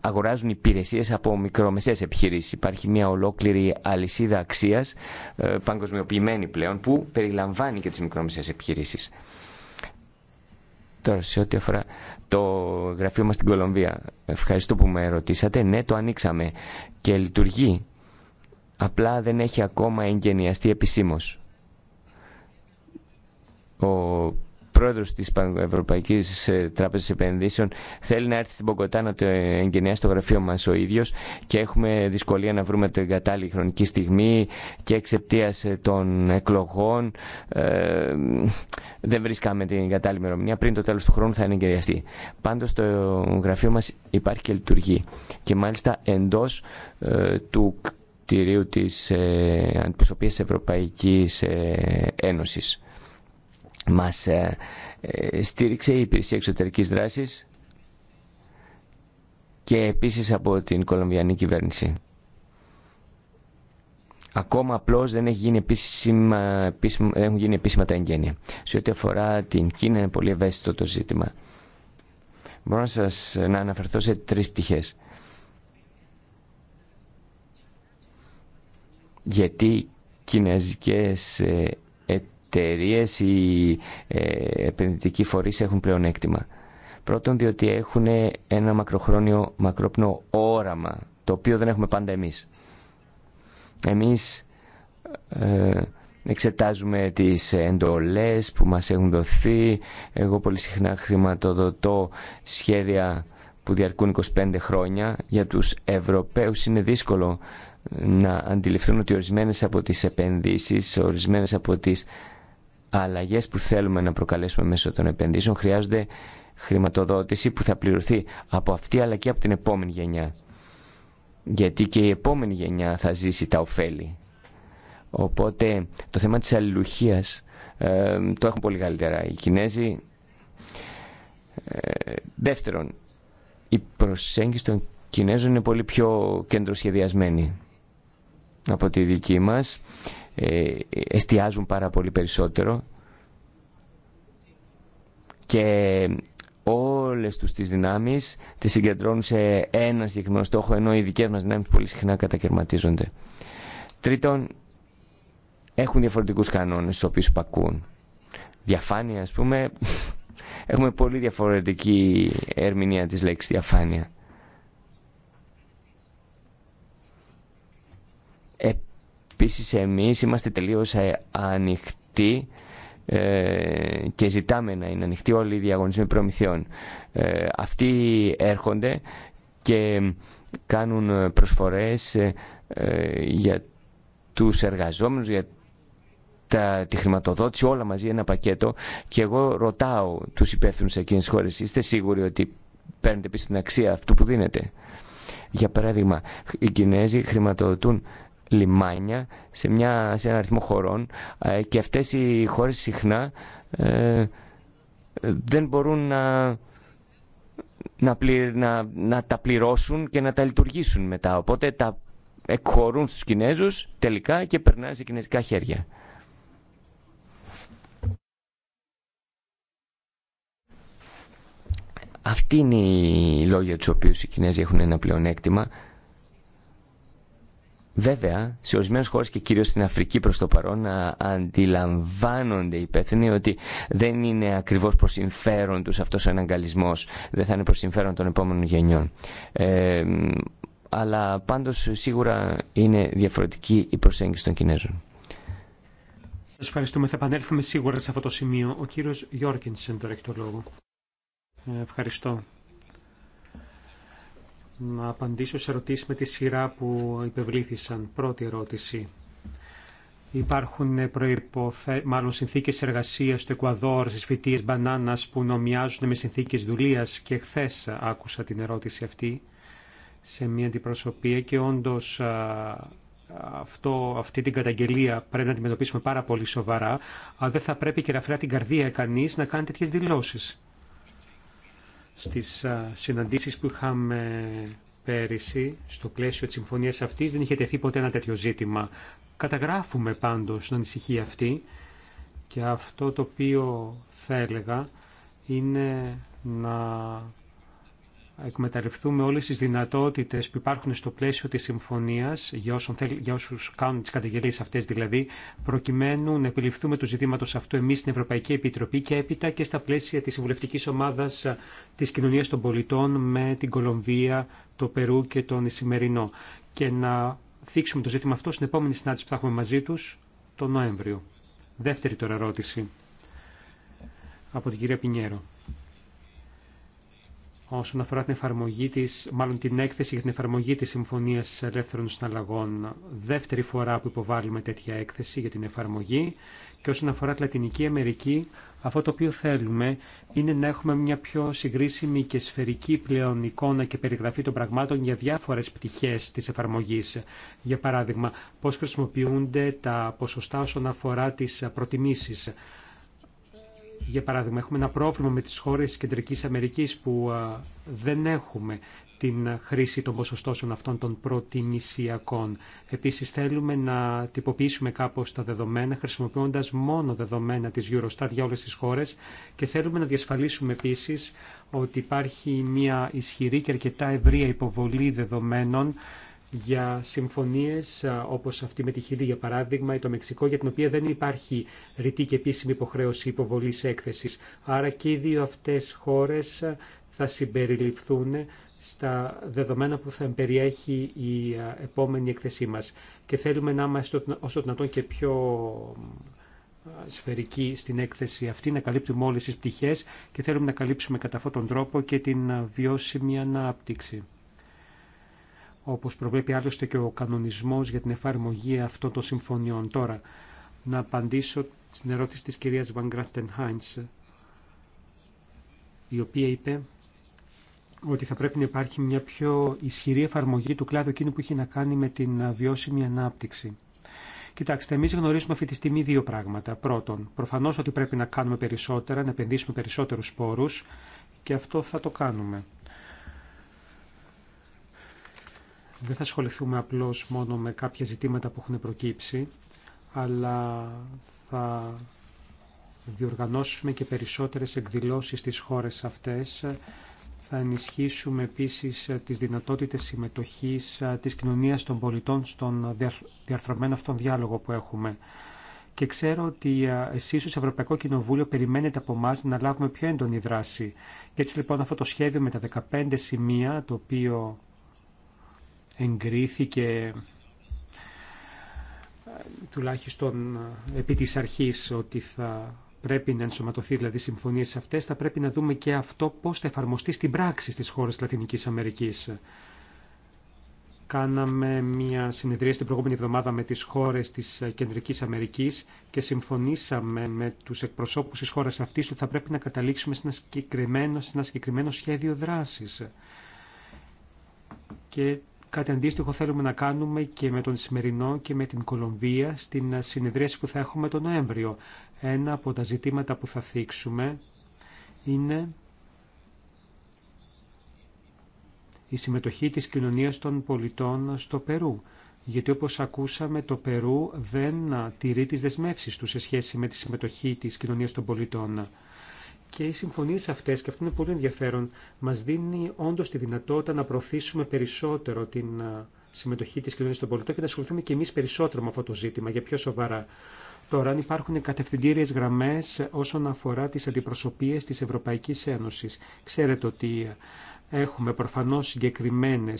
αγοράζουν υπηρεσίες από μικρομεσαίες επιχειρήσεις. Υπάρχει μια ολόκληρη αλυσίδα αξίας, ε, παγκοσμιοποιημένη πλέον, που περιλαμβάνει και τις μικρομεσαίες επιχειρήσεις. Τώρα, σε ό,τι αφορά το γραφείο μας στην Κολομβία, ευχαριστώ που με ρωτήσατε. Ναι, το ανοίξαμε και λειτουργεί απλά δεν έχει ακόμα εγγενιαστεί επισήμως. Ο πρόεδρος της Ευρωπαϊκής ε, Τράπεζας Επενδύσεων θέλει να έρθει στην Ποκοτά να το εγγενιάσει το γραφείο μας ο ίδιος και έχουμε δυσκολία να βρούμε την κατάλληλη χρονική στιγμή και εξαιτία ε, των εκλογών ε, δεν βρίσκαμε την κατάλληλη ημερομηνία. Πριν το τέλος του χρόνου θα είναι εγγενιαστεί. Πάντως το γραφείο μας υπάρχει και λειτουργεί και μάλιστα εντός ε, του κτηρίου της ε, αντιπροσωπείας Ευρωπαϊκής ε, Ένωσης. Μας ε, ε, στήριξε η Υπηρεσία Εξωτερικής Δράσης και επίσης από την Κολομβιανή Κυβέρνηση. Ακόμα απλώ δεν, δεν έχουν γίνει επίσημα τα εγγένεια. Σε ό,τι αφορά την Κίνα είναι πολύ ευαίσθητο το ζήτημα. Μπορώ να σας να αναφερθώ σε τρεις πτυχές. γιατί κινέζικες ε, εταιρείε, ή ε, επενδυτικοί φορείς έχουν πλεονέκτημα. Πρώτον διότι έχουν ένα μακροχρόνιο, μακρόπνο όραμα, το οποίο δεν έχουμε πάντα εμείς. Εμείς ε, εξετάζουμε τις εντολές που μας έχουν δοθεί. Εγώ πολύ συχνά χρηματοδοτώ σχέδια που διαρκούν 25 χρόνια. Για τους Ευρωπαίους είναι δύσκολο να αντιληφθούν ότι ορισμένες από τις επενδύσεις, ορισμένες από τις αλλαγές που θέλουμε να προκαλέσουμε μέσω των επενδύσεων χρειάζονται χρηματοδότηση που θα πληρωθεί από αυτή αλλά και από την επόμενη γενιά. Γιατί και η επόμενη γενιά θα ζήσει τα ωφέλη. Οπότε το θέμα της αλληλουχίας ε, το έχουν πολύ καλύτερα οι Κινέζοι. Ε, δεύτερον, η προσέγγιση των Κινέζων είναι πολύ πιο κέντροσχεδιασμένη από τη δική μας ε, εστιάζουν πάρα πολύ περισσότερο και όλες τους τις δυνάμεις τις συγκεντρώνουν σε ένα συγκεκριμένο στόχο ενώ οι δικές μας δυνάμεις πολύ συχνά κατακαιρματίζονται. Τρίτον, έχουν διαφορετικούς κανόνες στους οποίους πακούν. Διαφάνεια, ας πούμε, [laughs] έχουμε πολύ διαφορετική ερμηνεία της λέξης διαφάνεια. Επίση, εμείς είμαστε τελείως ε, ανοιχτοί ε, και ζητάμε να είναι ανοιχτοί όλοι οι διαγωνισμοί προμηθειών. Ε, αυτοί έρχονται και κάνουν προσφορές για τους εργαζόμενους, για τα, τη χρηματοδότηση, όλα μαζί ένα πακέτο και εγώ ρωτάω τους υπεύθυνους εκείνες τις χώρες, είστε σίγουροι ότι παίρνετε πίσω την αξία αυτού που δίνετε. Για παράδειγμα, οι Κινέζοι χρηματοδοτούν λιμάνια σε, μια, σε ένα αριθμό χωρών ε, και αυτές οι χώρες συχνά ε, δεν μπορούν να, να, τα πληρώσουν και να τα λειτουργήσουν μετά. Οπότε τα εκχωρούν στους Κινέζους τελικά και περνάνε σε κινέζικα χέρια. Αυτή είναι η λόγια του οποίου οι Κινέζοι έχουν ένα πλεονέκτημα Βέβαια, σε ορισμένε χώρε και κυρίω στην Αφρική προ το παρόν, αντιλαμβάνονται οι υπεύθυνοι ότι δεν είναι ακριβώ προ συμφέρον του αυτό ο εναγκαλισμό, δεν θα είναι προ συμφέρον των επόμενων γενιών. Ε, αλλά πάντω σίγουρα είναι διαφορετική η προσέγγιση των Κινέζων. Σα ευχαριστούμε. Θα επανέλθουμε σίγουρα σε αυτό το σημείο. Ο κύριο Γιώργιντσεν, το λόγο. Ε, ευχαριστώ να απαντήσω σε ερωτήσεις με τη σειρά που υπευλήθησαν. Πρώτη ερώτηση. Υπάρχουν προϋποθε... μάλλον συνθήκες εργασίας στο Εκουαδόρ, στις φυτίες μπανάνας που νομιάζουν με συνθήκες δουλείας και χθε άκουσα την ερώτηση αυτή σε μια αντιπροσωπεία και όντως αυτό, αυτή την καταγγελία πρέπει να αντιμετωπίσουμε πάρα πολύ σοβαρά, αλλά δεν θα πρέπει και να την καρδία κανείς να κάνει τέτοιες δηλώσεις. Στις συναντήσεις που είχαμε πέρυσι, στο πλαίσιο της συμφωνίας αυτής, δεν είχε τεθεί ποτέ ένα τέτοιο ζήτημα. Καταγράφουμε πάντως την ανησυχία αυτή και αυτό το οποίο θα έλεγα είναι να εκμεταλλευτούμε όλες τις δυνατότητες που υπάρχουν στο πλαίσιο της συμφωνίας, για, όσον για όσους κάνουν τις καταγγελίες αυτές δηλαδή, προκειμένου να επιληφθούμε του ζητήματος αυτού εμείς στην Ευρωπαϊκή Επιτροπή και έπειτα και στα πλαίσια της συμβουλευτική ομάδας της κοινωνίας των πολιτών με την Κολομβία, το Περού και τον Ισημερινό. Και να θίξουμε το ζήτημα αυτό στην επόμενη συνάντηση που θα έχουμε μαζί τους τον Νοέμβριο. Δεύτερη τώρα ερώτηση από την κυρία Πινιέρο όσον αφορά την εφαρμογή μάλλον την έκθεση για την εφαρμογή τη Συμφωνίας Ελεύθερων Συναλλαγών. Δεύτερη φορά που υποβάλλουμε τέτοια έκθεση για την εφαρμογή και όσον αφορά τη Λατινική Αμερική, αυτό το οποίο θέλουμε είναι να έχουμε μια πιο συγκρίσιμη και σφαιρική πλέον εικόνα και περιγραφή των πραγμάτων για διάφορε πτυχέ τη εφαρμογή. Για παράδειγμα, πώ χρησιμοποιούνται τα ποσοστά όσον αφορά τι προτιμήσει, για παράδειγμα, έχουμε ένα πρόβλημα με τις χώρες της Κεντρικής Αμερικής που δεν έχουμε την χρήση των ποσοστώσεων αυτών των προτιμησιακών. Επίσης θέλουμε να τυποποιήσουμε κάπως τα δεδομένα χρησιμοποιώντας μόνο δεδομένα της Eurostat για όλες τις χώρες και θέλουμε να διασφαλίσουμε επίσης ότι υπάρχει μια ισχυρή και αρκετά ευρεία υποβολή δεδομένων για συμφωνίες όπως αυτή με τη Χιλή για παράδειγμα ή το Μεξικό για την οποία δεν υπάρχει ρητή και επίσημη υποχρέωση υποβολής έκθεσης. Άρα και οι δύο αυτές χώρες θα συμπεριληφθούν στα δεδομένα που θα περιέχει η επόμενη έκθεσή μας. Και θέλουμε να είμαστε όσο δυνατόν και πιο σφαιρική στην έκθεση αυτή, να καλύπτουμε όλες τις πτυχές και θέλουμε να καλύψουμε κατά αυτόν τον τρόπο και την βιώσιμη ανάπτυξη όπως προβλέπει άλλωστε και ο κανονισμός για την εφαρμογή αυτών των συμφωνιών. Τώρα, να απαντήσω στην ερώτηση της κυρίας Βαν Γκράτστεν Χάιντς, η οποία είπε ότι θα πρέπει να υπάρχει μια πιο ισχυρή εφαρμογή του κλάδου εκείνου που έχει να κάνει με την βιώσιμη ανάπτυξη. Κοιτάξτε, εμεί γνωρίζουμε αυτή τη στιγμή δύο πράγματα. Πρώτον, προφανώ ότι πρέπει να κάνουμε περισσότερα, να επενδύσουμε περισσότερου πόρου και αυτό θα το κάνουμε. δεν θα ασχοληθούμε απλώς μόνο με κάποια ζητήματα που έχουν προκύψει, αλλά θα διοργανώσουμε και περισσότερες εκδηλώσεις στις χώρες αυτές. Θα ενισχύσουμε επίσης τις δυνατότητες συμμετοχής της κοινωνίας των πολιτών στον διαρθρωμένο αυτόν διάλογο που έχουμε. Και ξέρω ότι εσείς ως Ευρωπαϊκό Κοινοβούλιο περιμένετε από εμά να λάβουμε πιο έντονη δράση. Και έτσι λοιπόν αυτό το σχέδιο με τα 15 σημεία, το οποίο εγκρίθηκε ε, τουλάχιστον ε, επί της αρχής ότι θα πρέπει να ενσωματωθεί δηλαδή συμφωνίες αυτές, θα πρέπει να δούμε και αυτό πώς θα εφαρμοστεί στην πράξη στις χώρες της Λατινικής Αμερικής. Κάναμε μια συνεδρία στην προηγούμενη εβδομάδα με τις χώρες της ε, Κεντρικής Αμερικής και συμφωνήσαμε με τους εκπροσώπους της χώρας αυτής ότι θα πρέπει να καταλήξουμε σε ένα συγκεκριμένο, σε ένα συγκεκριμένο σχέδιο δράσης. Και Κάτι αντίστοιχο θέλουμε να κάνουμε και με τον Σημερινό και με την Κολομβία στην συνεδρίαση που θα έχουμε τον Νοέμβριο. Ένα από τα ζητήματα που θα θίξουμε είναι η συμμετοχή της κοινωνίας των πολιτών στο Περού. Γιατί όπως ακούσαμε το Περού δεν τηρεί τις δεσμεύσεις του σε σχέση με τη συμμετοχή της κοινωνίας των πολιτών. Και οι συμφωνίε αυτέ, και αυτό είναι πολύ ενδιαφέρον, μα δίνει όντω τη δυνατότητα να προωθήσουμε περισσότερο την ε, συμμετοχή τη κοινωνία των πολιτών και να ασχοληθούμε και εμεί περισσότερο με αυτό το ζήτημα για πιο σοβαρά. Τώρα, αν υπάρχουν κατευθυντήριε γραμμέ όσον αφορά τι αντιπροσωπείε τη Ευρωπαϊκή Ένωση, ξέρετε ότι ε, έχουμε προφανώ συγκεκριμένε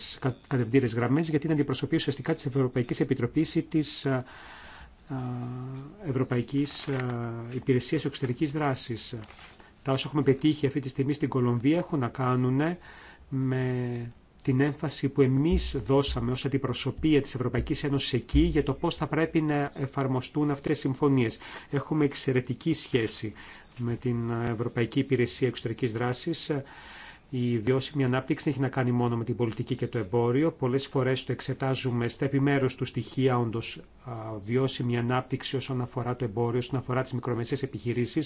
κατευθυντήριε γραμμέ για την αντιπροσωπή ουσιαστικά τη Ευρωπαϊκή Επιτροπή ή τη ε, Ευρωπαϊκή Υπηρεσία Εξωτερική δράση. Τα όσα έχουμε πετύχει αυτή τη στιγμή στην Κολομβία έχουν να κάνουν με την έμφαση που εμείς δώσαμε ως αντιπροσωπεία της Ευρωπαϊκής Ένωσης εκεί για το πώς θα πρέπει να εφαρμοστούν αυτές οι συμφωνίες. Έχουμε εξαιρετική σχέση με την Ευρωπαϊκή Υπηρεσία Εξωτερικής Δράσης. Η βιώσιμη ανάπτυξη έχει να κάνει μόνο με την πολιτική και το εμπόριο. Πολλέ φορέ το εξετάζουμε στα επιμέρου του στοιχεία, όντω βιώσιμη ανάπτυξη όσον αφορά το εμπόριο, όσον αφορά τι μικρομεσαίε επιχειρήσει.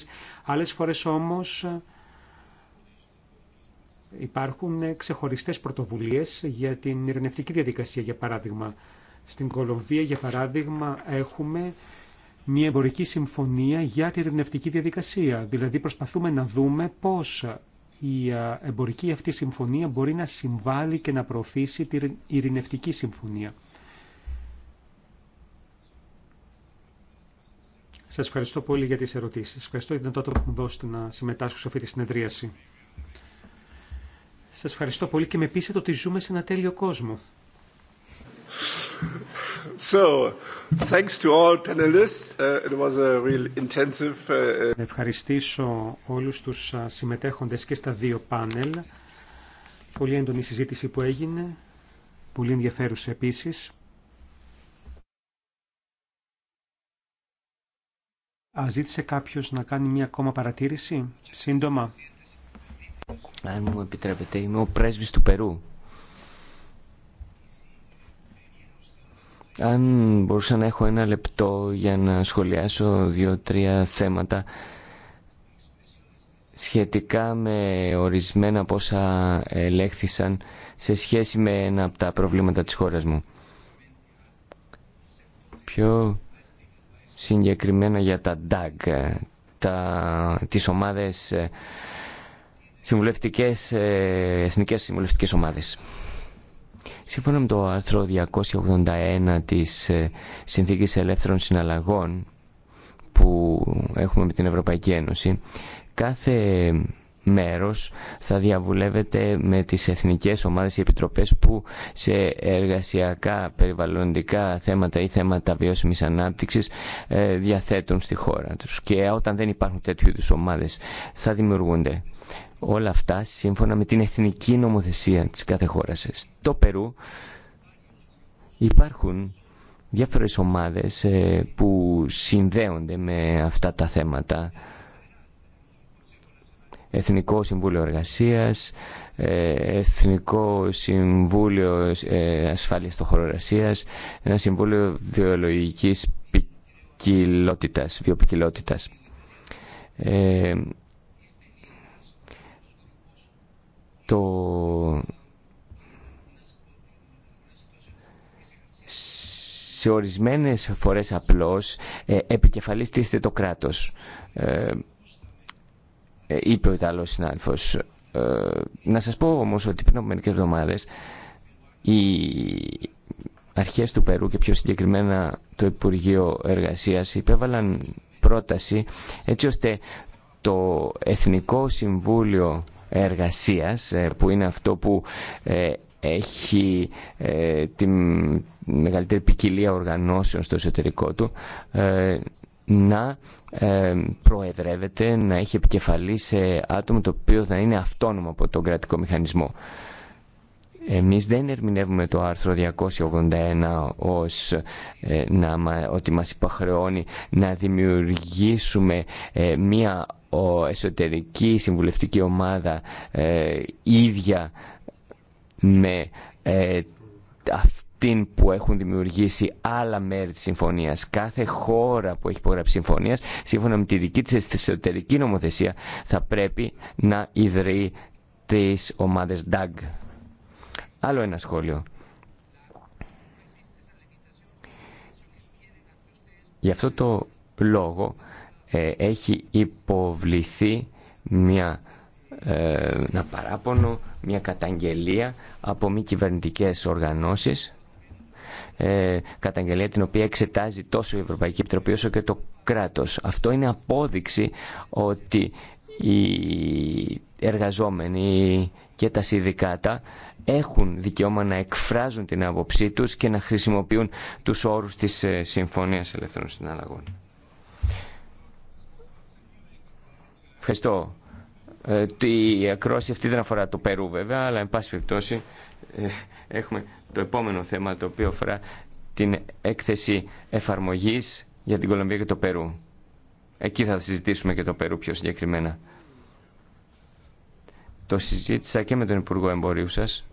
Άλλε φορέ όμω υπάρχουν ξεχωριστέ πρωτοβουλίε για την ειρηνευτική διαδικασία, για παράδειγμα. Στην Κολομβία, για παράδειγμα, έχουμε μια εμπορική συμφωνία για την ειρηνευτική διαδικασία. Δηλαδή προσπαθούμε να δούμε πώς η εμπορική αυτή συμφωνία μπορεί να συμβάλλει και να προωθήσει την ειρηνευτική συμφωνία. Σας ευχαριστώ πολύ για τις ερωτήσεις. ευχαριστώ για την δυνατότητα που μου δώσετε να συμμετάσχω σε αυτή τη συνεδρίαση. Σας ευχαριστώ πολύ και με πείσετε ότι ζούμε σε ένα τέλειο κόσμο ευχαριστήσω όλους τους uh, συμμετέχοντες και στα δύο πάνελ. Πολύ έντονη συζήτηση που έγινε, πολύ ενδιαφέρουσα επίσης. Ζήτησε κάποιος να κάνει μία ακόμα παρατήρηση, σύντομα. Αν μου επιτρέπετε, είμαι ο πρέσβης του Περού. Αν μπορούσα να έχω ένα λεπτό για να σχολιάσω δύο-τρία θέματα σχετικά με ορισμένα πόσα ελέγχθησαν σε σχέση με ένα από τα προβλήματα της χώρας μου. Πιο συγκεκριμένα για τα DAG, τα, τις ομάδες ε, συμβουλευτικές, ε, εθνικές συμβουλευτικές ομάδες. Σύμφωνα με το άρθρο 281 της ε, Συνθήκης Ελεύθερων Συναλλαγών που έχουμε με την Ευρωπαϊκή Ένωση, κάθε μέρος θα διαβουλεύεται με τις εθνικές ομάδες ή επιτροπές που σε εργασιακά περιβαλλοντικά θέματα ή θέματα βιώσιμης ανάπτυξης ε, διαθέτουν στη χώρα τους. Και όταν δεν υπάρχουν τέτοιου είδους ομάδες θα δημιουργούνται όλα αυτά σύμφωνα με την εθνική νομοθεσία της κάθε χώρας. Στο Περού υπάρχουν διάφορες ομάδες ε, που συνδέονται με αυτά τα θέματα. Εθνικό Συμβούλιο Εργασίας, ε, Εθνικό Συμβούλιο ε, Ασφάλειας στο χώρο ένα Συμβούλιο Βιολογικής Ποικιλότητας, Βιοποικιλότητας. το σε ορισμένες φορές απλώς ε, επικεφαλής τίθεται το κράτος. Ε, ε είπε ο Ιταλός συνάδελφος. Ε, να σας πω όμως ότι πριν από μερικές εβδομάδες οι αρχές του Περού και πιο συγκεκριμένα το Υπουργείο Εργασίας υπέβαλαν πρόταση έτσι ώστε το Εθνικό Συμβούλιο εργασίας ε, που είναι αυτό που ε, έχει ε, τη μεγαλύτερη ποικιλία οργανώσεων στο εσωτερικό του να προεδρεύεται, να έχει επικεφαλή σε άτομο το οποίο θα είναι αυτόνομο από τον κρατικό μηχανισμό. Εμείς δεν ερμηνεύουμε το άρθρο 281 ως να, ότι μας υποχρεώνει να δημιουργήσουμε ε, μία ο εσωτερική συμβουλευτική ομάδα ε, ίδια με ε, αυτήν που έχουν δημιουργήσει άλλα μέρη της συμφωνίας. Κάθε χώρα που έχει υπογράψει συμφώνιας σύμφωνα με τη δική της εσωτερική νομοθεσία, θα πρέπει να ιδρύει τις ομάδες DAG. Άλλο ένα σχόλιο. Γι' αυτό το λόγο ε, έχει υποβληθεί μια, ε, ένα παράπονο, μια καταγγελία από μη κυβερνητικέ οργανώσεις ε, καταγγελία την οποία εξετάζει τόσο η Ευρωπαϊκή Επιτροπή όσο και το κράτος. Αυτό είναι απόδειξη ότι οι εργαζόμενοι και τα συνδικάτα έχουν δικαίωμα να εκφράζουν την άποψή τους και να χρησιμοποιούν τους όρους της Συμφωνίας Ελεύθερων Συναλλαγών. Ευχαριστώ. Ε, Η ακρόαση αυτή δεν αφορά το Περού βέβαια, αλλά εν πάση περιπτώσει ε, έχουμε το επόμενο θέμα το οποίο αφορά την έκθεση εφαρμογής για την Κολομβία και το Περού. Εκεί θα συζητήσουμε και το Περού πιο συγκεκριμένα. Το συζήτησα και με τον Υπουργό Εμπορίου σας.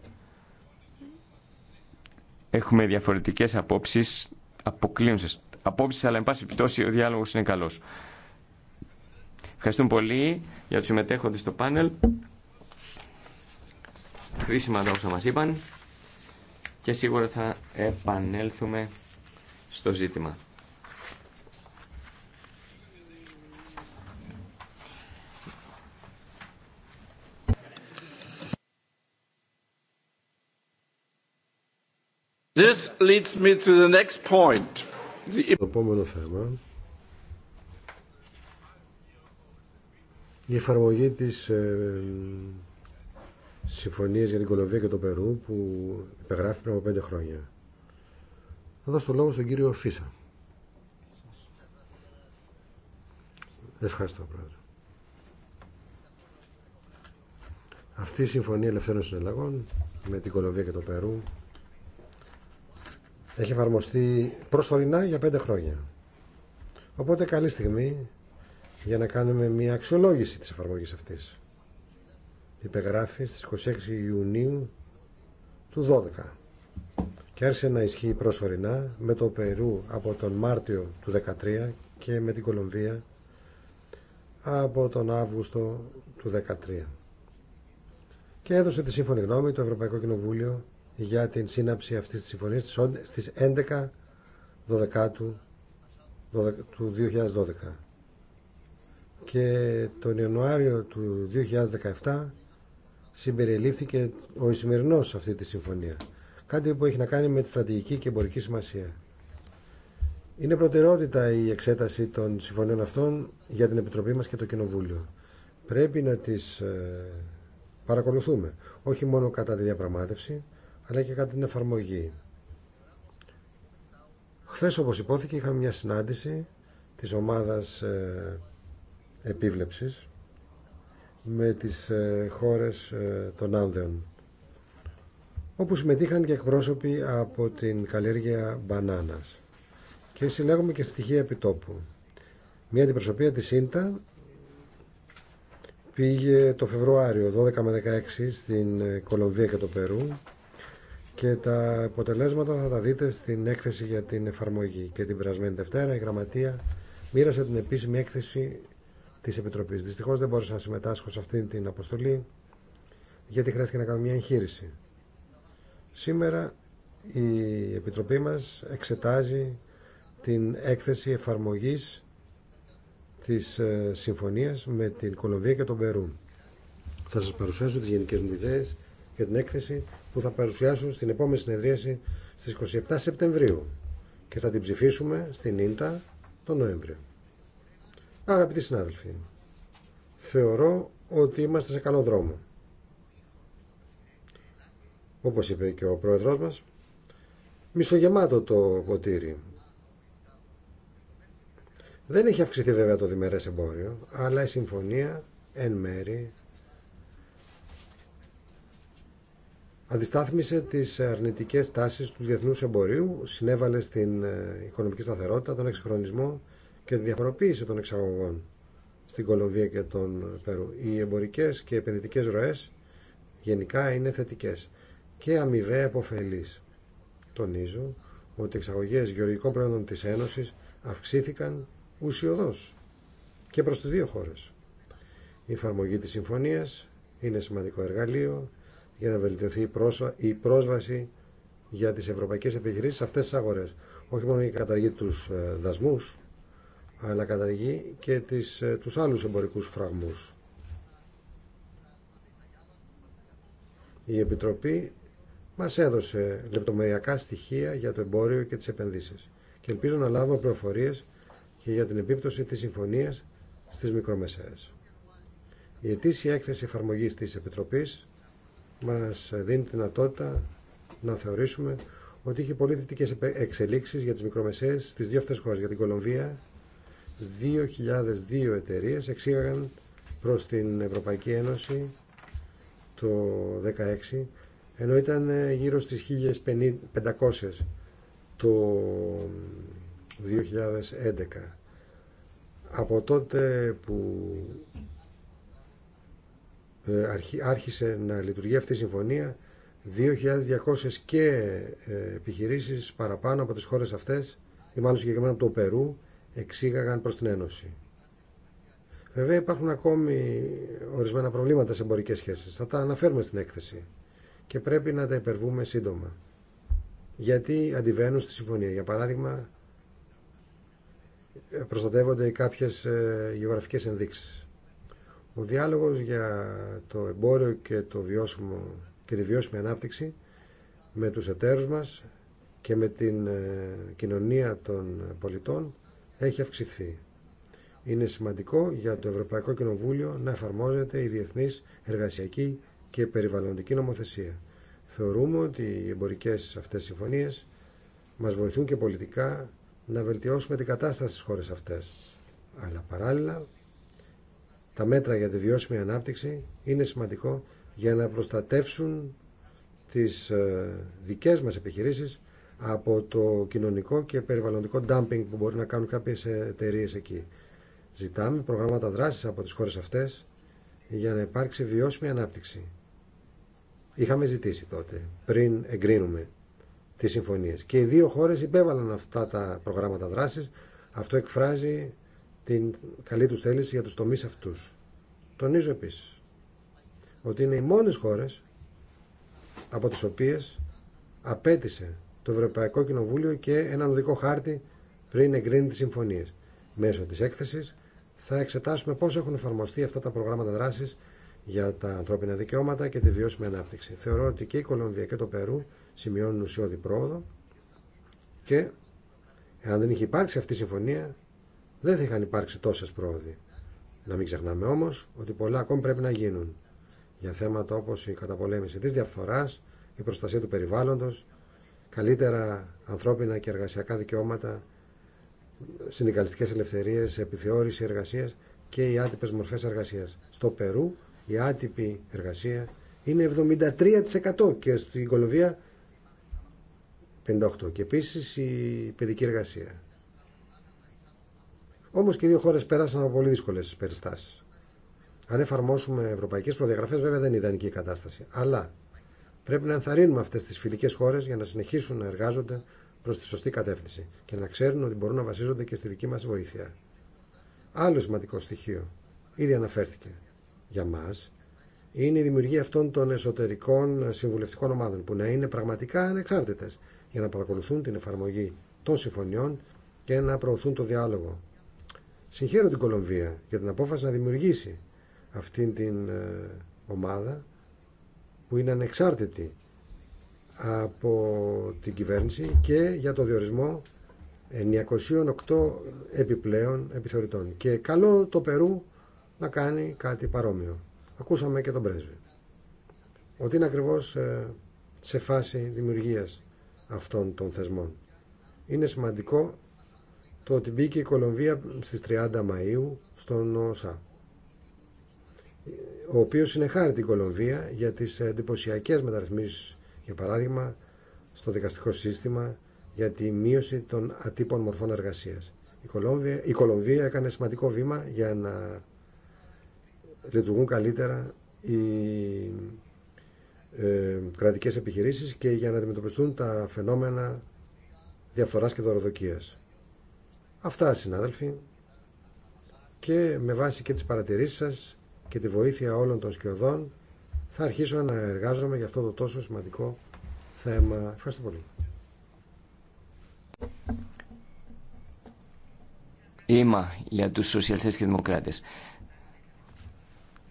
Έχουμε διαφορετικές απόψεις, αποκλείουν σας απόψεις, αλλά εν πάση περιπτώσει ο διάλογος είναι καλός. Ευχαριστούμε πολύ για τους συμμετέχοντες στο πάνελ. Χρήσιμα τα όσα μας είπαν και σίγουρα θα επανέλθουμε στο ζήτημα. Το Η εφαρμογή της ε, συμφωνίας για την Κολομβία και το Περού που υπεγράφει πριν από πέντε χρόνια. Θα δώσω το λόγο στον κύριο Φίσα. Ευχαριστώ, Πρόεδρε. Αυτή η Συμφωνία Ελευθέρων Συναλλαγών με την Κολομβία και το Περού έχει εφαρμοστεί προσωρινά για πέντε χρόνια. Οπότε καλή στιγμή για να κάνουμε μια αξιολόγηση της εφαρμογής αυτής. Υπεγράφει στις 26 Ιουνίου του 12 και άρχισε να ισχύει προσωρινά με το Περού από τον Μάρτιο του 13 και με την Κολομβία από τον Αύγουστο του 13 και έδωσε τη σύμφωνη γνώμη το Ευρωπαϊκό Κοινοβούλιο για την σύναψη αυτής της συμφωνίας στις 11 12 του 2012 και τον Ιανουάριο του 2017 συμπεριλήφθηκε ο Ισημερινός αυτή τη συμφωνία. Κάτι που έχει να κάνει με τη στρατηγική και εμπορική σημασία. Είναι προτεραιότητα η εξέταση των συμφωνίων αυτών για την Επιτροπή μας και το Κοινοβούλιο. Πρέπει να τις ε, παρακολουθούμε, όχι μόνο κατά τη διαπραγμάτευση, αλλά και κατά την εφαρμογή. Χθες, όπως υπόθηκε, είχαμε μια συνάντηση της ομάδας ε, επίβλεψης με τις ε, χώρες ε, των Άνδεων όπου συμμετείχαν και εκπρόσωποι από την καλλιέργεια μπανάνας και συλλέγουμε και στοιχεία επιτόπου. Μία αντιπροσωπεία της ΣΥΝΤΑ πήγε το Φεβρουάριο 12 με 16 στην ε, Κολομβία και το Περού και τα αποτελέσματα θα τα δείτε στην έκθεση για την εφαρμογή και την περασμένη Δευτέρα η Γραμματεία μοίρασε την επίσημη έκθεση τη Επιτροπή. Δυστυχώ δεν μπόρεσα να συμμετάσχω σε αυτή την αποστολή γιατί χρειάστηκε να κάνω μια εγχείρηση. Σήμερα η Επιτροπή μας εξετάζει την έκθεση εφαρμογής της ε, συμφωνίας με την Κολομβία και τον Περού. Θα σας παρουσιάσω τις γενικές μου ιδέες για την έκθεση που θα παρουσιάσω στην επόμενη συνεδρίαση στις 27 Σεπτεμβρίου και θα την ψηφίσουμε στην Ίντα τον Νοέμβριο. Αγαπητοί συνάδελφοι, θεωρώ ότι είμαστε σε καλό δρόμο. Όπως είπε και ο πρόεδρός μας, μισογεμάτο το ποτήρι. Δεν έχει αυξηθεί βέβαια το διμερές εμπόριο, αλλά η συμφωνία εν μέρη αντιστάθμισε τις αρνητικές τάσεις του διεθνούς εμπορίου, συνέβαλε στην ε, οικονομική σταθερότητα, τον εξυγχρονισμό και τη διαφοροποίηση των εξαγωγών στην Κολομβία και τον Περού. Οι εμπορικέ και επενδυτικέ ροέ, γενικά είναι θετικέ. και αμοιβαία επωφελεί. Τονίζω ότι οι εξαγωγέ γεωργικών προϊόντων της Ένωσης αυξήθηκαν ουσιοδό και προ τι δύο χώρες. Η εφαρμογή της συμφωνία είναι σημαντικό εργαλείο για να βελτιωθεί η πρόσβαση για τις ευρωπαϊκές επιχειρήσεις σε αυτές τις αγορές. Όχι μόνο η καταργή τους ε, δασμούς, αλλά καταργεί και τις, ε, τους άλλους εμπορικούς φραγμούς. Η Επιτροπή μας έδωσε λεπτομεριακά στοιχεία για το εμπόριο και τις επενδύσεις και ελπίζω να λάβουμε πληροφορίες και για την επίπτωση της συμφωνίας στις μικρομεσαίες. Η ετήσια έκθεση εφαρμογής της Επιτροπής μας δίνει τη δυνατότητα να θεωρήσουμε ότι είχε πολύ θετικέ εξελίξεις για τις μικρομεσαίες στις δύο αυτές χώρες, για την Κολομβία 2.002 εταιρείες εξήγαγαν προς την Ευρωπαϊκή Ένωση το 2016 ενώ ήταν ε, γύρω στις 1.500 το 2011. Από τότε που ε, άρχισε να λειτουργεί αυτή η συμφωνία 2.200 και ε, επιχειρήσεις παραπάνω από τις χώρες αυτές ή μάλλον συγκεκριμένα από το Περού εξήγαγαν προς την Ένωση. Βέβαια υπάρχουν ακόμη ορισμένα προβλήματα σε εμπορικές σχέσεις. Θα τα αναφέρουμε στην έκθεση και πρέπει να τα υπερβούμε σύντομα. Γιατί αντιβαίνουν στη συμφωνία. Για παράδειγμα, προστατεύονται κάποιες ε, γεωγραφικές ενδείξεις. Ο διάλογος για το εμπόριο και, το βιώσιμο, και τη βιώσιμη ανάπτυξη με τους εταίρους μας και με την ε, κοινωνία των πολιτών έχει αυξηθεί. Είναι σημαντικό για το Ευρωπαϊκό Κοινοβούλιο να εφαρμόζεται η διεθνή εργασιακή και περιβαλλοντική νομοθεσία. Θεωρούμε ότι οι εμπορικές αυτές συμφωνίες μας βοηθούν και πολιτικά να βελτιώσουμε την κατάσταση στις χώρες αυτές. Αλλά παράλληλα, τα μέτρα για τη βιώσιμη ανάπτυξη είναι σημαντικό για να προστατεύσουν τις ε, δικές μας επιχειρήσεις από το κοινωνικό και περιβαλλοντικό dumping που μπορεί να κάνουν κάποιες εταιρείε εκεί. Ζητάμε προγράμματα δράσης από τις χώρες αυτές για να υπάρξει βιώσιμη ανάπτυξη. Είχαμε ζητήσει τότε, πριν εγκρίνουμε τις συμφωνίες. Και οι δύο χώρες υπέβαλαν αυτά τα προγράμματα δράσης. Αυτό εκφράζει την καλή τους θέληση για τους τομείς αυτούς. Τονίζω επίσης ότι είναι οι μόνες χώρες από τις οποίες απέτησε το Ευρωπαϊκό Κοινοβούλιο και έναν οδικό χάρτη πριν εγκρίνει τι συμφωνίε. Μέσω τη έκθεση θα εξετάσουμε πώ έχουν εφαρμοστεί αυτά τα προγράμματα δράση για τα ανθρώπινα δικαιώματα και τη βιώσιμη ανάπτυξη. Θεωρώ ότι και η Κολομβία και το Περού σημειώνουν ουσιώδη πρόοδο και αν δεν είχε υπάρξει αυτή η συμφωνία δεν θα είχαν υπάρξει τόσε πρόοδοι. Να μην ξεχνάμε όμω ότι πολλά ακόμη πρέπει να γίνουν για θέματα όπω η καταπολέμηση τη διαφθορά, η προστασία του περιβάλλοντο, καλύτερα ανθρώπινα και εργασιακά δικαιώματα, συνδικαλιστικές ελευθερίες, επιθεώρηση εργασίας και οι άτυπες μορφές εργασίας. Στο Περού η άτυπη εργασία είναι 73% και στην Κολομβία 58% και επίσης η παιδική εργασία. Όμως και οι δύο χώρες πέρασαν από πολύ δύσκολες περιστάσεις. Αν εφαρμόσουμε ευρωπαϊκές προδιαγραφές βέβαια δεν είναι ιδανική η κατάσταση. Αλλά Πρέπει να ενθαρρύνουμε αυτέ τι φιλικέ χώρε για να συνεχίσουν να εργάζονται προ τη σωστή κατεύθυνση και να ξέρουν ότι μπορούν να βασίζονται και στη δική μα βοήθεια. Άλλο σημαντικό στοιχείο, ήδη αναφέρθηκε για μα, είναι η δημιουργία αυτών των εσωτερικών συμβουλευτικών ομάδων που να είναι πραγματικά ανεξάρτητε για να παρακολουθούν την εφαρμογή των συμφωνιών και να προωθούν το διάλογο. Συγχαίρω την Κολομβία για την απόφαση να δημιουργήσει αυτήν την ε, ομάδα που είναι ανεξάρτητη από την κυβέρνηση και για το διορισμό 908 επιπλέον επιθεωρητών. Και καλό το Περού να κάνει κάτι παρόμοιο. Ακούσαμε και τον πρέσβη. Ότι είναι ακριβώς ε, σε φάση δημιουργίας αυτών των θεσμών. Είναι σημαντικό το ότι μπήκε η Κολομβία στις 30 Μαΐου στον ΟΣΑ ο οποίος είναι την Κολομβία για τις εντυπωσιακέ μεταρρυθμίσεις, για παράδειγμα, στο δικαστικό σύστημα για τη μείωση των ατύπων μορφών εργασίας. Η Κολομβία, η Κολομβία έκανε σημαντικό βήμα για να λειτουργούν καλύτερα οι ε, κρατικές επιχειρήσεις και για να αντιμετωπιστούν τα φαινόμενα διαφθοράς και δωροδοκίας. Αυτά, συνάδελφοι, και με βάση και τις παρατηρήσεις σας και τη βοήθεια όλων των σκιωδών θα αρχίσω να εργάζομαι για αυτό το τόσο σημαντικό θέμα. Ευχαριστώ πολύ. Είμαι για τους σοσιαλιστές και δημοκράτες.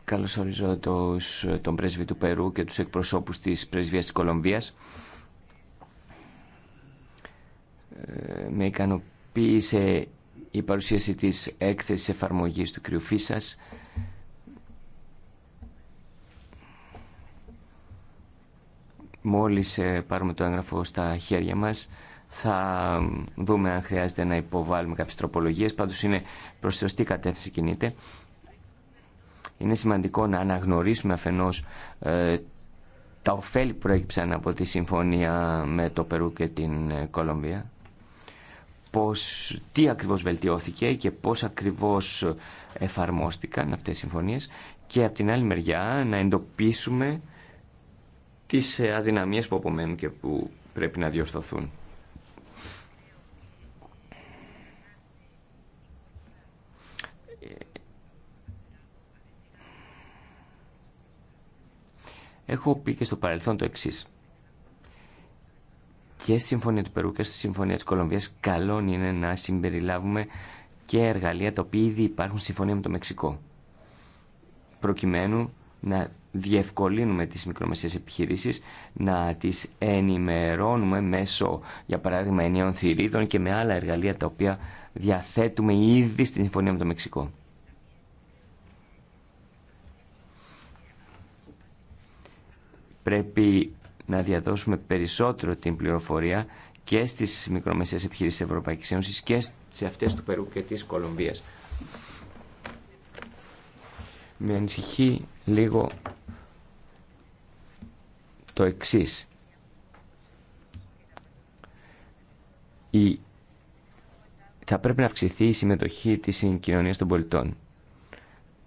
Καλώς ορίζω τον πρέσβη του Περού και τους εκπροσώπους της πρεσβείας της Κολομβίας. Ε, με ικανοποίησε η παρουσίαση της έκθεσης εφαρμογής του κρυοφύσας. Μόλις ε, πάρουμε το έγγραφο στα χέρια μας θα δούμε αν χρειάζεται να υποβάλουμε κάποιες τροπολογίες. Πάντως είναι προς σωστή κατεύθυνση κινείται. Είναι σημαντικό να αναγνωρίσουμε αφενός ε, τα ωφέλη που προέκυψαν από τη συμφωνία με το Περού και την ε, Κολομβία. Πώς, τι ακριβώς βελτιώθηκε και πώς ακριβώς εφαρμόστηκαν αυτές οι συμφωνίες. Και από την άλλη μεριά να εντοπίσουμε τις ε, αδυναμίες που απομένουν και που πρέπει να διορθωθούν. Έχω πει και στο παρελθόν το εξή. Και στη Συμφωνία του Περού και στη Συμφωνία της Κολομβίας καλό είναι να συμπεριλάβουμε και εργαλεία τα οποία ήδη υπάρχουν Συμφωνία με το Μεξικό. Προκειμένου να διευκολύνουμε τις μικρομεσαίες επιχειρήσεις, να τις ενημερώνουμε μέσω, για παράδειγμα, ενιαίων θηρίδων και με άλλα εργαλεία τα οποία διαθέτουμε ήδη στη συμφωνία με το Μεξικό. Πρέπει να διαδώσουμε περισσότερο την πληροφορία και στις μικρομεσαίες επιχειρήσεις της Ευρωπαϊκής Ένωσης και σε αυτές του Περού και της Κολομβίας με ανησυχεί λίγο το εξής. Η... Θα πρέπει να αυξηθεί η συμμετοχή της συγκοινωνίας των πολιτών.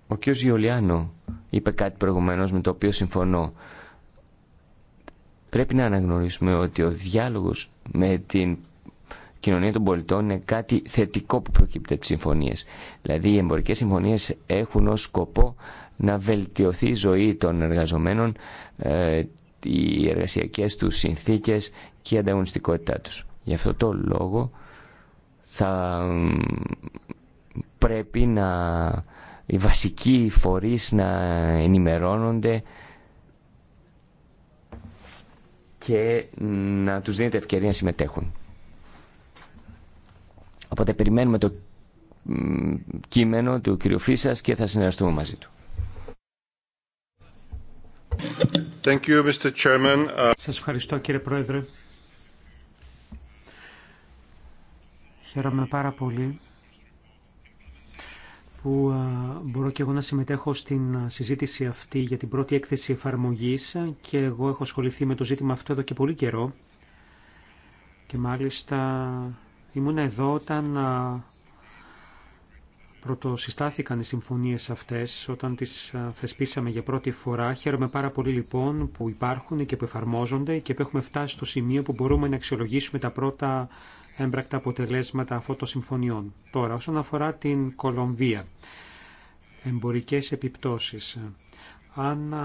Ο κ. Γιολιάνο είπε κάτι προηγουμένως με το οποίο συμφωνώ. Πρέπει να αναγνωρίσουμε ότι ο διάλογος με την κοινωνία των πολιτών είναι κάτι θετικό που προκύπτει από τις συμφωνίες. Δηλαδή οι εμπορικές συμφωνίες έχουν ως σκοπό να βελτιωθεί η ζωή των εργαζομένων, ε, οι εργασιακές τους συνθήκες και η ανταγωνιστικότητά τους. Γι' αυτό το λόγο θα πρέπει να οι βασικοί φορείς να ενημερώνονται και να τους δίνεται ευκαιρία να συμμετέχουν. Οπότε περιμένουμε το κείμενο του κ. Φίσας και θα συνεργαστούμε μαζί του. Thank you, Mr. Σας ευχαριστώ κύριε Πρόεδρε. Χαίρομαι πάρα πολύ που μπορώ και εγώ να συμμετέχω στην συζήτηση αυτή για την πρώτη έκθεση εφαρμογής και εγώ έχω ασχοληθεί με το ζήτημα αυτό εδώ και πολύ καιρό και μάλιστα Ήμουν εδώ όταν πρωτοσυστάθηκαν οι συμφωνίες αυτές, όταν τις θεσπίσαμε για πρώτη φορά. Χαίρομαι πάρα πολύ λοιπόν που υπάρχουν και που εφαρμόζονται και που έχουμε φτάσει στο σημείο που μπορούμε να αξιολογήσουμε τα πρώτα έμπρακτα αποτελέσματα αυτών των συμφωνιών. Τώρα, όσον αφορά την Κολομβία, εμπορικές επιπτώσεις. Αν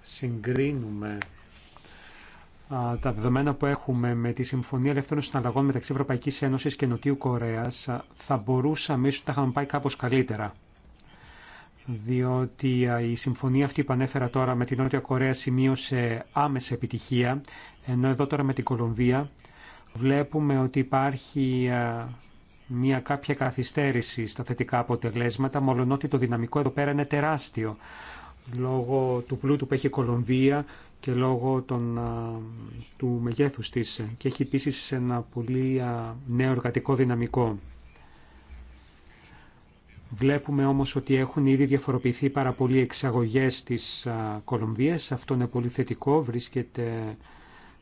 συγκρίνουμε τα δεδομένα που έχουμε με τη Συμφωνία Ελεύθερων Συναλλαγών μεταξύ Ευρωπαϊκή Ένωση και Νοτιού Κορέα θα μπορούσαμε ίσως να τα είχαμε πάει κάπω καλύτερα. Διότι η συμφωνία αυτή που ανέφερα τώρα με την Νότια Κορέα σημείωσε άμεση επιτυχία, ενώ εδώ τώρα με την Κολομβία βλέπουμε ότι υπάρχει μια κάποια καθυστέρηση στα θετικά αποτελέσματα, μόλον ότι το δυναμικό εδώ πέρα είναι τεράστιο λόγω του πλούτου που έχει η Κολομβία και λόγω των, του μεγέθους της και έχει επίση ένα πολύ νέο εργατικό δυναμικό. Βλέπουμε όμως ότι έχουν ήδη διαφοροποιηθεί πάρα πολλοί εξαγωγές της Κολομβίας. Αυτό είναι πολύ θετικό, βρίσκεται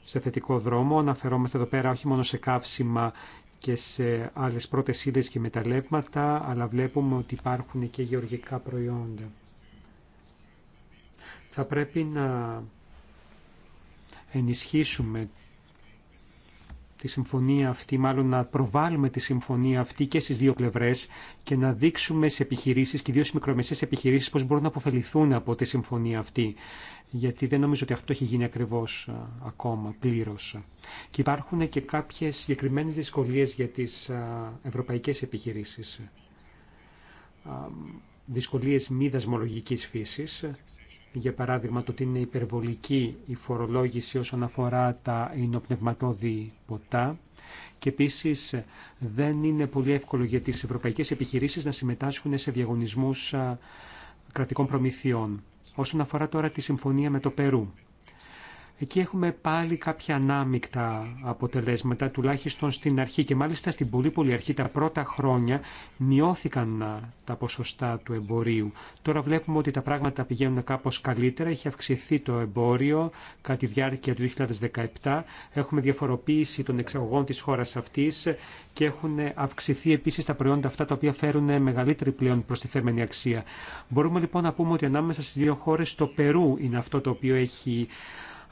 σε θετικό δρόμο. Αναφερόμαστε εδώ πέρα όχι μόνο σε καύσιμα και σε άλλες πρώτες και μεταλλεύματα, αλλά βλέπουμε ότι υπάρχουν και γεωργικά προϊόντα. Θα πρέπει να ενισχύσουμε τη συμφωνία αυτή, μάλλον να προβάλλουμε τη συμφωνία αυτή και στις δύο πλευρές και να δείξουμε σε επιχειρήσεις και δύο στις μικρομεσαίες επιχειρήσεις πώς μπορούν να αποφεληθούν από τη συμφωνία αυτή. Γιατί δεν νομίζω ότι αυτό έχει γίνει ακριβώς ακόμα πλήρως. Και υπάρχουν και κάποιες συγκεκριμένε δυσκολίες για τις ευρωπαϊκές επιχειρήσεις. δυσκολίες μη δασμολογικής φύσης για παράδειγμα το ότι είναι υπερβολική η φορολόγηση όσον αφορά τα υνοπνευματώδη ποτά και επίσης δεν είναι πολύ εύκολο για τις ευρωπαϊκές επιχειρήσεις να συμμετάσχουν σε διαγωνισμούς κρατικών προμηθειών. Όσον αφορά τώρα τη συμφωνία με το Περού, Εκεί έχουμε πάλι κάποια ανάμεικτα αποτελέσματα, τουλάχιστον στην αρχή και μάλιστα στην πολύ πολύ αρχή τα πρώτα χρόνια μειώθηκαν τα ποσοστά του εμπορίου. Τώρα βλέπουμε ότι τα πράγματα πηγαίνουν κάπως καλύτερα, έχει αυξηθεί το εμπόριο κατά τη διάρκεια του 2017, έχουμε διαφοροποίηση των εξαγωγών της χώρας αυτής και έχουν αυξηθεί επίσης τα προϊόντα αυτά τα οποία φέρουν μεγαλύτερη πλέον προστιθέμενη αξία. Μπορούμε λοιπόν να πούμε ότι ανάμεσα στις δύο χώρες το Περού είναι αυτό το οποίο έχει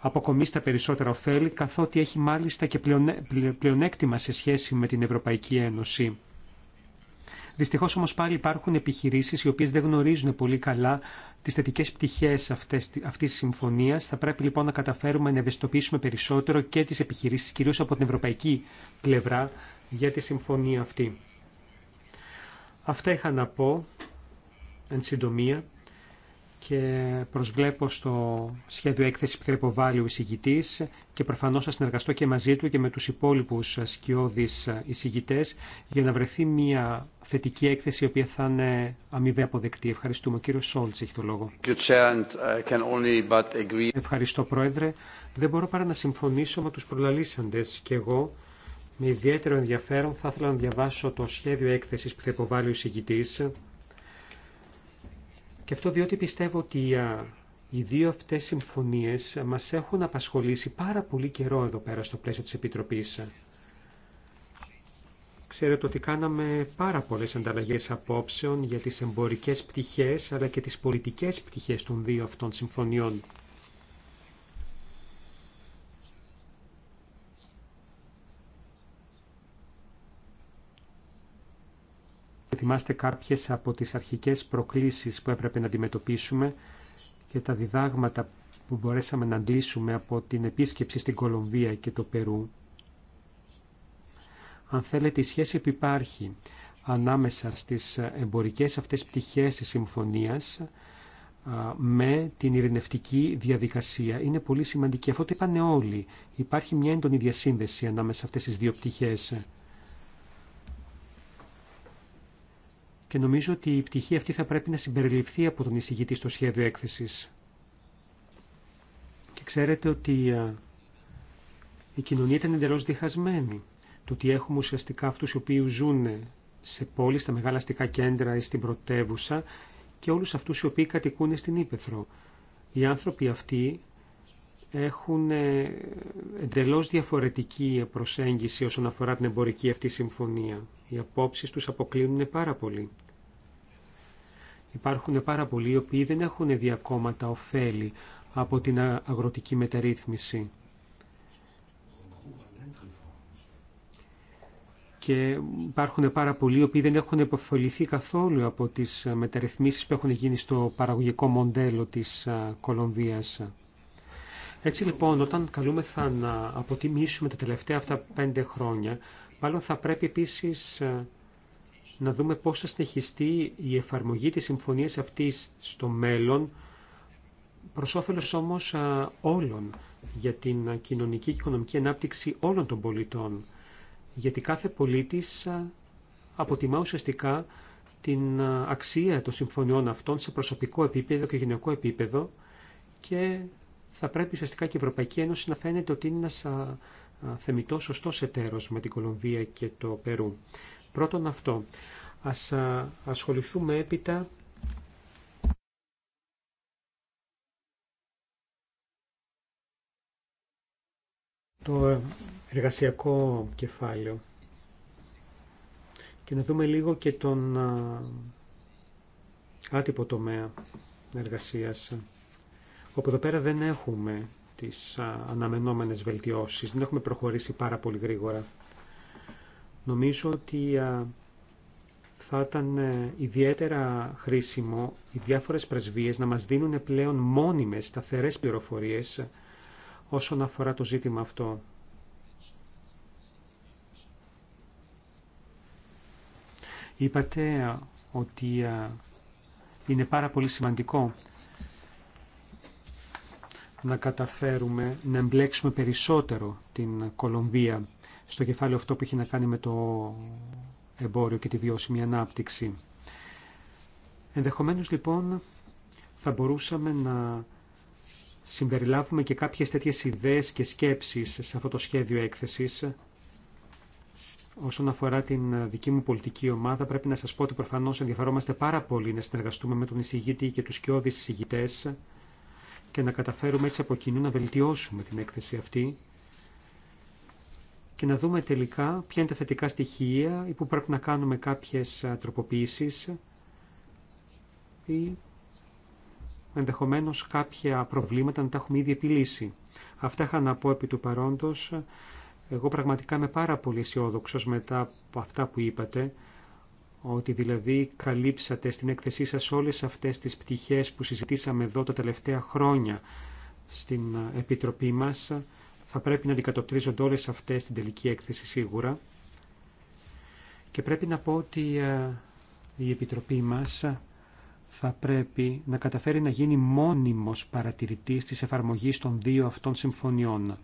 αποκομίσει τα περισσότερα ωφέλη, καθότι έχει μάλιστα και πλεονέκτημα σε σχέση με την Ευρωπαϊκή Ένωση. Δυστυχώ όμω πάλι υπάρχουν επιχειρήσει οι οποίε δεν γνωρίζουν πολύ καλά τι θετικέ πτυχέ αυτή τη συμφωνία. Θα πρέπει λοιπόν να καταφέρουμε να ευαισθητοποιήσουμε περισσότερο και τι επιχειρήσει, κυρίω από την ευρωπαϊκή πλευρά, για τη συμφωνία αυτή. Αυτά είχα να πω εν συντομία και προσβλέπω στο σχέδιο έκθεση που θα υποβάλει ο εισηγητή και προφανώ θα συνεργαστώ και μαζί του και με του υπόλοιπου σκιώδει εισηγητέ για να βρεθεί μια θετική έκθεση η οποία θα είναι αμοιβαία αποδεκτή. Ευχαριστούμε. Ο κύριο Σόλτ έχει το λόγο. Ευχαριστώ, Πρόεδρε. Δεν μπορώ παρά να συμφωνήσω με του προλαλήσαντε και εγώ. Με ιδιαίτερο ενδιαφέρον θα ήθελα να διαβάσω το σχέδιο έκθεσης που θα υποβάλει ο εισηγητής και αυτό διότι πιστεύω ότι οι δύο αυτές συμφωνίες μας έχουν απασχολήσει πάρα πολύ καιρό εδώ πέρα στο πλαίσιο της Επιτροπής. Ξέρετε ότι κάναμε πάρα πολλές ανταλλαγές απόψεων για τις εμπορικές πτυχές αλλά και τις πολιτικές πτυχές των δύο αυτών συμφωνιών. θυμάστε κάποιες από τις αρχικές προκλήσεις που έπρεπε να αντιμετωπίσουμε και τα διδάγματα που μπορέσαμε να αντλήσουμε από την επίσκεψη στην Κολομβία και το Περού. Αν θέλετε, η σχέση που υπάρχει ανάμεσα στις εμπορικές αυτές πτυχές της συμφωνίας με την ειρηνευτική διαδικασία είναι πολύ σημαντική. Αυτό το είπαν όλοι. Υπάρχει μια έντονη διασύνδεση ανάμεσα αυτές τις δύο πτυχές. και νομίζω ότι η πτυχή αυτή θα πρέπει να συμπεριληφθεί από τον εισηγητή στο σχέδιο έκθεσης. Και ξέρετε ότι ε, η κοινωνία ήταν εντελώς διχασμένη. Το ότι έχουμε ουσιαστικά αυτούς οι οποίοι ζουν σε πόλεις, στα μεγάλα αστικά κέντρα ή στην πρωτεύουσα και όλους αυτούς οι οποίοι κατοικούν στην Ήπεθρο. Οι άνθρωποι αυτοί έχουν ε, εντελώς διαφορετική προσέγγιση όσον αφορά την εμπορική αυτή συμφωνία. Οι απόψεις τους αποκλίνουν πάρα πολύ. Υπάρχουν πάρα πολλοί οι οποίοι δεν έχουν δει ακόμα τα ωφέλη από την αγροτική μεταρρύθμιση. Και υπάρχουν πάρα πολλοί οι οποίοι δεν έχουν επωφεληθεί καθόλου από τις μεταρρυθμίσεις που έχουν γίνει στο παραγωγικό μοντέλο της Κολομβίας. Έτσι λοιπόν, όταν καλούμεθα να αποτιμήσουμε τα τελευταία αυτά πέντε χρόνια, Μάλλον θα πρέπει επίσης ε, να δούμε πώς θα συνεχιστεί η εφαρμογή της συμφωνίας αυτής στο μέλλον, προς όφελος όμως ε, όλων για την κοινωνική και οικονομική ανάπτυξη όλων των πολιτών. Γιατί κάθε πολίτης ε, αποτιμά ουσιαστικά την αξία των συμφωνιών αυτών σε προσωπικό επίπεδο και γενικό επίπεδο και θα πρέπει ουσιαστικά και η Ευρωπαϊκή Ένωση να φαίνεται ότι είναι ένας θεμητό σωστό εταίρος με την Κολομβία και το Περού. Πρώτον αυτό. Ας ασχοληθούμε έπειτα το εργασιακό κεφάλαιο και να δούμε λίγο και τον άτυπο τομέα εργασίας όπου εδώ πέρα δεν έχουμε τις αναμενόμενες βελτιώσεις. Δεν έχουμε προχωρήσει πάρα πολύ γρήγορα. Νομίζω ότι θα ήταν ε, ιδιαίτερα χρήσιμο οι διάφορες πρεσβείες να μας δίνουν πλέον μόνιμες σταθερές πληροφορίες ε, όσον αφορά το ζήτημα αυτό. Είπατε ότι είναι πάρα πολύ σημαντικό να καταφέρουμε να εμπλέξουμε περισσότερο την Κολομβία στο κεφάλαιο αυτό που έχει να κάνει με το εμπόριο και τη βιώσιμη ανάπτυξη. Ενδεχομένως λοιπόν θα μπορούσαμε να συμπεριλάβουμε και κάποιες τέτοιες ιδέες και σκέψεις σε αυτό το σχέδιο έκθεσης. Όσον αφορά την δική μου πολιτική ομάδα, πρέπει να σας πω ότι προφανώς ενδιαφερόμαστε πάρα πολύ να συνεργαστούμε με τον εισηγήτη και τους κοιόδης εισηγητές και να καταφέρουμε έτσι από κοινού να βελτιώσουμε την έκθεση αυτή και να δούμε τελικά ποια είναι τα θετικά στοιχεία ή που πρέπει να κάνουμε κάποιες τροποποίησεις ή ενδεχομένως κάποια προβλήματα να τα έχουμε ήδη επιλύσει. Αυτά είχα να πω επί του παρόντος. Εγώ πραγματικά είμαι πάρα πολύ αισιόδοξο μετά από αυτά που είπατε ότι δηλαδή καλύψατε στην έκθεσή σας όλες αυτές τις πτυχές που συζητήσαμε εδώ τα τελευταία χρόνια στην Επιτροπή μας. Θα πρέπει να αντικατοπτρίζονται όλες αυτές στην τελική έκθεση σίγουρα. Και πρέπει να πω ότι ε, η Επιτροπή μας θα πρέπει να καταφέρει να γίνει μόνιμος παρατηρητής της εφαρμογής των δύο αυτών συμφωνιών.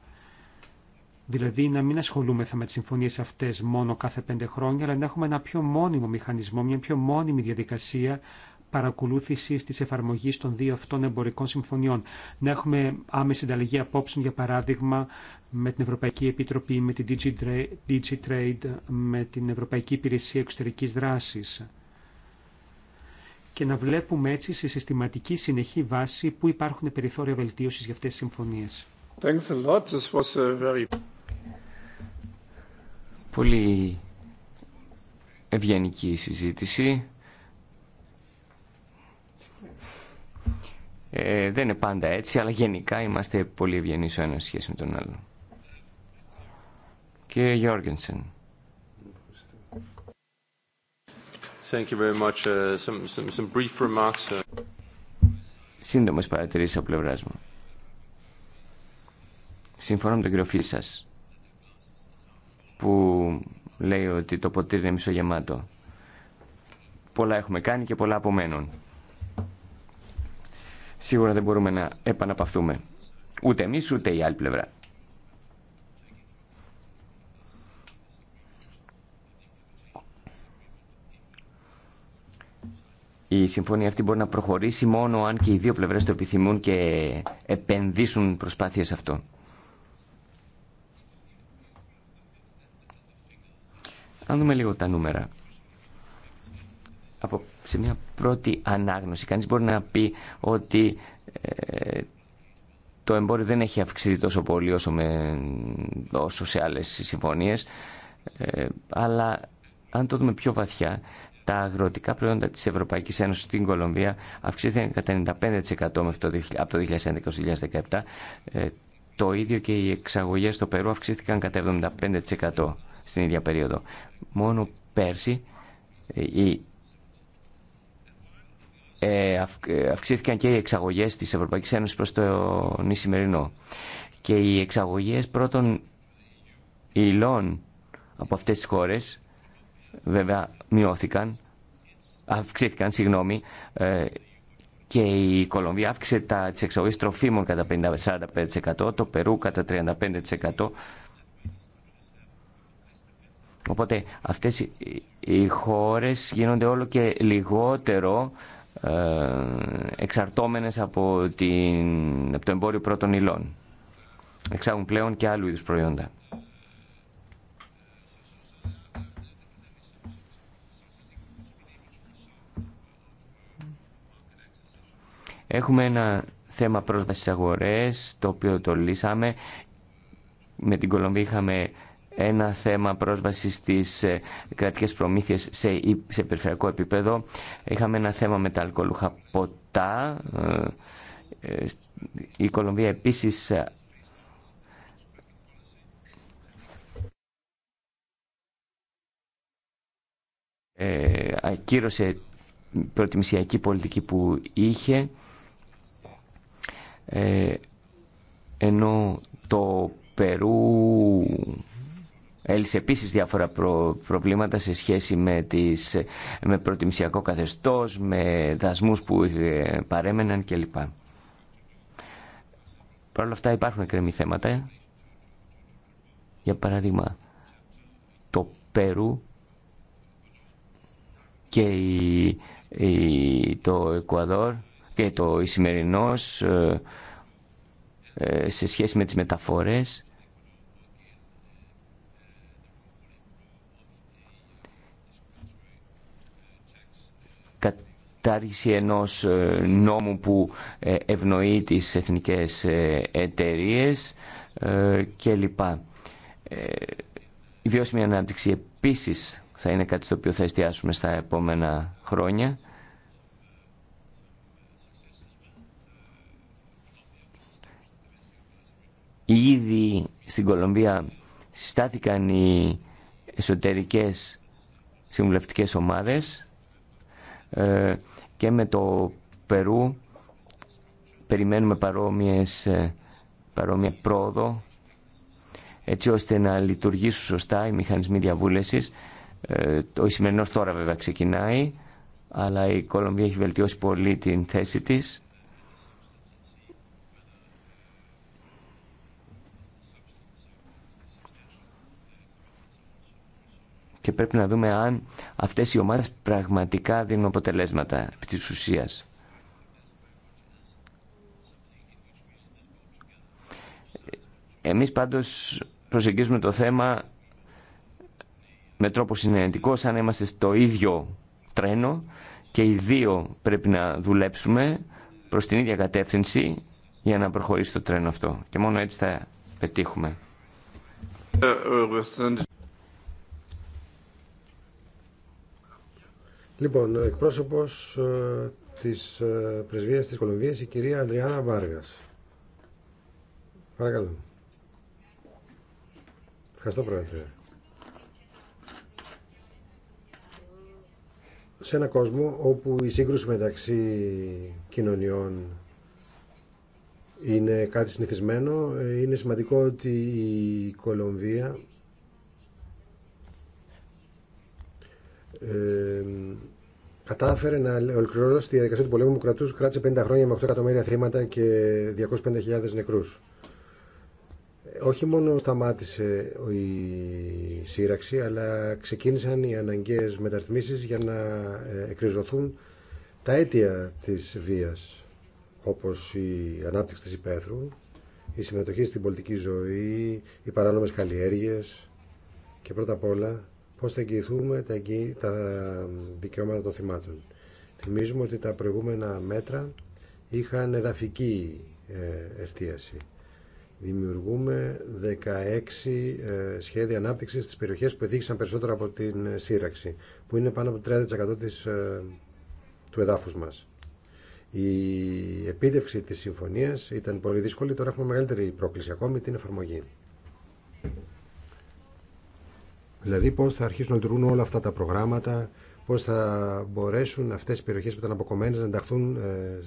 Δηλαδή να μην ασχολούμεθα με τις συμφωνίες αυτές μόνο κάθε πέντε χρόνια, αλλά να έχουμε ένα πιο μόνιμο μηχανισμό, μια πιο μόνιμη διαδικασία παρακολούθηση τη εφαρμογή των δύο αυτών εμπορικών συμφωνιών. Να έχουμε άμεση ανταλλαγή απόψεων, για παράδειγμα, με την Ευρωπαϊκή Επιτροπή, με την DigiTrade, με την Ευρωπαϊκή Υπηρεσία Εξωτερική Δράση. Και να βλέπουμε έτσι σε συστηματική συνεχή βάση που υπάρχουν περιθώρια βελτίωση για αυτέ τι συμφωνίε. Thanks a lot. This was a very... Πολύ ευγενική η συζήτηση. Ε, δεν είναι πάντα έτσι, αλλά γενικά είμαστε πολύ ευγενεί ο ένας σχέση με τον άλλο. Κύριε Γιώργενσεν. Thank you uh, uh. από πλευράς μου. Συμφωνώ με τον κύριο Φίσας που λέει ότι το ποτήρι είναι μισογεμάτο. Πολλά έχουμε κάνει και πολλά απομένουν. Σίγουρα δεν μπορούμε να επαναπαυθούμε. Ούτε εμείς ούτε η άλλη πλευρά. Η συμφωνία αυτή μπορεί να προχωρήσει μόνο αν και οι δύο πλευρές το επιθυμούν και επενδύσουν προσπάθειες αυτό. Αν δούμε λίγο τα νούμερα. Από, σε μια πρώτη ανάγνωση, κανείς μπορεί να πει ότι ε, το εμπόριο δεν έχει αυξηθεί τόσο πολύ όσο, με, όσο σε άλλες συμφωνίες, ε, αλλά αν το δούμε πιο βαθιά, τα αγροτικά προϊόντα της Ευρωπαϊκής Ένωσης στην Κολομβία αυξήθηκαν κατά 95% από το 2011 2017. Ε, το ίδιο και οι εξαγωγές στο Περού αυξήθηκαν κατά 75% στην ίδια περίοδο. Μόνο πέρσι ε, ε, ε, αυξήθηκαν και οι εξαγωγές της Ευρωπαϊκής Ένωσης προς το νησιμερινό. Και οι εξαγωγές πρώτων υλών από αυτές τις χώρες βέβαια μειώθηκαν, αυξήθηκαν, συγγνώμη, και η Κολομβία αύξησε τα, τις εξαγωγές τροφίμων κατά 50-45%, το Περού κατά 35%, Οπότε αυτές οι χώρες γίνονται όλο και λιγότερο ε, εξαρτώμενες από, την, από το εμπόριο πρώτων υλών. Εξάγουν πλέον και άλλου είδους προϊόντα. Έχουμε ένα θέμα πρόσβασης αγορές, το οποίο το λύσαμε. Με την Κολομβία είχαμε ένα θέμα πρόσβαση στι ε, κρατικές προμήθειε σε, σε περιφερειακό επίπεδο. Είχαμε ένα θέμα με τα αλκοολούχα ποτά. Ε, ε, η Κολομβία επίσης ακύρωσε προτιμησιακή πολιτική που είχε ενώ το Περού Έλυσε επίσης διάφορα προβλήματα σε σχέση με, τις, με προτιμησιακό καθεστώς, με δασμούς που ε, παρέμεναν κλπ. Παρ' όλα αυτά υπάρχουν εκκρεμή θέματα. Για παράδειγμα, το Περού και η, το Εκουαδόρ και το Ισημερινός ε, ε, σε σχέση με τις μεταφορές κατάργηση ενός ε, νόμου που ε, ευνοεί τις εθνικές ε, εταιρείες κλπ. Η βιώσιμη ανάπτυξη επίσης θα είναι κάτι στο οποίο θα εστιάσουμε στα επόμενα χρόνια. Ήδη στην Κολομβία στάθηκαν οι εσωτερικές συμβουλευτικές ομάδες και με το Περού περιμένουμε παρόμοιες, ε, παρόμοια πρόοδο έτσι ώστε να λειτουργήσουν σωστά οι μηχανισμοί διαβούλευσης. Ε, Ο σημερινός τώρα βέβαια ξεκινάει, αλλά η Κολομβία έχει βελτιώσει πολύ την θέση της και πρέπει να δούμε αν αυτές οι ομάδες πραγματικά δίνουν αποτελέσματα επί της ουσίας. Εμείς πάντως προσεγγίζουμε το θέμα με τρόπο συνενετικό, σαν να είμαστε στο ίδιο τρένο και οι δύο πρέπει να δουλέψουμε προς την ίδια κατεύθυνση για να προχωρήσει το τρένο αυτό. Και μόνο έτσι θα πετύχουμε. Λοιπόν, εκπρόσωπος ε, της ε, πρεσβείας της Κολομβίας, η κυρία Αντριάννα Βάργας. Παρακαλώ. Ευχαριστώ, Πρόεδρε. Σε ένα κόσμο όπου η σύγκρουση μεταξύ κοινωνιών είναι κάτι συνηθισμένο, ε, είναι σημαντικό ότι η Κολομβία κατάφερε να ολοκληρώσει τη διαδικασία του πολέμου που κράτησε 50 χρόνια με 8 εκατομμύρια θύματα και 250.000 νεκρούς. Όχι μόνο σταμάτησε η σύραξη, αλλά ξεκίνησαν οι αναγκαίες μεταρρυθμίσεις για να ε, εκριζωθούν τα αίτια της βίας, όπως η ανάπτυξη της υπαίθρου, η συμμετοχή στην πολιτική ζωή, οι παράνομες καλλιέργειες και πρώτα απ' όλα πώς θα εγγυηθούμε τα, τα δικαιώματα των θυμάτων. Θυμίζουμε ότι τα προηγούμενα μέτρα είχαν εδαφική ε, εστίαση. Δημιουργούμε 16 ε, σχέδια ανάπτυξης στι περιοχέ που εδίχησαν περισσότερο από την ε, σύραξη, που είναι πάνω από 30% του εδάφους μας. Η επίτευξη της συμφωνίας ήταν πολύ δύσκολη, τώρα έχουμε μεγαλύτερη πρόκληση ακόμη την εφαρμογή. Δηλαδή πώς θα αρχίσουν να λειτουργούν όλα αυτά τα προγράμματα, πώς θα μπορέσουν αυτές οι περιοχές που ήταν αποκομμένες να ενταχθούν ε,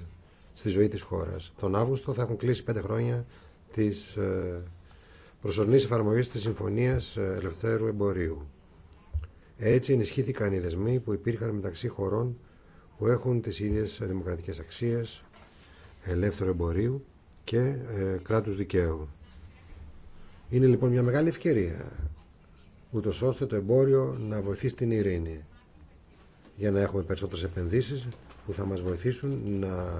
στη ζωή της χώρας. Τον Αύγουστο θα έχουν κλείσει πέντε χρόνια της ε, προσωρινής εφαρμογής της Συμφωνίας ε, Ελευθέρου Εμπορίου. Έτσι ενισχύθηκαν οι δεσμοί που υπήρχαν μεταξύ χωρών που έχουν τις ίδιες δημοκρατικές αξίες, ελεύθερο εμπορίου και ε, κράτους δικαίου. Είναι λοιπόν μια μεγάλη ευκαιρία ούτω ώστε το εμπόριο να βοηθήσει την ειρήνη για να έχουμε περισσότερες επενδύσεις που θα μας βοηθήσουν να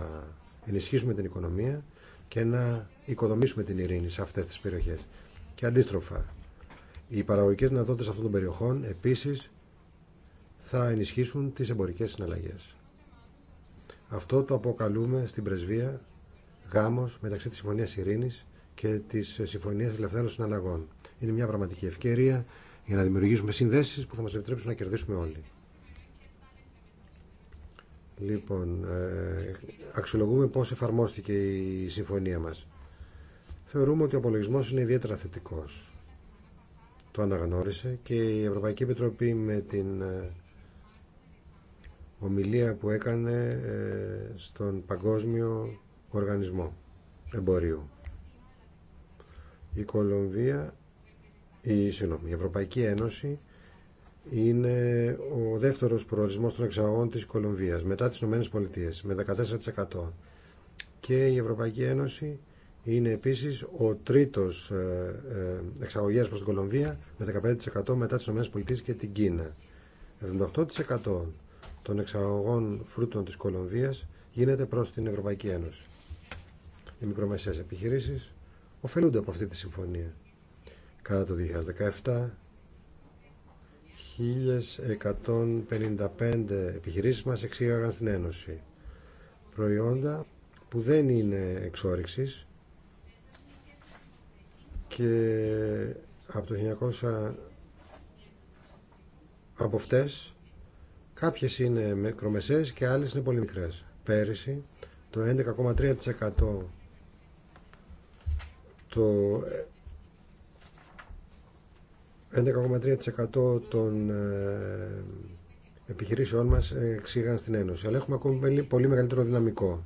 ενισχύσουμε την οικονομία και να οικοδομήσουμε την ειρήνη σε αυτές τις περιοχές. Και αντίστροφα, οι παραγωγικές δυνατότητε αυτών των περιοχών επίσης θα ενισχύσουν τις εμπορικές συναλλαγές. Αυτό το αποκαλούμε στην πρεσβεία γάμος μεταξύ της Συμφωνίας Ειρήνης και της Συμφωνίας Ελευθέρων Συναλλαγών. Είναι μια πραγματική ευκαιρία για να δημιουργήσουμε συνδέσεις που θα μας επιτρέψουν να κερδίσουμε όλοι. Λοιπόν, ε, αξιολογούμε πώς εφαρμόστηκε η συμφωνία μας. Θεωρούμε ότι ο απολογισμός είναι ιδιαίτερα θετικός. Το αναγνώρισε και η Ευρωπαϊκή Επιτροπή με την ε, ομιλία που έκανε ε, στον Παγκόσμιο Οργανισμό Εμπορίου. Η Κολομβία η, η Ευρωπαϊκή Ένωση είναι ο δεύτερος προορισμός των εξαγωγών της Κολομβίας μετά τις Ηνωμένες Πολιτείες με 14% και η Ευρωπαϊκή Ένωση είναι επίσης ο τρίτος ε, ε, εξαγωγέας προς την Κολομβία με 15% μετά τις Ηνωμένες Πολιτείες και την Κίνα. 78% των εξαγωγών φρούτων της Κολομβίας γίνεται προς την Ευρωπαϊκή Ένωση. Οι μικρομεσαίες επιχειρήσεις ωφελούνται από αυτή τη συμφωνία κατά το 2017 1.155 επιχειρήσεις μας εξήγαγαν στην Ένωση προϊόντα που δεν είναι εξόριξης και από το 1900 από αυτές κάποιες είναι μικρομεσαίες και άλλες είναι πολύ μικρές. Πέρυσι το 11,3% το 11,3% των ε, επιχειρήσεών μας εξήγαν στην Ένωση. Αλλά έχουμε ακόμη πολύ μεγαλύτερο δυναμικό.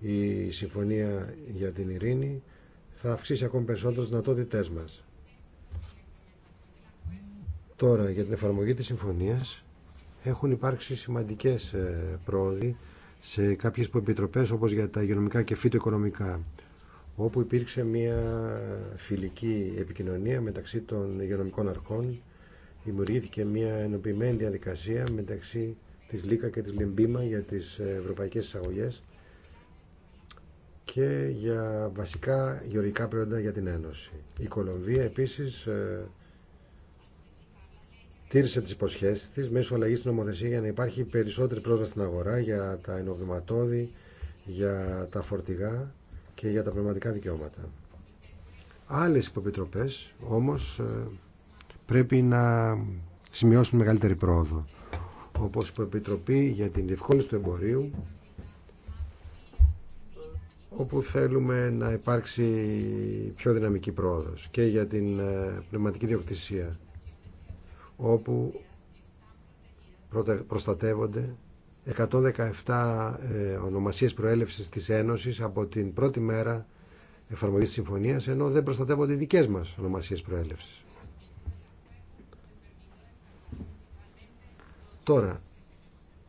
Η Συμφωνία για την Ειρήνη θα αυξήσει ακόμη περισσότερο τις δυνατότητές μας. Τώρα, για την εφαρμογή της συμφωνίας έχουν υπάρξει σημαντικές ε, πρόοδοι σε κάποιες επιτροπές όπως για τα υγειονομικά και φυτοοικονομικά όπου υπήρξε μια φιλική επικοινωνία μεταξύ των υγειονομικών αρχών δημιουργήθηκε μια ενοποιημένη διαδικασία μεταξύ της ΛΥΚΑ και της Λιμπίμα για τις ε, ευρωπαϊκές εισαγωγές και για βασικά γεωργικά προϊόντα για την Ένωση. Η Κολομβία επίσης ε, τήρησε τις υποσχέσεις της μέσω αλλαγής στην νομοθεσία για να υπάρχει περισσότερη πρόσβαση στην αγορά για τα ενοπληματόδη, για τα φορτηγά και για τα πνευματικά δικαιώματα. Άλλες υποπιτροπές όμως ε, πρέπει να σημειώσουν μεγαλύτερη πρόοδο όπως η υποπιτροπή για την διευκόλυνση του εμπορίου όπου θέλουμε να υπάρξει πιο δυναμική πρόοδος και για την ε, πνευματική διοκτησία όπου προστατεύονται 117 ε, ονομασίες προέλευσης της Ένωσης από την πρώτη μέρα εφαρμογής της συμφωνίας, ενώ δεν προστατεύονται οι δικές μας ονομασίες προέλευσης. Τώρα,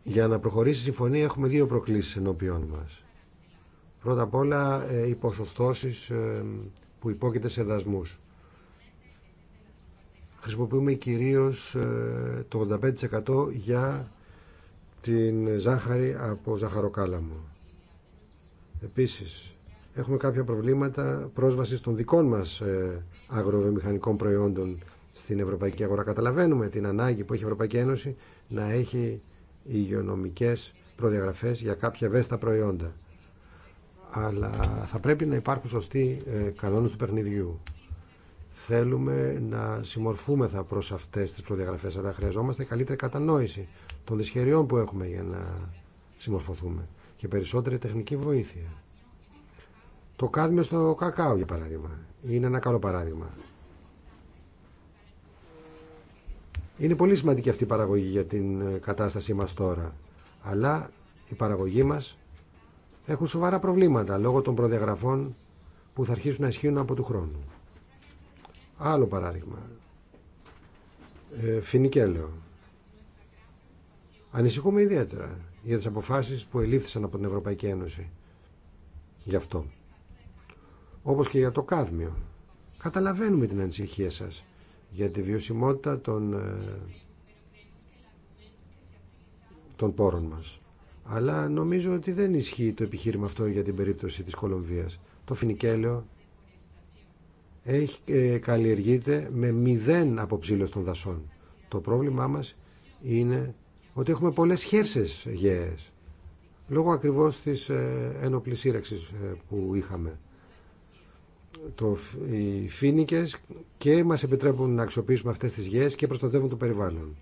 για να προχωρήσει η συμφωνία έχουμε δύο προκλήσεις ενώπιόν μας. Πρώτα απ' όλα ε, οι ποσοστώσεις ε, που υπόκειται σε δασμούς. Χρησιμοποιούμε κυρίως το 85% για την ζάχαρη από ζαχαροκάλαμο. Επίσης, έχουμε κάποια προβλήματα πρόσβασης των δικών μας ε, αγροβιομηχανικών προϊόντων στην ευρωπαϊκή αγορά. Καταλαβαίνουμε την ανάγκη που έχει η Ευρωπαϊκή Ένωση να έχει υγειονομικές προδιαγραφές για κάποια ευαίσθητα προϊόντα. Αλλά θα πρέπει να υπάρχουν σωστοί ε, κανόνες του παιχνιδιού θέλουμε να συμμορφούμεθα προς αυτές τις προδιαγραφές, αλλά χρειαζόμαστε καλύτερη κατανόηση των δυσχεριών που έχουμε για να συμμορφωθούμε και περισσότερη τεχνική βοήθεια. Το κάδμιο στο κακάο, για παράδειγμα, είναι ένα καλό παράδειγμα. Είναι πολύ σημαντική αυτή η παραγωγή για την ε, κατάστασή μας τώρα, αλλά η παραγωγή μας έχουν σοβαρά προβλήματα λόγω των προδιαγραφών που θα αρχίσουν να ισχύουν από του χρόνου. Άλλο παράδειγμα. Ε, Φινικέλαιο. Ανησυχούμε ιδιαίτερα για τις αποφάσεις που ελήφθησαν από την Ευρωπαϊκή Ένωση. Γι' αυτό. Όπως και για το κάδμιο. Καταλαβαίνουμε την ανησυχία σας για τη βιωσιμότητα των, ε, των πόρων μας. Αλλά νομίζω ότι δεν ισχύει το επιχείρημα αυτό για την περίπτωση της Κολομβίας. Το φινικέλαιο έχει, ε, καλλιεργείται με μηδέν αποψήλωση των δασών. Το πρόβλημά μας είναι ότι έχουμε πολλές χέρσες γέες λόγω ακριβώς της ε, ένοπλης ε, που είχαμε. Το, οι φίνικες και μας επιτρέπουν να αξιοποιήσουμε αυτές τις γέες και προστατεύουν το περιβάλλον.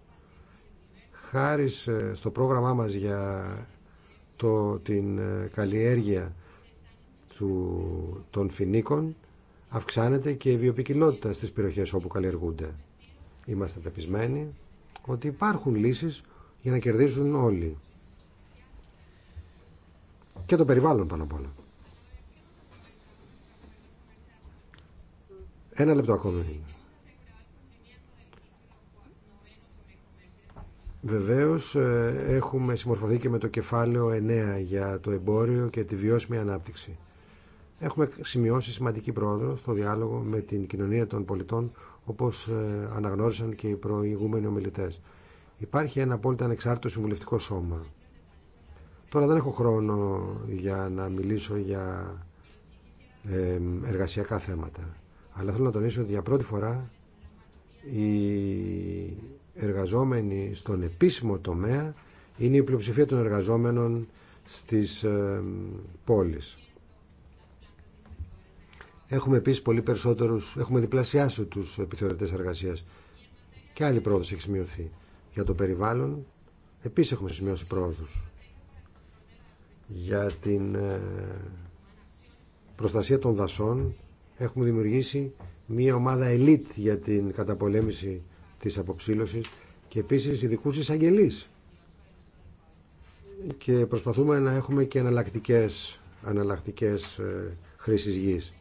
Χάρη ε, στο πρόγραμμά μας για το, την ε, καλλιέργεια του, των φινίκων αυξάνεται και η βιοπικιλότητα στις περιοχές όπου καλλιεργούνται. Είμαστε πεπισμένοι ότι υπάρχουν λύσεις για να κερδίζουν όλοι. Και το περιβάλλον πάνω απ' όλα. Ένα λεπτό ακόμη. Βεβαίως ε, έχουμε συμμορφωθεί και με το κεφάλαιο 9 για το εμπόριο και τη βιώσιμη ανάπτυξη. Έχουμε σημειώσει σημαντική πρόοδο στο διάλογο με την κοινωνία των πολιτών, όπω ε, αναγνώρισαν και οι προηγούμενοι ομιλητέ. Υπάρχει ένα απόλυτα ανεξάρτητο συμβουλευτικό σώμα. Τώρα δεν έχω χρόνο για να μιλήσω για ε, εργασιακά θέματα. Αλλά θέλω να τονίσω ότι για πρώτη φορά οι εργαζόμενοι στον επίσημο τομέα είναι η πλειοψηφία των εργαζόμενων στις ε, πόλεις. Έχουμε επίση πολύ περισσότερου, έχουμε διπλασιάσει του επιθεωρητέ εργασία. Και άλλη πρόοδο έχει σημειωθεί. Για το περιβάλλον, επίση έχουμε σημειώσει πρόοδου. Για την ε, προστασία των δασών, έχουμε δημιουργήσει μια ομάδα ελίτ για την καταπολέμηση της αποψήλωσης και επίσης ειδικού εισαγγελεί. Και προσπαθούμε να έχουμε και αναλλακτικές χρήσει ε, χρήσεις γης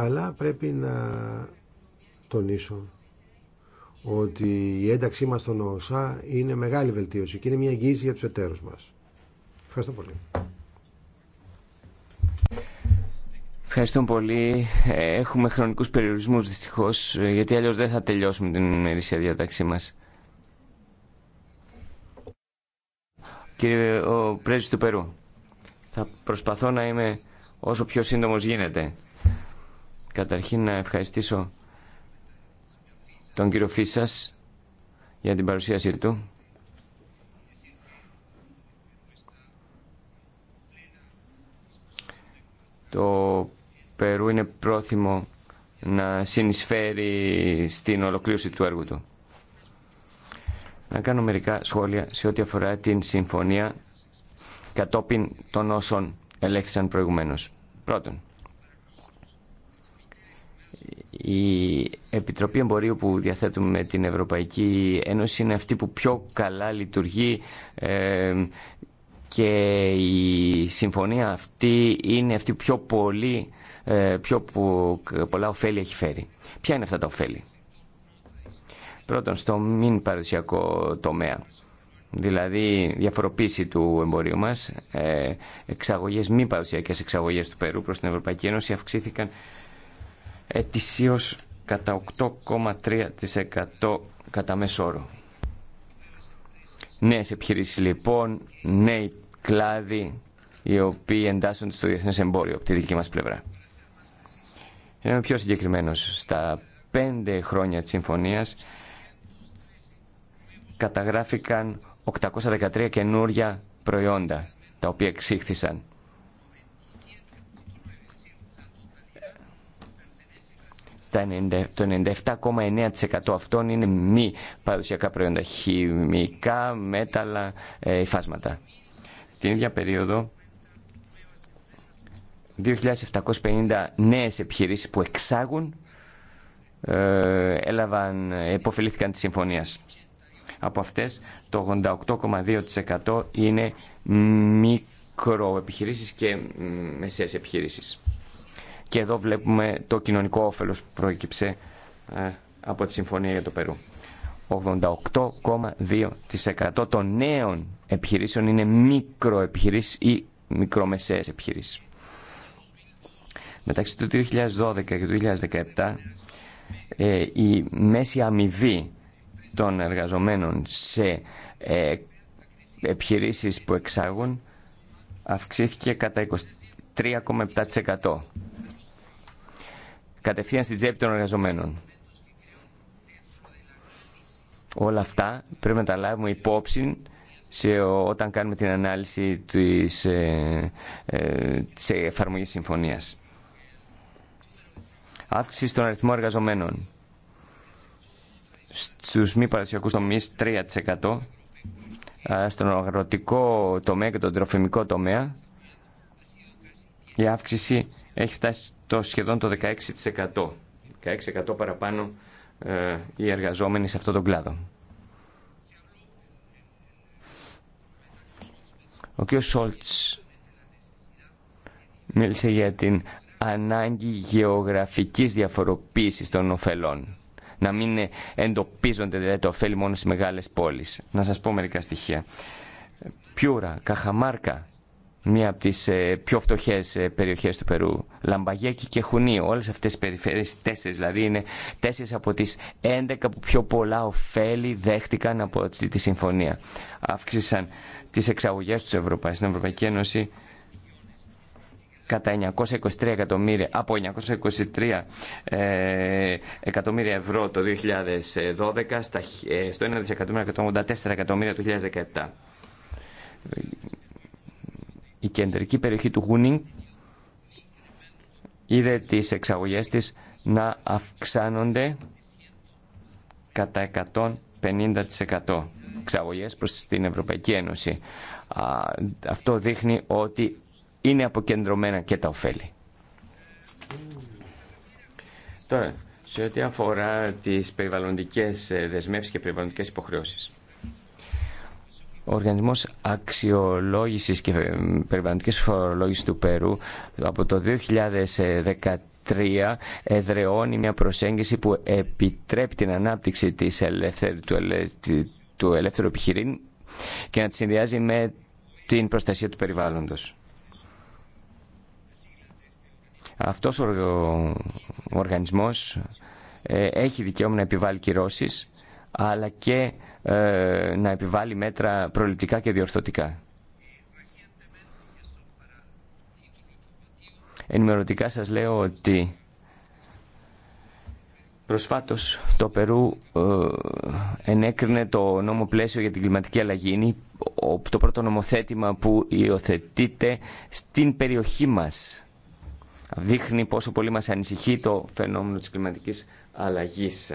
αλλά πρέπει να τονίσω ότι η ένταξή μας στον ΟΣΑ είναι μεγάλη βελτίωση και είναι μια εγγύηση για τους εταίρους μας. Ευχαριστώ πολύ. Ευχαριστώ πολύ. Έχουμε χρονικούς περιορισμούς δυστυχώς, γιατί αλλιώς δεν θα τελειώσουμε την ημερήσια διάταξή μας. Κύριε ο πρέσβης του Περού, θα προσπαθώ να είμαι όσο πιο σύντομος γίνεται. Καταρχήν να ευχαριστήσω τον κύριο Φίσας για την παρουσίασή του. Το Περού είναι πρόθυμο να συνεισφέρει στην ολοκλήρωση του έργου του. Να κάνω μερικά σχόλια σε ό,τι αφορά την συμφωνία κατόπιν των όσων ελέγχθησαν προηγουμένως. Πρώτον, η Επιτροπή Εμπορίου που διαθέτουμε με την Ευρωπαϊκή Ένωση είναι αυτή που πιο καλά λειτουργεί ε, και η συμφωνία αυτή είναι αυτή που πιο, πολύ, ε, πιο πολλά ωφέλη έχει φέρει. Ποια είναι αυτά τα ωφέλη. Πρώτον, στο μην παραδοσιακό τομέα, δηλαδή διαφοροποίηση του εμπορίου μας, ε, εξαγωγές μη παραδοσιακές εξαγωγές του Περού προς την Ευρωπαϊκή Ένωση αυξήθηκαν ετησίως κατά 8,3% κατά μέσο όρο. Νέες επιχειρήσεις λοιπόν, νέοι κλάδοι οι οποίοι εντάσσονται στο διεθνές εμπόριο από τη δική μας πλευρά. Είμαι πιο συγκεκριμένος. Στα πέντε χρόνια της συμφωνίας καταγράφηκαν 813 καινούρια προϊόντα τα οποία εξήχθησαν το 97,9% αυτών είναι μη παραδοσιακά προϊόντα, χημικά, μέταλλα, ε, υφάσματα. Την ίδια περίοδο 2.750 νέες επιχειρήσεις που εξάγουν ε, έλαβαν, υποφελήθηκαν τη συμφωνία. Από αυτές το 88,2% είναι μικροεπιχειρήσεις και μεσαίες επιχειρήσεις. Και εδώ βλέπουμε το κοινωνικό όφελος που προέκυψε ε, από τη Συμφωνία για το Περού. 88,2% των νέων επιχειρήσεων είναι μικροεπιχειρήσεις ή μικρομεσαίες επιχειρήσεις. Μεταξύ του 2012 και του 2017 ε, η μέση αμοιβή των εργαζομένων σε ε, επιχειρήσεις που εξάγουν αυξήθηκε κατά 23,7% κατευθείαν στην τσέπη των εργαζομένων. Όλα αυτά πρέπει να τα λάβουμε υπόψη σε, όταν κάνουμε την ανάλυση της, ε, ε, εφαρμογής συμφωνίας. Αύξηση στον αριθμό εργαζομένων. Στους μη παραδοσιακούς τομείς 3%. Στον αγροτικό τομέα και τον τροφιμικό τομέα η αύξηση έχει φτάσει το σχεδόν το 16%. 16% παραπάνω ε, οι εργαζόμενοι σε αυτόν τον κλάδο. Ο κ. Σόλτς μίλησε για την ανάγκη γεωγραφικής διαφοροποίησης των ωφελών. Να μην εντοπίζονται δηλαδή, τα ωφέλη μόνο στις μεγάλες πόλεις. Να σας πω μερικά στοιχεία. Πιούρα, Καχαμάρκα, μία από τις ε, πιο φτωχές ε, περιοχές του Περού. Λαμπαγέκη και Χουνί, όλες αυτές οι περιφέρειες, τέσσερις δηλαδή, είναι τέσσερις από τις 11 που πιο πολλά ωφέλη δέχτηκαν από τη συμφωνία. Αύξησαν τις εξαγωγές τους Ευρωπαϊκή, στην Ευρωπαϊκή Ένωση κατά 923 εκατομμύρια, από 923 ε, εκατομμύρια ευρώ το 2012 στα, στο 1 184 εκατομμύρια το 2017 η κεντρική περιοχή του Χούνινγκ είδε τις εξαγωγές της να αυξάνονται κατά 150% εξαγωγές προς την Ευρωπαϊκή Ένωση. Αυτό δείχνει ότι είναι αποκεντρωμένα και τα ωφέλη. Τώρα, σε ό,τι αφορά τις περιβαλλοντικές ε, δεσμεύσεις και περιβαλλοντικές υποχρεώσεις. Ο Οργανισμό Αξιολόγησης και ε, περιβαλλοντική Φορολόγηση του Περού από το 2013 εδρεώνει μια προσέγγιση που επιτρέπει την ανάπτυξη της του, ελεύθερου επιχειρήν και να τη συνδυάζει με την προστασία του περιβάλλοντος. Αυτός ο οργανισμός ε, έχει δικαίωμα να επιβάλλει κυρώσεις, αλλά και ε, να επιβάλλει μέτρα προληπτικά και διορθωτικά. Ενημερωτικά σας λέω ότι προσφάτως το Περού ε, ενέκρινε το νόμο πλαίσιο για την κλιματική αλλαγή. Είναι το πρώτο νομοθέτημα που υιοθετείται στην περιοχή μας. Δείχνει πόσο πολύ μας ανησυχεί το φαινόμενο της κλιματικής αλλαγής.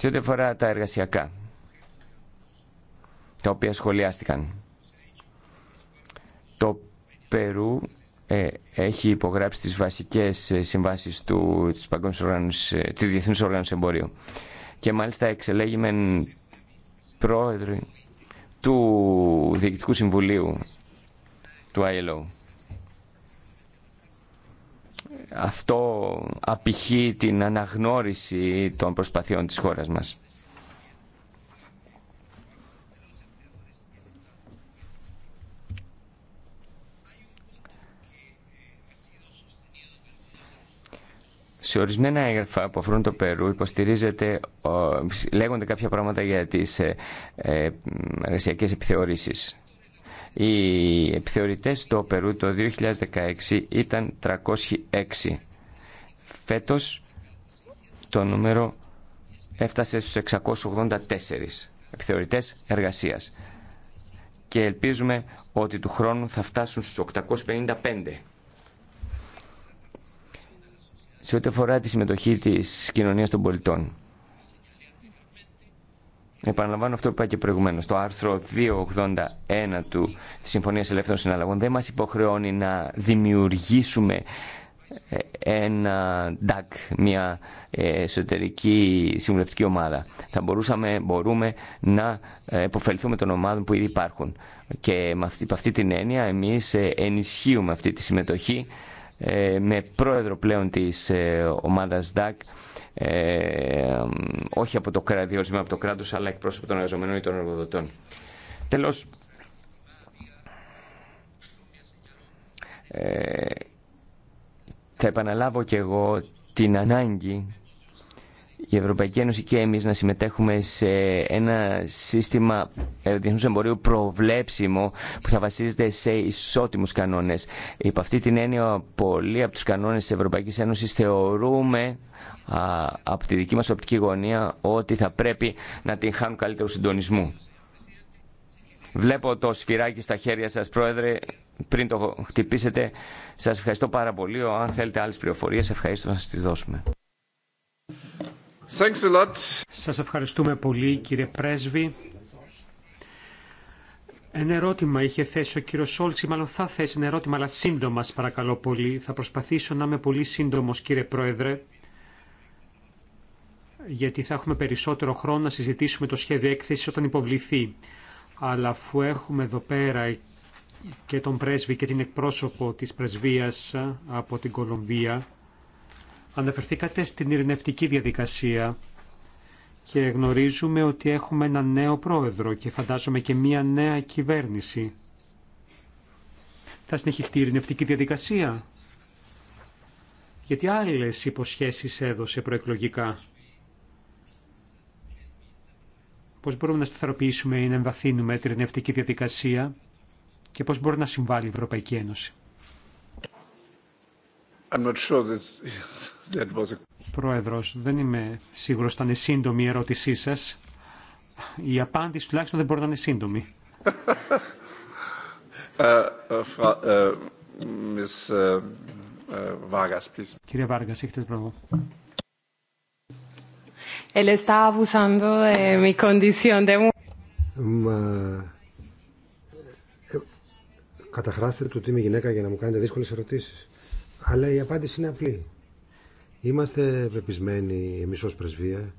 Σε ό,τι αφορά τα εργασιακά, τα οποία σχολιάστηκαν. Το Περού ε, έχει υπογράψει τις βασικές ε, συμβάσεις του, της, ε, Διεθνούς Εμπορίου. Και μάλιστα εξελέγημεν πρόεδρο του Διοικητικού Συμβουλίου του ILO αυτό απηχεί την αναγνώριση των προσπαθειών της χώρας μας. σε ορισμένα έγγραφα που αφορούν το Περού υποστηρίζεται, λέγονται κάποια πράγματα για τις ε, ε, επιθεωρήσεις. Οι επιθεωρητές στο Περού το 2016 ήταν 306. Φέτος το νούμερο έφτασε στους 684 επιθεωρητές εργασίας. Και ελπίζουμε ότι του χρόνου θα φτάσουν στους 855. Σε ό,τι αφορά τη συμμετοχή της κοινωνίας των πολιτών. Επαναλαμβάνω αυτό που είπα και προηγουμένω. Το άρθρο 281 του Συμφωνία Ελεύθερων Συναλλαγών δεν μα υποχρεώνει να δημιουργήσουμε ε, ένα DAC, μια ε, εσωτερική συμβουλευτική ομάδα. Θα μπορούσαμε, μπορούμε να ε, επωφεληθούμε των ομάδων που ήδη υπάρχουν. Και με αυτή, αυτή την έννοια εμείς ενισχύουμε αυτή τη συμμετοχή με πρόεδρο πλέον της ομάδας DAC ε, όχι από το κράτος, από το κράτος, αλλά εκπρόσωπο των εργαζομένων ή των εργοδοτών. Τέλος, ε, θα επαναλάβω και εγώ την ανάγκη η Ευρωπαϊκή Ένωση και εμείς να συμμετέχουμε σε ένα σύστημα ε, διεθνούς εμπορίου προβλέψιμο που θα βασίζεται σε ισότιμους κανόνες. Υπ' αυτή την έννοια πολλοί από τους κανόνες της Ευρωπαϊκής Ένωσης θεωρούμε α, από τη δική μας οπτική γωνία ότι θα πρέπει να την χάνουν καλύτερου συντονισμού. Βλέπω το σφυράκι στα χέρια σας, Πρόεδρε, πριν το χτυπήσετε. Σας ευχαριστώ πάρα πολύ. Αν θέλετε άλλες πληροφορίες, ευχαριστώ να σας τις δώσουμε. Thanks Σας ευχαριστούμε πολύ κύριε Πρέσβη. Ένα ερώτημα είχε θέσει ο κύριος Σόλτ, μάλλον θα θέσει ένα ερώτημα, αλλά σύντομα, σας παρακαλώ πολύ. Θα προσπαθήσω να είμαι πολύ σύντομο, κύριε Πρόεδρε, γιατί θα έχουμε περισσότερο χρόνο να συζητήσουμε το σχέδιο έκθεσης όταν υποβληθεί. Αλλά αφού έχουμε εδώ πέρα και τον πρέσβη και την εκπρόσωπο της πρεσβείας από την Κολομβία, Αναφερθήκατε στην ειρηνευτική διαδικασία και γνωρίζουμε ότι έχουμε ένα νέο πρόεδρο και φαντάζομαι και μία νέα κυβέρνηση. Θα συνεχιστεί η ειρηνευτική διαδικασία. Γιατί άλλες υποσχέσεις έδωσε προεκλογικά. Πώς μπορούμε να σταθεροποιήσουμε ή να εμβαθύνουμε την ειρηνευτική διαδικασία και πώς μπορεί να συμβάλλει η Ευρωπαϊκή Ένωση. Πρόεδρος, δεν είμαι σίγουρος ήταν σύντομη η ερώτησή σας. Η απάντηση τουλάχιστον δεν μπορεί να είναι σύντομη. [laughs] Ε, ε, ε, Κύριε Βάργα, έχετε το πρόβλημα. Μα... Καταχράστε το ότι είμαι γυναίκα για να μου κάνετε δύσκολες ερωτήσεις. Αλλά η απάντηση είναι απλή. Είμαστε πεπισμένοι εμείς ως πρεσβεία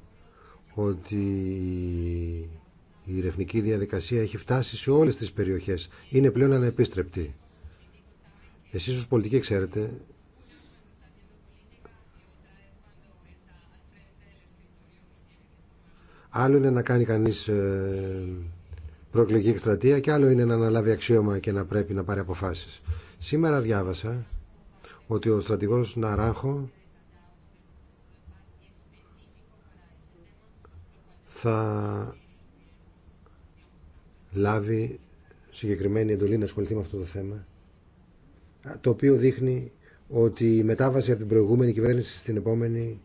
ότι η ρευνική διαδικασία έχει φτάσει σε όλες τις περιοχές. Είναι πλέον ανεπίστρεπτη. Εσείς ως πολιτικοί ξέρετε Άλλο είναι να κάνει κανείς ε, προεκλογική εκστρατεία και άλλο είναι να αναλάβει αξίωμα και να πρέπει να πάρει αποφάσεις. Σήμερα διάβασα ότι ο στρατηγός Ναράχο θα λάβει συγκεκριμένη εντολή να ασχοληθεί με αυτό το θέμα το οποίο δείχνει ότι η μετάβαση από την προηγούμενη κυβέρνηση στην επόμενη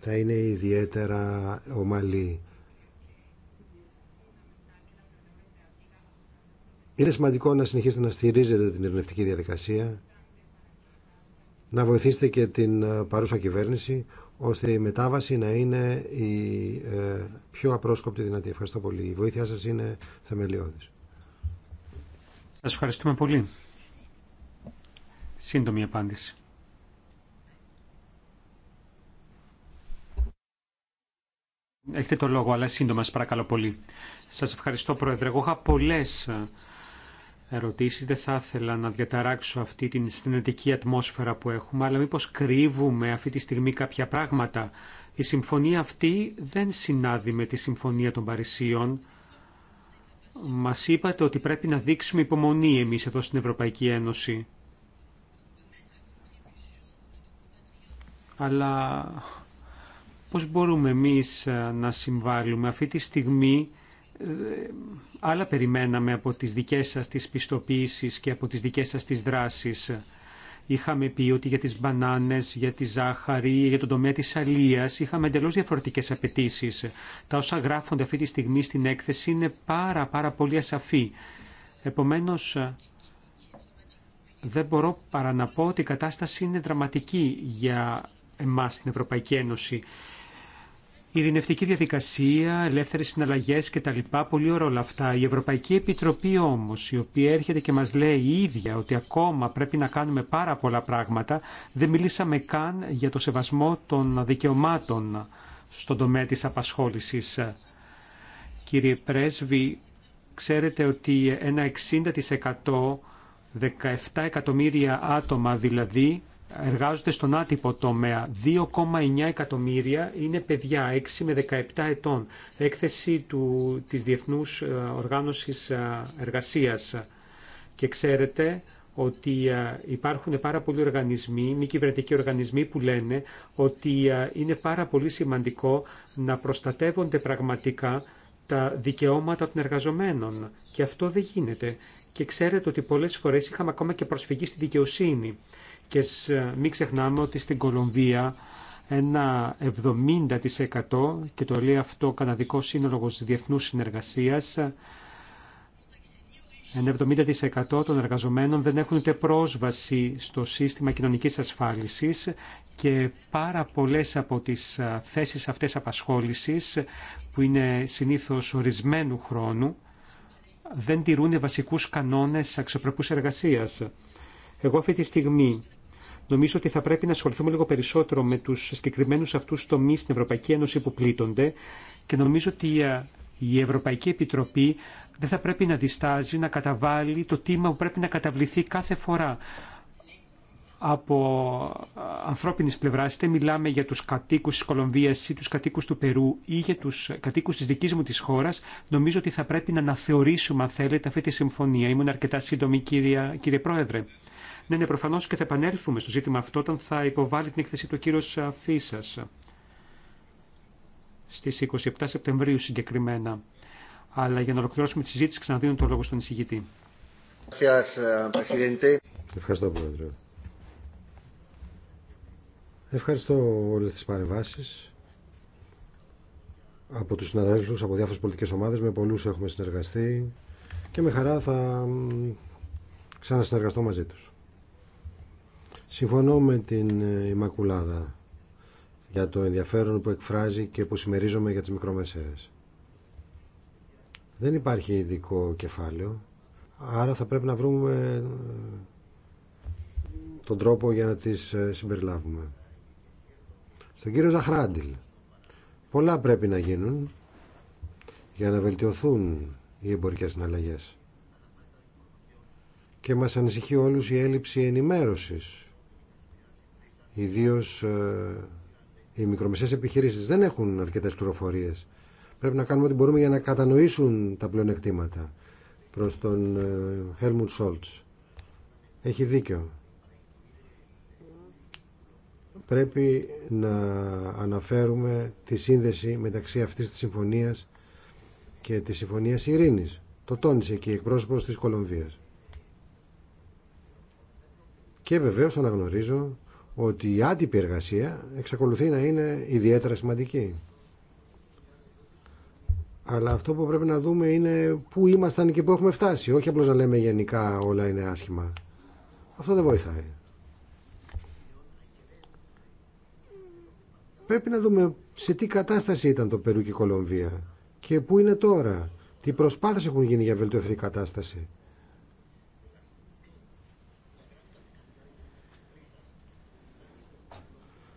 θα είναι ιδιαίτερα ομαλή. Είναι σημαντικό να συνεχίσετε να στηρίζετε την ειρηνευτική διαδικασία να βοηθήσετε και την ε, παρούσα κυβέρνηση ώστε η μετάβαση να είναι η ε, πιο απρόσκοπτη δυνατή. Ευχαριστώ πολύ. Η βοήθειά σας είναι θεμελιώδης. Σας ευχαριστούμε πολύ. Σύντομη απάντηση. Έχετε το λόγο, αλλά σύντομα, σας παρακαλώ πολύ. Σας ευχαριστώ, Πρόεδρε. Εγώ είχα πολλές ε, ερωτήσεις. Δεν θα ήθελα να διαταράξω αυτή την συνετική ατμόσφαιρα που έχουμε, αλλά μήπως κρύβουμε αυτή τη στιγμή κάποια πράγματα. Η συμφωνία αυτή δεν συνάδει με τη Συμφωνία των Παρισίων. Μας είπατε ότι πρέπει να δείξουμε υπομονή εμείς εδώ στην Ευρωπαϊκή Ένωση. Αλλά πώς μπορούμε εμείς ε, να συμβάλλουμε αυτή τη στιγμή ε, άλλα περιμέναμε από τις δικές σας τις πιστοποίησεις και από τις δικές σας τις δράσεις. Είχαμε πει ότι για τις μπανάνες, για τη ζάχαρη, για τον τομέα της αλίας είχαμε εντελώ διαφορετικές απαιτήσει. Τα όσα γράφονται αυτή τη στιγμή στην έκθεση είναι πάρα πάρα πολύ ασαφή. Επομένως, δεν μπορώ παρά να πω ότι η κατάσταση είναι δραματική για εμάς στην Ευρωπαϊκή Ένωση. Η ειρηνευτική διαδικασία, ελεύθερε συναλλαγές κτλ. Πολύ ωραία όλα αυτά. Η Ευρωπαϊκή Επιτροπή όμως, η οποία έρχεται και μας λέει η ίδια ότι ακόμα πρέπει να κάνουμε πάρα πολλά πράγματα, δεν μιλήσαμε καν για το σεβασμό των δικαιωμάτων στον τομέα της απασχόλησης. Κύριε Πρέσβη, ξέρετε ότι ένα 60% 17 εκατομμύρια άτομα δηλαδή εργάζονται στον άτυπο τομέα. 2,9 εκατομμύρια είναι παιδιά 6 με 17 ετών. Έκθεση του, της Διεθνούς ε, Οργάνωσης ε, Εργασίας. Και ξέρετε ότι ε, υπάρχουν πάρα πολλοί οργανισμοί, μη κυβερνητικοί οργανισμοί που λένε ότι είναι πάρα πολύ σημαντικό να προστατεύονται πραγματικά τα δικαιώματα των εργαζομένων. Και αυτό δεν γίνεται. Και ξέρετε ότι πολλές φορές είχαμε ακόμα και προσφυγή στη δικαιοσύνη και ε, μην ξεχνάμε ότι στην Κολομβία ένα 70% και το λέει αυτό ο Καναδικός Σύνολος Διεθνούς Συνεργασίας ένα 70% των εργαζομένων δεν έχουν ούτε πρόσβαση στο σύστημα κοινωνικής ασφάλισης και πάρα πολλές από τις ε, θέσεις αυτές απασχόλησης που είναι συνήθως ορισμένου χρόνου δεν τηρούν βασικούς κανόνες αξιοπρεπούς εργασίας. Εγώ αυτή τη στιγμή νομίζω ότι θα πρέπει να ασχοληθούμε λίγο περισσότερο με τους συγκεκριμένου αυτού τομεί στην Ευρωπαϊκή Ένωση που πλήττονται και νομίζω ότι ε, η Ευρωπαϊκή Επιτροπή δεν θα πρέπει να διστάζει να καταβάλει το τίμα που πρέπει να καταβληθεί κάθε φορά. Από ε, ανθρώπινης πλευράς, είτε μιλάμε για τους κατοίκους της Κολομβίας ή τους κατοίκους του Περού ή για τους κατοίκους της δικής μου της χώρας, νομίζω ότι θα πρέπει να αναθεωρήσουμε, αν θέλετε, αυτή τη συμφωνία. Ήμουν αρκετά σύντομη, κύριε, κύριε Πρόεδρε. Ναι, ναι, προφανώς και θα επανέλθουμε στο ζήτημα αυτό όταν θα υποβάλει την έκθεση του κύριο Φίσας στι 27 Σεπτεμβρίου συγκεκριμένα. Αλλά για να ολοκληρώσουμε τη συζήτηση ξαναδίνω το λόγο στον εισηγητή. Ε, ευχαριστώ, Πρόεδρε. Ευχαριστώ όλε τι παρεμβάσει από του συναδέλφους, από διάφορε πολιτικέ ομάδε Με πολλού έχουμε συνεργαστεί και με χαρά θα ξανασυνεργαστώ μαζί τους. Συμφωνώ με την Ιμακουλάδα ε, για το ενδιαφέρον που εκφράζει και που συμμερίζομαι για τις μικρομεσαίες. Δεν υπάρχει ειδικό κεφάλαιο, άρα θα πρέπει να βρούμε ε, τον τρόπο για να τις ε, συμπεριλάβουμε. Στον κύριο Ζαχράντιλ, πολλά πρέπει να γίνουν για να βελτιωθούν οι εμπορικές συναλλαγές. Και μας ανησυχεί όλους η έλλειψη ενημέρωσης Ιδίως ε, οι μικρομεσαίες επιχειρήσεις δεν έχουν αρκετές πληροφορίε Πρέπει να κάνουμε ό,τι μπορούμε για να κατανοήσουν τα πλεονεκτήματα προς τον ε, Helmut Scholz. Έχει δίκιο. Πρέπει να αναφέρουμε τη σύνδεση μεταξύ αυτής της συμφωνίας και της συμφωνίας ειρήνης. Το τόνισε και η εκπρόσωπος της Κολομβίας. Και βεβαίως αναγνωρίζω ότι η άτυπη εργασία εξακολουθεί να είναι ιδιαίτερα σημαντική. Αλλά αυτό που πρέπει να δούμε είναι πού ήμασταν και πού έχουμε φτάσει. Όχι απλώς να λέμε γενικά όλα είναι άσχημα. Αυτό δεν βοηθάει. Πρέπει να δούμε σε τι κατάσταση ήταν το Περού και η Κολομβία και πού είναι τώρα. Τι προσπάθειες έχουν γίνει για βελτιωθεί η κατάσταση.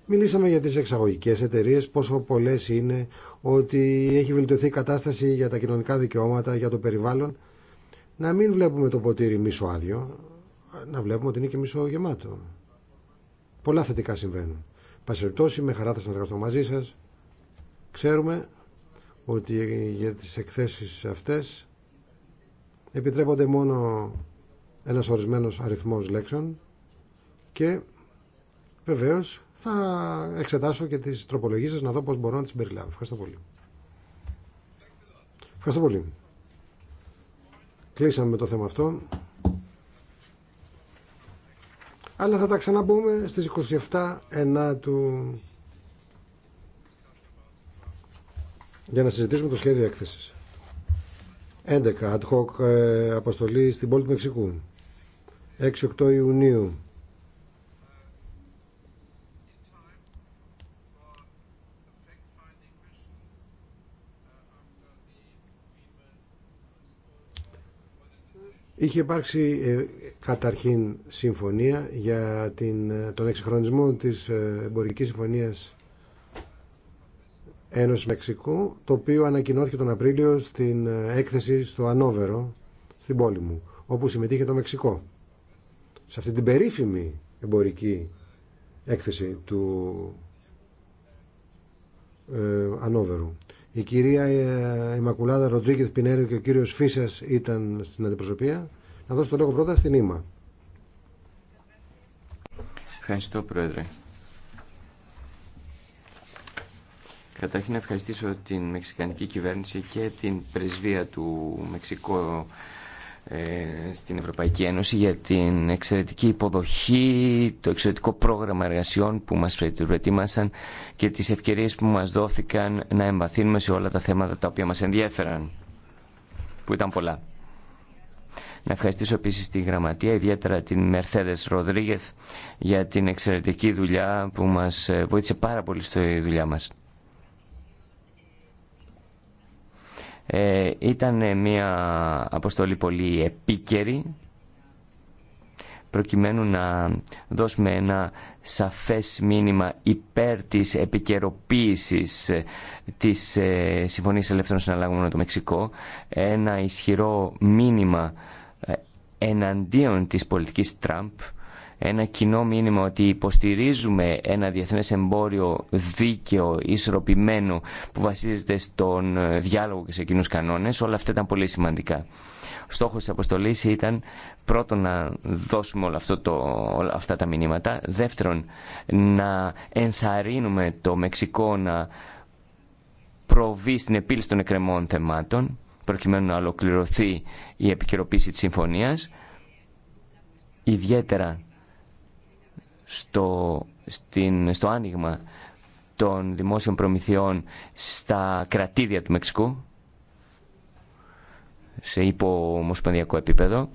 Μιλήσαμε για τις εξαγωγικές εταιρείες, πόσο πολλές είναι, ότι έχει βελτιωθεί η κατάσταση για τα κοινωνικά δικαιώματα, για το περιβάλλον. Να μην βλέπουμε το ποτήρι μισοάδιο, να βλέπουμε ότι είναι και μισογεμάτο. Πολλά θετικά συμβαίνουν. Πασερτώσει, με χαρά θα συνεργαστώ μαζί σας. Ξέρουμε ότι για τις εκθέσεις αυτές επιτρέπονται μόνο ένας ορισμένος αριθμός λέξεων και βεβαίως θα εξετάσω και τις τροπολογίες σας να δω πώς μπορώ να τις περιλάβω. Ευχαριστώ πολύ. Ευχαριστώ πολύ. Κλείσαμε με το θέμα αυτό. Αλλά θα τα ξαναπούμε στις 27 Ενάτου για να συζητήσουμε το σχέδιο έκθεσης. 11. Ad hoc ε, αποστολή στην πόλη του Μεξικού. 6-8 Ιουνίου. Είχε υπάρξει ε, καταρχήν συμφωνία για την, ε, τον εξυγχρονισμό της ε, εμπορικής συμφωνίας Ένωση Μεξικού, το οποίο ανακοινώθηκε τον Απρίλιο στην έκθεση στο Ανόβερο, στην πόλη μου, όπου συμμετείχε το Μεξικό. Σε αυτή την περίφημη εμπορική έκθεση του Ανόβερου. Η κυρία η ε, Μακουλάδα Ροντρίγκεθ Πινέριο και ο κύριος Φίσας ήταν στην αντιπροσωπεία. Να δώσω το λόγο πρώτα στην Ήμα. Ευχαριστώ Πρόεδρε. Καταρχήν να ευχαριστήσω την Μεξικανική κυβέρνηση και την πρεσβεία του Μεξικού. Ε, στην Ευρωπαϊκή Ένωση για την εξαιρετική υποδοχή, το εξαιρετικό πρόγραμμα εργασιών που μας προετοίμασαν και τις ευκαιρίες που μας δόθηκαν να εμβαθύνουμε σε όλα τα θέματα τα οποία μας ενδιέφεραν, που ήταν πολλά. Να ευχαριστήσω επίσης τη Γραμματεία, ιδιαίτερα την Μερθέδες Ροδρίγεθ για την εξαιρετική δουλειά που μας ε, βοήθησε πάρα πολύ στη δουλειά μας. Ε, ήταν μια αποστολή πολύ επίκαιρη προκειμένου να δώσουμε ένα σαφές μήνυμα υπέρ της επικαιροποίησης της ε, Συμφωνίας Ελεύθερων Συναλλαγών με το Μεξικό, ένα ισχυρό μήνυμα ε, εναντίον της πολιτικής Τραμπ, ένα κοινό μήνυμα ότι υποστηρίζουμε ένα διεθνές εμπόριο δίκαιο, ισορροπημένο που βασίζεται στον ε, διάλογο και σε κοινούς κανόνες. Όλα αυτά ήταν πολύ σημαντικά. Ο στόχος της αποστολής ήταν πρώτον να δώσουμε όλα, αυτά τα μηνύματα. Δεύτερον, να ενθαρρύνουμε το Μεξικό να προβεί στην επίλυση των εκκρεμών θεμάτων προκειμένου να ολοκληρωθεί η επικαιροποίηση της συμφωνίας ιδιαίτερα στο, στην, στο άνοιγμα των δημόσιων προμηθειών στα κρατήδια του Μεξικού σε υπο επίπεδο.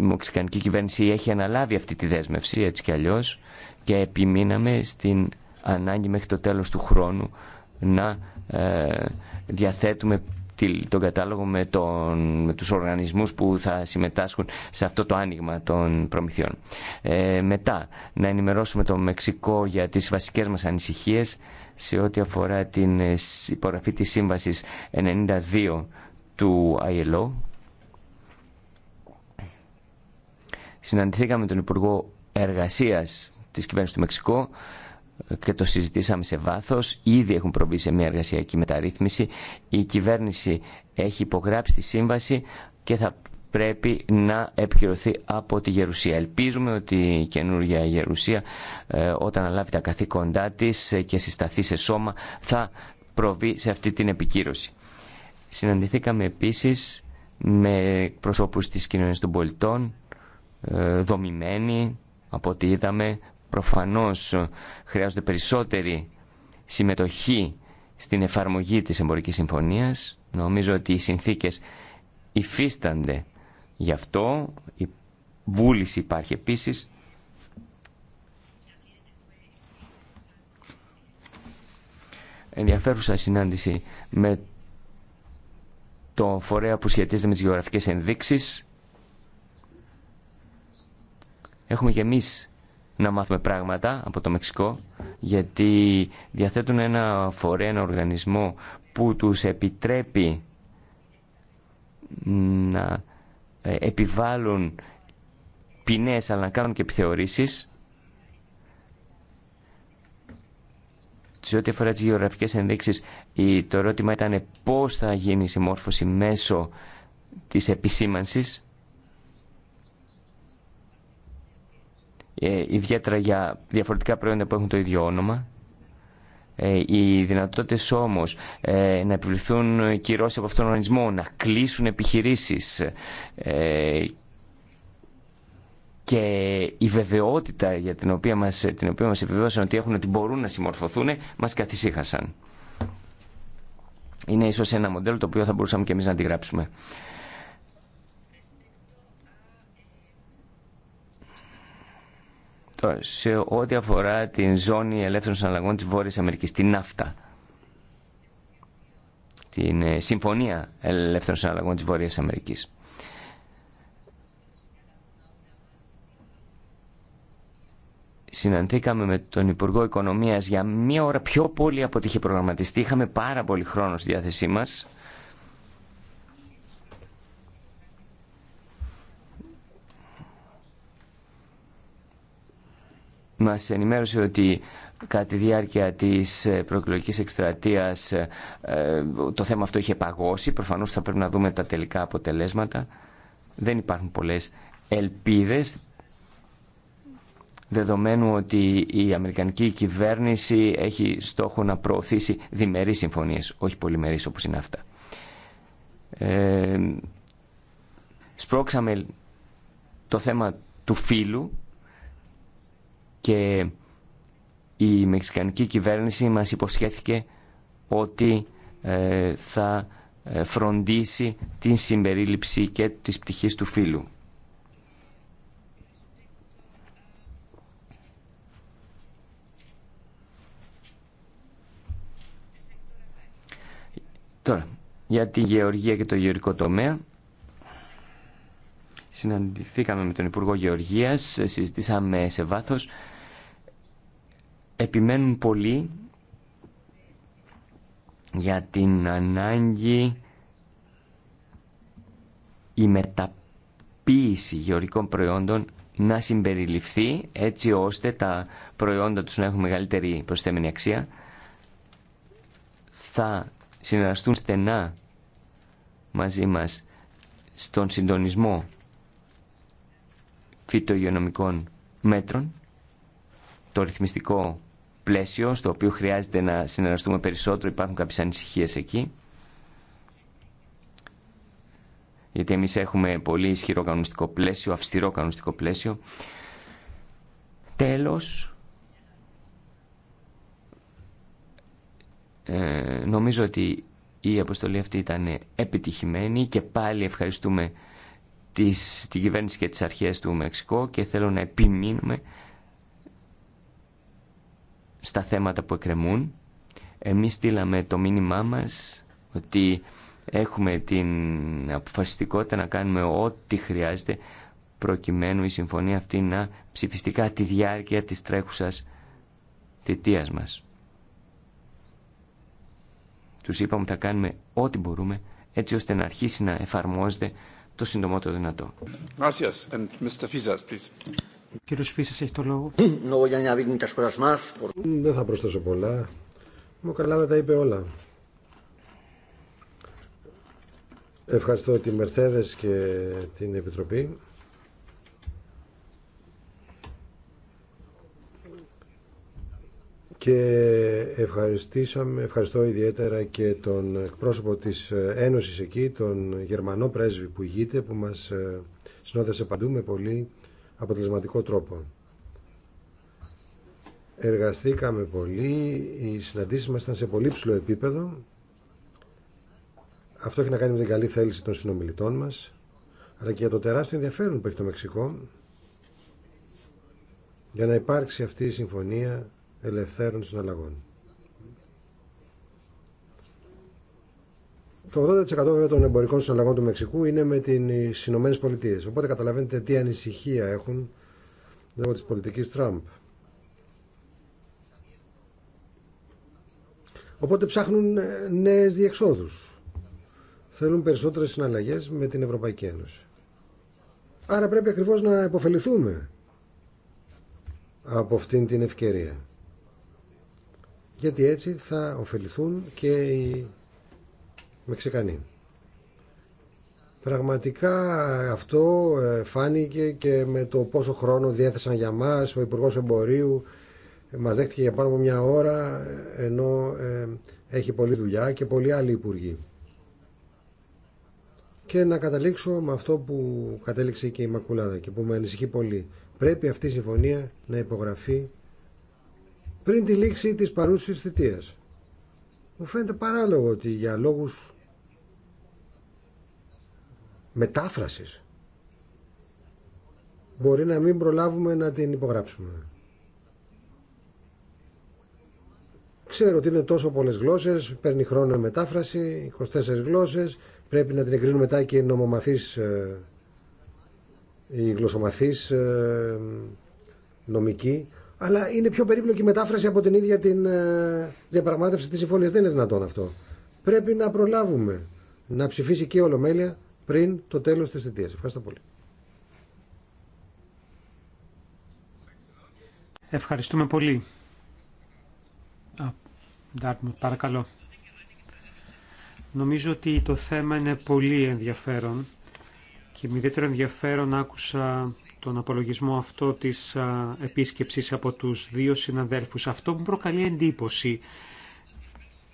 Η μοξικανική κυβέρνηση έχει αναλάβει αυτή τη δέσμευση έτσι και αλλιώς και επιμείναμε στην ανάγκη μέχρι το τέλος του χρόνου να ε, διαθέτουμε τον κατάλογο με, τον, με τους οργανισμούς που θα συμμετάσχουν σε αυτό το άνοιγμα των προμηθειών. Ε, μετά, να ενημερώσουμε το Μεξικό για τις βασικές μας ανησυχίες σε ό,τι αφορά την ε, υπογραφή της Σύμβασης 92 του ILO. Συναντηθήκαμε τον Υπουργό Εργασίας της Κυβέρνησης του Μεξικού και το συζητήσαμε σε βάθος. Ήδη έχουν προβεί σε μια εργασιακή μεταρρύθμιση. Η κυβέρνηση έχει υπογράψει τη σύμβαση και θα πρέπει να επικυρωθεί από τη Γερουσία. Ελπίζουμε ότι η καινούργια Γερουσία ε, όταν αλάβει τα καθήκοντά της και συσταθεί σε σώμα θα προβεί σε αυτή την επικύρωση. Συναντηθήκαμε επίσης με προσώπους της κοινωνίας των πολιτών, ε, δομημένοι από ό,τι είδαμε, Προφανώς ε, χρειάζονται περισσότερη συμμετοχή στην εφαρμογή της εμπορικής συμφωνίας. Νομίζω ότι οι συνθήκες υφίστανται γι' αυτό. Η βούληση υπάρχει επίσης. Ενδιαφέρουσα συνάντηση με το φορέα που σχετίζεται με τις γεωγραφικές ενδείξεις. Έχουμε και εμείς να μάθουμε πράγματα από το Μεξικό, γιατί διαθέτουν ένα φορέα, ένα οργανισμό που τους επιτρέπει να ε, επιβάλλουν ποινές αλλά να κάνουν και επιθεωρήσεις σε ό,τι αφορά τις γεωγραφικές ενδείξεις το ερώτημα ήταν πώς θα γίνει η συμμόρφωση μέσω της επισήμανσης ε, ιδιαίτερα για διαφορετικά προϊόντα που έχουν το ίδιο όνομα. Ε, οι δυνατότητε όμω ε, να επιβληθούν κυρώσει από αυτόν τον οργανισμό, να κλείσουν επιχειρήσεις ε, και η βεβαιότητα για την οποία μας, την οποία μας επιβεβαίωσαν ότι έχουν ότι μπορούν να συμμορφωθούν μας καθησύχασαν. Είναι ίσως ένα μοντέλο το οποίο θα μπορούσαμε και εμείς να αντιγράψουμε. σε ό,τι αφορά την ζώνη ελεύθερων συναλλαγών της Βόρειας Αμερικής, την ΝΑΦΤΑ, την ε, Συμφωνία Ελεύθερων Συναλλαγών της Βόρειας Αμερικής. Συναντήκαμε με τον Υπουργό Οικονομίας για μία ώρα πιο πολύ από ό,τι είχε προγραμματιστεί. Είχαμε πάρα πολύ χρόνο στη διάθεσή μας μας ενημέρωσε ότι κατά τη διάρκεια της ε, προεκλογικής εκστρατείας ε, το θέμα αυτό είχε παγώσει. Προφανώς θα πρέπει να δούμε τα τελικά αποτελέσματα. Δεν υπάρχουν πολλές ελπίδες δεδομένου ότι η Αμερικανική κυβέρνηση έχει στόχο να προωθήσει διμερείς συμφωνίες, όχι πολυμερείς όπως είναι αυτά. Ε, σπρώξαμε το θέμα του φύλου και η μεξικανική κυβέρνηση μας υποσχέθηκε ότι ε, θα ε, φροντίσει την συμπερίληψη και της πτυχής του φύλου. Τώρα, για τη γεωργία και το γεωργικό τομέα. Συναντηθήκαμε με τον Υπουργό Γεωργίας, συζητήσαμε σε βάθος επιμένουν πολύ για την ανάγκη η μεταποίηση γεωρικών προϊόντων να συμπεριληφθεί έτσι ώστε τα προϊόντα τους να έχουν μεγαλύτερη προσθέμενη αξία θα συνεργαστούν στενά μαζί μας στον συντονισμό φυτογειονομικών μέτρων το ρυθμιστικό πλαίσιο στο οποίο χρειάζεται να συνεργαστούμε περισσότερο. Υπάρχουν κάποιες ανησυχίες εκεί. Γιατί εμείς έχουμε πολύ ισχυρό κανονιστικό πλαίσιο, αυστηρό κανονιστικό πλαίσιο. Τέλος, ε, νομίζω ότι η αποστολή αυτή ήταν επιτυχημένη και πάλι ευχαριστούμε τις, την κυβέρνηση και τις αρχές του Μεξικό και θέλω να επιμείνουμε στα θέματα που εκκρεμούν. Εμείς στείλαμε το μήνυμά μας ότι έχουμε την αποφασιστικότητα να κάνουμε ό,τι χρειάζεται προκειμένου η συμφωνία αυτή να ψηφιστικά τη διάρκεια της τρέχουσας θητείας μας. Τους είπαμε ότι θα κάνουμε ό,τι μπορούμε έτσι ώστε να αρχίσει να εφαρμόζεται το συντομότερο δυνατό. Gracias. Mr. Ο κύριος Φύσης έχει το λόγο. Δεν θα προσθέσω πολλά. Μου καλά να τα είπε όλα. Ευχαριστώ τη Μερθέδες και την Επιτροπή. Και ευχαριστήσαμε, ευχαριστώ ιδιαίτερα και τον εκπρόσωπο της Ένωσης εκεί, τον Γερμανό πρέσβη που ηγείται, που μας ε, συνόδεσε παντού με πολύ αποτελεσματικό τρόπο. Εργαστήκαμε πολύ, οι συναντήσεις μας ήταν σε πολύ ψηλό επίπεδο. Αυτό έχει να κάνει με την καλή θέληση των συνομιλητών μας, αλλά και για το τεράστιο ενδιαφέρον που έχει το Μεξικό για να υπάρξει αυτή η συμφωνία ελευθέρων συναλλαγών. Το 80% βέβαια των εμπορικών συναλλαγών του Μεξικού είναι με τι Ηνωμένε Πολιτείε. Οπότε καταλαβαίνετε τι ανησυχία έχουν λόγω τη πολιτική Τραμπ. Οπότε ψάχνουν ε, νέες διεξόδους. Θέλουν περισσότερες συναλλαγές με την Ευρωπαϊκή Ένωση. Άρα πρέπει ακριβώ να υποφεληθούμε από αυτήν την ευκαιρία. Γιατί έτσι θα ωφεληθούν και οι Μεξικανοί. Πραγματικά αυτό ε, φάνηκε και με το πόσο χρόνο διέθεσαν για μας, ο Υπουργός Εμπορίου μας δέχτηκε για πάνω από μια ώρα ε, ενώ ε, έχει πολλή δουλειά και πολλοί άλλοι υπουργοί. Και να καταλήξω με αυτό που κατέληξε και η Μακουλάδα και που με ανησυχεί πολύ. Πρέπει αυτή η συμφωνία να υπογραφεί πριν τη λήξη της παρούσης θητείας. Μου φαίνεται παράλογο ότι για λόγους μετάφρασης μπορεί να μην προλάβουμε να την υπογράψουμε. Ξέρω ότι είναι τόσο πολλές γλώσσες, παίρνει χρόνο η μετάφραση, 24 γλώσσες, πρέπει να την εγκρίνουν μετά και οι νομομαθείς, ε, οι γλωσσομαθείς ε, νομικοί, αλλά είναι πιο περίπλοκη η μετάφραση από την ίδια την ε, διαπραγμάτευση της συμφωνίας. Δεν είναι δυνατόν αυτό. Πρέπει να προλάβουμε να ψηφίσει και η Ολομέλεια πριν το τέλος της θητείας. Ευχαριστώ πολύ. Ευχαριστούμε πολύ. παρακαλώ. Νομίζω ότι το θέμα είναι πολύ ενδιαφέρον και με ιδιαίτερο ενδιαφέρον άκουσα τον απολογισμό αυτό της επίσκεψης από τους δύο συναδέλφους. Αυτό που προκαλεί εντύπωση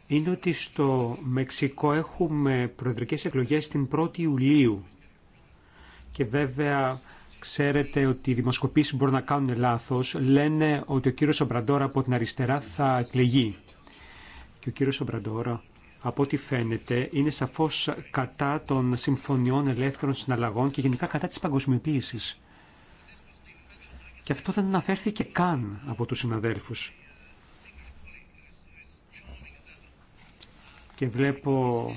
είναι ότι στο Μεξικό έχουμε προεδρικές εκλογές την 1η Ιουλίου. Και βέβαια ξέρετε ότι οι δημοσκοπήσεις μπορούν να κάνουν λάθος. Λένε ότι ο κύριος Σομπραντόρα από την αριστερά θα εκλεγεί. Και ο κύριος Σομπραντόρα, από ό,τι φαίνεται, είναι σαφώς κατά των συμφωνιών ελεύθερων συναλλαγών και γενικά κατά της παγκοσμιοποίησης. Και αυτό δεν αναφέρθηκε καν από τους συναδέλφους. και βλέπω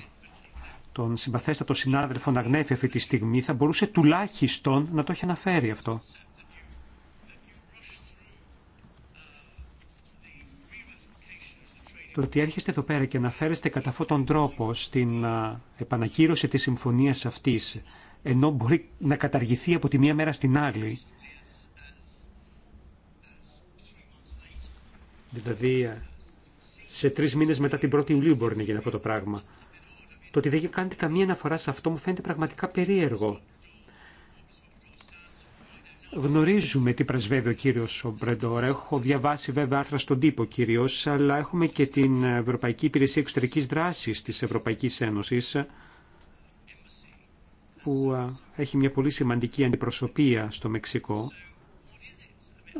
τον συμπαθέστατο συνάδελφο να γνέφει αυτή τη στιγμή, θα μπορούσε τουλάχιστον να το έχει αναφέρει αυτό. Το ότι έρχεστε εδώ πέρα και αναφέρεστε κατά αυτόν τον τρόπο στην επανακύρωση της συμφωνίας αυτής, ενώ μπορεί να καταργηθεί από τη μία μέρα στην άλλη, δηλαδή σε τρει μήνε μετά την 1η Ιουλίου μπορεί να γίνει αυτό το πράγμα. Το ότι δεν κάνετε καμία αναφορά σε αυτό μου φαίνεται πραγματικά περίεργο. Γνωρίζουμε τι πρεσβεύει ο κύριο Μπρεντόρ. Έχω διαβάσει βέβαια άρθρα στον τύπο κυρίω, αλλά έχουμε και την Ευρωπαϊκή Υπηρεσία Εξωτερική Δράση τη Ευρωπαϊκή Ένωση, που έχει μια πολύ σημαντική αντιπροσωπεία στο Μεξικό.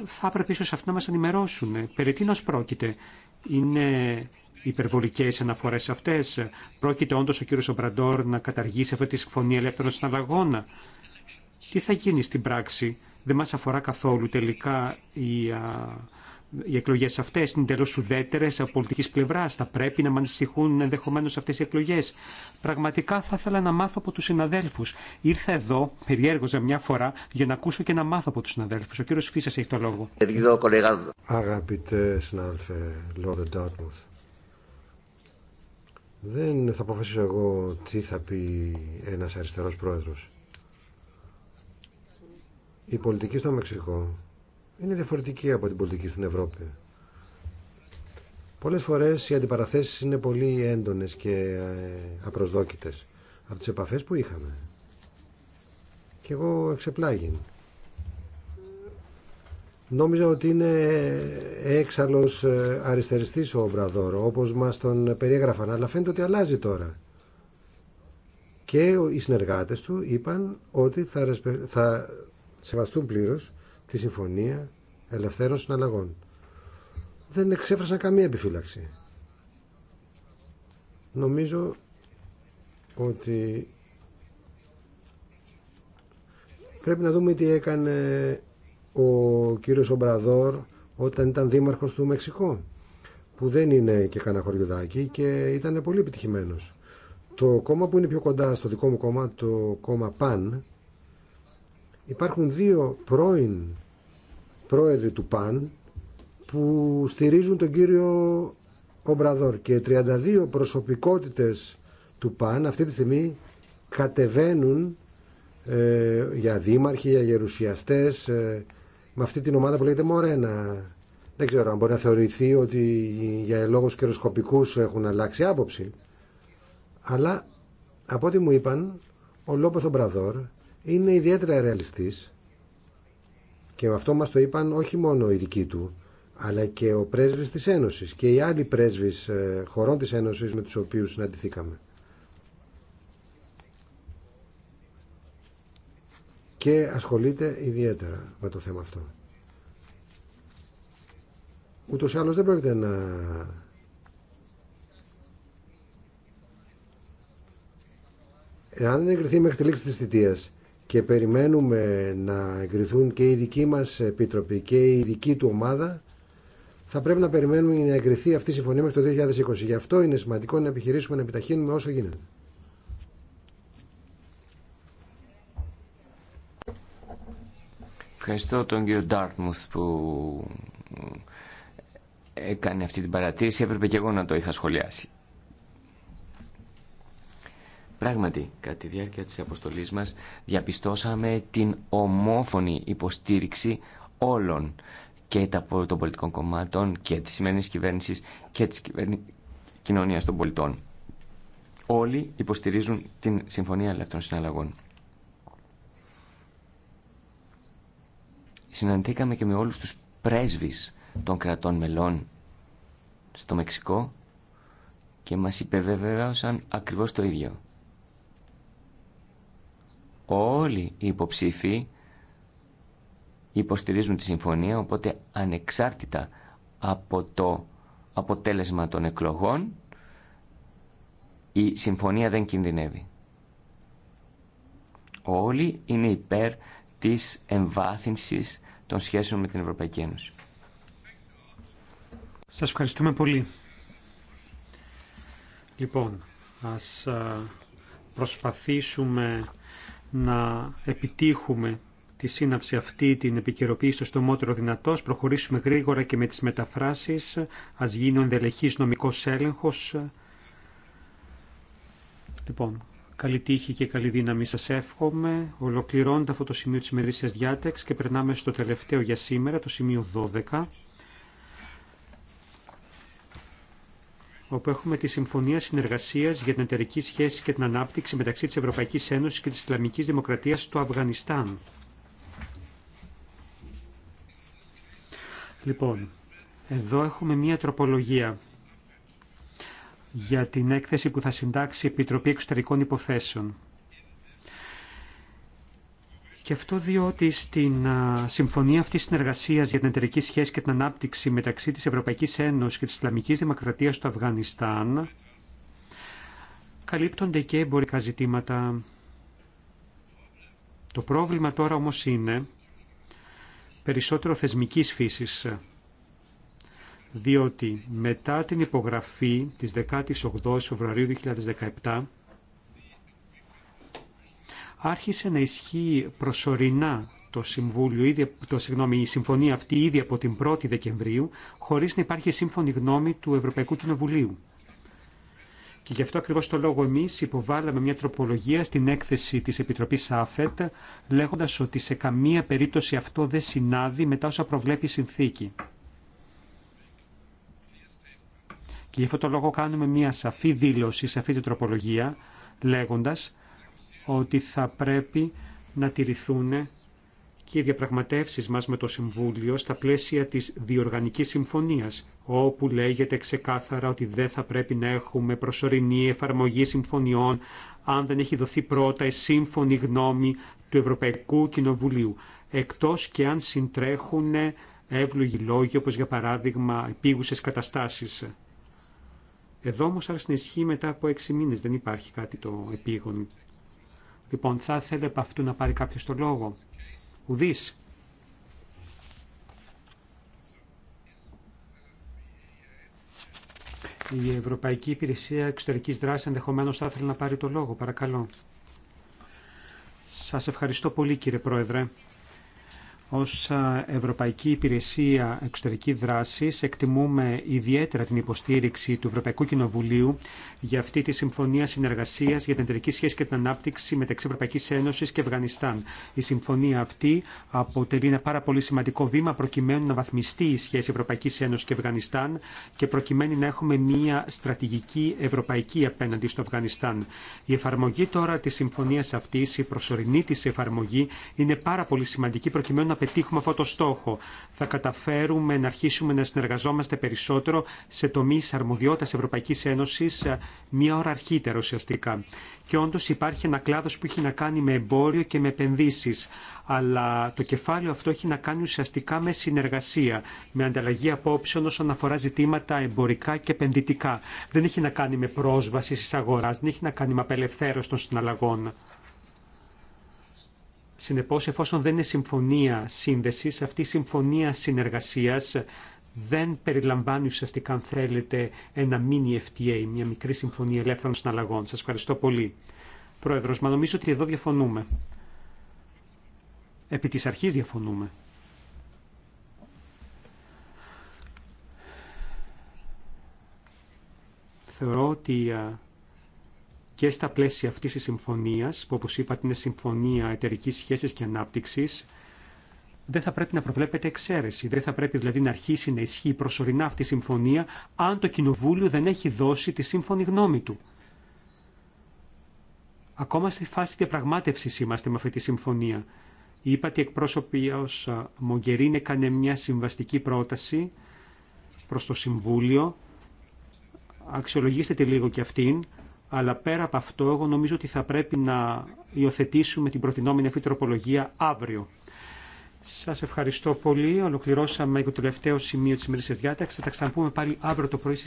Θα έπρεπε ίσω αυτοί να μα ενημερώσουν περί τίνο πρόκειται είναι υπερβολικές αναφορές αυτές. Πρόκειται όντως ο κύριος Ομπραντόρ να καταργήσει αυτή τη συμφωνία ελεύθερων συναλλαγών. Τι θα γίνει στην πράξη. Δεν μας αφορά καθόλου τελικά η οι εκλογές αυτές είναι τελώς ουδέτερε από πολιτικής πλευράς. Θα πρέπει να με ανησυχούν ενδεχομένως αυτές οι εκλογές. Πραγματικά θα ήθελα να μάθω από τους συναδέλφου. Ήρθα εδώ, περιέργοζα μια φορά, για να ακούσω και να μάθω από τους συναδέλφους. Ο κύριος φίσα έχει το λόγο. Αγαπητέ συνάδελφε Λόρδε Ντάρτμουθ, δεν θα αποφασίσω εγώ τι θα πει ένας αριστερός πρόεδρος. Η πολιτική στο Μεξικό είναι διαφορετική από την πολιτική στην Ευρώπη. Πολλές φορές οι αντιπαραθέσεις είναι πολύ έντονες και ε, απροσδόκητες από τις επαφές που είχαμε. Και εγώ εξεπλάγιν. Νόμιζα ότι είναι έξαλλος ε, αριστεριστής ο Ομπραδόρο, όπως μας τον περιέγραφαν, αλλά φαίνεται ότι αλλάζει τώρα. Και οι συνεργάτες του είπαν ότι θα, θα σεβαστούν πλήρως τη Συμφωνία Ελευθέρων Συναλλαγών. Δεν εξέφρασαν καμία επιφύλαξη. Νομίζω ότι πρέπει να δούμε τι έκανε ο κύριος Ομπραδόρ όταν ήταν δήμαρχος του Μεξικού που δεν είναι και κανένα χωριουδάκι και ήταν πολύ επιτυχημένος. Το κόμμα που είναι πιο κοντά στο δικό μου κόμμα, το κόμμα ΠΑΝ, Υπάρχουν δύο πρώην πρόεδροι του ΠΑΝ που στηρίζουν τον κύριο Ομπραδόρ και 32 προσωπικότητες του ΠΑΝ αυτή τη στιγμή κατεβαίνουν ε, για δήμαρχοι, για γερουσιαστές ε, με αυτή την ομάδα που λέγεται Μορένα. Δεν ξέρω αν μπορεί να θεωρηθεί ότι για λόγους καιροσκοπικούς έχουν αλλάξει άποψη. Αλλά από ό,τι μου είπαν, ο Λόπεθ Ομπραδόρ είναι ιδιαίτερα ρεαλιστής και με αυτό μας το είπαν όχι μόνο οι δικοί του, αλλά και ο πρέσβης της Ένωσης και οι άλλοι πρέσβεις ε, χωρών της Ένωσης με τους οποίους συναντηθήκαμε. Και ασχολείται ιδιαίτερα με το θέμα αυτό. Ούτως ή άλλως δεν πρόκειται να εάν δεν εγκριθεί μέχρι τη λήξη της θητείας και περιμένουμε να εγκριθούν και οι δικοί μας επίτροποι και η δική του ομάδα θα πρέπει να περιμένουμε να εγκριθεί αυτή η συμφωνία μέχρι το 2020. Γι' αυτό είναι σημαντικό να επιχειρήσουμε να επιταχύνουμε όσο γίνεται. Ευχαριστώ τον κύριο Ντάρτμουθ που έκανε αυτή την παρατήρηση. Έπρεπε και εγώ να το είχα σχολιάσει. Πράγματι, κατά τη διάρκεια της αποστολής μας διαπιστώσαμε την ομόφωνη υποστήριξη όλων και των πολιτικών κομμάτων και της σημερινής κυβέρνησης και της κυβέρνη... κοινωνίας των πολιτών. Όλοι υποστηρίζουν την Συμφωνία Ελεύθερων Συναλλαγών. Συναντήκαμε και με όλους τους πρέσβεις των κρατών μελών στο Μεξικό και μας υπεβεβαίωσαν ακριβώς το ίδιο όλοι οι υποψήφοι υποστηρίζουν τη συμφωνία, οπότε ανεξάρτητα από το αποτέλεσμα των εκλογών, η συμφωνία δεν κινδυνεύει. Όλοι είναι υπέρ της εμβάθυνσης των σχέσεων με την Ευρωπαϊκή Ένωση. Σας ευχαριστούμε πολύ. Λοιπόν, ας προσπαθήσουμε να επιτύχουμε τη σύναψη αυτή, την επικαιροποίηση στο στομότερο δυνατό, προχωρήσουμε γρήγορα και με τις μεταφράσεις, ας γίνει ο ενδελεχής νομικός έλεγχος. Λοιπόν, καλή τύχη και καλή δύναμη σας εύχομαι. Ολοκληρώνεται αυτό το σημείο της ημερήσιας διάταξης και περνάμε στο τελευταίο για σήμερα, το σημείο 12. όπου έχουμε τη Συμφωνία Συνεργασία για την Εταιρική Σχέση και την Ανάπτυξη μεταξύ τη Ευρωπαϊκή Ένωση και τη Ισλαμική Δημοκρατία του Αφγανιστάν. Λοιπόν, εδώ έχουμε μία τροπολογία για την έκθεση που θα συντάξει η Επιτροπή Εξωτερικών Υποθέσεων. Και αυτό διότι στην συμφωνία αυτή συνεργασία για την εταιρική σχέση και την ανάπτυξη μεταξύ τη Ευρωπαϊκή Ένωση και τη Ισλαμική Δημοκρατία του Αφγανιστάν καλύπτονται και εμπορικά ζητήματα. Το πρόβλημα τώρα όμως είναι περισσότερο θεσμικής φύσης, διότι μετά την υπογραφή της 18 Φεβρουαρίου 2017 άρχισε να ισχύει προσωρινά το συμβούλιο, ήδη, το, συγγνώμη, η συμφωνία αυτή ήδη από την 1η Δεκεμβρίου, χωρίς να υπάρχει σύμφωνη γνώμη του Ευρωπαϊκού Κοινοβουλίου. Και γι' αυτό ακριβώς το λόγο εμείς υποβάλαμε μια τροπολογία στην έκθεση της Επιτροπής ΑΦΕΤ, λέγοντας ότι σε καμία περίπτωση αυτό δεν συνάδει μετά όσα προβλέπει η συνθήκη. Και γι' αυτό το λόγο κάνουμε μια σαφή δήλωση, σε αυτή την τροπολογία, λέγοντας ότι θα πρέπει να τηρηθούν και οι διαπραγματεύσεις μας με το Συμβούλιο στα πλαίσια της διοργανικής συμφωνίας, όπου λέγεται ξεκάθαρα ότι δεν θα πρέπει να έχουμε προσωρινή εφαρμογή συμφωνιών αν δεν έχει δοθεί πρώτα η σύμφωνη γνώμη του Ευρωπαϊκού Κοινοβουλίου, εκτός και αν συντρέχουν εύλογοι λόγοι, όπως για παράδειγμα επίγουσες καταστάσεις. Εδώ όμως άρχισε να ισχύει μετά από έξι μήνες, δεν υπάρχει κάτι το επίγον Λοιπόν, θα ήθελε από αυτού να πάρει κάποιο το λόγο. Ουδής. Η Ευρωπαϊκή Υπηρεσία Εξωτερικής Δράσης ενδεχομένως θα ήθελε να πάρει το λόγο. Παρακαλώ. Σας ευχαριστώ πολύ κύριε Πρόεδρε. Ως Ευρωπαϊκή Υπηρεσία Εξωτερική Δράση εκτιμούμε ιδιαίτερα την υποστήριξη του Ευρωπαϊκού Κοινοβουλίου για αυτή τη Συμφωνία συνεργασία για την Εταιρική Σχέση και την Ανάπτυξη μεταξύ Ευρωπαϊκή Ένωση και Αφγανιστάν. Η συμφωνία αυτή αποτελεί ένα πάρα πολύ σημαντικό βήμα προκειμένου να βαθμιστεί η σχέση Ευρωπαϊκή Ένωση και Αφγανιστάν και προκειμένου να έχουμε μια στρατηγική ευρωπαϊκή απέναντι στο Αφγανιστάν. Η εφαρμογή τώρα τη συμφωνία αυτή, η προσωρινή τη εφαρμογή, είναι πάρα πολύ σημαντική προκειμένου να πετύχουμε αυτό το στόχο. Θα καταφέρουμε να αρχίσουμε να συνεργαζόμαστε περισσότερο σε τομείς αρμοδιότητας Ευρωπαϊκής Ένωσης μία ώρα αρχίτερα ουσιαστικά. Και όντω υπάρχει ένα κλάδο που έχει να κάνει με εμπόριο και με επενδύσει. Αλλά το κεφάλαιο αυτό έχει να κάνει ουσιαστικά με συνεργασία, με ανταλλαγή απόψεων όσον αφορά ζητήματα εμπορικά και επενδυτικά. Δεν έχει να κάνει με πρόσβαση στι αγορά, δεν έχει να κάνει με απελευθέρωση των συναλλαγών. Συνεπώς, εφόσον δεν είναι συμφωνία σύνδεσης, αυτή η συμφωνία συνεργασίας δεν περιλαμβάνει ουσιαστικά, αν θέλετε, ένα mini FTA, μια μικρή συμφωνία ελεύθερων συναλλαγών. Σας ευχαριστώ πολύ. Πρόεδρος, μα νομίζω ότι εδώ διαφωνούμε. Επί της αρχής διαφωνούμε. Θεωρώ ότι και στα πλαίσια αυτής της συμφωνίας, που όπως είπατε είναι συμφωνία εταιρικής σχέσης και ανάπτυξης, δεν θα πρέπει να προβλέπεται εξαίρεση. Δεν θα πρέπει δηλαδή να αρχίσει να ισχύει προσωρινά αυτή η συμφωνία αν το Κοινοβούλιο δεν έχει δώσει τη σύμφωνη γνώμη του. Ακόμα στη φάση διαπραγμάτευση είμαστε με αυτή τη συμφωνία. Είπα ότι εκπροσωπή ω Μογκερίνε έκανε μια συμβαστική πρόταση προς το Συμβούλιο. Αξιολογήστε τη λίγο και αυτήν. Αλλά πέρα από αυτό, εγώ νομίζω ότι θα πρέπει να υιοθετήσουμε την προτινόμενη αυτή τροπολογία αύριο. Σας ευχαριστώ πολύ. Ολοκληρώσαμε το τελευταίο σημείο της ημερήσιας διάταξης. Θα τα ξαναπούμε πάλι αύριο το πρωί